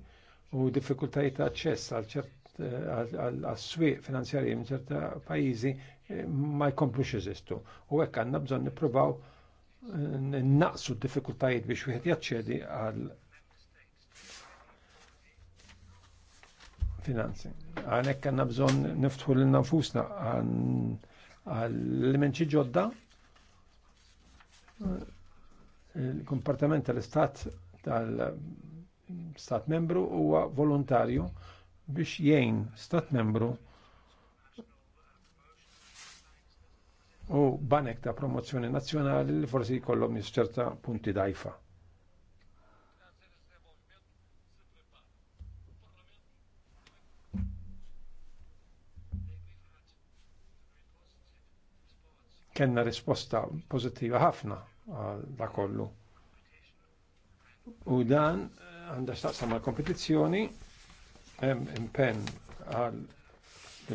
u diffikultajiet ta' ċess għal swiq għal finanzjarji minn ċerta pajjiżi eh, ma jkomplux jeżistu. U hekk għandna bżonn nippruvaw eh, naqsu diffikultajiet biex wieħed jaċċedi għal finanzi. Għanek għanna bżon niftħu l-nafusna għal-menċi ġodda eh, il-kompartament tal-istat tal stat membru huwa volontarju biex jgħin stat membru u banek ta' promozzjoni nazzjonali li forsi jkollhom ċerta punti dajfa. Kenna risposta pozittiva ħafna għal da kollu. U dan għandha x'taqsam mal kompetizzjoni hemm impenn għal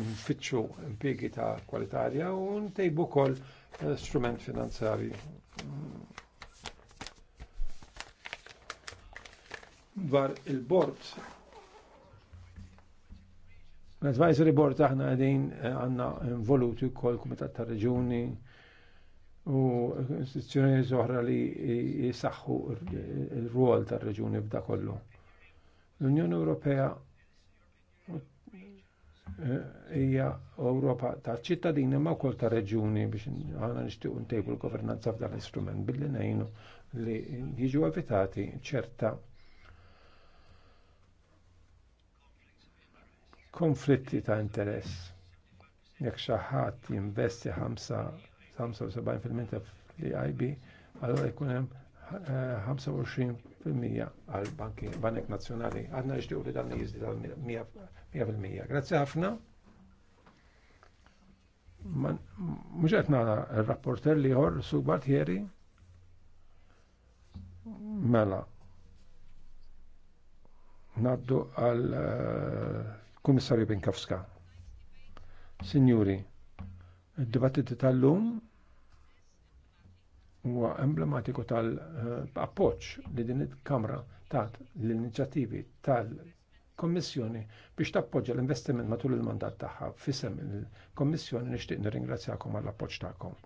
nfittxu impjiegi ta' kwalitarja u ntejbu wkoll eh, strument finanzjarji. dwar il-bord l-advisory board aħna għedin eh, għanna involuti kol kumitat ta' reġuni u istituzzjoni oħra li jisaxħu r-rol tar-reġuni f'da kollu. L-Unjoni Ewropea hija Ewropa ta' ċittadini ma' wkoll ta' reġuni biex għana nixtiequ ntejbu l-governanza f'dan l-istrument billi ngħinu li jiġu evitati ċerta konflitti ta' interess. Jekk xi ħadd jinvesti 75% l-IB, allora jkun hemm 25% għal banki banek nazzjonali. Għadna nixtiequ li dan jiżdi tal-100%. Grazzi ħafna. Mhux qed nara r-rapporter li ieħor su Bartieri. Mela. Naddu għal eh, Kummissarju Binkafska. Signori, il dibattiti tal-lum huwa emblematiku tal-appoġġ li din il-Kamra tat l-inizjattivi tal-Kommissjoni biex tappoġġa l-investiment matul il-mandat tagħha fisem il-Kommissjoni nixtieq nirringrazzjakom għall-appoġġ tagħkom.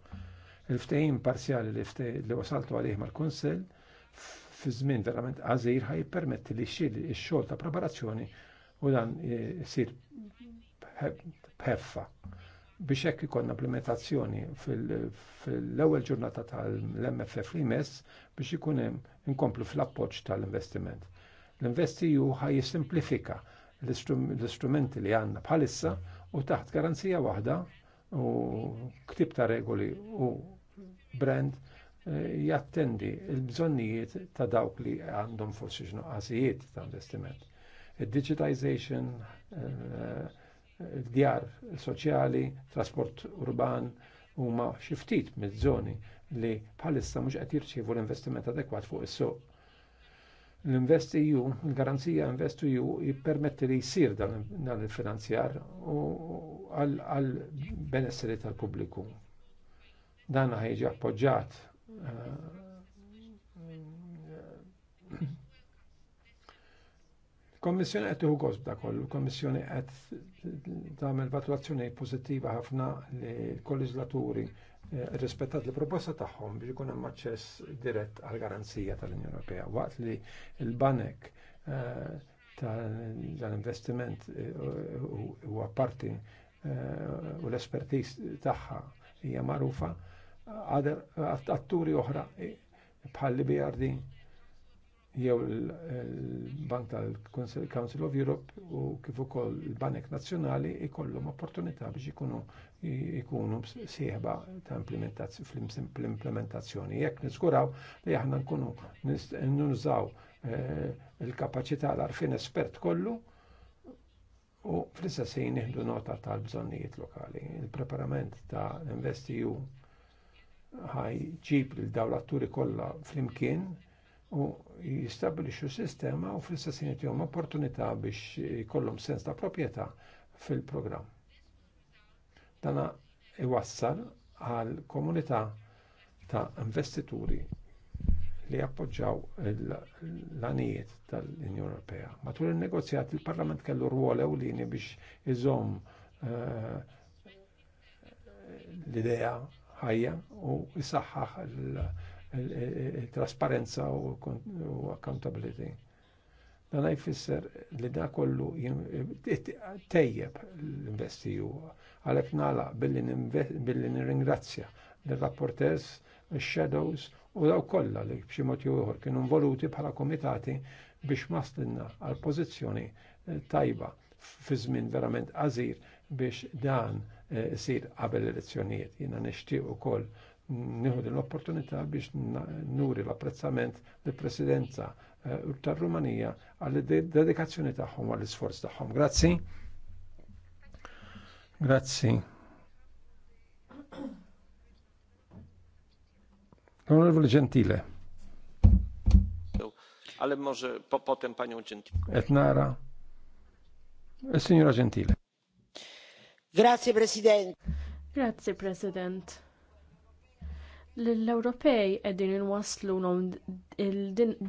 Il-ftehim parzjali li li wasaltu għalih mal-Kunsell fi żmien verament għażir ħaj permetti li xil ix-xogħol ta' preparazzjoni u dan jsir bħeffa biex hekk ikon implementazzjoni fil-ewwel ġurnata tal-MFF l-Imes, biex ikun inkomplu fl-appoġġ tal-investiment. L-investiju ħaj jisimplifika l-istrumenti li għandna bħalissa u taħt garanzija waħda u ktib ta' regoli u brand eh, jattendi il-bżonnijiet ta' dawk li għandhom forsi xnuqqasijiet ta' investiment. Il-digitization, uh, eh, djar soċjali, trasport urban huma xi ftit miż-żoni li bħalissa mhux qed jirċievu l-investiment adekwat fuq is-suq. l ju, e l garanzija ju, e jippermetti li jsir dan il-finanzjar u għal benesseri tal-pubbliku. Dan ħajġi appoġġjat eh, Kommissjoni qed tieħu gost da kollu, kommissjoni qed tagħmel valutazzjoni pozittiva ħafna li kolleġlaturi eh, rispettat l-proposta tagħhom biex ikun hemm aċċess dirett għal garanzija tal-Unjoni Ewropea waqt li l-banek eh, tal-investiment eh, huwa parti u l-espertiż tagħha hija magħrufa atturi oħra bħal libjardin jew il-Bank tal-Council of Europe u kif ukoll il-Banek Nazzjonali ikollhom opportunità biex ikunu ikunu sieħba ta' implementazzjoni. Jekk niżguraw li aħna nkunu nużaw eh, il-kapaċità l-arfin espert kollu u fl-istess ħin nieħdu nota tal-bżonnijiet lokali. Il-preparament ta' investiju ħaj ġib l-dawlatturi kollha flimkien u jistabilixu sistema u fl-istess jom opportunità biex jkollhom sens ta' proprjetà fil-programm. Dana iwassal għal komunità ta' investituri li appoġġaw l-anijiet tal-Unjoni Ewropea. Matul il-negozjat il-Parlament kellu ruol ewlieni biex iżomm eh, l-idea ħajja u jisaħħaħ trasparenza u accountability. Dan jfisser li da kollu tejjeb l investi ju. Għalek nala billi nirringrazzja l-rapporters, l-shadows u daw kolla li bximot juħor kienu voluti bħala komitati biex mastinna għal pozizjoni eh, tajba fi żmien verament għazir biex dan eh, sir qabel elezzjonijiet. Jina nixtieq u koll nieħu l-opportunità biex nuri l-apprezzament l presidenza eh, tar-Rumanija għall dedikazzjoni tagħhom għall isforz tagħhom. Grazzi. Grazzi. Onorevole Gentile. Ale może po, potem panią Gentile. Etnara. E, signora Gentile. Grazie Presidente. Grazie Presidente. L-Ewropej qegħdin inwasslu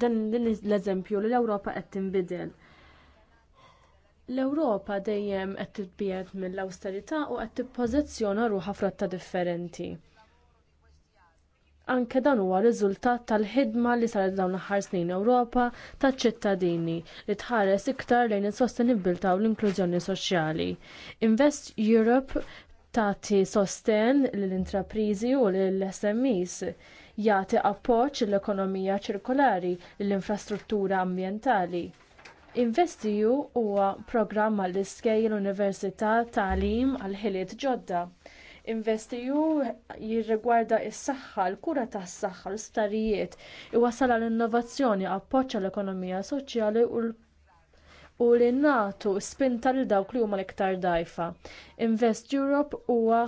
dan l-eżempju li l-Ewropa qed tinbidel. L-Ewropa dejjem qed tibbiet mill-awsterità u qed tippożizzjona ruħa frotta differenti. Anke dan huwa riżultat tal-ħidma li saret dawn l-aħħar snin Ewropa taċ-ċittadini li tħares iktar lejn is-sostenibilità u l-inklużjoni soċjali. Invest Europe tagħti sosten lill-intrapriżi u lill-SMEs jagħti appoġġ l-ekonomija ċirkolari l-infrastruttura ambjentali. Investiju huwa programm għall l Università Tagħlim għal ħiliet ġodda. Investiju jirrigwarda s saħħa l-kura tas saħħa l-starijiet, iwassal għall innovazzjoni appoġġ l-ekonomija soċjali u l u li nagħtu spinta lil dawk li huma l-iktar dgħajfa. Invest Europe huwa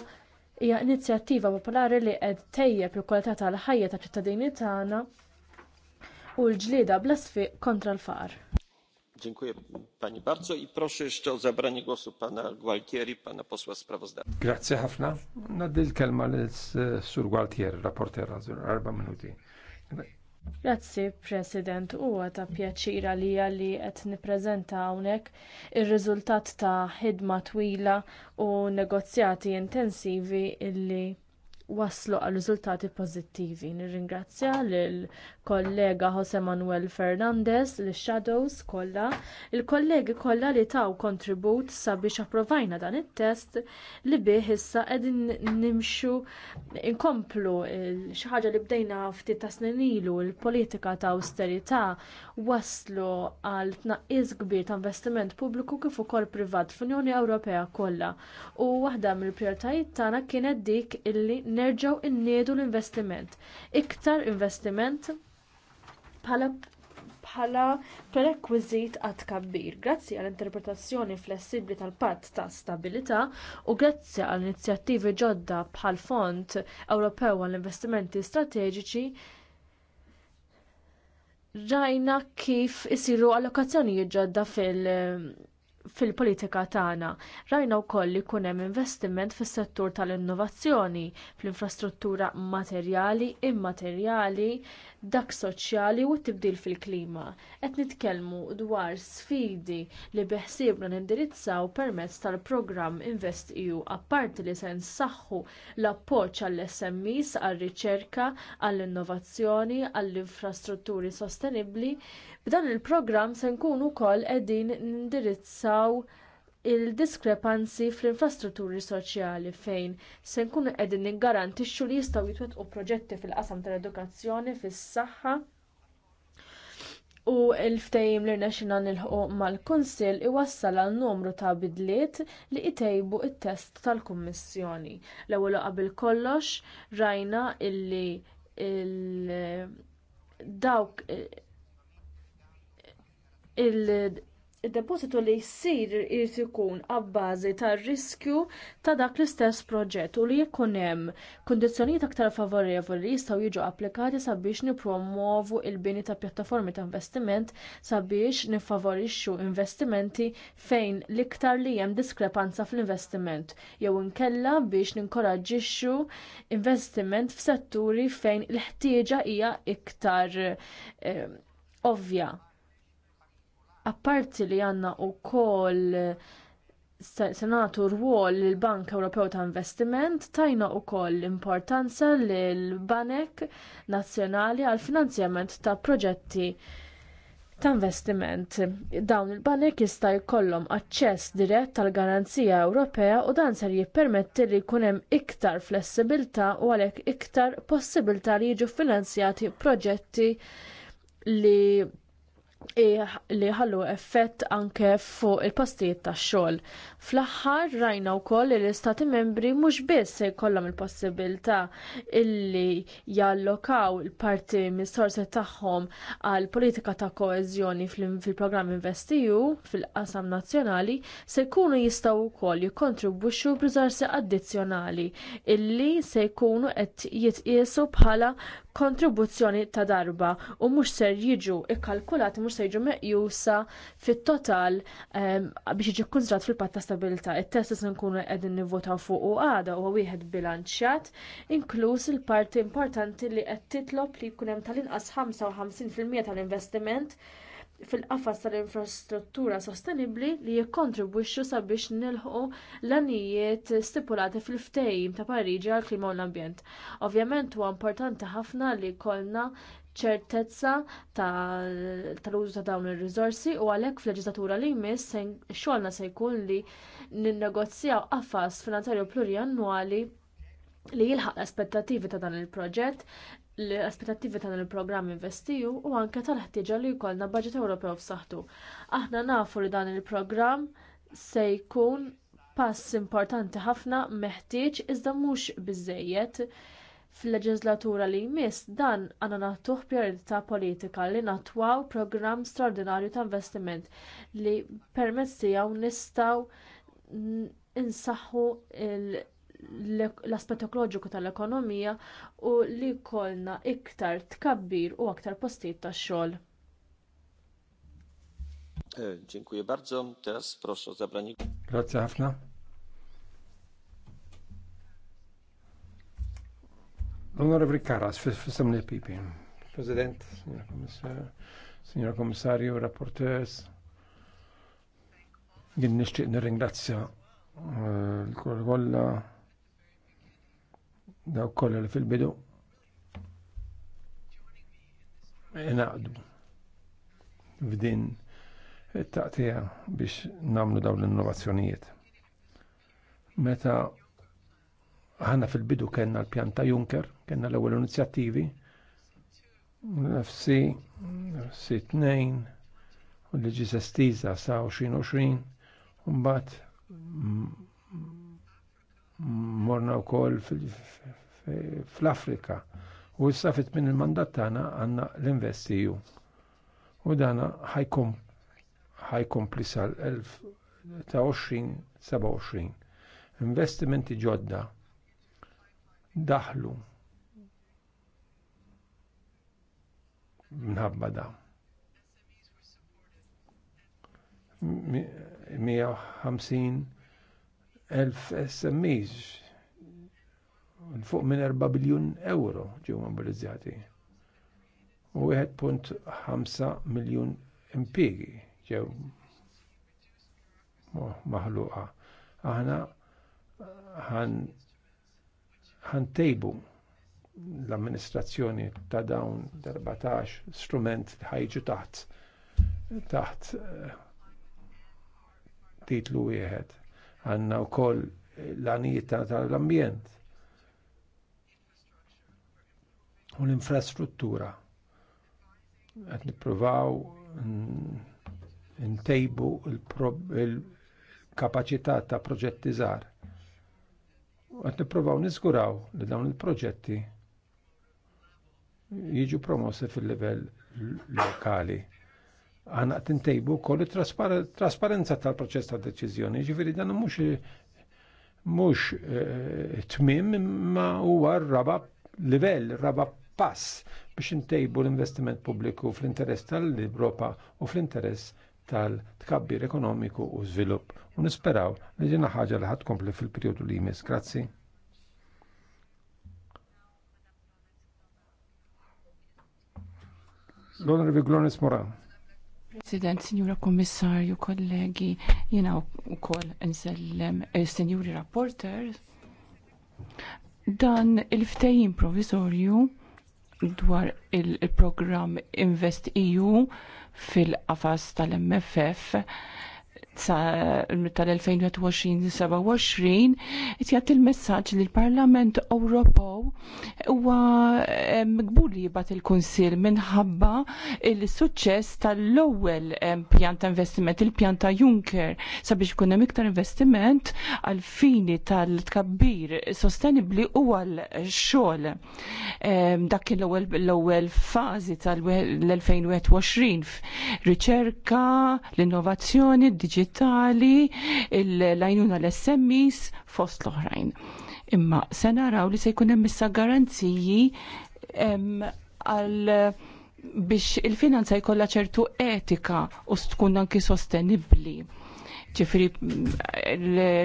hija inizjattiva popolari li qed tejjeb il-kwalità tal-ħajja ta' ċittadini tagħna u l-ġlieda bla sfiq kontra l-faqar. Dziękuję pani bardzo i proszę jeszcze o zabranie głosu pana Gualtieri, pana posła sprawozdawcy. Grazie ħafna. Nadil kelma l-sur Gualtieri, raporter, arba minuti. Grazzi, President, huwa ta' pjaċira li li qed nippreżenta hawnhekk ir-riżultat ta' ħidma twila u negozjati intensivi illi waslu għal riżultati pożittivi. Nirringrazzja lill kollega Jose Manuel Fernandez, li shadows kollha, il-kollegi kollha li taw kontribut sabiex approvajna dan it-test li bih issa qegħdin nimxu inkomplu xi ħaġa li bdejna ftit ta' snin ilu l-politika ta' austerità waslu għal tnaqqis kbir ta' investiment pubbliku kif ukoll privat fl-Unjoni Ewropea kollha. U waħda mill-prijoritajiet tagħna kienet dik illi nerġgħu nniedu l-investiment. Iktar investiment bħala bħala prerekwiżit għat kabbir. Grazzi għall interpretazzjoni flessibbli tal-patt ta' stabilità u grazzi għall inizjattivi ġodda bħal Fond Ewropew għall investimenti strateġiċi rajna kif isiru allokazzjonijiet ġodda fil- fil-politika tagħna. Rajna wkoll li jkun hemm investiment fis-settur tal-innovazzjoni, fl-infrastruttura materjali, immaterjali, dak soċjali u t-tibdil fil-klima. Qed nitkellmu dwar sfidi li beħsiebna nindirizzaw permezz tal-programm InvestEU apparti li se nsaħħu l-appoġġ għall-SMEs għar-riċerka, għall-innovazzjoni, għall-infrastrutturi sostenibbli F'dan il-programm se nkunu wkoll qegħdin nindirizzaw il-diskrepanzi fl-infrastrutturi soċjali fejn se nkunu qegħdin niggarantixxu li jistgħu jitwettqu proġetti fil-qasam tal-edukazzjoni, fis-saħħa u l-ftehim li rnexxina nilħu mal-Kunsill iwassal għal numru ta' bidliet li jtejbu t test tal-Kummissjoni. L-ewwel qabel kollox rajna illi il dawk il-depositu li jsir jrid ikun abbażi tar-riskju ta' dak l-istess proġett u li jkun hemm kundizzjonijiet aktar favorevoli jistgħu jiġu applikati sabiex nippromovu l bini ta' pjattaformi ta' investiment sabiex nifavorixxu investimenti fejn l-iktar li hemm diskrepanza fl-investiment jew inkella biex ninkoraġġixxu investiment f'setturi fejn il-ħtieġa hija iktar eh, ovvja Apparti li għandna wkoll senatu rwol lill bank Ewropew ta' Investiment tajna wkoll l-importanza lill banek Nazzjonali għall finanzjament ta' proġetti ta' investiment. Dawn il-banek jista' jkollhom aċċess dirett tal garanzija Ewropea u dan ser jippermetti li jkun hemm iktar flessibilità u għalhekk iktar possibilità li jiġu finanzjati proġetti li li ħallu effett anke fuq il-postijiet tax xogħol. Fl-aħħar rajna wkoll li l-Istati membri mhux biss se jkollhom il-possibilità illi jallokaw il-parti mis-sorsi tagħhom għal politika ta' koeżjoni fil-programm Investiju fil-qasam nazzjonali se jkunu jistgħu wkoll jikkontribwixxu b'riżorsi addizzjonali illi se jkunu qed jitqiesu bħala kontribuzzjoni ta' darba u mhux ser jiġu ikkalkulati mhux se jiġu meqjusa fit-total ehm, biex jiġi kunżrat fil-patt stabilità. It-test se nkunu qegħdin nivvotaw fuq u għada huwa wieħed bilanċjat, inkluż il-parti importanti li qed titlob li jkun hemm tal-inqas 55% tal-investiment fil-qafas tal-infrastruttura sostenibbli li jikkontribwixxu sabiex nilħqu l-anijiet stipulati fil-ftehim ta' Pariġi għall klima u l-ambjent. Ovvjament huwa importanti ħafna li jkollna ċertezza tal-użu ta' dawn ir-riżorsi u għalhekk fil-leġislatura li jmiss xogħolna se jkun li ninnegozjaw qafas finanzjarju pluriannwali li jilħaq l-aspettativi ta' dan il-proġett, l-aspettativi ta' dan il-programm investiju u anke tal-ħtieġa li jkollna budget Ewropew f'saħħtu. Aħna nafu li dan il-programm se jkun pass importanti ħafna meħtieġ iżda mhux biżżejjed Fil-leġislatura li jmiss dan għandna nagħtuh priorità politika li natwaw programm straordinarju ta' investiment li permezz tiegħu nistgħu insaħħu l-aspett ekoloġiku tal-ekonomija u li jkollna iktar tkabbir u aktar postijiet tax-xogħol. Eh, dziękuję bardzo. Teraz proszę o zabranie. Grazie ħafna. Onorevoli Karas, fissam li pipi. President, signora Komissar, signora Komissarju, rapporteurs, jien nixtieq nirringrazzja eh, l kolla kollha dawk kollha li fil-bidu inaqdu f'din it-taqtija biex namlu daw l-innovazzjonijiet. Meta Aħna fil-bidu kellna l-pjan ta' Juncker, kellna l-ewwel inizjattivi, l nafsi t u l-liġi stiza sa' 20 un mbagħad morna wkoll fl-Afrika. U issa fit minn il-mandat tagħna għandna l-investiju. U dana ħajkom ħajkompli l 1027 Investimenti ġodda daħlu minħabba da. 150.000 SMEs fuq minn 4 biljun euro ġew mobilizzati. U 1.5 miljun impiegi ġew maħluqa. Aħna ħan ħantejbu l-amministrazzjoni ta' dawn 14 strument ħajġu taħt taħt eh, titlu wieħed. Għanna wkoll l anijiet tal-ambjent u l-infrastruttura. Qed nippruvaw ntejbu l kapaċità ta' proġetti żgħar għat niprovaw nizguraw li dawn il-proġetti jiġu promossi fil-level lokali. Għana tintejbu kollu trasparenza tal-proċess ta' deċizjoni, ġifiri dan mux mux eh, tmim ma huwa raba livell, raba pass biex intejbu l-investiment pubbliku fl-interess tal-Europa u fl-interess tal-tkabbir ekonomiku u żvilupp u nisperaw li ġina ħaġa li ħadd kompli fil periodu li jmiss. Grazzi. L-Onorevi Glonis Moran. President, Signora Kommissarju, kollegi, jina u koll nsellem Signori senjuri Rapporter, dan il-ftejjin provizorju dwar il-program Invest EU fil-qafas tal-MFF tal-2021-27 qed jagħti il-messaġġ li l-Parlament Ewropew huwa mgbur li jibgħat il-Kunsill minħabba il-suċċess tal-ewwel pjan ta' investiment, il-pjan ta' Juncker sabiex ikun hemm iktar investiment għal fini tal-tkabbir sostenibbli u għal xogħol. Dak l-ewwel fażi tal-2021 riċerka, l-innovazzjoni, d kapitali, l lajnuna l-SMIs, fost l-oħrajn. Imma se naraw li se jkun hemm issa garanziji għal biex il-finanza jkollha ċertu etika u tkun anki sostenibbli ġifiri mm,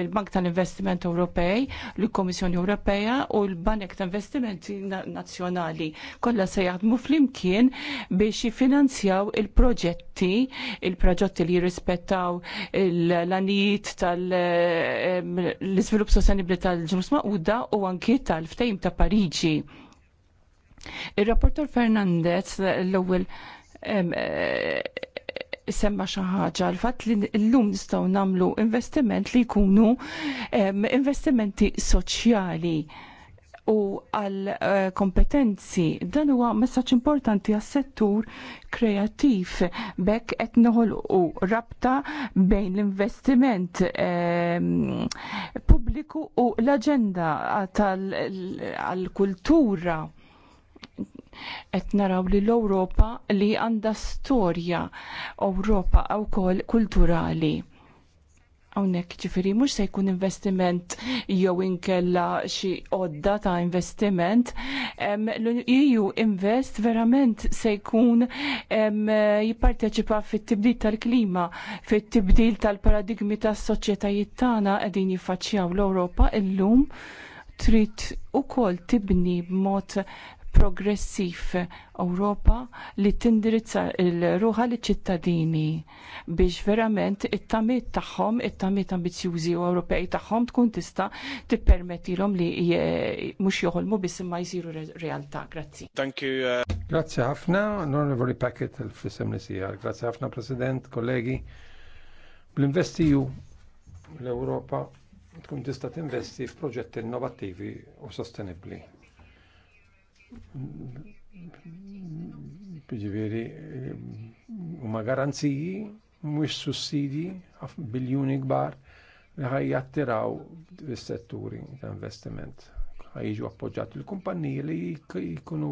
l-Bank tal-Investiment Ewropej, l-Komissjoni Ewropeja u l-Banek tal-Investimenti Nazzjonali kollha se jaħdmu flimkien biex jifinanzjaw il-proġetti, il-proġetti li jirrispettaw l-anijiet tal-iżvilupp sostenibli tal-ġnus maquda u anki tal-ftejm ta' Pariġi. Il-rapportor Fernandez l-ewwel eh, semma xi ħaġa l fatt li llum nistgħu nagħmlu investiment li jkunu investimenti soċjali u għal eh, kompetenzi dan huwa messaġġ importanti għas settur kreattiv bekk qed u rabta bejn l-investiment pubbliku u l-aġenda tal-kultura. tal kultura qed naraw li l-Ewropa li għandha storja Ewropa wkoll kulturali. Hawnhekk ġifieri mhux se jkun investiment jew inkella xi għodda ta' investiment, EU Invest verament se jkun jipparteċipa fit-tibdil tal-klima, fit-tibdil tal-paradigmi tas-soċjetajiet tagħna qegħdin jiffaċċjaw l-Ewropa llum trid ukoll tibni b'mod progressiv Ewropa li tindirizza l-ruħa li ċittadini biex verament it-tamiet tagħhom, it-tamiet ambizjużi u Ewropej tagħhom tkun tista' tippermettilhom li mhux joħolmu biss imma jsiru realtà. Grazzi. Thank you. Uh, Grazzi ħafna, Honorable Packet il-fisem Grazzi ħafna President, kollegi. Bl-investiju l-Ewropa tkun tista' tinvesti f'proġetti innovattivi u sostenibbli Ġiviri, huma garanziji, mhux sussidi biljuni kbar li ħaj jattiraw is-setturi ta' investiment. Ħaj jiġu appoġġjati l-kumpanniji li jkunu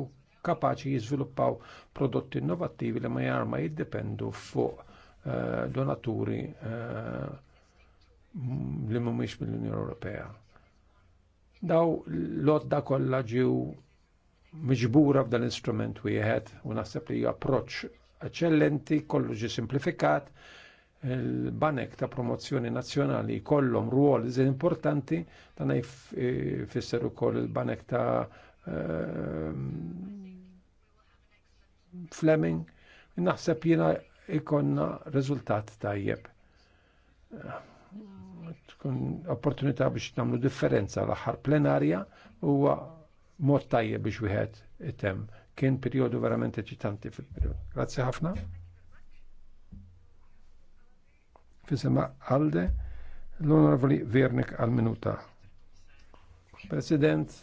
kapaċi jiżviluppaw prodotti innovattivi li ma jarma jiddependu fuq eh, donaturi eh, li mhumiex mill-Unjoni Ewropea. Daw l-odda kollha ġew miġbura f'dan l-instrument wieħed u naħseb li approċċ eccellenti, kollu ġi simplifikat, il-banek ta' promozzjoni nazzjonali kollom ruol iżin importanti, tana jfisser ukoll il-banek ta' ehm, Fleming, naħseb jiena ikonna rezultat tajjeb. Tkun opportunità biex nagħmlu differenza l-aħħar plenarja huwa mod tajjeb biex wieħed item. Kien perjodu verament eċitanti fil-perjodu. Grazzi ħafna. Fisema Alde, l-Onorevoli Vernik għal-minuta. President,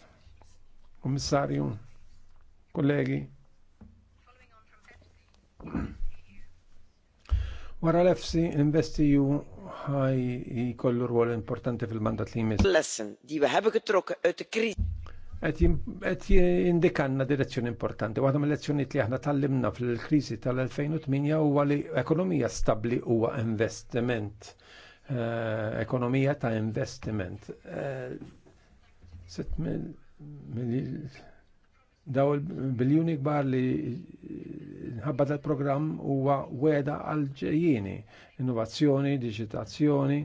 Kommissarju, kollegi. Wara l-EFSI, investi ju ħaj jikollu rwol importanti fil-mandat li jmiss. Lesson, die we hebben getrokken uit de qed jindikanna direzzjoni importanti. Għadhom mill-lezzjonijiet li aħna tallimna fil-kriżi tal-2008 huwa li ekonomija stabbli huwa investiment. Eh, ekonomija ta' investiment. Eh, daw il-biljuni kbar li nħabba tal-programm huwa weda għal ġejjini innovazzjoni, digitazzjoni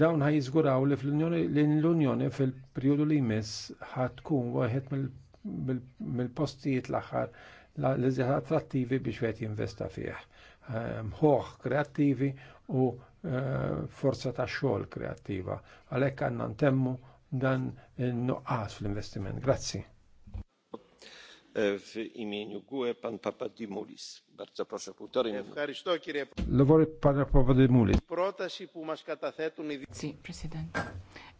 Dawn ħaj jizguraw li l-Unjoni fil-perjodu li jmiss ħatkun tkun waħed mill-postijiet l-aħħar li ziħat attrattivi biex għet jinvesta fih. Mħuħ ehm, kreattivi u ehm, forza ta' xogħol kreattiva. Għalhekk għandna ntemmu dan il-nuqqas fl-investiment. Grazzi. E, e, που μας καταθέτουν οι...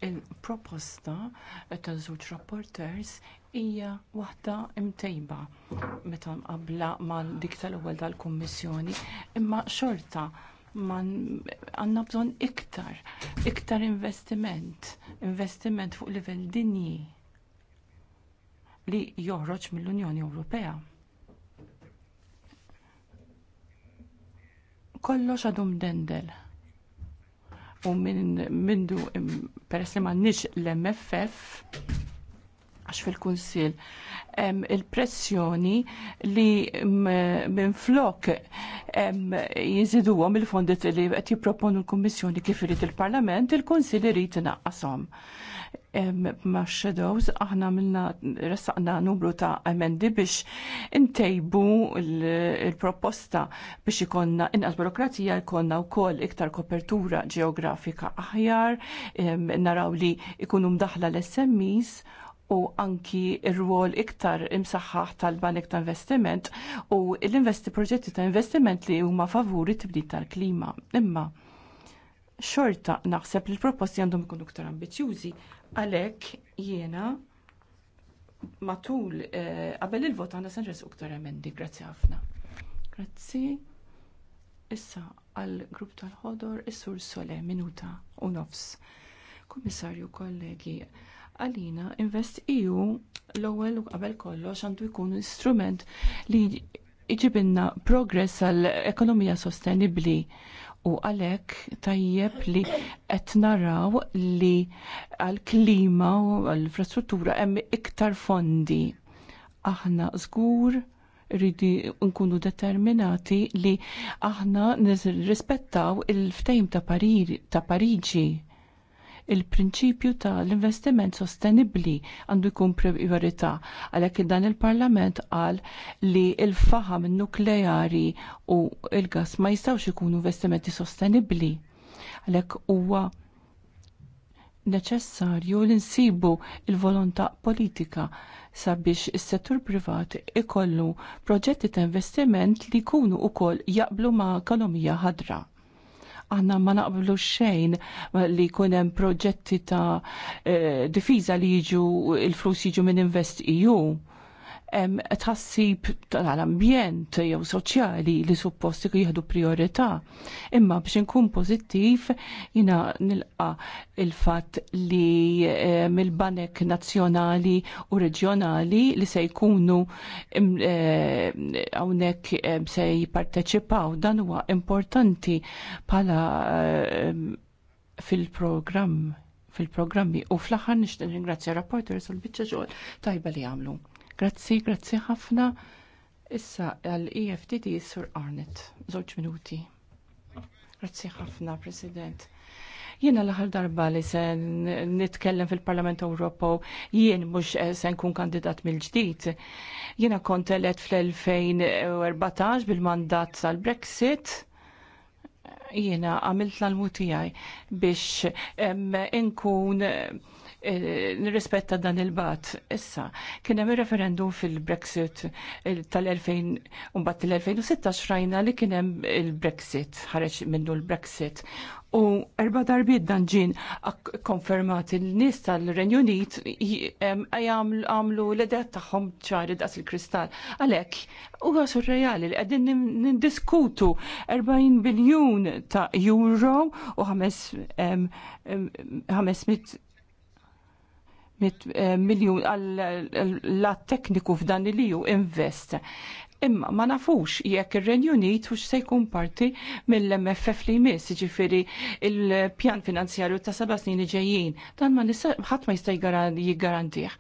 Il-proposta ta' żewġ rapporters hija waħda imtejba meta mqabbla mal dik tal-ewwel tal-Kummissjoni, imma xorta man għandna bżonn iktar, iktar investiment, investiment fuq livell dinji li joħroġ mill-Unjoni Ewropea. Kollox għadhom dendel. U minn mindu peress li nix l-MFF x'intlaqx fil-Kunsill. Il-pressjoni li minn flok għom il-fondi li qed jipproponu l-Kummissjoni kif irid il-Parlament, il-Kunsill irid naqqasom. Ma' shadows aħna minna ressaqna numru ta' emendi biex intejbu il-proposta biex ikonna inqas burokratija jkollna wkoll iktar kopertura ġeografika aħjar, naraw li ikunum mdaħla l-SMEs u anki r-rwol iktar imsaħħaħ tal-banek ta' investiment u l-investi proġetti ta' investiment li huma favuri tibdil tal-klima. Imma xorta naħseb li l-proposti għandhom ikunu iktar ambizjużi għalhekk jiena matul eh, qabel il-vot għandna se iktar emendi. Grazzi ħafna. Grazzi. Issa għall grupp tal-ħodor is-sur Sole minuta u nofs. Kummissarju kollegi, Għalina, Invest EU l-ewwel u qabel kollox għandu jkun instrument li iġibinna progress għall ekonomija sostenibbli u għalhekk tajjeb li qed naraw li għall klima u għall infrastruttura hemm iktar fondi. Aħna żgur ridi nkunu determinati li aħna nirrispettaw il-ftejm ta' Pariġi il-prinċipju ta' l-investiment sostenibbli għandu jkun priorità għalhekk dan il-Parlament qal li l-faħam nukleari u l-gas ma jistgħux ikunu investimenti sostenibbli. Għalhekk huwa neċessarju li nsibu l volontà politika sabiex is-settur privat ikollu proġetti ta' investiment li jkunu wkoll jaqblu ma' ekonomija ħadra. Aħna ma naqblu xejn li jkun hemm proġetti ta' eh, difiza li jiġu il-flus jiġu minn Invest EU tħassib tal-ambjent jew soċjali li supposti jieħdu priorità. Imma biex inkun pożittiv jina nilqa il-fatt li mill-banek nazzjonali u reġjonali li se jkunu eh, hawnhekk se jipparteċipaw dan huwa importanti bħala fil-programm fil-programmi u fl-aħħar nixtieq ringrazzja rapporters u l-biċċa xogħol tajba li għamlu. Grazzi, grazzi ħafna. Issa għal-EFTD Sur Arnett, żewġ minuti. Grazzi ħafna, President. Jiena l-aħħar darba li se nitkellem fil-Parlament Ewropew jien mhux eh, se nkun kandidat mill-ġdid. Jiena kont elet fl-2014 e, bil-mandat tal-Brexit jiena għamilt l mutijaj biex inkun Eh, nirrispetta dan il-bat. Issa, kien hemm referendum fil-Brexit tal-2000 mbagħad il-2016 rajna li kien hemm il-Brexit, ħareġ minnu l-Brexit. U erba darbiet dan ġin konfermat il-nies tal-Renju Unit għamlu l-edet tagħhom ċari daqs il-kristall. Għalhekk, huwa surreali li qegħdin nindiskutu 40 biljun ta' euro u 500 Eh, miljun għall eh, tekniku f'dan li ju invest. Imma ma nafux jekk ir-Renju Unit u se jkun parti mill-MFF li jmiss, ġifiri il-pjan finanzjarju ta' seba' snin ġejjin, dan ma ħadd ma jista' jiggarantih.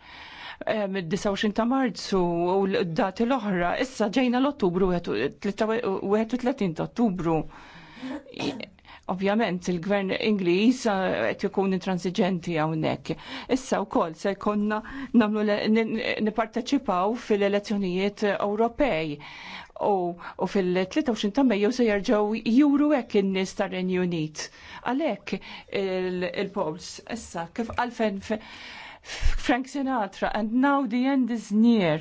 29 eh, ta' marzu u l-dati l-oħra, issa ġejna l-ottubru 31 ta' ottubru Ovvjament il-gvern Ingliż eh, qed ikun intransiġenti hawnhekk. Issa wkoll se jkollna nagħmlu nipparteċipaw fil-elezzjonijiet Ewropej u fil-23 ta' Mejju se jerġgħu juru hekk in-nies tar-Renju Unit. Għalhekk il-Pols issa kif għalfen Frank Sinatra and now the end is near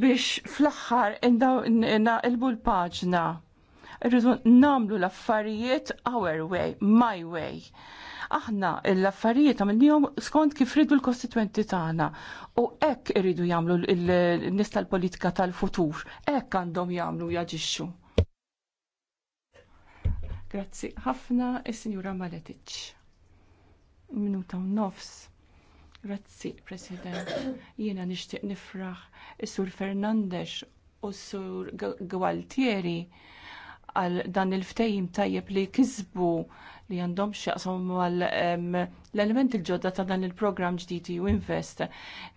biex fl-axħar ilbu l-paġna rridu namlu l-affarijiet our way, my way. Aħna l-affarijiet għamilnijom skont kif ridu l-kostituenti tagħna u hekk irridu jagħmlu l nies tal-politika tal-futur, hekk għandhom jagħmlu jaġixxu. Grazzi ħafna is-Sinjura Maletic. Minuta u nofs. Grazzi, President. Jiena nixtieq nifraħ is-Sur Fernandez u s-Sur Gualtieri għal dan il-ftejim tajjeb li kisbu li għandhom xaqsom għal l-element il-ġodda ta' dan il-program ġdidi u invest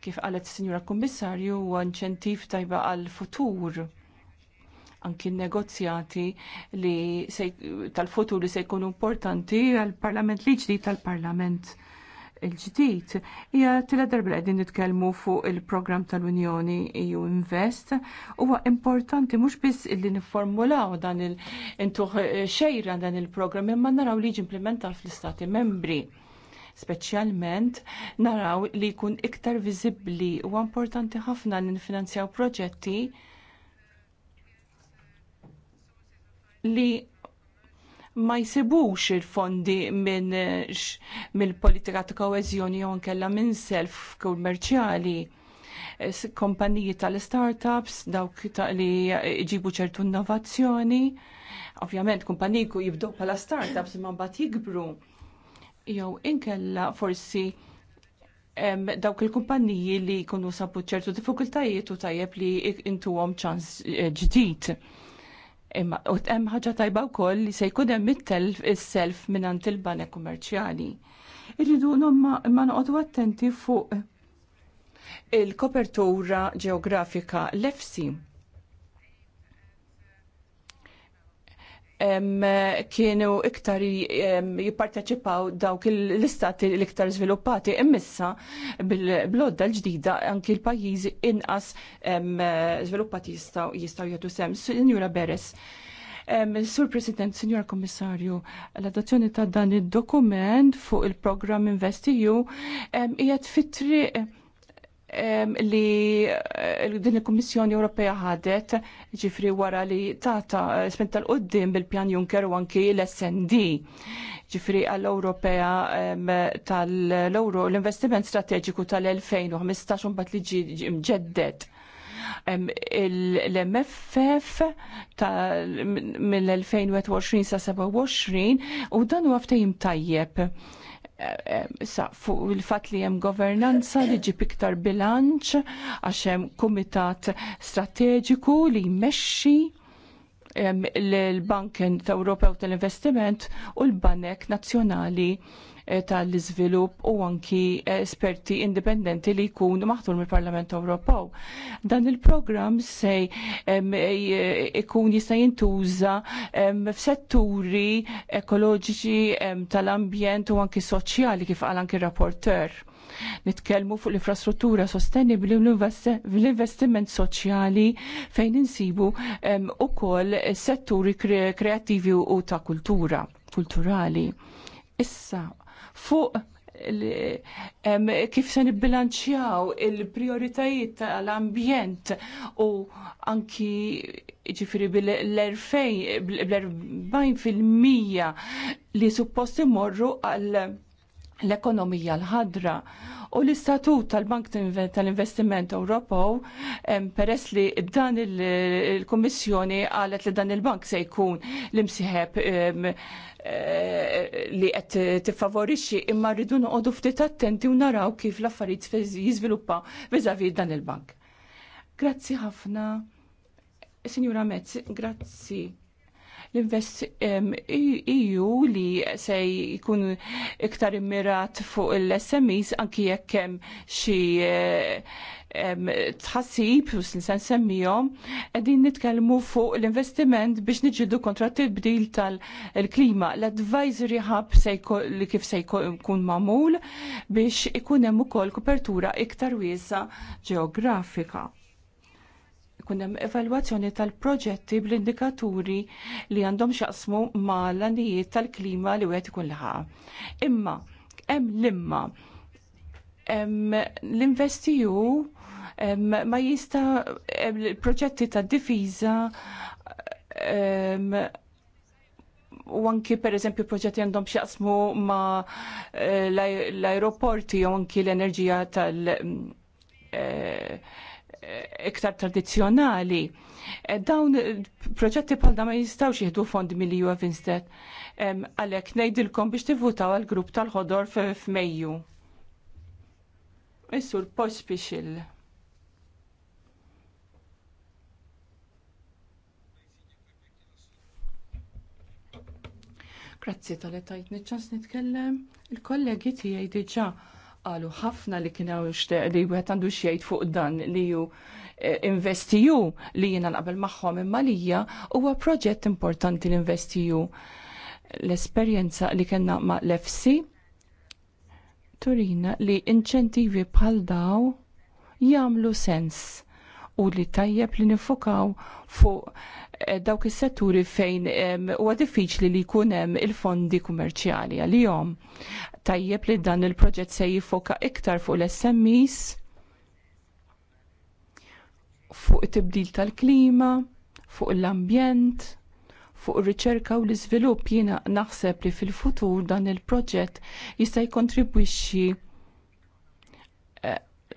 kif għalet signora Kommissarju u inċentiv tajba għal futur anki negozjati li tal-futur li se jkunu importanti għal-parlament li ġdid tal-parlament il-ġdid. Hija tila darba qegħdin nitkellmu fuq il-programm tal-Unjoni EU Invest. Huwa importanti mhux biss illi nifformulaw dan il-intuħ xejra dan il-programm imma naraw li implementaw fl-istati membri speċjalment naraw li jkun iktar viżibbli u importanti ħafna li nfinanzjaw proġetti li ma jsibux il-fondi minn eh, mill politika ta' koeżjoni jew nkella minn self kummerċjali. Kompaniji tal-startups, dawk ta li jġibu ċertu innovazzjoni. Ovvjament, kumpaniji ku jibdu pala startups ma mbagħad jikbru. Jew inkella forsi em, dawk il-kumpaniji li jkunu sabu ċertu diffikultajiet u tajjeb li intuhom ċans eh, ġdid. Eh, Imma u hemm ħaġa tajba wkoll li se jkun hemm it-telf is-self mingħand il-banek kummerċjali. Irridu imma noqogħdu attenti fuq il-kopertura ġeografika l-efsi kienu iktar jipparteċipaw dawk l-istati l-iktar sviluppati immissa bil-blodda l-ġdida anki l-pajjiżi inqas sviluppati jistaw jgħatu sem. Signora Beres, Sur President, Signor Kommissarju, l-adozzjoni ta' dan il-dokument fuq il-program InvestEU hija tfittri li din il-Kummissjoni Ewropea ħadet ġifri wara li tata spinta tal-qoddim bil-pjan Juncker u anki l-SND ġifri għall-Ewropea tal-Euro l-investiment strateġiku tal-2015 bat li ġi mġeddet l-MFF mill-2021 sa 27 u dan u għaftajim tajjeb Sa fuq il-fat li hemm governanza li ġib iktar bilanċ għax hemm kumitat strateġiku li jmexxi l-Bank Ewropew tal-Investiment u l-Banek Nazzjonali Eh, tal-iżvilupp u anki eh, esperti indipendenti li jkun maħtur mill-Parlament Ewropew. Dan il-programm se eh, ikun jista' jintuża f'setturi ekoloġiċi tal-ambjent u anki soċjali kif qal anki rapporter. Nitkellmu fuq l-infrastruttura sostenibli u l-investiment soċjali fejn insibu ukoll setturi kreattivi u ta' kultura, kulturali. Issa, fuq kif se nibbilanċjaw il-prioritajiet tal-ambjent u anki ġifiri bil-40% li supposti morru għall l-ekonomija l-ħadra u l-istatut tal-Bank tal-Investiment Ewropew peress li dan il-Kummissjoni qalet li dan il-bank se jkun l-imsieħeb Eh, li qed tiffavorixxi imma rridu noqogħdu ftit attenti u naraw kif l-affarijiet jiżviluppa viżavi dan il-bank. Grazzi ħafna. Sinjura Mezz, grazzi l-invest EU e li se jkun iktar immirat fuq l-SMEs anki jekk hemm xi eh, tħassib, u s-nisan semmijom, għedin nitkelmu fuq l-investiment biex nġiddu kontra bdil tal-klima. L-advisory hub li kif se jkun mamul biex ikun hemm ukoll kopertura iktar wiesa ġeografika. Ikun hemm evalwazzjoni tal-proġetti bl-indikaturi li għandhom xaqsmu ma' l-anijiet tal-klima li wieħed ikun liħa. Imma, hemm l-imma l-investiju ma jista proġetti ta' difiża u anki per eżempju proġetti għandhom xjaqsmu ma eh, l-aeroporti u anki l-enerġija tal- eh, iktar tradizjonali. E dawn eh, proġetti bħal ma jistawx jihdu fond milju għavinstet. Għalek, nejdilkom biex tivvutaw għal-grupp tal-ħodor f'Mejju. Issu l-post Grazzi tal etajt tajtni nitkellem. Il-kollegi tiegħi diġa' qalu ħafna li kien hawn li wieħed għandu xejn fuq dan li ju eh, investiju li jiena naqbel magħhom imma lija huwa proġett importanti li investiju l-esperjenza li kellna ma' l efsi turina li inċentivi bħal daw jagħmlu sens u li tajjeb li nifokaw fuq dawk is-setturi fejn huwa diffiċli li jkun hemm il-fondi kummerċjali għalihom. Tajjeb li dan il-proġett se jifoka iktar fuq l-SMEs, fuq it-tibdil tal-klima, fuq l-ambjent, fuq ir-riċerka u l-iżvilupp jiena naħseb li fil-futur dan il-proġett jista' jkontribwixxi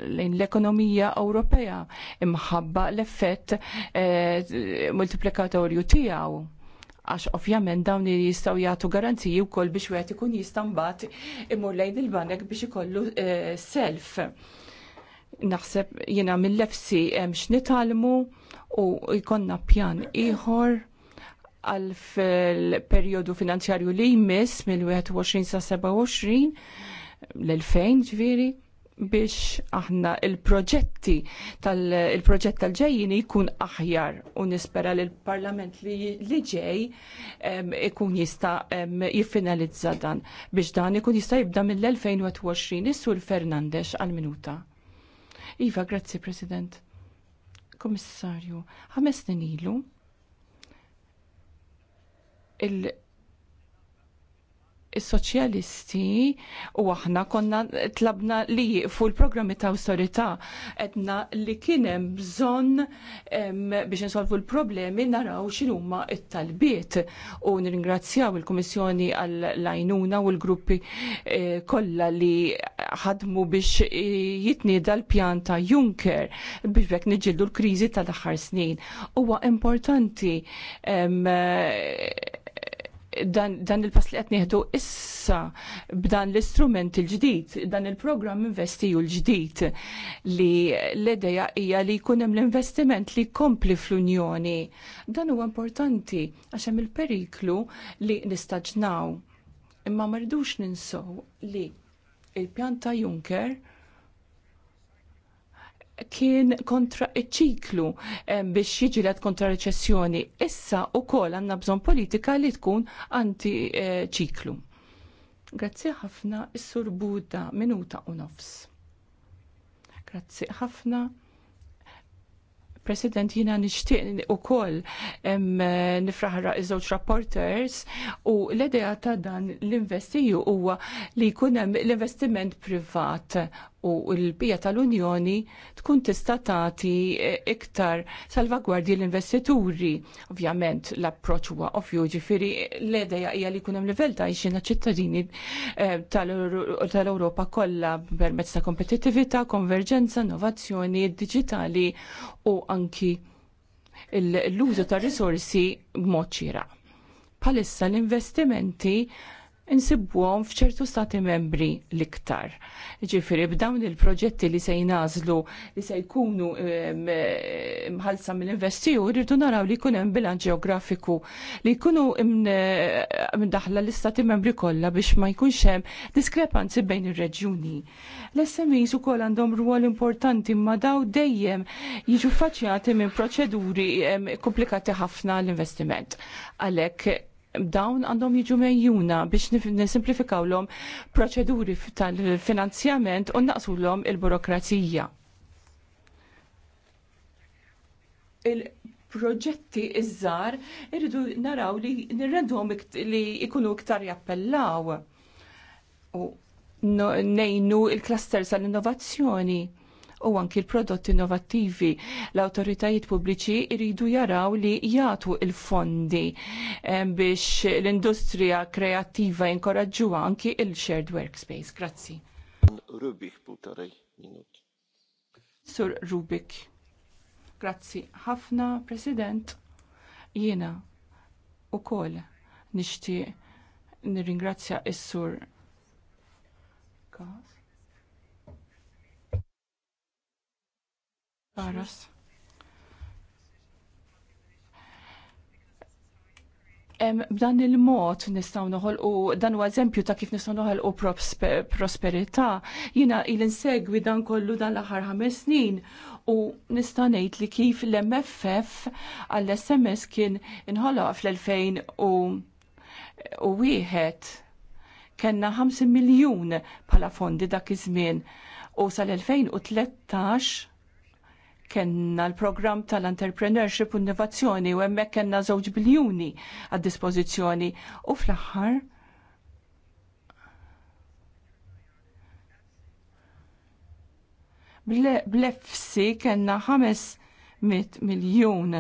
lejn l-ekonomija Ewropea imħabba l-effett eh, multiplikatorju tiegħu għax ovvjament dawn li jistaw jagħtu garanziji wkoll biex wieħed ikun jista' mbagħad imur lejn il-banek biex ikollu eh, self. Naħseb jiena mill-lefsi hemm x'nitalmu u jkollna pjan ieħor għal fil-periodu finanzjarju li jmiss mill-21 sa 27 l-2000 ġviri biex aħna il-proġetti tal-proġett tal-ġejjini jkun aħjar u nispera li l-Parlament li ġej ikun jista' jiffinalizza dan biex dan ikun jista' jibda mill-2021 is-Sur Fernandez għal-minuta. Iva, grazzi President. Komissarju, ħames ilu il- is-soċjalisti u aħna konna tlabna li jiqfu l-programmi ta' awtorità etna li kien hemm bżonn biex insolvu l-problemi naraw xinuma t-talbiet u nirringrazzjaw il-Kummissjoni għall lajnuna u l-gruppi kolla e, kollha li ħadmu biex e, jitnieda l-pjan ta' Juncker biex bekk nġildu l-kriżi tal-aħħar snin. Huwa importanti dan, dan il-pass li qed nieħdu issa b'dan l-istrument il-ġdid, dan il-programm investiju l-ġdid li l-ideja hija li jkun hemm l-investiment li kompli fl-Unjoni. Dan huwa importanti għax hemm il-periklu li nistaġnaw. Imma mardux ninsow li il-pjan ta' Juncker kien kontra ċiklu eh, biex jiġilet kontra reċessjoni. Issa u kol għanna bżon politika li tkun anti ċiklu. Grazzi ħafna is-sur Buda minuta u nofs. Grazzi ħafna. President, jina nishtiq u koll nifraħra iż-żewġ rapporters u l-idea ta' dan l-investiju huwa li kunem l-investiment privat u l-bija tal-Unjoni tkun tista' tagħti e, iktar salvagwardji l-investituri. Ovvjament l-approċċ huwa ovvju ġifieri l-idea hija li jkun hemm livell ta' għajxina ċittadini e, tal-Ewropa kollha permezz ta' kompetittività, konverġenza, innovazzjoni digitali u anki l-użu tar risorsi b'mod xieraq. Palissa l-investimenti insibbuhom f'ċertu stati membri l-iktar. Ġifiri, b'dawn il-proġetti li se jnażlu li se jkunu mħalsa mill investiju rridu naraw li jkun hemm bilanċ ġeografiku li jkunu mdaħla l-istati membri kollha biex ma jkunx hemm diskrepanzi bejn ir-reġjuni. L-SMEs ukoll għandhom rwol importanti ma daw dejjem jiġu faċjati minn proċeduri komplikati ħafna l-investiment. Għalhekk dawn għandhom jiġu mejjuna biex nisimplifikaw l proċeduri tal-finanzjament u naqsu l il-burokrazija. Il-proġetti iż-żar irridu naraw li nirrendhom li ikunu iktar jappellaw. U nejnu il-klaster tal-innovazzjoni u anki l-prodotti innovattivi. L-autoritajiet pubbliċi iridu jaraw li jagħtu il-fondi eh, biex l-industrija kreattiva jinkoraġġu anki il-shared workspace. Grazzi. Rubik, putarej, minut. Sur Rubik. Grazzi ħafna, President. jena u kol nishtiq nirringrazzja is-sur Kas Barros. B'dan il-mod nistgħu noħolqu dan u eżempju ta' kif nistgħu noħolqu prosperità. Jiena il insegwi dan kollu dan l-aħħar ħames snin u nista' ngħid li kif l-MFF għall-SMS kien inħoloq fl-2000 u wieħed kellna 50 miljun bħala fondi dak iż-żmien u sal-2013 Kenna l-programm tal-entrepreneurship u innovazzjoni u hemmhekk kenna żewġ biljuni għad dispożizzjoni u fl-aħħar blefsi kena 500 miljon.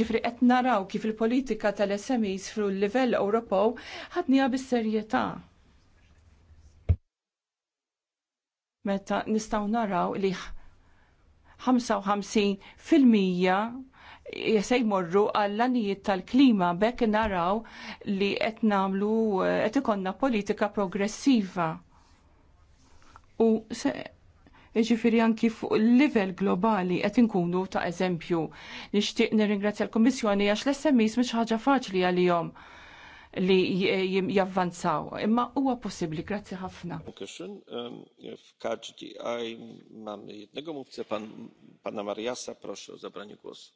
Ġifri qed naraw kif il-politika tal-SMEs fru l-livell Ewropew ħadniha bis-serjetà. Meta nistgħu naraw li 55% jese jmorru għall-anijiet tal-klima bekk naraw li qed nagħmlu qed ikonna politika progressiva. U se ġifiri anki fuq il-livell globali qed inkunu ta' eżempju. Nixtieq nirringrazzja l-Kummissjoni għax l-SMIs mhix ħaġa faċli għalihom li javvanzaw. Imma huwa possibbli, grazzi ħafna. Ähm, F'kaġdi għaj mam jednego mówcę, pan, panna Mariasa, proszę o zabranie głosu.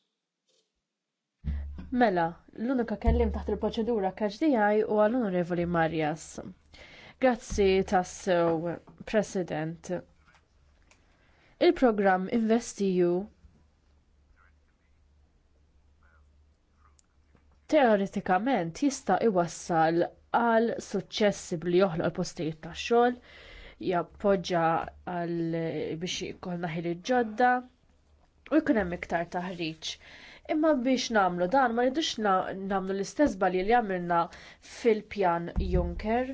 Mela, l-unika kellim taħt il-proċedura kaġdi għaj u għal-onorevoli Marjas. Grazzi tassew, President. Il-programm InvestEU teoretikament jista' iwassal għal suċċessi billi joħloq postijiet ta' xogħol, jappoġġa għal biex jkollna ħili ġodda u jkun hemm iktar taħriġ. Imma biex nagħmlu dan ma rridux nagħmlu l-istess balji li għamilna fil-pjan Juncker.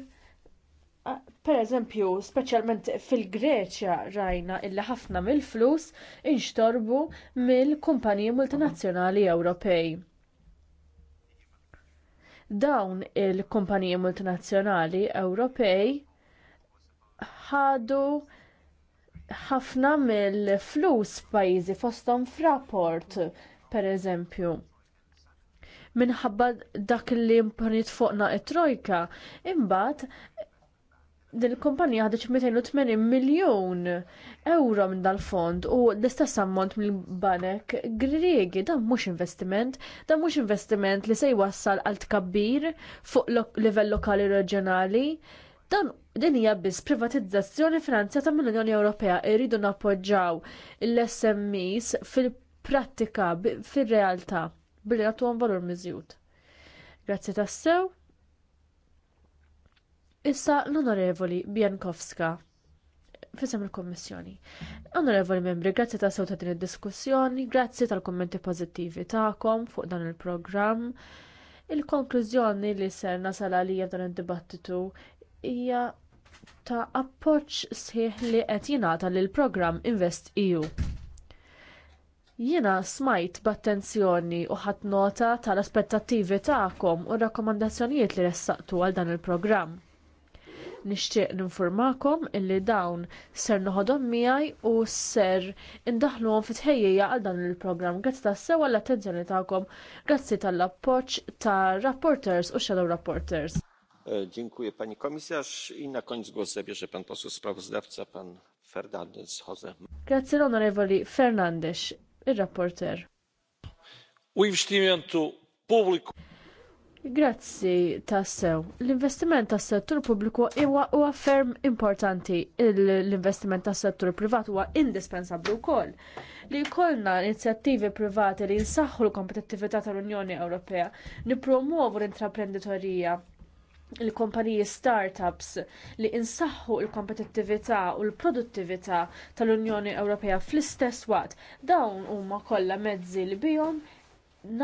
Pereżempju, speċjalment fil-Greċja rajna illi ħafna mill-flus inxtorbu mill-kumpaniji multinazzjonali Ewropej Dawn il-kumpaniji multinazzjonali Ewropej ħadu ħafna mill-flus f'pajjiżi fosthom fraport, pereżempju minħabba dak li imponit fuqna it-trojka. Imbagħad din il-kumpanija ħadet 280 miljon euro minn dal-fond u l-istess ammont mill banek Griegi dan mhux investiment, dan mhux investiment li se jwassal għal tkabbir fuq lo livell lokali reġjonali. Dan din hija biss privatizzazzjoni finanzjata mill-Unjoni Ewropea jridu nappoġġaw l-SMEs fil-prattika fir-realtà billi nagħtuhom valur miżjud. Grazzi tassew. Issa l-Onorevoli Bjankowska fissem il-Kommissjoni. Onorevoli membri, grazzi ta' sewta din id-diskussjoni, grazzi tal-kommenti pożittivi tagħkom fuq dan il-programm. Il-konklużjoni li ser nasal għalija dan id-dibattitu hija ta' appoġġ sħiħ li qed jingħata lil programm Invest EU. Jiena smajt b'attenzjoni u ħadd nota tal-aspettattivi tagħkom u r rakkomandazzjonijiet li ressaqtu għal dan il-programm. Nixtieq ninformakom illi dawn ser noħodhom miegħi u ser indaħluhom fi tħejjija għal dan il-programm. Grazzi tas-sewa l-attenzjoni tagħkom, grazzi tal-appoġġ ta' rapporters u shadow rapporters. E, dziękuję pani komisarz i na koniec głos zabierze pan poseł sprawozdawca pan Fernandez Jose. Grazie l'onorevoli Fernandez, il rapporter. U investimentu pubbliku Grazzi tassew. L-investiment tas settur pubbliku huwa ferm importanti. L-investiment tas settur privat huwa indispensabbli wkoll. Li jkollna inizjattivi privati li jinsaħħu l-kompetittività tal-Unjoni Ewropea, nippromuovu l-intraprenditorija il-kompaniji startups li insaħħu l kompetittività u l-produttività tal-Unjoni Ewropea fl-istess waqt. Dawn huma kollha mezzi li bihom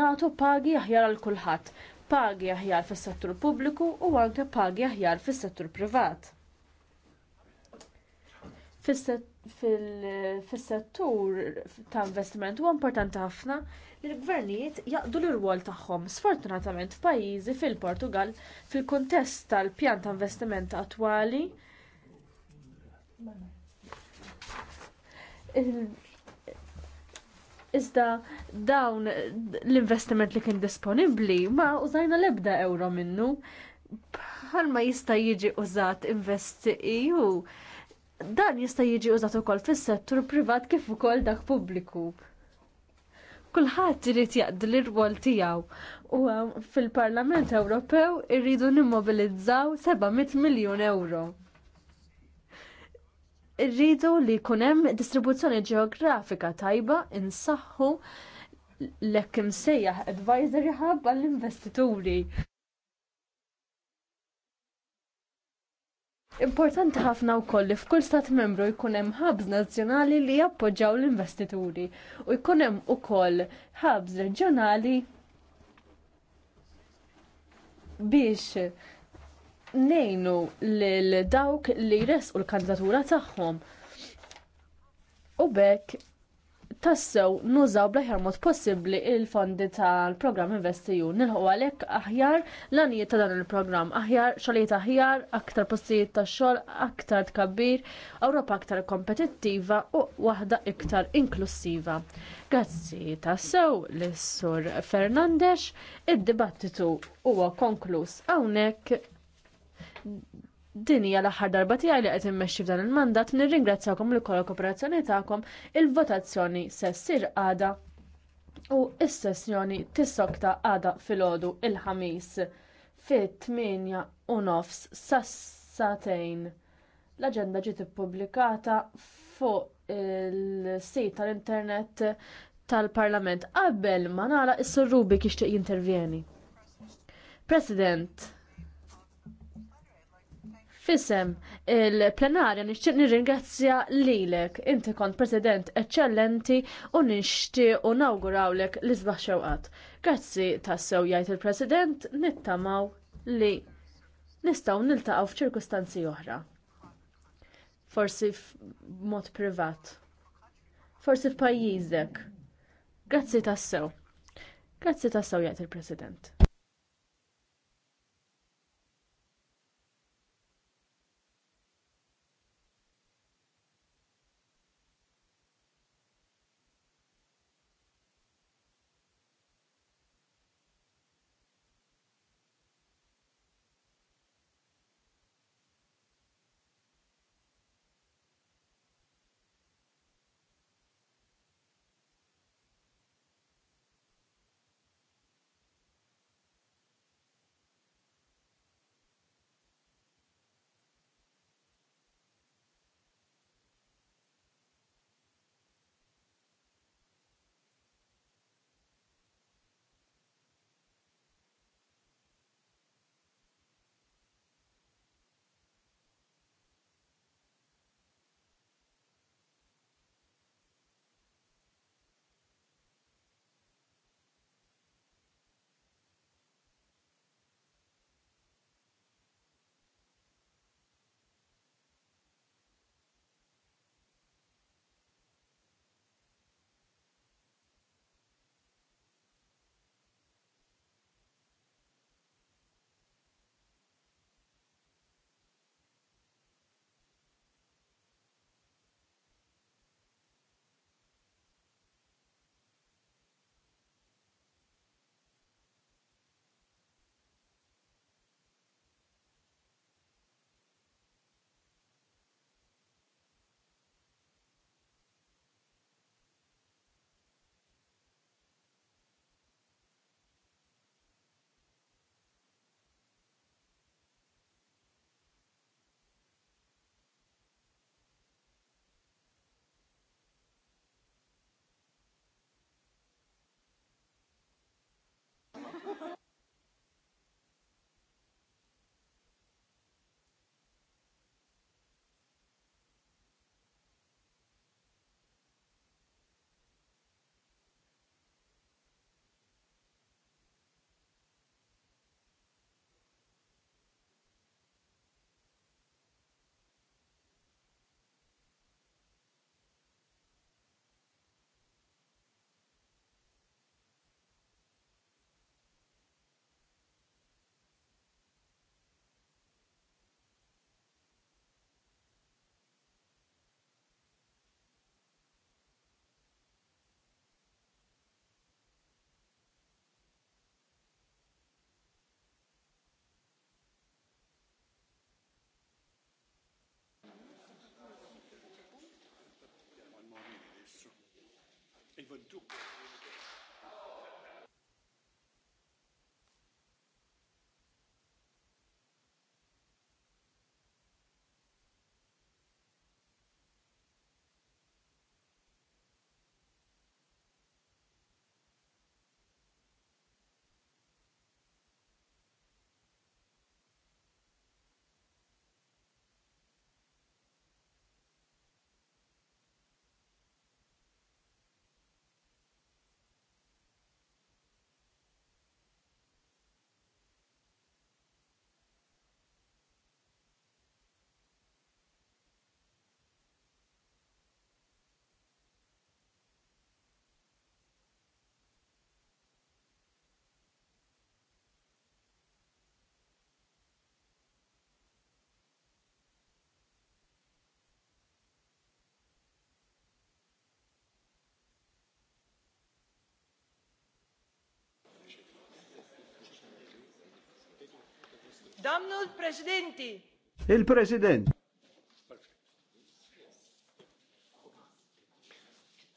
nagħtu pagi aħjar għal kulħadd pagi aħjar fis-settur pubbliku u anke pagi aħjar fis-settur privat. Fis-settur ta' investiment huwa importanti ħafna li l-gvernijiet jaqdu l-rwol tagħhom. Sfortunatament f'pajjiżi fil-Portugal fil-kuntest tal-pjan ta' investiment attwali Iżda dawn l-investiment li kien disponibbli ma użajna l-ebda euro minnu. Bħalma jista' jiġi użat investi EU. Dan jista' jiġi użat ukoll fis-settur privat kif ukoll dak pubbliku. Kulħadd irid jaqdi l-irwol tiegħu u uh, fil-Parlament Ewropew irridu nimmobilizzaw 700 miljun euro rridu li jkun hemm distribuzzjoni ġeografika tajba insaħħu l ek msejja advisory hub għall-investituri. Importanti ħafna wkoll li f'kull stat membru jkun hemm hubs nazzjonali li jappoġġjaw l-investituri u jkun hemm ukoll hubs reġjonali biex nejnu lil dawk li jresqu l-kandidatura tagħhom. U bekk tassew nużaw bleħar mod possibbli il-fondi tal-programm investiju. Nilħu għalhekk aħjar l-għanijiet ta' dan il-programm, aħjar xogħlijiet aħjar, aktar postijiet ta' xogħol, aktar tkabbir, Ewropa aktar kompetittiva u waħda iktar inklusiva. Grazzi tassew lis sur Fernandes, id-dibattitu huwa konkluż hawnhekk din hija l-aħħar darba tiegħi li qed immexxi f'dan il-mandat nirringrazzjakom li kollha kooperazzjoni tagħkom il-votazzjoni se ssir għada u s-sessjoni tissokta għada filgħodu il-ħamis fit-8 u nofs sassatejn. L-aġenda ġiet ippubblikata fuq il-sit tal-internet tal-Parlament qabel ma nara is-surrubi kixtieq jintervjeni. President, Fisem, il-plenarja nixtieq nirringrazzja lilek, inti kont president eċċellenti u nixtieq u nawgurawlek l isbaħ xewqat. Grazzi tassew jgħid il-president nittamaw li nistgħu niltaqgħu f'ċirkustanzi oħra. Forsi f'mod privat. Forsi f'pajjiżek. Grazzi tassew. Grazzi tassew jgħid il-president. bonne tour. Damnu l-Presidenti. Il-President.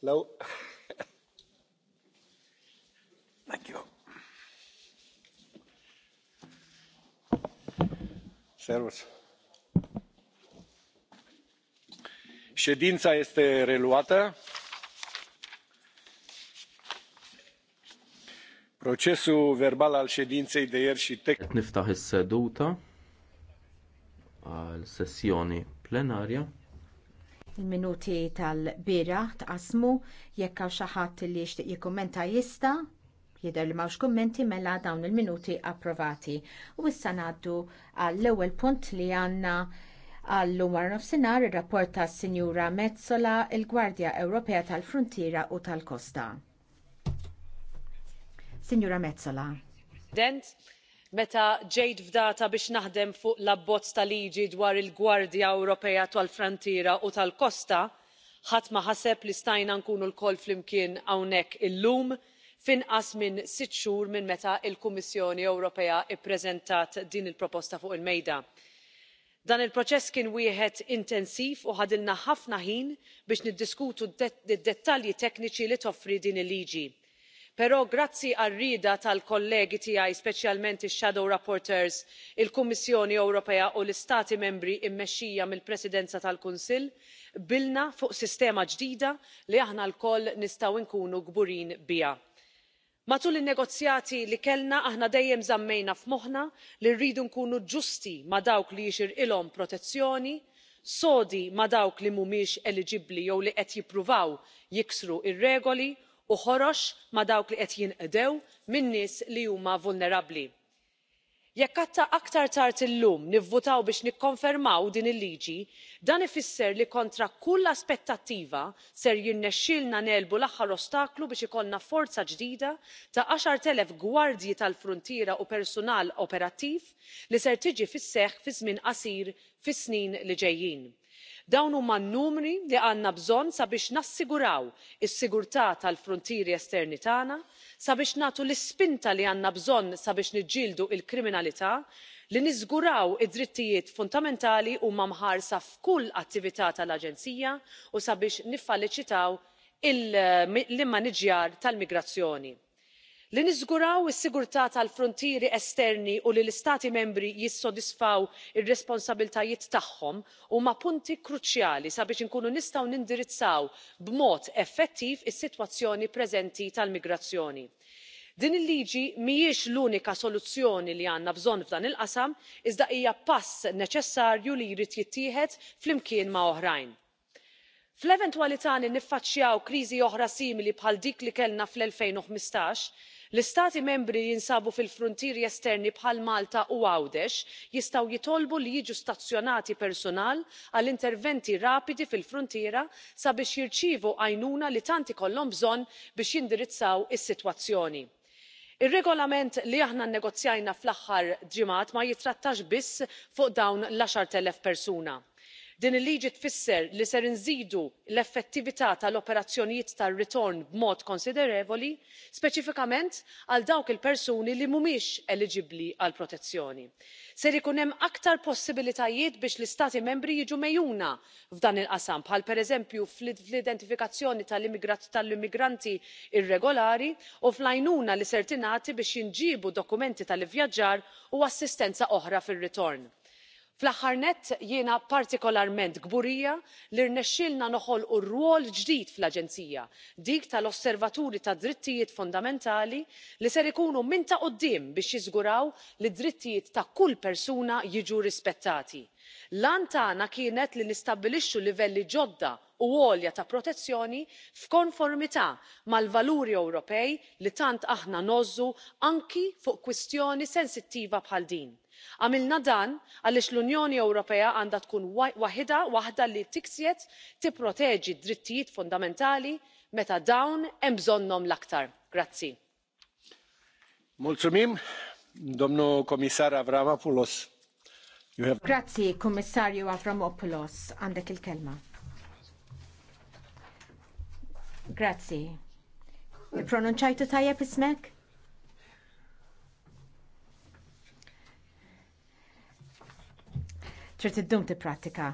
Law. Thank you. Servus. Ședința este reluată. Proċessu verbal għal xedinzej dejer xi tek. Niftaħ is-seduta għal sessjoni plenarja. Il-minuti tal-bira tqasmu jekk hawn xi ħadd li xtieq jikkumenta jista' jidher li mawx kummenti mela dawn il-minuti approvati. U issa ngħaddu għall-ewwel punt li għandna għallum għar nofsinhar ir-rapport tas-Sinjura Mezzola il-Gwardja Ewropea tal-Frontiera u tal-Kosta. Signora Mezzola. Dent, meta ġejt fdata biex naħdem fuq l-abbozz ta' liġi dwar il-gwardja ewropea tal frontiera u tal-kosta ħadd ma ħaseb li stajna nkunu lkoll flimkien hawnhekk illum f'inqas minn sitt xhur minn meta l-kummissjoni ewropea ppreżentat din il-proposta fuq il-mejda. dan il-proċess kien wieħed intensiv u ħadilna ħafna ħin biex niddiskutu d-dettalji tekniċi li toffri din il-liġi però grazzi għar rieda tal kollegi tiegħi speċjalment ix-shadow rapporteurs il kummissjoni ewropea u l istati membri mmexxija mill presidenza tal kunsill bilna fuq sistema ġdida li aħna lkoll nistgħu nkunu kburin biha matul in negozjati li kellna aħna dejjem żammejna f'moħħna li rridu nkunu ġusti ma' dawk li jixirqilhom protezzjoni sodi ma' dawk li mhumiex eligibbli jew li qed jippruvaw jiksru r regoli u ħorox ma' dawk li qed jinqdew minn nies li huma vulnerabbli. jekk aktar tard illum nivvutaw biex nikkonfermaw din il-liġi dan ifisser li kontra kull aspettattiva ser jirnexxielna nelbu l-aħħar ostaklu biex ikollna forza ġdida ta' għaxar telef gwardji tal-fruntiera u personal operattiv li ser tiġi fis seħħ fi żmien qasir fis-snin li ġejjin dawn huma n-numri li għandna bżonn sabiex nassiguraw is-sigurtà tal-fruntieri esterni tagħna sabiex nagħtu l-ispinta li għandna bżonn sabiex niġġieldu l kriminalità li niżguraw id-drittijiet fundamentali huma mħarsa f'kull attività tal-aġenzija u sabiex niffaċilitaw l-immaniġġjar tal migrazzjoni li niżguraw is-sigurtà tal-fruntieri esterni u li l-istati membri jissodisfaw ir-responsabbiltajiet tagħhom huma punti kruċjali sabiex inkunu nistgħu nindirizzaw b'mod effettiv is-sitwazzjoni preżenti tal-migrazzjoni. din il-liġi mhijiex l-unika soluzzjoni li għandna bżonn f'dan il-qasam iżda hija pass neċessarju li jrid jittieħed flimkien ma' oħrajn. fl-eventwalità li niffaċċjaw kriżi oħra simili bħal dik li kellna fl 2015 l istati membri li jinsabu fil fruntieri esterni bħal malta u għawdex jistgħu jitolbu li jiġu stazzjonati personal għal interventi rapidi fil fruntiera sabiex jirċievu għajnuna li tant ikollhom bżonn biex jindirizzaw is-sitwazzjoni. ir regolament li aħna nnegozjajna fl aħħar ġimgħat ma jitrattax biss fuq dawn l għaxar telef persuna din il-liġi tfisser li ser inżidu l-effettività tal-operazzjonijiet tar-ritorn b'mod konsidervoli speċifikament għal dawk il-persuni li mhumiex eligibbli għal protezzjoni. ser ikun hemm aktar possibbiltajiet biex l-istati membri jiġu mejjuna f'dan il-qasam bħal pereżempju fl-identifikazzjoni tal-immigranti irregolari u fl-għajnuna li ser tingħati biex jinġiebu dokumenti tal ivvjaġġar u assistenza oħra fir ritorn fl aħħar nett jiena partikolarment kburija li rnexxielna noħolqu rwol ġdid fl-aġenzija dik tal-osservaturi tad-drittijiet fundamentali li ser ikunu minn ta' quddiem biex jiżguraw li d-drittijiet ta' kull persuna jiġu rispettati. lan tagħna kienet li nistabbilixxu livelli ġodda u għolja ta' protezzjoni f'konformità mal-valuri ewropej li tant aħna nogħżu anki fuq kwistjoni sensittiva bħal din għamilna dan għaliex l-unjoni ewropea għandha tkun waħedha waħda li tikseb tipproteġi d-drittijiet fundamentali meta dawn hemm bżonnhom l aktar. grazzi kummissarju avramopoulos għandek il-kelma. Grazzi. Ippronunċajtu tajjeb ismek? trid iddum tipprattika.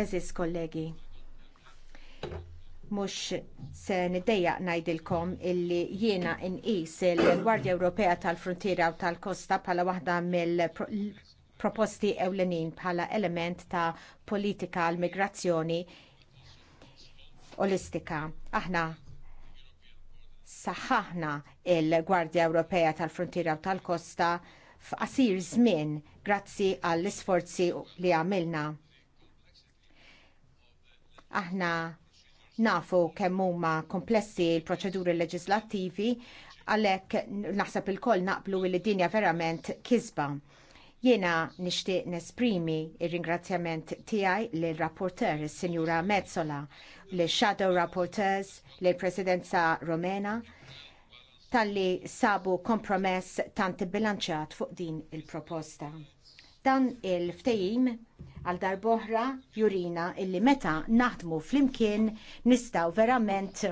Eżis kollegi, mhux se niddejjaq ngħidilkom illi jiena inqis il-Gwardja Ewropea tal-Frontiera u tal-Kosta bħala waħda mill-proposti ewlenin bħala element ta' politika għall migrazzjoni olistika. Aħna saħħaħna il-Gwardja Ewropea tal-Frontiera u tal-Kosta f'qasir żmien grazzi għall-isforzi li għamilna. Aħna nafu kemm huma komplessi l-proċeduri leġislattivi għalhekk naħseb il-koll naqblu li dinja verament kisba. Jiena nixtieq nesprimi ir-ringrazzjament tiegħi lil rapporteur is-Sinjura Mezzola, lil Shadow Rapporteurs, lil Presidenza Romena, tal-li sabu kompromess tant bilanċat fuq din il-proposta. Dan il-ftejim għal darboħra jurina illi meta naħdmu flimkien nistaw verament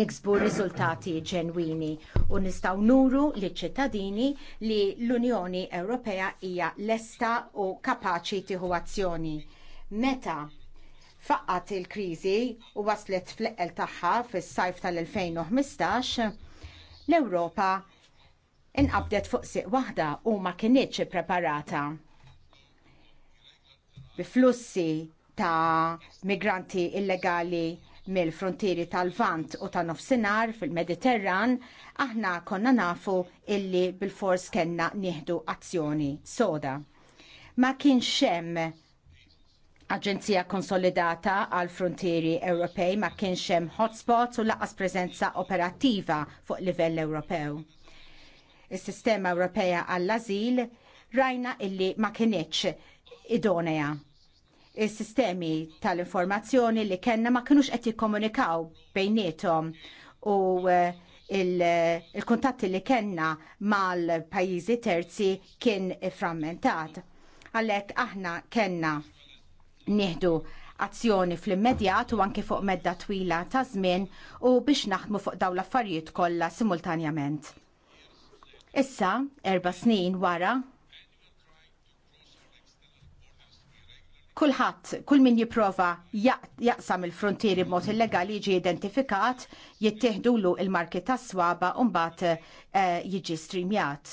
niksbu riżultati ġenwini u nistaw nuru li ċittadini li l-Unjoni Ewropea hija lesta u kapaċi tieħu azzjoni. Meta faqqat il-kriżi u waslet fl-eqel tagħha fis-sajf tal-2015, l-Ewropa inqabdet fuq siq waħda u ma kienieċ preparata. Biflussi ta' migranti illegali mill-frontieri tal-Vant u ta' nofsinar fil-Mediterran, aħna konna nafu illi bil-fors kenna nieħdu azzjoni soda. Ma kienx hemm Aġenzija konsolidata għal frontieri Ewropej ma kienx hemm hotspots u laqas preżenza operattiva fuq livell Ewropew. Is-sistema Ewropea għall ażil rajna illi ma kinitx idonea. Is-sistemi tal-informazzjoni li kellna ma kinux qed jikkomunikaw bejniethom u eh, eh, il-kuntatti il li kellna mal-pajjiżi terzi kien frammentat. Għalhekk aħna kellna nieħdu azzjoni fl-immedjat u anke fuq medda twila ta' żmien u biex naħdmu fuq dawn l-affarijiet kollha simultanjament. Issa, erba' snin wara, kulħadd, kull min jipprova jaqsam il-frontieri b'mod illegali jiġi identifikat, jittieħdulu il-marki tas swaba u mbagħad eh, jiġi streamjat.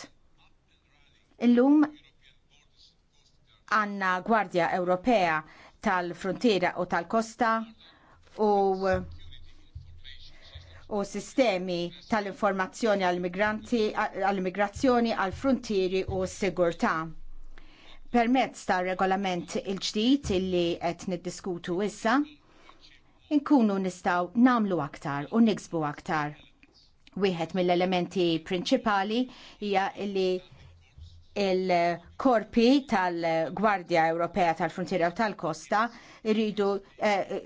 Illum għandna Gwardja Ewropea tal-frontiera u tal-kosta u u sistemi tal-informazzjoni għall-immigrazzjoni għall-frontieri u s-sigurtà. Permezz tar regolament il-ġdid illi qed niddiskutu issa, inkunu nistaw namlu aktar u niksbu aktar. Wieħed mill-elementi prinċipali hija li il-korpi tal-Gwardja Ewropea tal-Frontiera u tal-Kosta jridu eh,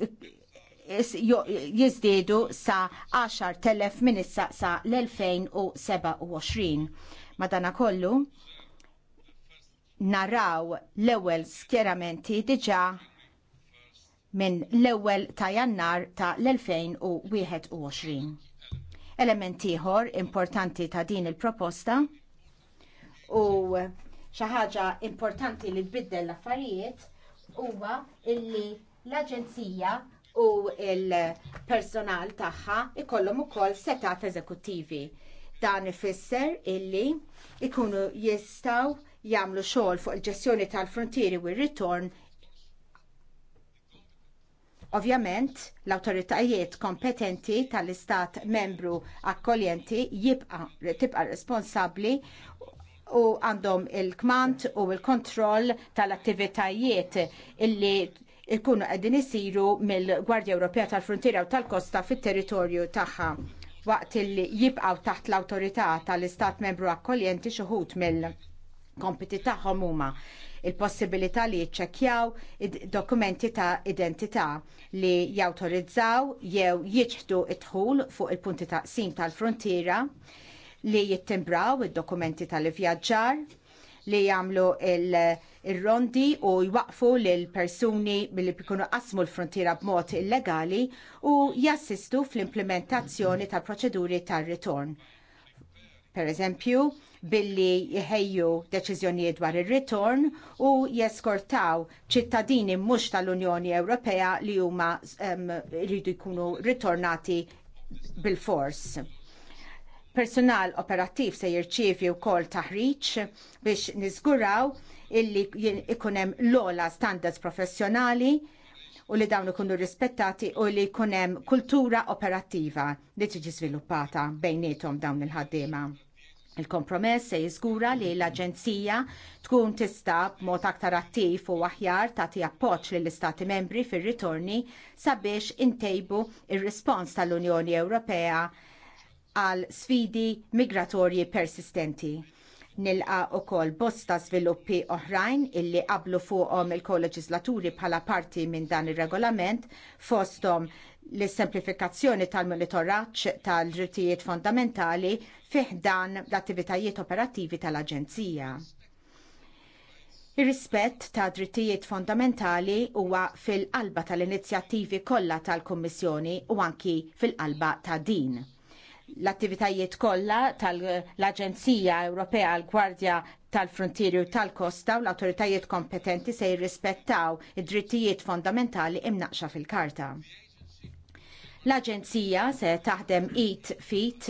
jizdedu sa 10.000 min issa sa l-2027. Madana kollu, naraw l-ewel skjeramenti diġa minn l-ewel ta' jannar ta' l-2021. Element importanti ta' din il-proposta u xi ħaġa importanti li tbiddel l-affarijiet huwa illi l-Aġenzija u l personal tagħha ikollhom ukoll setat eżekuttivi. Dan ifisser illi ikunu jistgħu jagħmlu xogħol fuq il-ġestjoni tal-frontieri u r-ritorn Ovvjament, l-autoritajiet kompetenti tal-istat membru akkoljenti jibqa' tibqa' responsabbli u għandhom il-kmant u l kontroll tal-attivitajiet illi ikunu għedin isiru mill-Gwardja Ewropea tal-Frontiera u tal-Kosta fit-territorju tagħha waqt illi jibqaw taħt l-autorità tal-Istat membru akkoljenti xuħut mill-kompiti tagħhom huma il-possibilità li jiċċekkjaw dokumenti ta' identità li jawtorizzaw jew jiġħdu id dħul fuq il-punti ta' tal-frontiera li jittimbraw id-dokumenti tal-vjaġġar li jagħmlu il-rondi u jwaqfu l persuni billi bikunu qasmu l-frontiera b'mod illegali u jassistu fl-implementazzjoni tal-proċeduri tal-ritorn. Per eżempju, billi jħejju deċiżjonijiet dwar ir-ritorn u jeskortaw ċittadini mhux tal-Unjoni Ewropea li huma jridu jkunu ritornati bil-fors personal operattiv se jirċievi wkoll taħriġ biex nizguraw illi ikunem hemm l-ola standards professjonali u li dawn ikunu rispettati u li jkun hemm kultura operattiva li tiġi sviluppata bejniethom dawn il-ħaddiema. Il-kompromess se jizgura li l-Aġenzija tkun tista b'mod aktar attiv u aħjar tagħti appoġġ lill istati membri fir-ritorni sabiex intejbu ir-rispons tal-Unjoni Ewropea għal sfidi migratorji persistenti. Nilqa u kol bosta sviluppi oħrajn illi qablu fuqhom il-koleġislaturi bħala parti minn dan ir-regolament fosthom l-semplifikazzjoni tal-monitoraċ tal-drittijiet fondamentali fiħdan l-attivitajiet operattivi tal-Aġenzija. Ir-rispett ta' drittijiet fondamentali huwa fil-qalba tal-inizjattivi kollha tal-Kummissjoni u anki fil-qalba ta' din l-attivitajiet kollha tal-Aġenzija Ewropea għall gwardja tal-Frontieri u tal-Kosta u l-autoritajiet kompetenti se jirrispettaw id-drittijiet fondamentali imnaqxa fil-karta. L-Aġenzija se taħdem it fit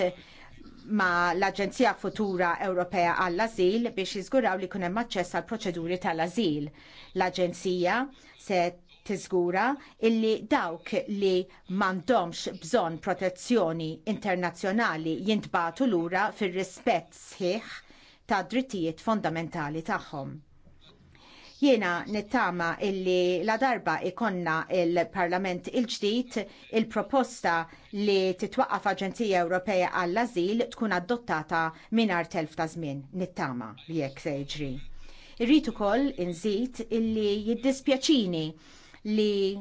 ma l-Aġenzija Futura Ewropea għall ażil biex jiżguraw li jkun hemm aċċess għall proċeduri tal-azil. L-Aġenzija se tiżgura illi dawk li m'għandhomx bżonn protezzjoni internazzjonali jintbatu lura fir-rispett sħiħ tad drittijiet fondamentali tagħhom. Jiena nittama illi la darba ikonna il-Parlament il-ġdid il-proposta li titwaqqaf Aġenzija Ewropea għall-Azil tkun adottata mingħajr telf ta' żmien. Nittama li jekk se jiġri. Irrid ukoll inżid illi jiddispjaċini li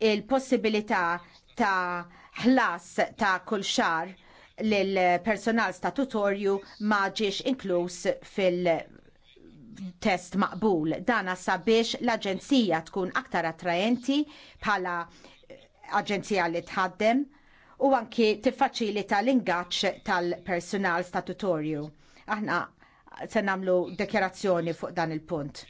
il-possibilità ta' ħlas ta' kull xar l-personal statutorju ma ġiex inkluż fil- test maqbul. Dana sabiex l-Aġenzija tkun aktar attrajenti bħala Aġenzija li tħaddem u anki tiffaċilita l-ingaċ tal-personal statutorju. Aħna se nagħmlu dekjarazzjoni fuq dan il-punt.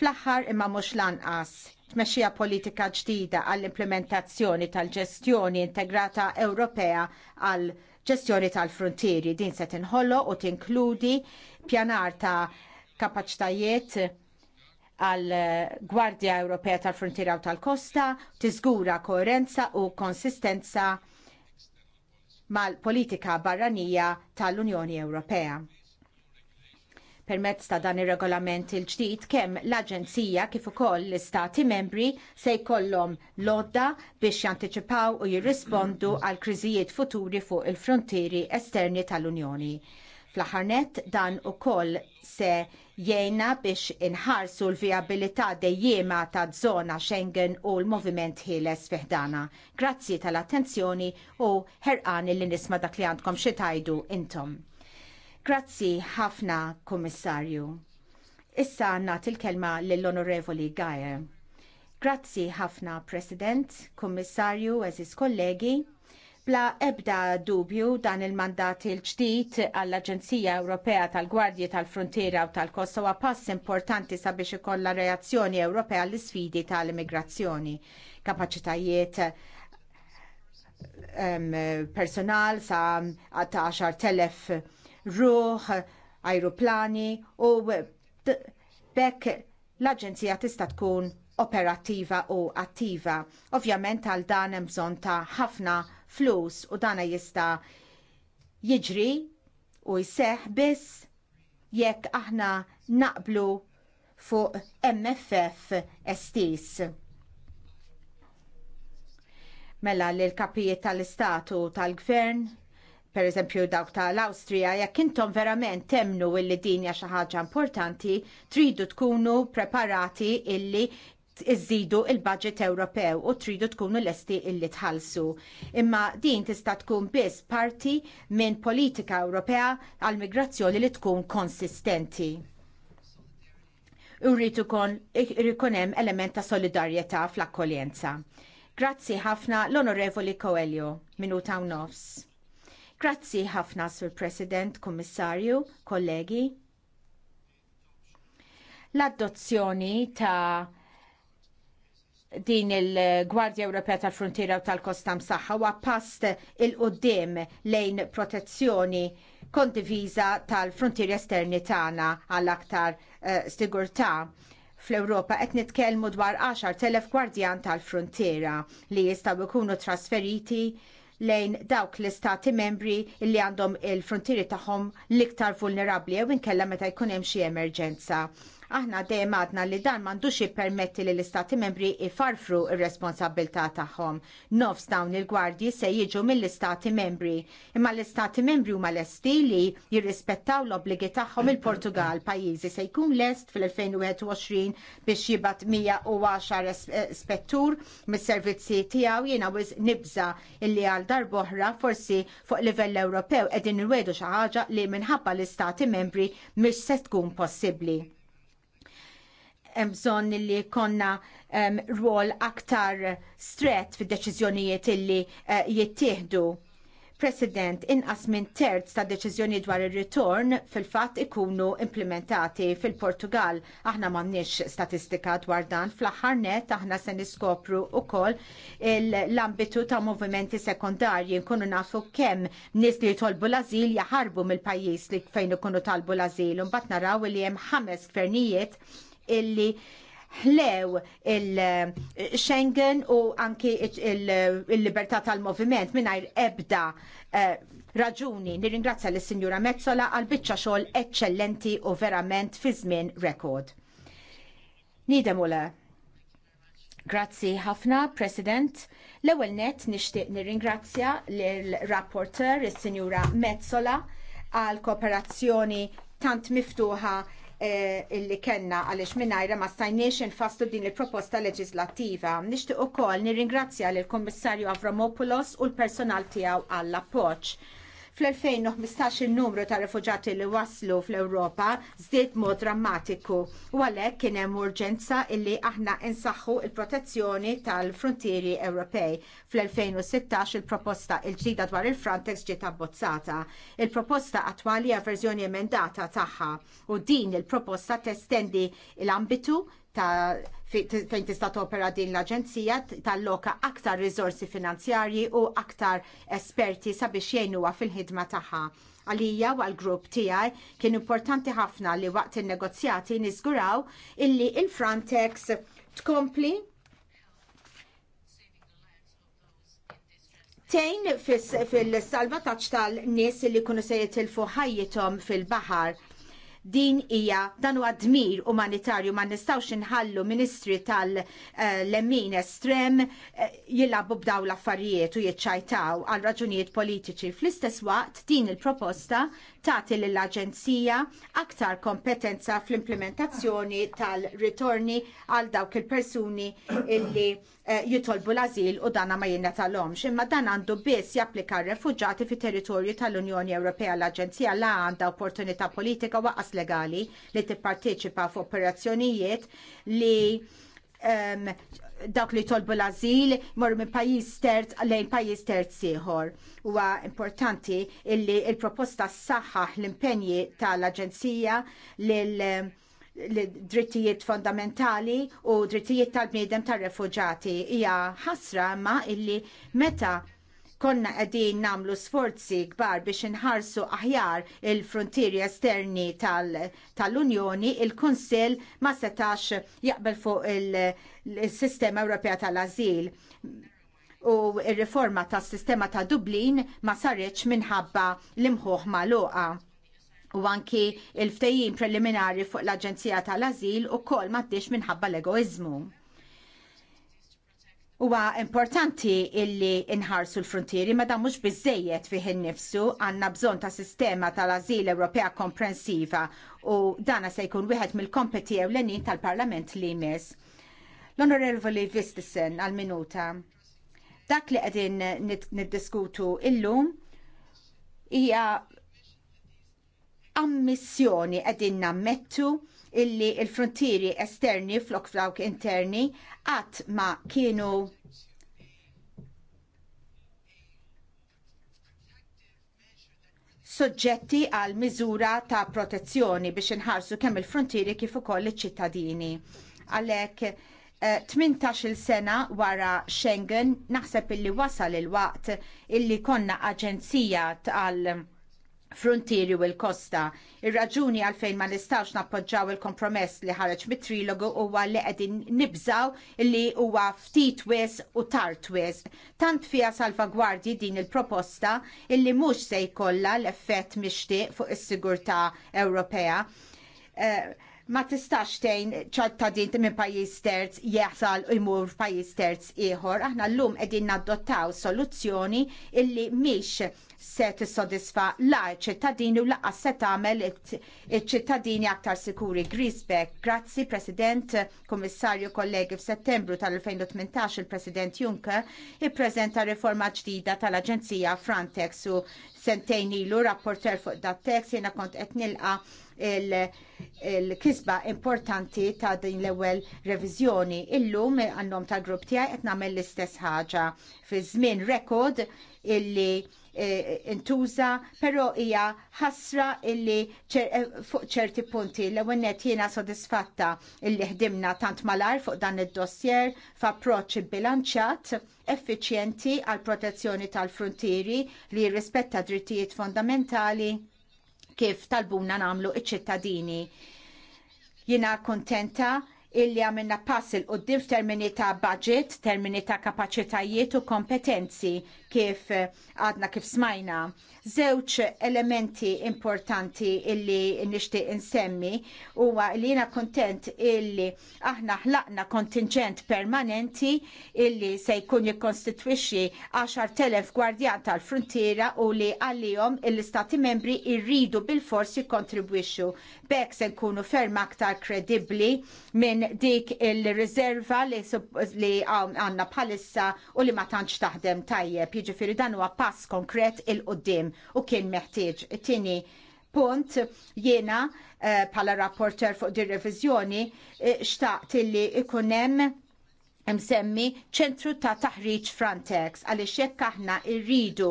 Fl-aħħar imma mhux lanqas tmexxija politika ġdida għall-implementazzjoni tal-ġestjoni integrata Ewropea għal ġestjoni tal-frontieri din se tinħollo u tinkludi pjanar ta' kapaċitajiet għal Gwardja Ewropea tal-Frontiera u tal-Kosta, tiżgura koerenza u konsistenza mal-politika barranija tal-Unjoni Ewropea. Permezz ta' dan ir-regolament il ġdid kemm l-Aġenzija kif ukoll l-Istati membri se jkollhom lodda biex jantiċipaw u jirrispondu għal kriżijiet futuri fuq il-frontieri esterni tal-Unjoni. Fl-aħħar nett dan ukoll se jgħinna biex inħarsu l-vijabilità dejjema ta' żona Schengen u l-moviment ħieles fiħdana. Grazzi tal-attenzjoni u ħerqani li nisma dak li għandkom xi tajdu intom. Grazzi ħafna, Kommissarju. Issa nagħti il kelma lill-Onorevoli Gajer. Grazzi ħafna, President, Kommissarju, eżis kollegi. Bla ebda dubju dan il-mandat il-ġdid għall-Aġenzija Ewropea tal-Gwardji tal-Frontiera u tal-Kosta pass importanti sabiex ikollha reazzjoni Ewropea l isfidi tal-immigrazzjoni. Kapaċitajiet um, personal sa' 10,000 ruħ, ajruplani u bekk l-Aġenzija tista' tkun operattiva u attiva. Ovvjament għal dan hemm bżonn ta' ħafna flus u dan jista' jiġri u jseħħ biss jekk aħna naqblu fuq MFF estis. Mela l-kapijiet tal-istatu tal-gvern per eżempju dawk tal-Awstrija, jekk intom verament temnu illi din hija xi ħaġa importanti, tridu tkunu preparati illi iżidu il-budget Ewropew u tridu tkunu lesti illi tħallsu. Imma din tista' tkun biss parti minn politika Ewropea għall migrazzjoni li tkun konsistenti. Urritu kon hemm element ta' solidarjetà fl-akkoljenza. Grazzi ħafna l-Onorevoli Coelho, minuta u nofs. Grazzi ħafna sur President, Kommissarju, kollegi. L-adozzjoni ta' din il-Gwardja Ewropea tal-Frontiera u tal kostam Msaħħa huwa past il-qoddim lejn protezzjoni kondiviża tal-frontieri esterni tagħna għal aktar uh, sigurtà fl-Ewropa qed nitkellmu dwar 10,000 gwardjan tal-frontiera li jistgħu jkunu trasferiti lejn dawk l-istati membri li għandhom il-frontieri tagħhom l-iktar vulnerabbli jew inkella meta jkun hemm xi emerġenza. Aħna dejjem għadna li dan m'għandux jippermetti li l-istati membri ifarfru r-responsabilità tagħhom. Nofs dawn il-gwardji se jiġu mill-istati membri. Imma l-istati membri huma lesti li jirrispettaw l-obbligi tagħhom il-Portugal pajjiżi se jkun lest fil-2021 biex jibat 110 spettur mis-servizzi tiegħu jiena wis nibża illi għal darboħra forsi fuq livell Ewropew qegħdin irwedu xi ħaġa li minħabba l-istati membri mhix se tkun possibbli hemm bżonn li konna um, rwol aktar stret fid-deċiżjonijiet illi uh, jittieħdu. President, inqas minn terz ta' deċiżjoni dwar ir-ritorn fil-fatt ikunu implementati fil-Portugal. Aħna m'għandniex statistika dwar dan fl-aħħar net aħna se niskopru wkoll l-ambitu ta' movimenti sekondarji nkunu nafu kemm nies li jtolbu l-ażil jaħarbu mill-pajjiż li fejn ikunu talbu l-ażil u mbagħad naraw li hemm ħames gvernijiet illi ħlew il-Schengen u anki il-libertà tal-moviment mingħajr ebda eh, raġuni. Nirringrazzja l sinjura Mezzola għal biċċa xogħol eċċellenti u verament fi żmien rekord. Nidemula. Grazzi ħafna, President. L-ewwel net nixtieq nirringrazzja lill-rapporteur is-Sinjura Mezzola għal kooperazzjoni tant miftuħa Eh, illi kena għaliex minnajra ma stajniex infastu din il-proposta leġislattiva. Nixtieq ukoll nirringrazzja lill kummissarju Avramopoulos u l-personal tiegħu għall-appoġġ. Fl-2015 il-numru ta' rifugjati li waslu fl-Ewropa żdied mod drammatiku u għalhekk kien hemm urġenza illi aħna insaħħu il-protezzjoni tal-frontieri Ewropej. Fl-2016 il-proposta il-ġdida dwar il-Frontex ġiet abbozzata. Il-proposta attwali hija verżjoni emendata tagħha u din il-proposta testendi l-ambitu il proposta testendi l ambitu ta' fejn tista' topera din l-Aġenzija tal-loka aktar rizorsi finanzjarji u aktar esperti sabiex jgħinuha fil-ħidma tagħha. Għalija u għal-grupp tiegħi kien importanti ħafna li waqt in-negozjati niżguraw illi il-Frontex tkompli tejn fil-salvataċ tal-nies li kunu se jitilfu ħajjithom fil-baħar Din hija dan huwa dmir umanitarju ma nistgħux inħallu ministri tal-lemmin estrem eh, jilagħbu b'daw l-affarijiet u jiċċajtaw għal raġunijiet politiċi. Fl-istess waqt din il-proposta tagħti lill-Aġenzija aktar kompetenza fl-implementazzjoni tal-ritorni għal dawk il-persuni illi eh, jitolbu l-azil u dana ma jinna tal-omx. Imma dan għandu biss japplika r-refugġati fi territorju tal-Unjoni Ewropea l-Aġenzija la għanda opportunità politika waqqas legali li tipparteċipa f'operazzjonijiet li ehm, dawk li tolbu l-azil morru minn pajjiż terz lejn pajjiż terz ieħor. Huwa importanti illi il-proposta saħħaħ l-impenji tal-Aġenzija l-drittijiet fondamentali u drittijiet tal-bniedem tar refugġati hija ħasra ma illi meta konna qegħdin nagħmlu sforzi kbar biex inħarsu aħjar il-frontieri esterni tal-Unjoni, tal il-Kunsill ma setax jaqbel fuq il-Sistema Ewropea tal-Azil u r-riforma tas sistema ta' Dublin ma sarriċ minħabba l-imħuħ magħluqa. U anki il-ftejjin preliminari fuq l-Aġenzija tal-Azil u kol minħabba l-egoizmu. Huwa importanti illi inħarsu l-frontieri ma dan mhux fiħ fih innifsu għandna bżonn ta' sistema tal-Ażil Ewropea komprensiva u dana se jkun wieħed mill-kompeti ewlenin tal-Parlament li jmiss. L-Onorevoli Vistisen għal-minuta. Dak li għedin niddiskutu illum hija ammissjoni qegħdin nammettu illi il-frontieri esterni flok flok interni għat ma kienu soġġetti għal miżura ta' protezzjoni biex inħarsu kemm il-frontieri kif ukoll iċ-ċittadini. Għalhekk 18 eh, sena wara Schengen naħseb illi wasal il-waqt illi konna aġenzija tal frontieri u l-kosta. Ir-raġuni għalfejn ma nistax nappoġġaw il-kompromess li ħareġ mit-trilogu huwa li qegħdin nibżaw li huwa ftit wis u tard wis. Tant fiha salvagwardji din il-proposta illi mhux se jkollha l-effett mixtieq fuq is-sigurtà Ewropea. Eh, ma tistax tejn ċattadin minn pajjiż terz jaħsal u jmur f'pajjiż terz ieħor. Aħna llum qegħdin naddottaw soluzzjoni illi mhix se tissodisfa la ċittadini u laqqas se tagħmel iċ-ċittadini aktar sikuri. Grisbeck, grazzi President, Kummissarju kollegi f'Settembru tal-2018 il-President Juncker ippreżenta riforma ġdida tal-Aġenzija Frontex u sentejn ilu rapporter fuq dat-tekst jiena kont qed nilqa' il-kisba importanti ta' din l-ewwel reviżjoni. Illum għannom tal-grupp tiegħi qed nagħmel l-istess ħaġa fi żmien rekord illi e, intuża, però hija ħasra illi e, fuq ċerti punti l ewwel jiena sodisfatta illi ħdimna tant malar fuq dan id-dossier f'approċċ bilanċat effiċjenti għal protezzjoni tal-frontieri li jirrispetta drittijiet fondamentali kif talbuna namlu iċ-ċittadini. Jina kontenta illi għamilna pass il qoddim f'termini ta' budget, termini ta' kapacitajiet u kompetenzi kif eh, għadna kif smajna. Żewġ elementi importanti illi nixtieq insemmi huwa li jiena kontent illi aħna ħlaqna kontingent permanenti illi se jkun jikkonstitwixxi 10,000 gwardjan tal-frontiera u li għalihom l-istati membri irridu bil-fors jikkontribwixxu. B'hekk se nkunu ferm aktar kredibbli minn dik il-riserva li għandna bħalissa u li ma tantx taħdem tajjeb jiġifieri dan huwa pass konkret il-qoddim u kien meħtieġ. Tieni punt jiena eh, bħala rapporter fuq dir-reviżjoni eh, xtaqt illi ikun hemm msemmi ċentru ta' taħriġ Frontex għaliex jekk aħna rridu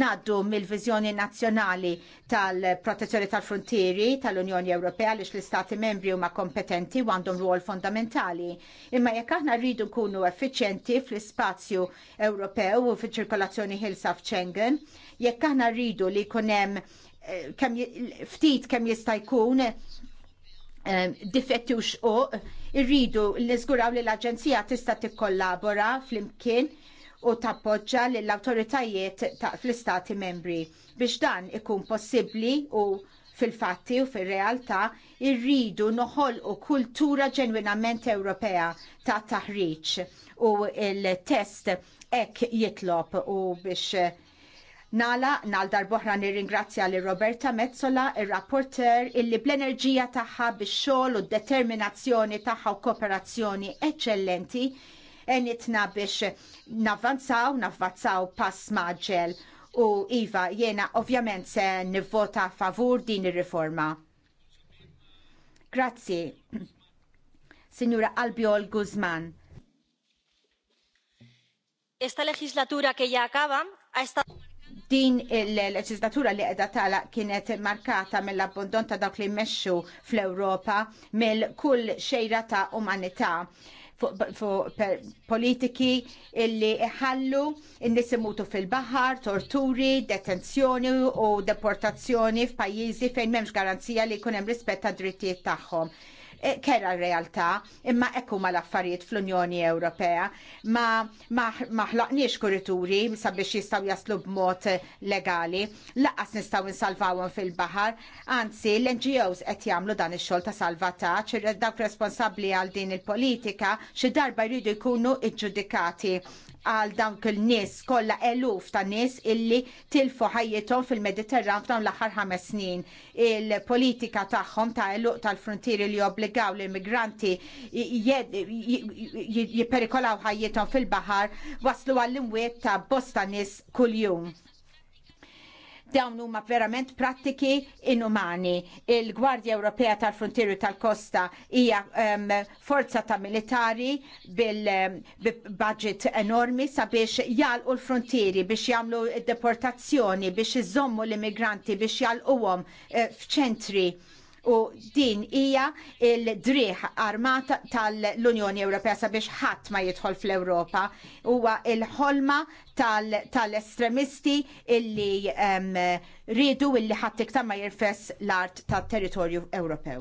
naddu mill-viżjoni nazzjonali tal-protezzjoni tal-frontieri tal-Unjoni Ewropea għaliex l-Istati membri huma kompetenti u għandhom rol fondamentali. Imma jekk aħna rridu nkunu effiċjenti fl-ispazju Ewropew u fiċ-ċirkolazzjoni ħilsa f'Schengen, jekk aħna rridu li jkun hemm eh, ftit kemm jista' jkun Ehm, difettux u irridu l-izguraw li l-Aġenzija tista' tikkollabora fl-imkien u tappoġġa lill awtoritajiet fl-istati membri. Biex dan ikun possibbli u fil-fatti u fil-realtà irridu noħolqu kultura ġenwinament Ewropea ta' taħriġ u il-test ek jitlob u biex Nala, nal nir nirringrazzja li Roberta Mezzola, il-rapporter, illi bl-enerġija taħħa bix xogħol u determinazzjoni taħħa u kooperazzjoni eccellenti, enitna biex navvanzaw, navvazzaw pass maġġel. U Iva, jena ovvjament se nivvota favur din ir-riforma. Grazzi. [clears throat] Signora Albiol Guzman. Esta legislatura che ya acaba ha estado din il-leġislatura li qiegħda tala kienet markata mill-abbondon ta' dawk li jmexxu fl-Ewropa mill-kull xejra ta' umanità politiki illi iħallu n-nis imutu fil-bahar, torturi, detenzjoni u deportazzjoni f'pajjiżi fejn m'hemmx garanzija li jkun hemm rispett tad drittijiet tagħhom. Eh, kera r-realtà imma ekku ma l-affarijiet fl-Unjoni Ewropea ma maħlaqniex kurituri sabiex jistaw jaslu b'mod legali laqas nistaw insalvawhom fil-baħar anzi l-NGOs qed jagħmlu dan ix-xogħol ta' salvataġġ dawk responsabbli għal din il-politika xi darba jridu jkunu iġġudikati għal dawk il-nies kollha eluf ta' nies illi tilfu ħajjithom fil-Mediterran f'dawn l-aħħar ħames snin. Il-politika tagħhom ta' eluq tal-frontieri li obbligaw l-immigranti jipperikolaw ħajjithom fil-baħar waslu għall-imwiet ta' bosta nies kuljum. Dawn huma verament prattiki inumani. Il-Gwardja Ewropea tal-Frontieri tal-Kosta hija um, forza ta' militari bil-budget ehm, enormi sabiex jgħalqu l-frontieri biex jagħmlu deportazzjoni biex iżommu l-immigranti biex jgħalquhom uh, eh, f'ċentri u din hija il-driħ armat tal-Unjoni Ewropea sabiex ħadd ma jidħol fl-Ewropa huwa il-ħolma tal-estremisti illi rridu illi ħadd iktar ma jirfess l-art tat-territorju Ewropew.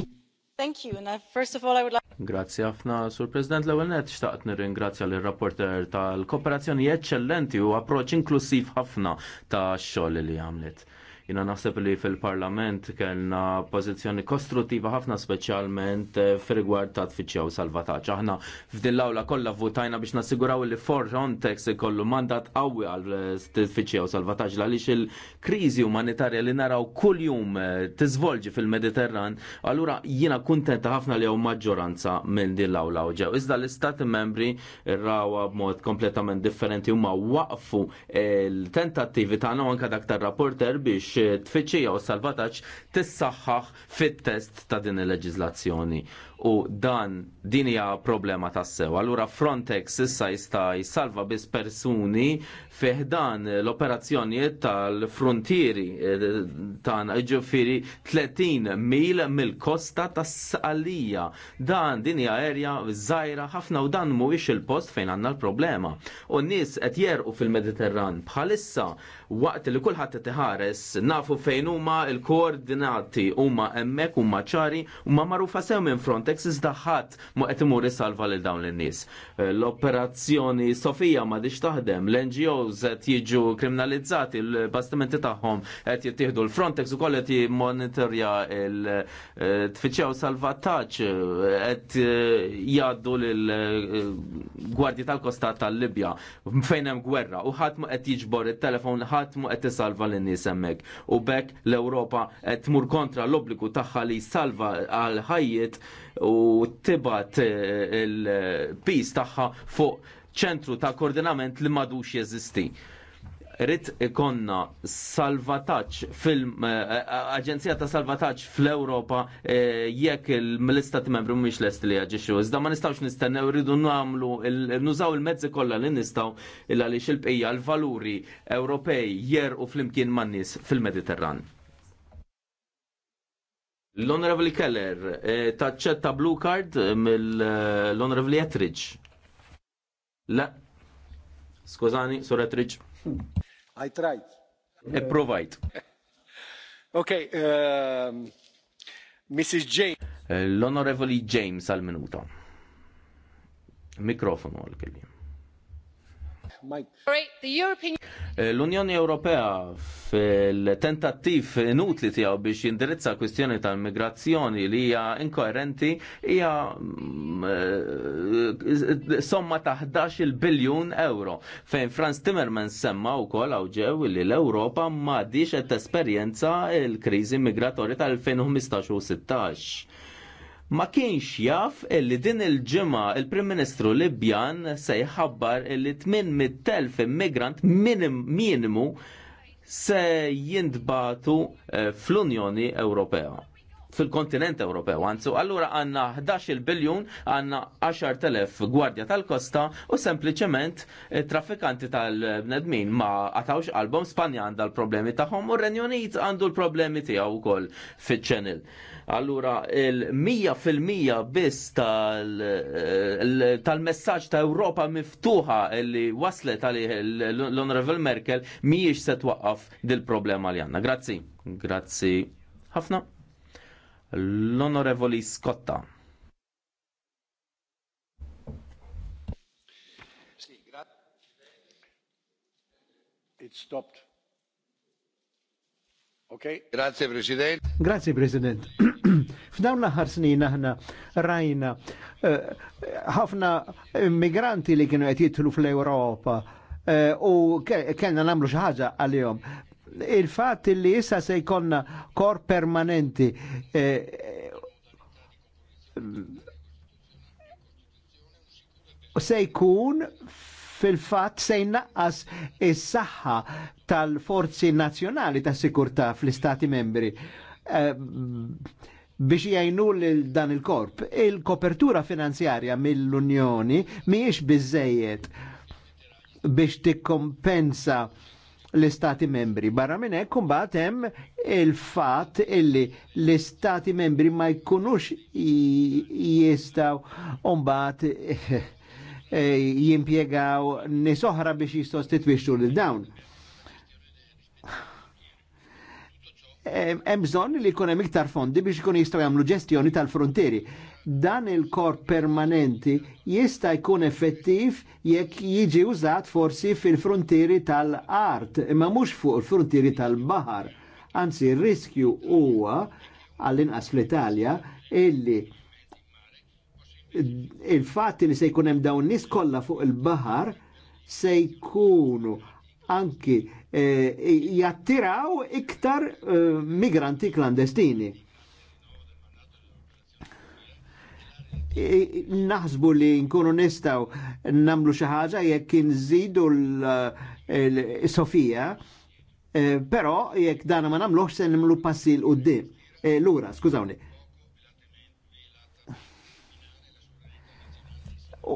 Thank you. And first of all, I would like... Grazie ħafna, Sur President l Lewenet, xtaqt nirringrazzja l rapporter tal-kooperazzjoni eccellenti u approċ inklusiv ħafna ta' xogħol li għamlet. Jina naħseb li fil-parlament kellna pożizzjoni kostruttiva ħafna speċjalment eh, fil-rigward ta' tfittxew salvataġġ. Aħna f'dillawla kollha votajna biex nassiguraw li Frontex ikollu mandat qawwi għal eh, tfittxew salvataġġ għaliex il-kriżi umanitarja li naraw kuljum eh, tiżvolġi fil-Mediterran, allura jiena kuntenta ħafna li hawn maġġoranza minn dillawla ġew. Iżda l-istati membri rawa b'mod kompletament differenti huma waqfu l-tentattivi tagħna anke dak tar-rapporter biex tfittxija u salvataġġ tissaħħaħ fit-test ta' din il-leġiżlazzjoni u dan din hija problema tassew. Allura Frontex issa jista' jsalva biss persuni dan l-operazzjonijiet tal-frontieri eh, tan ġifiri 30 mil mill-kosta tas salija Dan din hija erja żgħira ħafna u dan mhuwiex il-post fejn għandna l-problema. U n-nies qed jerqu fil-Mediterran bħalissa waqt li kulħadd qed iħares nafu fejn huma l-koordinati huma hemmhekk huma ċari huma magħrufa sew minn Frontex kontekst iżda ħadd mu qed imur isalva lil dawn in-nies. Eh, l-operazzjoni Sofija ma diċ taħdem, l-NGOs qed jiġu kriminalizzati, l-bastimenti tagħhom qed jittieħdu l-Frontex ukoll qed jimmonitorja l-tfittxew eh, salvataġġ eh, qed jgħaddu lil gwardji tal-kosta tal-Libja fejn hemm gwerra u ħadd ma qed jiġbor it-telefon ħadd ma qed isalva lin-nies hemmhekk. U bekk l-Ewropa qed tmur kontra l-obbligu tagħha li salva għal ħajjiet u tibat eh, il-pis tagħha fuq ċentru ta' koordinament li madux jeżisti. Rit ikonna salvataċ fil eh, eh, aġenzija ta' salvataċ fl-Europa jekk il-listat membru l lest li għagġiċu. Iżda ma nistawx nistennew rridu nagħmlu nużaw il-mezzi kollha li nistgħu il għalix il-bqija l-valuri Ewropej jerqu flimkien man-nies fil-Mediterran. L-Honorable Keller, eh, taċċetta blue card eh, mill-Honorable Etridge. La, skużani, sur Etridge. I tried. E eh, provajt. [laughs] ok, Mrs. Um, James. L-Honorable James għal-minuta. Mikrofonu għal-kellim. Eh, L-Unjoni Ewropea fil-tentattiv inutli tiegħu biex jindirizza kwistjoni tal-migrazzjoni li hija inkoerenti hija mm, eh, somma ta' 11 biljun euro. Fejn Franz Timmermans semma wkoll hawn ġew li l-Ewropa m'għadix qed tesperjenza l-kriżi migratorja tal-2015 u 16 ma kienx jaf illi din il-ġimgħa il-Prim Ministru Libjan se jħabbar illi 800,000 immigrant minim, minimu se jindbatu eh, fl-Unjoni Ewropea fil-kontinent Ewropew. Għanzu, allura għanna 11 biljun, għanna 10.000 gwardja tal-kosta u sempliciment eh, traffikanti tal-bnedmin ma għatawx album Spanja għandha l-problemi taħħom u Renjonit għandu l-problemi tijaw kol fit-ċenil. Allura il-100% biss eh, tal-messaġġ ta' Ewropa miftuħa li waslet għalih l-Honorable Merkel mhijiex se twaqqaf dil-problema li għandna. Grazzi. Grazzi ħafna. L-Onorevoli Scotta. It stopped. Okay. Grazie President. Grazie President. [clears throat] F'dawn l-aħħar snin aħna rajna eh, ħafna immigranti li kienu qed jidħlu fl-Ewropa eh, u kellna nagħmlu xi ħaġa għalihom. Il-fatt li issa se jkollna kor permanenti eh, se jkun fil fatt se jnaqqas is-saħħa tal-forzi nazzjonali tas sikurtà fl-istati membri. Uh, biex jajnu lil dan il-korp. Il-kopertura finanzjarja mill-Unjoni miex bizzejiet biex tikkompensa l-istati membri. Barra minnek, hekk kumbat hemm il-fatt illi l-istati membri ma jkunux jistgħu umbat eh, eh, jimpiegaw nisohra biex jistostitwixxu l dawn hemm bżonn li jkun hemm iktar fondi biex ikun jistgħu jagħmlu ġestjoni tal-frontieri. Dan il-korp permanenti jista' jkun effettiv jekk jiġi użat forsi fil-frontieri tal-art, imma mhux fuq il-frontieri tal-baħar. Anzi, ir-riskju huwa għall-inqas fl-Italja illi il-fatti li se jkun hemm dawn nis kollha fuq il-baħar se jkunu anki eh, jattiraw iktar eh, migranti klandestini. naħsbu li nkunu nistaw namlu xaħġa ħaġa jekk nżidu l-Sofija, eh, eh, però jekk dana ma nagħmluhx se nimlu passi l qudiem. Eh, lura, skużawni,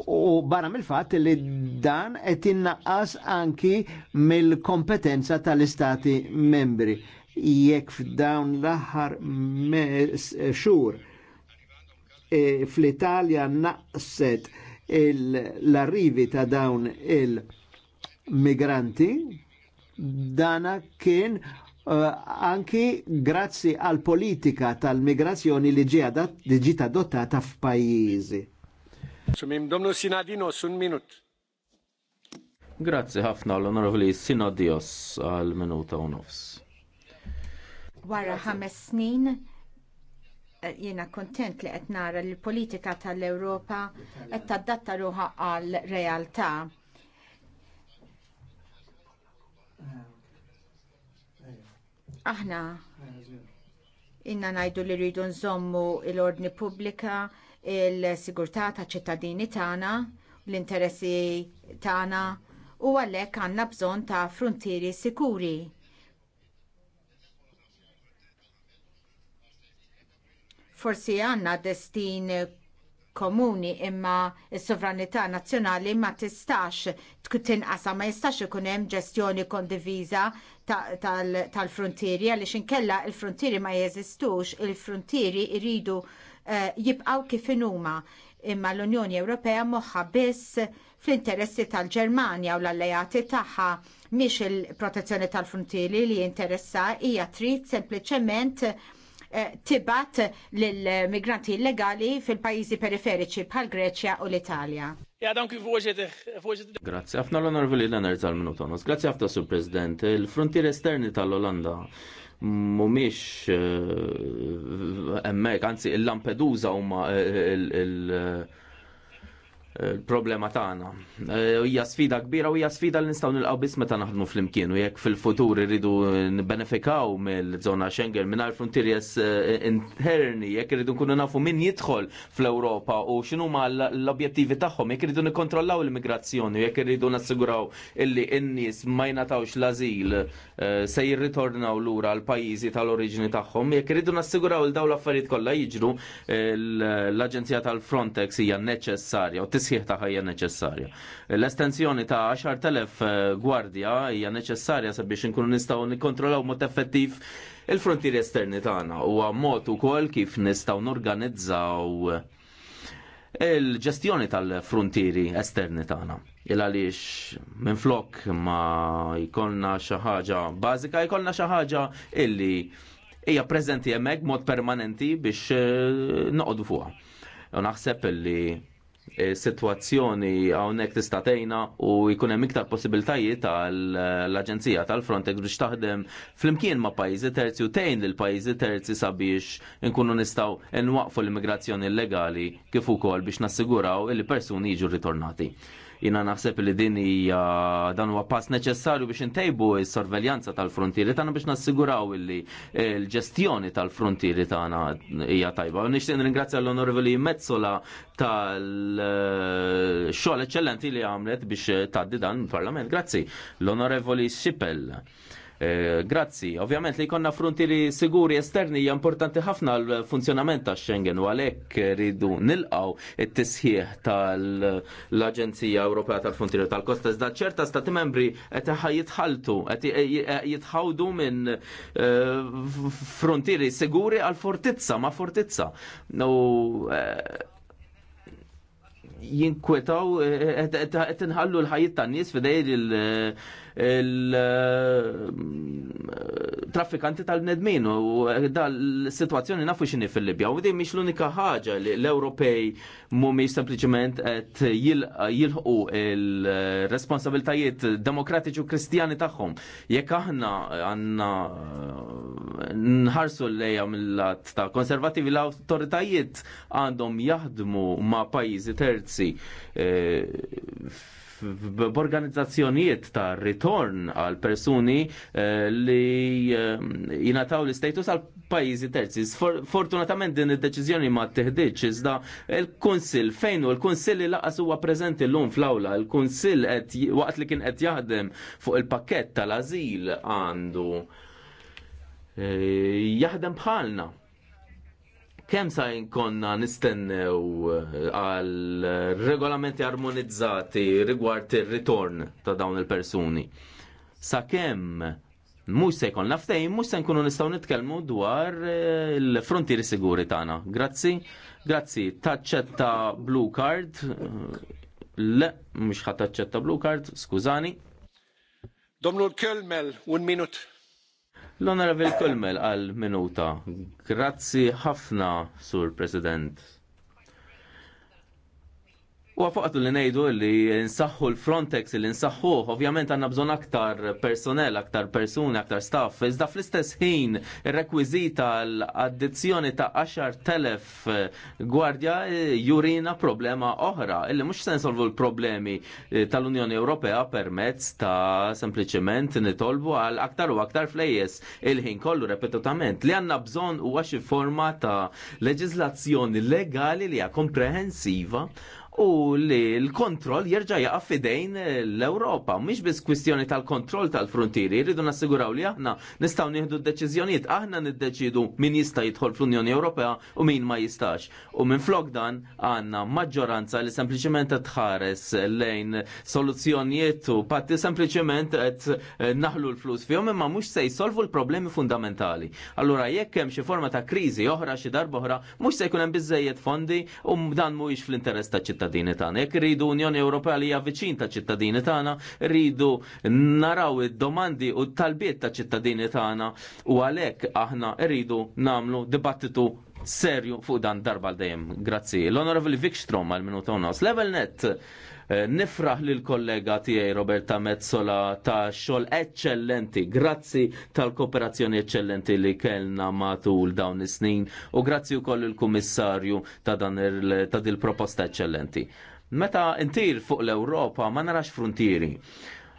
u barra mill-fatt li dan qed innaqqas anki mill-kompetenza tal-istati membri. Jekk f'dawn l-aħħar xhur e, fl-Italja naqset l-arrivi ta' dawn il-migranti, dana kien Uh, anki grazzi għal politika tal-migrazzjoni li ġiet adottata f'pajjiżi. Sumim domnu Sinadinos un minut. Grazzi ħafna l onorabli Sinadios għal minuta u nofs. Wara ħames snin eh, jiena kontent li qed nara li l-politika tal-Ewropa qed tadatta ruħa għal realtà. Aħna inna ngħidu li rridu nżommu l-ordni pubblika il-sigurtà taċ ċittadini tagħna, l-interessi tagħna u għalhekk għandna bżonn ta' fruntieri sikuri. Forsi għandna destin komuni imma s-sovranità nazzjonali ma tistax tinqasa ma jistax ikun hemm ġestjoni kondiviża tal-frontieri għaliex inkella l frontieri ma jeżistux, il-frontieri jridu Eh, jibqaw kif inhuma imma l-Unjoni Ewropea moħħa biss fl-interessi tal-Ġermanja u l-alleati tagħha miex il-protezzjoni tal-frontieri li jinteressa hija trid sempliċement eh, tibat lill-migranti illegali fil-pajjiżi periferiċi bħal Greċja u l-Italja. Ja, dank Grazie. Afna l-onorvoli Leonard tal-Minutonos. Grazie ħafna, Sur President. Il-frontier esterni tal-Olanda mumiex eh, emmek, anzi il-Lampedusa huma eh, il-problema eh, tagħna. Hija sfida kbira u hija sfida li nistgħu nilqgħu biss meta naħdmu flimkien u jekk fil-futur irridu nbenefikaw mill-żona Schengen mingħajr frontieri interni, jekk irridu nkunu nafu min jidħol fl-Ewropa u x'inhu l-objettivi tagħhom, jekk irridu nikkontrollaw l-immigrazzjoni, jekk irridu nassiguraw illi n-nies ma jingħatawx l-ażil Eh, se jirritornaw lura għal pajjiżi tal-oriġini tagħhom. Jekk iridu nassiguraw il daw l-affarijiet kollha jiġru eh, l-Aġenzija tal-Frontex hija neċessarja u tisħiħ tagħha hija neċessarja. Eh, l-estensjoni ta' 10,000 gwardja hija neċessarja sabiex inkunu nistgħu nikkontrollaw mod effettiv il-frontieri esterni tagħna u mod ukoll kif nistgħu norganizzaw il-ġestjoni tal-frontieri esterni tagħna. Il għaliex minn flok ma jkollna xi ħaġa bażika, jkollna xi ħaġa illi hija preżenti hemmhekk mod permanenti biex eh, noqogħdu fuqha. U naħseb illi Eh, situazzjoni hawnhekk tista' tgħinna u jkun hemm iktar possibiltajiet tal-Aġenzija eh, tal-Frontex biex taħdem flimkien ma' pajjiżi terzi u tgħin lil pajjiżi terzi sabiex nkunu nistgħu nwaqfu l-immigrazzjoni illegali kif ukoll biex nassiguraw il persuni jiġu ritornati. Jina naħseb li din hija dan huwa pass neċessarju biex intejbu s-sorveljanza tal-frontieri tagħna biex nassiguraw li l-ġestjoni tal-frontieri tagħna hija tajba. Nixtieq nirringrazzja l-Onorevoli Mezzola tal-xogħol eċċellenti li għamlet biex tgħaddi dan il-Parlament. Grazzi. L-Onorevoli Sipel. Eh, grazzi, ovvjament li jkollna frontieri siguri esterni hija importanti ħafna għal funzjonament ta' Schengen u għalhekk ridu nilqgħu it-tisħieħ tal-Aġenzija Ewropea tal-Frontieri tal-Kosta iżda ċerta stati membri qed jitħaltu qed jitħawdu minn eh, frontieri siguri għal fortizza ma' fortizza. U eh, jinkwetaw qed tinħallu l-ħajjit tan-nies f'dejn il- il-traffikanti tal-nedmin u dal-situazzjoni nafu xini fil-Libja u din l-unika ħaġa li l-Ewropej mumi sempliciment għet jilħu il-responsabiltajiet demokratiċi u kristjani taħħom. Jekk aħna għanna nħarsu l lejja mill-lat ta' konservativi l-autoritajiet għandhom jaħdmu ma' pajizi terzi eh, b'organizzazzjonijiet ta' ritorn għal persuni eh, li eh, jinataw l-istatus għal pajjiżi terzi. Fortunatament din id-deċiżjoni ma teħdiċ iżda il-Kunsill fejn u l-Kunsill li laqas huwa preżenti llum fl-awla, il-Kunsill waqt li kien qed jaħdem fuq il-pakkett tal-ażil għandu eh, jaħdem bħalna Kemm sa jinkonna nistennew eh, għal regolamenti armonizzati rigward ir-ritorn ta' dawn il-persuni? Sa kem mhux se jkollna ftehim, mhux se jkunu nistgħu nitkellmu dwar eh, il-frontieri siguri tagħna. Grazzi, grazzi. Taċċetta blue card. Le, mhux ħadd taċċetta blue card, skużani. Domnul Kölmel, un minut. L-Honorable Kulmel għal minuta. Grazzi ħafna, Sur President. U għafaqtu li nejdu li nsaħħu l-Frontex li nsaħħu, ovvjament għanna bżon aktar personel, aktar persuni, aktar staff. Iżda fl-istess ħin, rekwizita l-addizzjoni ta' 10.000 gwardja eh, jurina problema oħra, illi mux solvu l-problemi eh, tal-Unjoni Ewropea permezz ta' sempliciment nitolbu għal aktar u aktar flejjes il-ħin kollu repetutament. Li għanna bżon u għaxi forma ta' leġizlazzjoni legali li għakomprehensiva u li l-kontroll jerġa' jaqaf fidejn l-Ewropa. Mhix biss kwistjoni tal-kontroll tal-frontieri, jridu nassiguraw li aħna nistgħu nieħdu d-deċiżjonijiet, aħna niddeċidu min jista' jidħol fl-Unjoni Ewropea u min ma jistax. U minn flok dan għandna maġġoranza li sempliċement qed tħares lejn soluzzjonijiet u patti sempliċement qed naħlu l-flus fihom imma mhux se jsolvu l-problemi fundamentali. Allura jekk hemm xi forma ta' kriżi oħra xi darba oħra, mhux se jkun hemm biżejjed fondi u dan mhuwiex fl-interess ta' ċittadini tagħna. Jekk rridu Unjoni Ewropea li hija viċin ta' ċittadini tagħna, rridu naraw id-domandi u talbiet ta' ċittadini tagħna u għalhekk aħna rridu nagħmlu dibattitu serju fuq dan darba għal dejjem Grazzi. L-Onorevoli Vikstrom għal minuta u Level net Eh, nifraħ lil kollega tiegħi Roberta Mezzola ta' xogħol eċċellenti. Grazzi tal-kooperazzjoni eċċellenti li kellna matul dawn is-snin u grazzi wkoll il-Kummissarju ta' dan il-proposta eċċellenti. Meta intir fuq l-Ewropa ma narax frontieri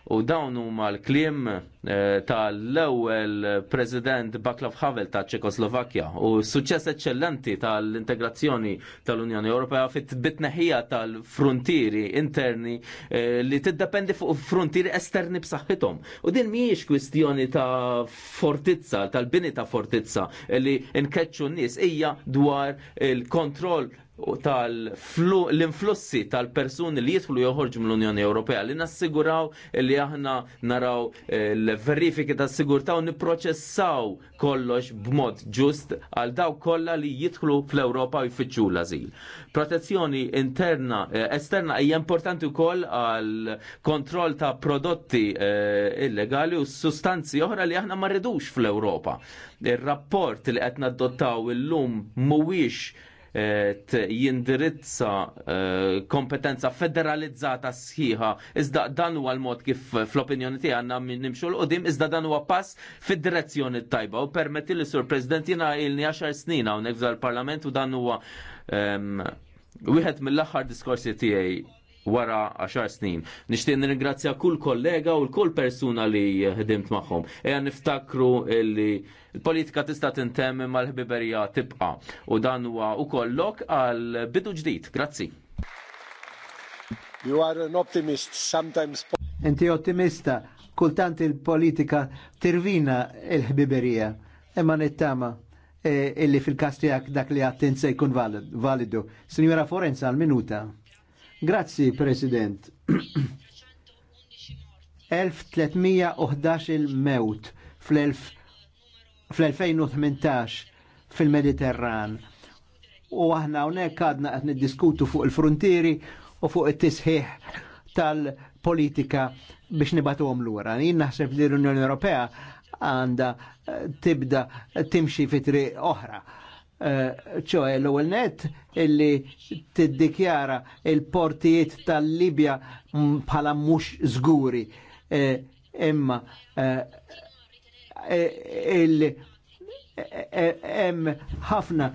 U dawn huma l-kliem eh, tal-ewwel President Baklav Havel ta' Ċekoslovakkja u suċċess eċċellenti tal-integrazzjoni tal-Unjoni Ewropea fit bitneħija tal-frontieri interni eh, li tiddependi fuq frontieri esterni b'saħħithom. U din mhijiex kwistjoni ta' fortizza, tal-bini ta' fortizza li nkeċċu n-nies hija dwar il-kontroll tal-influssi tal-persuni li jidħlu joħorġu mill-Unjoni Ewropea li nassiguraw li aħna naraw eh, l-verifiki ta' sigurtà u nipproċessaw kollox b'mod ġust għal daw kollha li jidħlu fl-Ewropa u jfittxu l-azil. Protezzjoni interna, eh, esterna hija importanti wkoll għal kontroll ta' prodotti eh, illegali u sustanzi oħra li aħna ma rridux fl-Ewropa. Ir-rapport li qed naddottaw illum mhuwiex Eh, jindirizza eh, kompetenza federalizzata sħiħa. Iżda dan huwa l-mod kif eh, fl-opinjoni tiegħi għandna nimxu l-qudiem, iżda dan huwa pass fid-direzzjoni tajba u permetti li sur President jiena ilni 10 snin hawnhekk dal-Parlament u dan huwa ehm, wieħed mill-aħħar diskorsi tiegħi wara 10 snin. Nixtieq nirringrazzja kull kollega u kull persuna li ħdimt magħhom. Eja niftakru li l-politika tista' tintemm mal ħbiberija tibqa' u dan huwa wkoll lok għal bidu ġdid. Grazzi. You are an optimist sometimes. Inti ottimista, kultant il-politika tirvina il-ħbiberija. Imma nittama eh, illi fil-kastijak dak li għattin se jkun validu. Signora Forenza, al minuta Grazzi, President. 1311 [clears throat] il-mewt fl-2018 fil-Mediterran. U aħna hawnhekk għadna qed niddiskutu fuq il-frontieri u fuq it-tisħiħ tal-politika biex l lura. Jien naħseb li l-Unjoni Ewropea għandha tibda timxi fitri oħra Eh, ċoħe l-ewel net illi tiddikjara il-portijiet tal-Libja bħala mux zguri. Eh, imma eh, illi hemm ħafna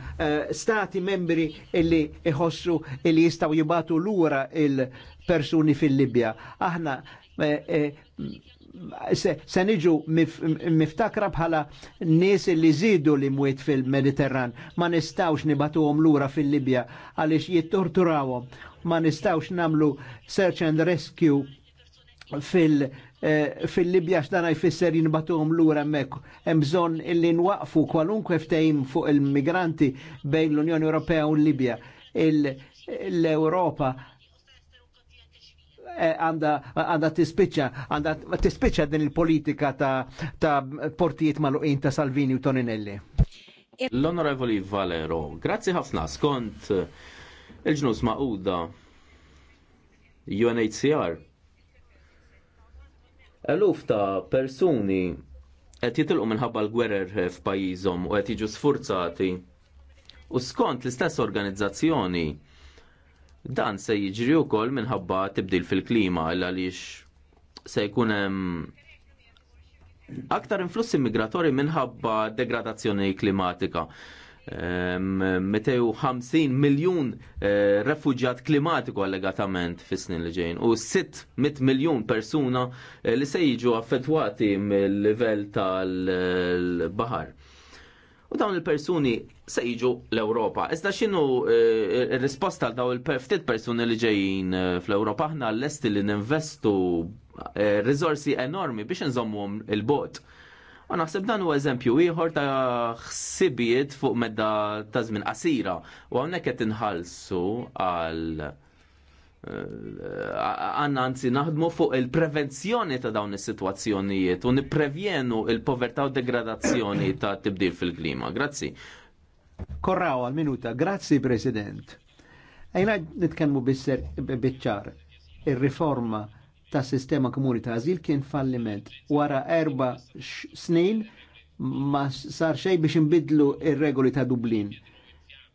stati membri illi iħossu illi jistaw jibatu l-ura il-persuni fil-Libja. Aħna se niġu miftakra bħala nies li zidu li mwiet fil-Mediterran. Ma nistawx nibatuhom lura fil-Libja għaliex jittorturawhom. Ma nistawx namlu search and rescue fil- eh, fil-Libja x'dan jfisser jinbatuhom lura hemmhekk hemm bżonn illi nwaqfu kwalunkwe ftehim fuq il-migranti bejn l-Unjoni Ewropea u l-Libja l ewropa Eh, għanda tispiċċa għanda tispiċċa din il-politika ta' portijiet mal-uqin ta' Salvini u Toninelli. L-Onorevoli Valero, grazzi ħafna skont eh, il-ġnus Uda, UNHCR. Eluf ta' persuni qed jitilqu minħabba l-gwerer f'pajjiżhom u qed jiġu sfurzati. U skont l-istess organizzazzjoni Dan se jiġri wkoll minħabba tibdil fil-klima għaliex se jkun hemm aktar influssi migratorji minħabba degradazzjoni klimatika. 250 miljun eh, refugjat klimatiku allegatament fis snin li ġejn u 600 miljun persuna eh, li se jiġu affettwati mill-livell tal-bahar. Eh, U dawn il-persuni se jiġu l-Ewropa. Iżda x'inhu r-risposta eh, għal dawn il-ftit persuni li ġejjin eh, fl-Ewropa aħna l-esti li ninvestu eh, risorsi enormi biex inżommuhom il-bot. U naħseb dan huwa eżempju ieħor ta' ħsibijiet fuq medda ta' żmien qasira u hawnhekk qed inħallsu għal għanna għanzi naħdmu fuq il-prevenzjoni ta' dawn is situazzjonijiet u niprevjenu il-povertà u degradazzjoni ta' tibdil fil-klima. Grazzi. Korraw għal-minuta. Grazzi, President. Ejna nitkenmu bisser bitċar. Il-riforma ta' sistema komuni ta' azil kien falliment. Wara erba snin ma sar xej biex nbidlu il regoli ta' Dublin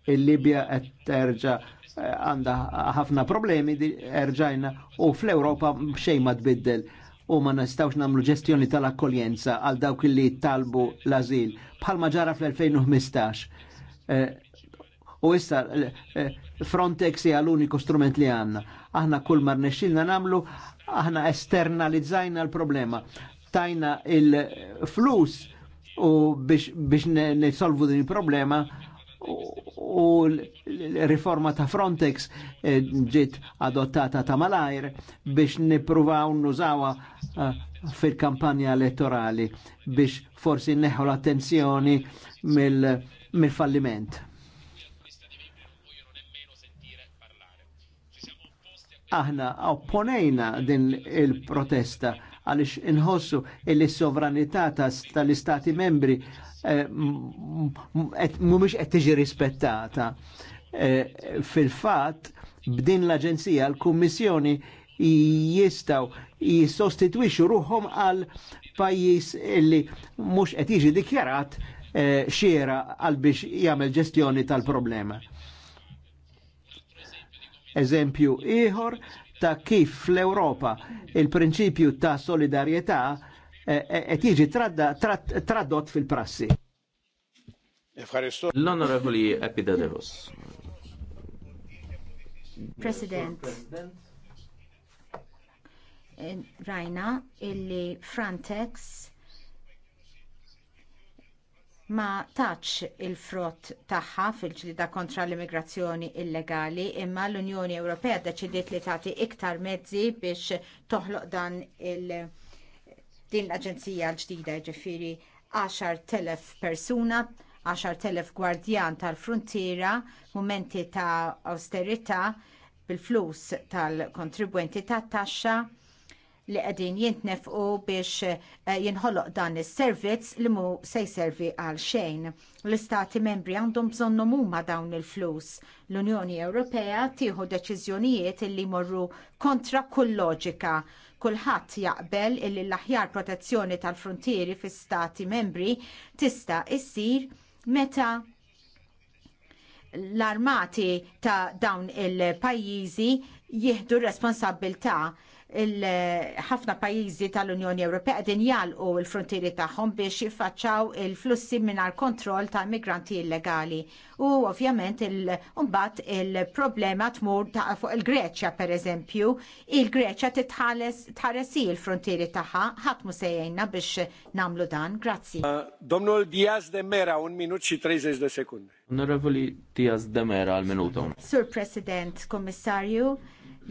il-Libja għed terġa' għanda ħafna problemi erġajna u fl-Europa xejn ma tbiddel u ma nistawx namlu ġestjoni tal-akkoljenza għal dawk li talbu l-azil bħalma ġara fl-2015. Eh, u issa eh, Frontex hija l-uniku strument li għanna. Aħna kull mar nexxilna namlu, aħna esternalizzajna l-problema. Tajna il-flus u biex nisolvu din il-problema u l-riforma ta' Frontex eh, ġiet adottata ta' malajr biex nipruvaw nużawa eh, fil-kampanja elettorali biex forsi neħu l-attenzjoni mill-falliment. Aħna opponejna din il-protesta għalix inħossu il-sovranità tal-istati membri Eh, mhumiex qed tiġi rispettata. Eh, fil-fatt b'din l-Aġenzija l-Kummissjoni jistaw jissostitwixxu ruhom għal pajjiż li mhux qed jiġi dikjarat eh, xiera għal biex jagħmel ġestjoni tal-problema. Eżempju ieħor ta' kif fl-Ewropa il-prinċipju ta' solidarjetà qed jiġi tradott fil-prassi. L-Onorevoli Epidadeus. President. Eh, Rajna illi Frontex ma taċ il-frott tagħha fil-ġlida kontra l-immigrazzjoni illegali imma l-Unjoni Ewropea deċidiet li tagħti iktar mezzi biex toħloq dan il- din l-Aġenzija l-ġdida ġifiri 10.000 persuna, 10.000 gwardjan tal-frontiera, mumenti ta' austerita bil-flus tal-kontribwenti tat taxxa li qegħdin jintnefqu biex eh, jinħoloq dan is-servizz li mu se servi għal xejn. L-istati membri għandhom bżonnhom huma dawn il-flus. L-Unjoni Ewropea tieħu deċiżjonijiet li jmorru kontra kull loġika Kulħadd jaqbel illi l-aħjar protezzjoni tal-frontieri fis-stati membri tista' issir meta l-armati ta' dawn il-pajjiżi jieħdu r responsabbiltà ħafna pajjiżi tal-Unjoni Ewropea qegħdin jalqu l-frontieri tagħhom biex jiffaċċaw il-flussi mingħajr kontroll ta' migranti illegali. U ovvjament il-mbagħad il-problema tmur ta' fuq il-Greċja pereżempju, il-Greċja titħares tħaresi l-frontieri tagħha, ħadd mu sejjejna biex nagħmlu dan. Grazzi. Uh, domnul Diaz de Mera, un minut xi 30 sekundi. Onorevoli Diaz de Mera minuto. Sur President, Kommissarju,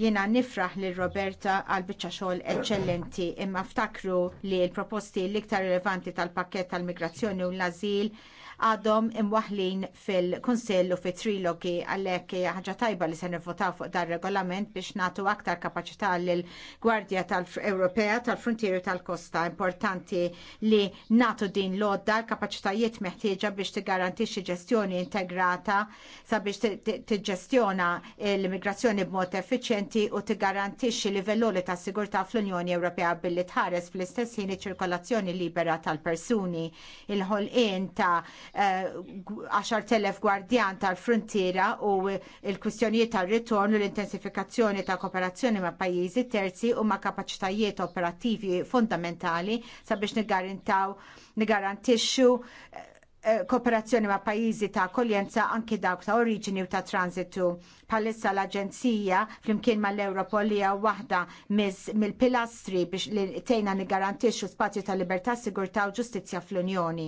Jiena nifraħ lil Roberta għal biċċa xogħol eċċellenti imma ftakru li l-proposti l-iktar rilevanti tal-pakket tal-migrazzjoni u l-azil għadhom imwaħlin fil-Kunsill u fit-trilogi għalhekk ħaġa tajba li se nivvotaw fuq dar regolament biex nagħtu aktar kapaċità lill gwardja tal-Ewropea tal-Frontieri tal-Kosta importanti li nagħtu din l-odda l-kapaċitajiet meħtieġa biex tigarantixxi ġestjoni integrata sabiex tiġġestjona l-immigrazzjoni b'mod effiċjenti u tigarantixxi livelloli ta' sigurtà fl-Unjoni Ewropea billi tħares fl-istess ċirkolazzjoni libera tal-persuni. Il-ħolqien ta' 10.000 eh, gwardjan tal-frontiera u il-kwistjonijiet tal-ritorn u l-intensifikazzjoni ta' kooperazzjoni ma' pajjiżi terzi u ma' kapaċitajiet operattivi fundamentali sabiex nigarantixxu Eh, kooperazzjoni ma' pajjiżi ta' akkoljenza anki dawk ta' oriġini u ta' transitu. Palissa l-Aġenzija flimkien mal l-Europol li waħda mill-pilastri biex li tejna nigarantixxu spazju ta' libertà, sigurtà u ġustizzja fl-Unjoni.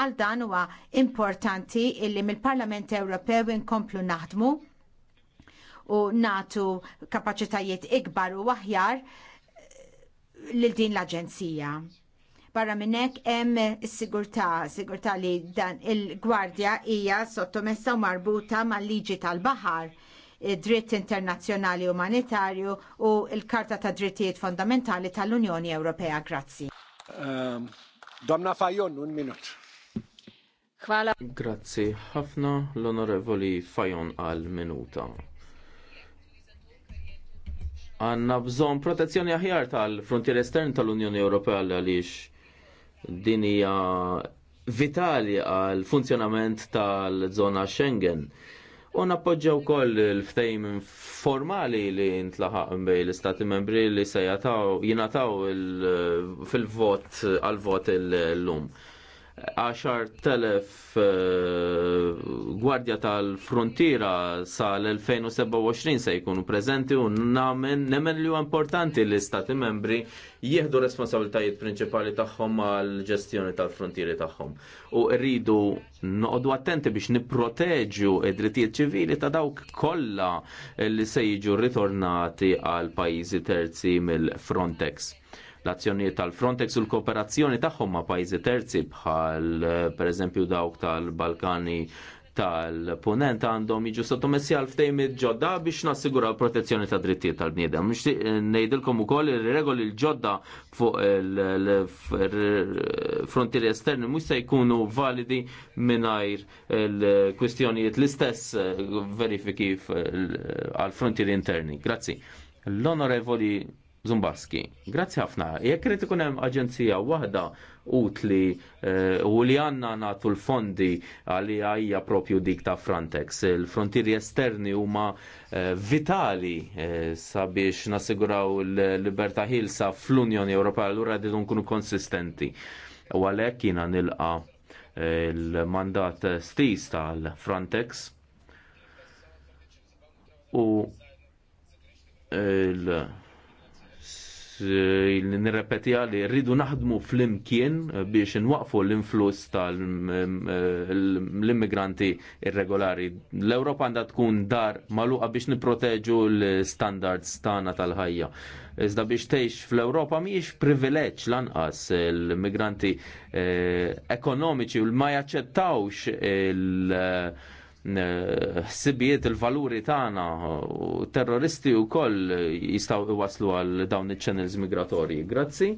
Għal dan huwa importanti illi mill-Parlament Ewropew inkomplu naħdmu u natu kapaċitajiet ikbar u aħjar lil din l-Aġenzija Barra minnek hemm is-sigurtà, sigurtà li dan il-gwardja hija sottomessa u marbuta mal-liġi tal-baħar dritt internazzjonali umanitarju u l-Karta ta' Drittijiet Fondamentali tal-Unjoni Ewropea. Grazzi. Um, Domna Fajon, un minut. Kvala. Grazzi ħafna l-onorevoli Fajon għal minuta. Għanna bżon protezzjoni aħjar tal-frontier estern tal-Unjoni Ewropea għal-għalix Din hija vitali għal funzjonament tal-żona Schengen. U nappoġġaw koll il-ftejm formali li ntlaħaq bej l-istati membri li se jinataw fil-vot għal-vot l-lum. il lum telef eh, gwardja tal-frontiera sal-2027 se jkunu prezenti u namen nemmen li importanti li stati membri jieħdu responsabiltajiet prinċipali tagħhom għal ġestjoni tal-frontieri tagħhom. U rridu noqdu attenti biex nipproteġu id-drittijiet ċivili ta' dawk kollha li se jiġu ritornati għal pajjiżi terzi mill-Frontex l-azzjonijiet tal-Frontex u l-kooperazzjoni tagħhom ma' pajjiżi terzi bħal pereżempju dawk tal-Balkani tal punent għandhom jiġu sottomessi għal ftejm ġodda biex nassigura l-protezzjoni ta' drittijiet tal-bniedem. Nejdilkom eh, u koll il-regoli l-ġodda fuq il-frontieri esterni mux se jkunu validi minnajr il-kwistjonijiet l-istess eh, verifiki għal frontieri interni. Grazzi. L-onorevoli Zumbaski. Grazzi ħafna. Jekk rrid ikun hemm aġenzija waħda utli eh, u li għandna nagħtu l-fondi għalija hija propju dik ta' Frontex. Il-frontieri esterni huma eh, vitali eh, sabiex nassiguraw l-libertà ħilsa fl-Unjoni Ewropea l ura nkunu konsistenti. U għalhekk jiena nilqa il-mandat stis tal-Frontex u il- Eh, nirrepetija li rridu naħdmu fl-imkien eh, biex nwaqfu l-influss tal-immigranti mm, eh, irregolari. L-Europa għandha tkun dar maluqa biex niproteġu l-standards tagħna tal-ħajja. Iżda biex tgħix fl-Ewropa mhijiex privileġġ lanqas l-immigranti ekonomiċi u ma jaċċettawx il- ħsibijiet il-valuri tagħna u terroristi wkoll jistgħu waslu għal dawn iċ-channels migratorji. Grazzi.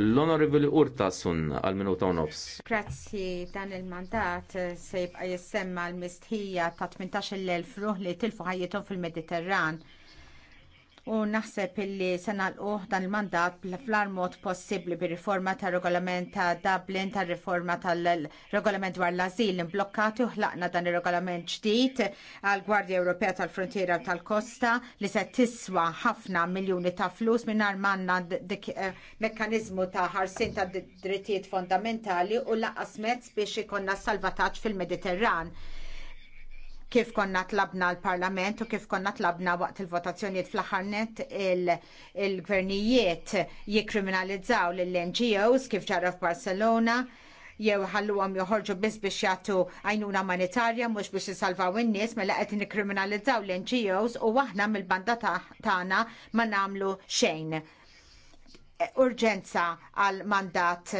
L-Onorevoli Urta Sun għal minuta u nofs. Grazzi dan il-mandat se jibqa' jissemma l-mistħija ta' 18.000 ruħ li tilfu ħajjithom fil-Mediterran u naħseb illi se nagħlquh dan il-mandat fl-ar mod possibbli bir-riforma tar regolament ta' Dublin tar riforma tal-regolament dwar l-azil imblokkati u ħlaqna dan ir-regolament ġdid għall Gwardja Ewropea tal-Frontiera u tal-Kosta li se tiswa ħafna miljuni ta' flus mingħajr dik eh, mekkaniżmu ta' ħarsin tad drittijiet fondamentali u lanqas mezz biex ikonna salvataġġ fil-Mediterran kif konna tlabna l-Parlament u kif konna tlabna waqt il-votazzjonijiet fl-ħarnet il-gvernijiet jikriminalizzaw l-NGOs kif ġara f'Barcelona jew ħalluhom joħorġu biss biex jagħtu għajnuna umanitarja mhux biex isalvaw in-nies mela qed nikkriminalizzaw l-NGOs u aħna mill-banda tagħna ma nagħmlu xejn. Urġenza għal mandat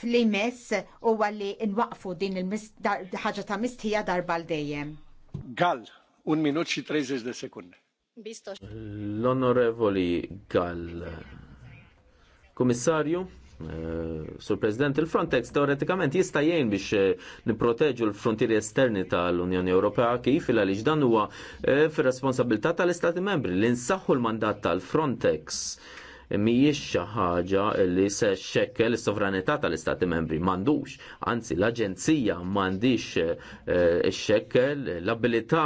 fl-imess u għalli nwaqfu din il-ħagġa ta' mistija darba l-dejjem. Gall, un minut și 30 de sekunde. L-Onorevoli Gall, Komissarju, eh, Sur President, il-Frontex teoretikament jista' jgħin biex eh, nipproteġu l-frontieri esterni tal-Unjoni Ewropea kif il għaliex dan huwa eh, fir-responsabilità tal-Istati Membri li nsaħħu l-mandat tal-Frontex mhijiex xi ħaġa li se xekkel is-sovranità tal-Istati membri m'għandux. Anzi l-Aġenzija m'għandix eh, xekkel l-abilità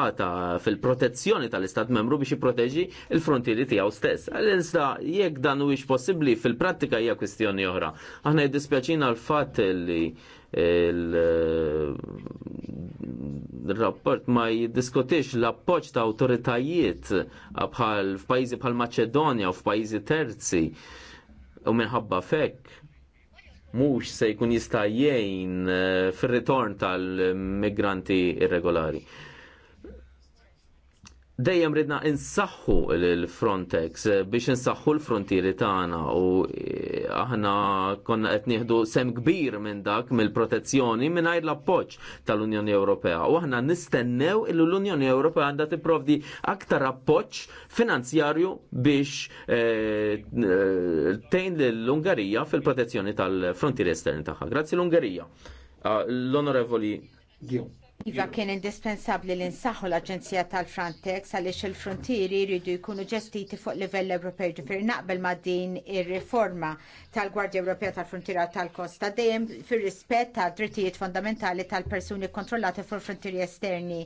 fil-protezzjoni tal-Istat membru biex jipproteġi il-frontieri tiegħu stess. Għal-insta jekk dan mhuwiex possibbli fil-prattika hija kwistjoni oħra. Aħna jiddispjaċina l-fatt li il-rapport ma jiddiskutix l-appoġġ ta' autoritajiet bħal f'pajjiżi bħal Maċedonja u f'pajjiżi terzi u minħabba fekk mhux se jkun jista' jgħin eh, fir-ritorn tal-migranti irregolari dejjem ridna insaħħu l-Frontex biex insaħħu l-frontieri tagħna u eh, aħna konna qed nieħdu sem kbir minn dak mill-protezzjoni mingħajr l-appoġġ tal-Unjoni Ewropea u aħna nistennew il l-Unjoni Ewropea għandha tipprovdi aktar appoġġ finanzjarju biex eh, tgħin lill-Ungarija fil-protezzjoni tal-frontieri esterni tagħha. Grazzi l-Ungarija. Ah, L-Onorevoli Gil. Iva kien indispensabbli li nsaħħu l-Aġenzija tal-Frontex għaliex il-frontieri jridu jkunu ġestiti fuq livell Ewropej ġifir naqbel ma' din ir-riforma tal-Gwardja Ewropea tal-Frontiera tal-Kosta dejjem fir-rispett tad drittijiet fondamentali tal-persuni kontrollati fuq frontieri esterni.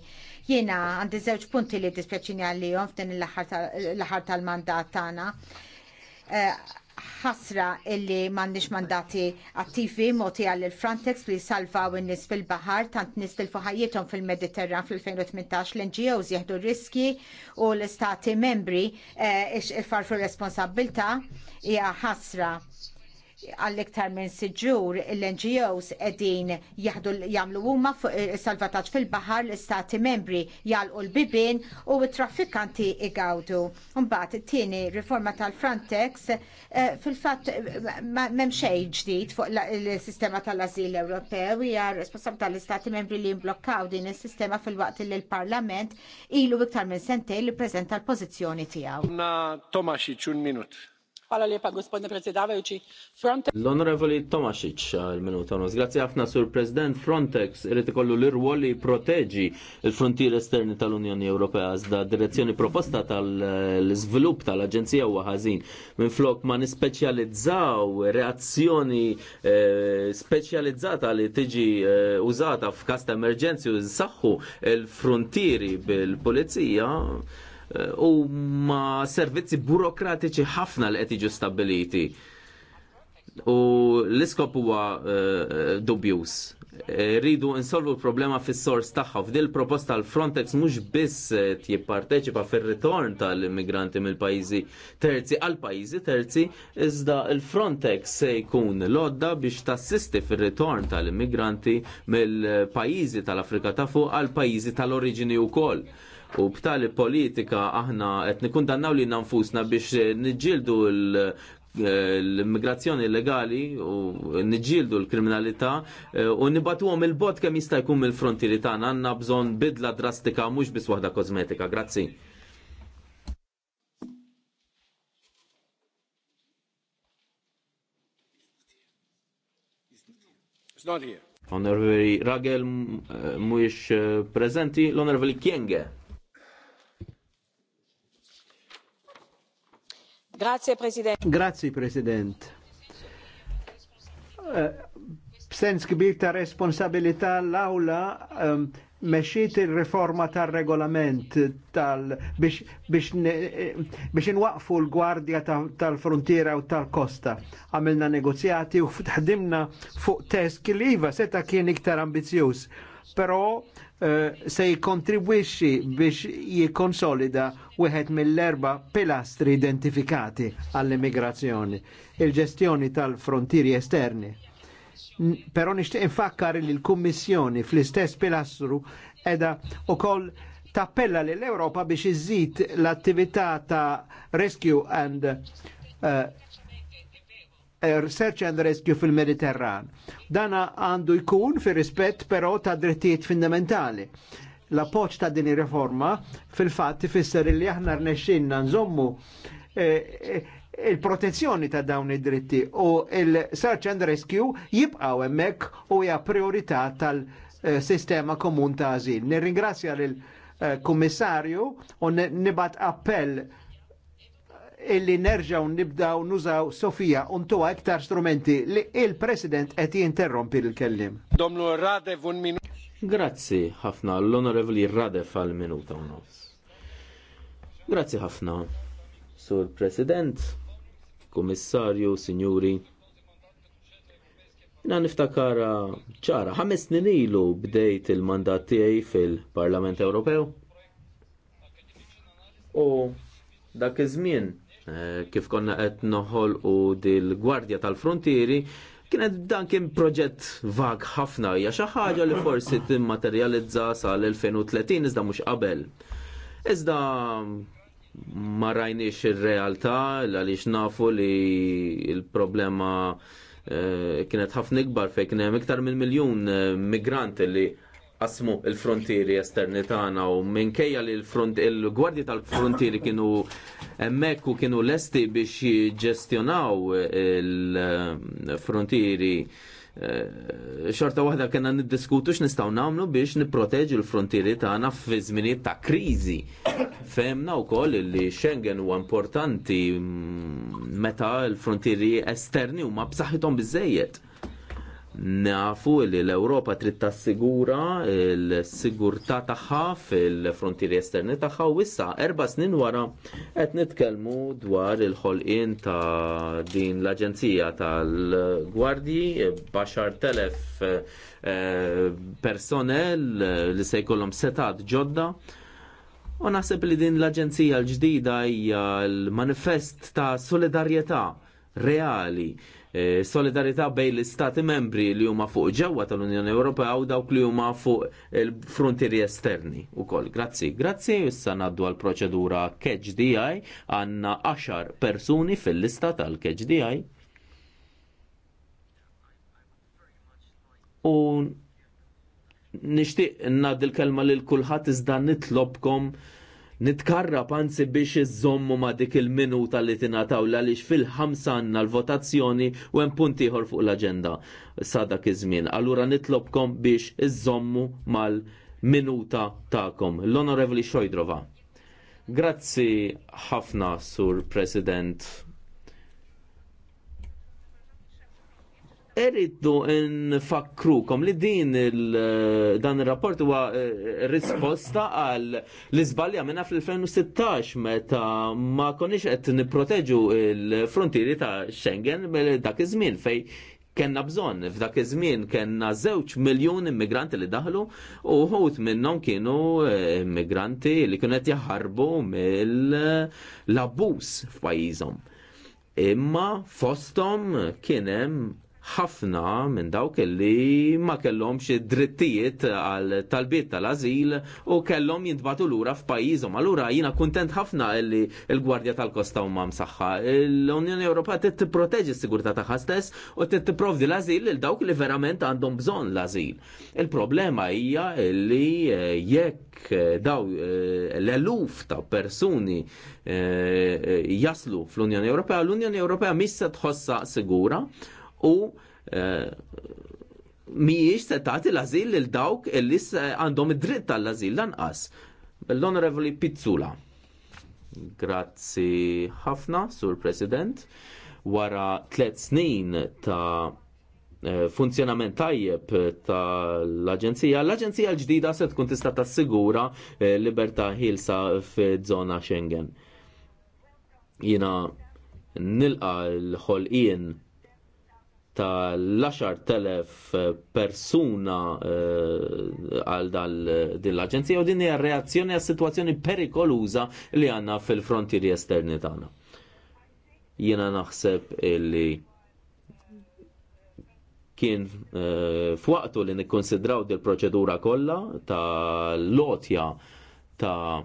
Jiena għandi żewġ punti li dispjaċini għalihom f'din l-aħħar tal-mandat tagħna eh, ħasra illi m'għandniex mandati attivi moti għall il-Frontex li salvaw in-nies fil-baħar tant nies fil-fuħajietom fil-Mediterran fil-2018 l-NGOs jieħdu riski u l-istati membri eh, farfu responsabilta hija ħasra għall-iktar minn siġur l-NGOs edin jahdu jamlu huma eh, salvataġġ fil-baħar l-istati membri jalqu l-bibin u t-traffikanti igawdu. Mbagħad it-tieni riforma tal-Frontex eh, fil-fatt eh, m'hemm xejn ġdid fuq l-sistema tal-Ażil Ewropew hija responsabbli tal istati membri li mblokkaw din is-sistema fil-waqt li l-Parlament ilu iktar minn sentejn li preżenta l-pożizzjoni tiegħu. Na Tomasic, minut gospodine predsjedavajući l-onorevoli tomai għal uh, minuta nos grazzi ħafna sur president frontex irid ikollu l-irwol li jproteġi l-frontier esterni tal-unjoni ewropea iżda direzzjoni proposta tal-iżvilupp tal-aġenzija huwa ħażin minflok ma nispeċjalizzaw reazzjoni eh, speċjalizzata li tiġi eh, użata f'każ ta' emerġenzi u nsaħħu l-frontieri bil-pulizija Eh, u ma servizzi burokratiċi ħafna li qed jiġu stabiliti. U l-iskop huwa eh, dubjus. Eh, rridu insolvu l-problema fis-sors tagħha. F'dil proposta l-Frontex mhux biss jipparteċipa fir-ritorn tal-immigranti mill-pajjiżi terzi għal pajjiżi terzi, iżda l-Frontex se jkun lodda biex tassisti fir-ritorn tal-immigranti mill-pajjiżi tal-Afrika ta' fuq għal pajjiżi tal-oriġini wkoll U b'tali politika aħna qed nikkundannaw li nfusna biex niġġieldu l-immigrazzjoni illegali u niġġieldu l-kriminalità eh, u nibatuhom il-bot kemm jista' jkun mill-frontieri tagħna għandna bżonn bidla drastika mhux biss waħda kosmetika. Grazzi. It's Honorary Ragel eh, mhuwiex eh, preżenti l-Honorable Kienge. Grazie President. Grazie President. B'sens eh, kbir ta' responsabilità l-awla um, meċiet il-reforma tal-regolament tal biex, biex, biex nwaqfu l-gwardja tal-frontiera u tal-kosta. Għamilna negozjati u ħdimna fuq test kil-iva seta kien iktar ambizjuż, però eh, se jikontribwixi biex jikonsolida wieħed mill-erba pilastri identifikati għall-immigrazzjoni, il-ġestjoni tal-frontieri esterni Però nixtieq infakkar li l-Kummissjoni fl-istess pilastru edha ukoll tappella l europa biex iżid l-attività ta' rescue and uh, search and rescue fil-Mediterran. Dana għandu jkun fir rispett però ta' drittijiet fundamentali. L-appoċ ta' din ir-reforma fil-fatt ifisser li aħna rnexxinna nżommu eh, eh, il-protezzjoni ta' dawn id-dritti u il-search and rescue jibqaw emmek u hija priorità tal-sistema komun ta' azil. Nirringrazzja l eh, kummissarju u nibat appell illi nerġaw nibdaw nużaw Sofija untuwa iktar strumenti li il-President qed jinterrompi l-kellim. Domnu Radev un minu. Grazzi ħafna l-Onorevoli Radev għal minuta u nofs. Grazzi ħafna, Sur President. Kummissarju, Sinjuri. Na niftakara ċara, ħames snin ilu bdejt il-mandat tiegħi fil-Parlament Ewropew. U dak iż-żmien eh, kif konna qed noħolqu dil-Gwardja tal-Frontieri, kienet dan kien proġett vag ħafna hija xi ħaġa li forsi timmaterjalizza sal-2030 iżda mhux qabel. Iżda ma rajniex ir-realtà għalix nafu li il-problema eh, kienet ħafna ikbar fejn kien hemm iktar minn miljun eh, migranti li qasmu il-frontieri esterni tagħna u minkejja li l-gwardji tal-frontieri kienu hemmhekk u kienu lesti biex jiġġestjonaw il-frontieri il eh, frontieri Eh, xorta waħda kena niddiskutu x-nistaw nagħmlu biex nipproteġu l-frontieri tagħna fi żminijiet ta' kriżi. Femna wkoll li Schengen huwa importanti mm, meta l-frontieri esterni huma b'saħħithom bizzejiet nafu li l-Ewropa trid tassigura l-sigurtà tagħha fil-frontieri esterni tagħha u issa erba' snin wara qed nitkellmu dwar il-ħolqien ta' din l-Aġenzija tal-Gwardji Bashar telef eh, personel li se jkollhom setat ġodda U naħseb li din l-Aġenzija l-ġdida hija l-manifest ta' solidarjetà reali Eh, solidarità bejn l-istati membri li huma fuq ġewwa tal-Unjoni Ewropea u dawk li huma fuq il-frontieri esterni ukoll. Grazzi, grazzi, issa ngħaddu għall proċedura KHDI għandna 10 persuni fil-lista tal-KHDI. U nixtieq ngħaddi l-kelma lil kulħadd iżda nitlobkom nitkarra panzi biex iżommu ma dik il-minuta li tawla għaliex fil-ħamsa l-votazzjoni u hemm punt ieħor fuq l-aġenda sa dak iż-żmien. Allura nitlobkom biex iżommu mal-minuta tagħkom. L-Onorevoli Xojdrova. Grazzi ħafna, Sur President. Eriddu nfakkrukom li din il, eh, dan il-rapport huwa eh, risposta għal l-izbalja minna fl-2016 meta ma konniex qed nipproteġu il-frontieri ta' Schengen dak iż-żmien fej kenna bżonn f'dak iż-żmien kenna żewġ miljun immigranti li daħlu u ħut minnhom kienu eh, immigranti li kienu qed jaħarbu mill-abbuż f'pajjiżhom. Imma fosthom kien hemm ħafna minn dawk li ma kellhomx drittijiet għal talbiet tal-azil u kellhom jintbatu lura f'pajjiżhom. Allura jiena kuntent ħafna li l-Gwardja tal-Kosta huma msaħħa. L-Unjoni Ewropea trid tipproteġi s-sigurtà tagħha stess u trid tipprovdi l-azil lil dawk li verament għandhom bżonn l-azil. Il-problema hija li eh, jekk eh, daw eh, l-eluf ta' persuni jaslu fl-Unjoni Ewropea, l-Unjoni Ewropea missa tħossa sigura u eh, mhijiex se tagħti l-ażil lil dawk illi għandhom id-dritt tal-ażil lanqas. L-Onorevoli Pizzula. Grazzi ħafna, Sur President. Wara tliet snin ta' eh, funzjonament tajjeb tal-Aġenzija. L-Aġenzija l-ġdida se tkun tista' tassigura eh, libertà ħilsa f'żona Schengen. Jina nilqa l-ħolqien ta' l-10.000 eh, persuna eh, għal dal din l-Aġenzija u din hija reazzjoni għas situazzjoni perikoluża li għandna fil-frontieri esterni tagħna. Jiena naħseb li kien eh, f'waqtu li nikkonsidraw dil proċedura kollha ta' lotja ta'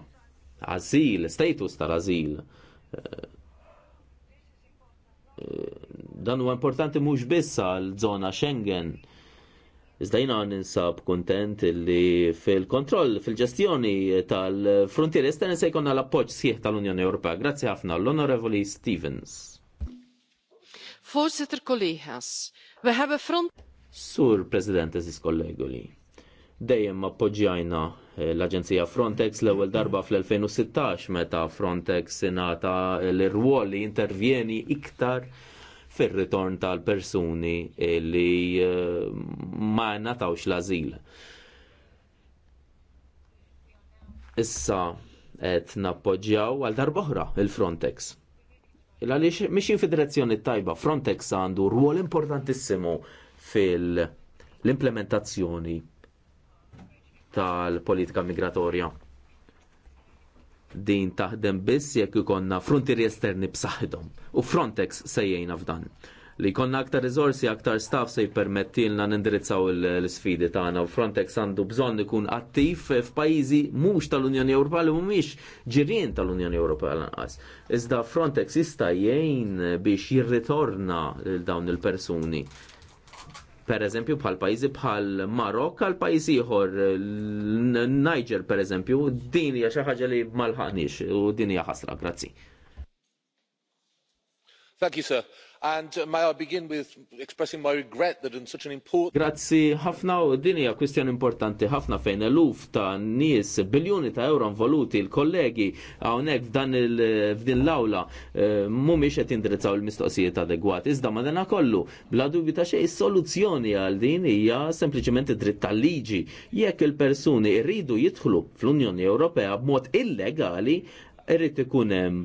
azil, status tal-azil dan huwa importanti mhux biss għal żona Schengen. Iżda jiena ninsab kontent li fil-kontroll, fil-ġestjoni tal-frontieri esterni se jkun l-appoġġ sħiħ tal-Unjoni Ewropea. Grazzi ħafna l-Onorevoli Stevens. Voorzitter, collega's, we a front. Sur President, eżis kollegoli, dejjem appoġġjajna l-Aġenzija Frontex l-ewwel darba fl-2016 meta Frontex ingħata l-irwol li intervjeni iktar fir-ritorn tal-persuni li eh, ma ngħatawx l-azil. Issa qed nappoġġjaw għal darba oħra il-Frontex. Għaliex mixin fid-direzzjoni tajba, Frontex għandu rwol importantissimu fil-implementazzjoni tal-politika migratorja. Din taħdem biss jekk ikonna frontieri esterni b'saħħithom u Frontex sejjejna f'dan. Li jkollna aktar riżorsi, aktar staff se jippermettilna nindirizzaw l isfidi tagħna u Frontex għandu bżonn ikun attiv f'pajjiżi mhux tal-Unjoni Ewropea li mhumiex ġirien tal-Unjoni Ewropea lanqas. Iżda Frontex jista' jgħin biex jirritorna lil dawn il-persuni per eżempju bħal pajjiżi bħal Marok għal pajjiż ieħor Niger per eżempju din hija xi ħaġa li malħaqniex u din hija ħasra grazzi. Thank you, sir. And uh, may I begin with expressing my regret that in such an important... Grazzi ħafna u din hija kwistjoni importanti ħafna fejn eluf ta' nies biljuni ta' euro involuti l-kollegi hawnhekk f'dan f'din l-awla eh, mhumiex qed indirizzaw il-mistoqsijiet adegwati. Iżda madana kollu bla dubju ta' xejn soluzzjoni għal din hija sempliċement id-dritt tal-liġi jekk il-persuni rridu jidħlu fl-Unjoni Ewropea b'mod illegali irrid ikun hemm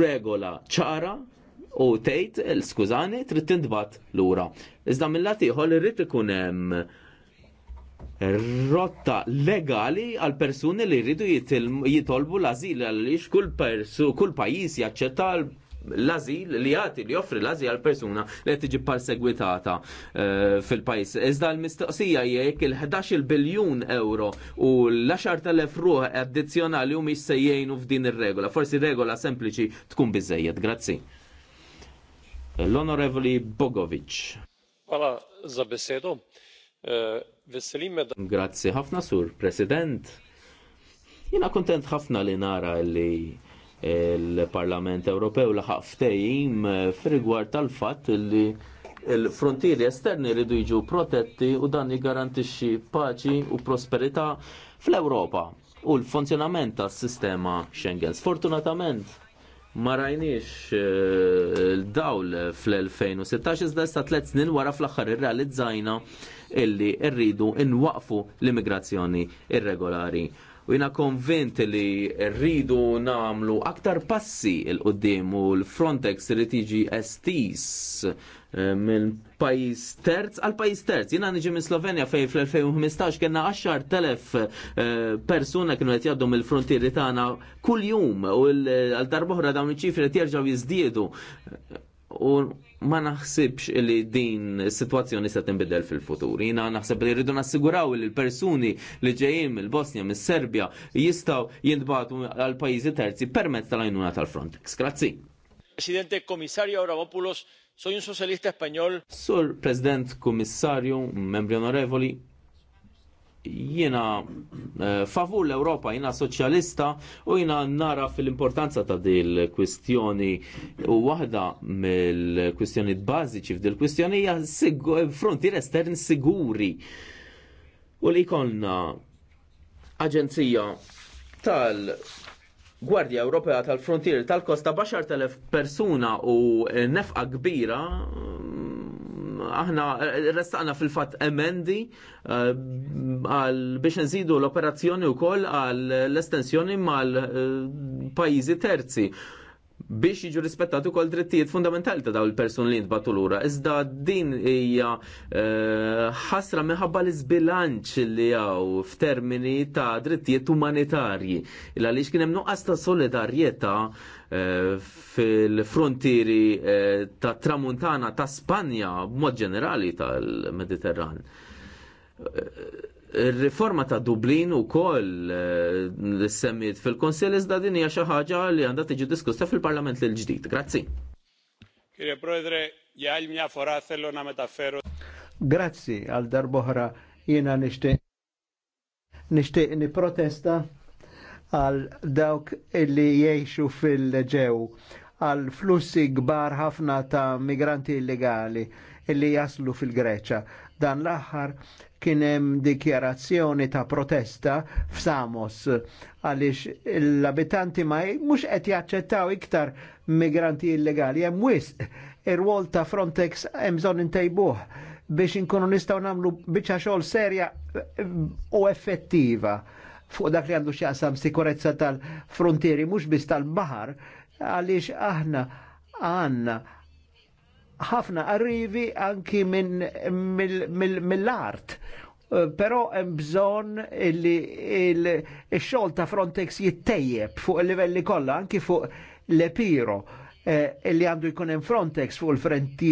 regola ċara u tgħid l-skużani trid tintbat lura. Iżda mill-lat ieħor irrid ikun hemm rotta legali għal persuni li jridu jitolbu l-azil għaliex kull persu, kull pajjiż jaċċetta l-azil li jagħti li joffri l-azil għal persuna li qed tiġi parsegwitata eh, fil-pajjiż. Iżda l-mistoqsija jgħid il-11 biljun euro u l-10,000 ruħ addizzjonali u se jgħinu f'din ir-regola. Forsi regola sempliċi tkun biżejjed. Grazzi. L-Onorevoli Bogovic. Hvala za besedo. E, Veselim Grazzi ħafna sur, President. Jina kontent ħafna li nara li il-Parlament Ewropew laħaq ftejim e, fil rigward tal-fatt li il-frontieri esterni ridu jiġu protetti u dan jgarantixxi paċi u prosperità fl-Ewropa u l-funzjonament tas-sistema Schengen. Sfortunatament, ma rajniex eh, dawl fl-2016 iżda sta tliet snin wara fl-aħħar irrealizzajna illi rridu nwaqfu l-immigrazzjoni irregolari u jina konvint li rridu namlu aktar passi il-qoddim u l-Frontex li tiġi estis eh, minn pajis terz għal pajis terz. Jina nġi minn Slovenja fej fl-2015 kena 10.000 eh, persuna kienu għet jaddu mill frontieri tagħna kull jum u għal darbohra dawn iċifri għet jirġaw jizdiedu ma naħsibx li din situazzjoni se tinbidel fil-futur. Jina naħseb li rridu nassiguraw li l-persuni li ġejjin mill-Bosnja, mis-Serbja jistgħu jintbagħtu għal pajjiżi terzi permezz tal-għajnuna tal-Frontex. Grazzi. Presidente Komissarju Avramopoulos, soj un socialista Spanjol. Sur President Komissarju, membri onorevoli, jiena eh, favur l-Europa, jiena soċjalista u jiena nara fil-importanza ta' dil kwistjoni u waħda mill-kwistjoni bażiċi f'dil kwistjoni hija frontier estern siguri. U li jkollna aġenzija tal Gwardja Ewropea tal-Frontier tal-Kosta baxar telef persuna u nefqa kbira aħna eh, restaqna fil-fat emendi eh, għal biex nżidu l-operazzjoni u koll għal l-estensjoni mal eh, pajizi terzi biex jiġu rispettati ukoll drittijiet fundamentali ta' daw il-persuni li jintbatu lura. Iżda din hija eh, ħasra minħabba l-izbilanċ li jaw f'termini ta' drittijiet umanitarji. Il-għaliex kien hemm nuqqas ta' solidarjetà eh, fil-frontieri eh, ta' tramuntana ta' Spanja b'mod ġenerali tal-Mediterran Il-riforma ta' Dublin u koll eh, l-semmit fil-Konsil iżda din hija xi ħaġa li għandha tiġi diskussa fil-Parlament l ġdid Grazzi. Kire Prodre, jgħal mia fora thello na metaferu. Grazzi għal darboħra jiena nixtieq nixtieq niprotesta għal dawk illi jgħixu fil-ġew għal flussi gbar ħafna ta' migranti illegali illi jaslu fil-Greċa. Dan l-aħħar kien hemm dikjarazzjoni ta' protesta f'Samos għaliex l-abitanti ma mhux qed jaċċettaw iktar migranti illegali hemm wisq ir-rwol ta' Frontex hemm bżonn intejbuh biex inkunu nistgħu nagħmlu biċċa xogħol serja u effettiva fuq dak li għandu x'jaqsam sikurezza tal-frontieri mhux biss tal-baħar għaliex aħna għandna ħafna arrivi anki minn mill-art. Eh, Pero hemm bżonn li x-xogħol ta' Frontex jittejjeb fuq il-livelli kollha, anki fuq l-epiro eh, li għandu jkun hemm Frontex fuq il-frenti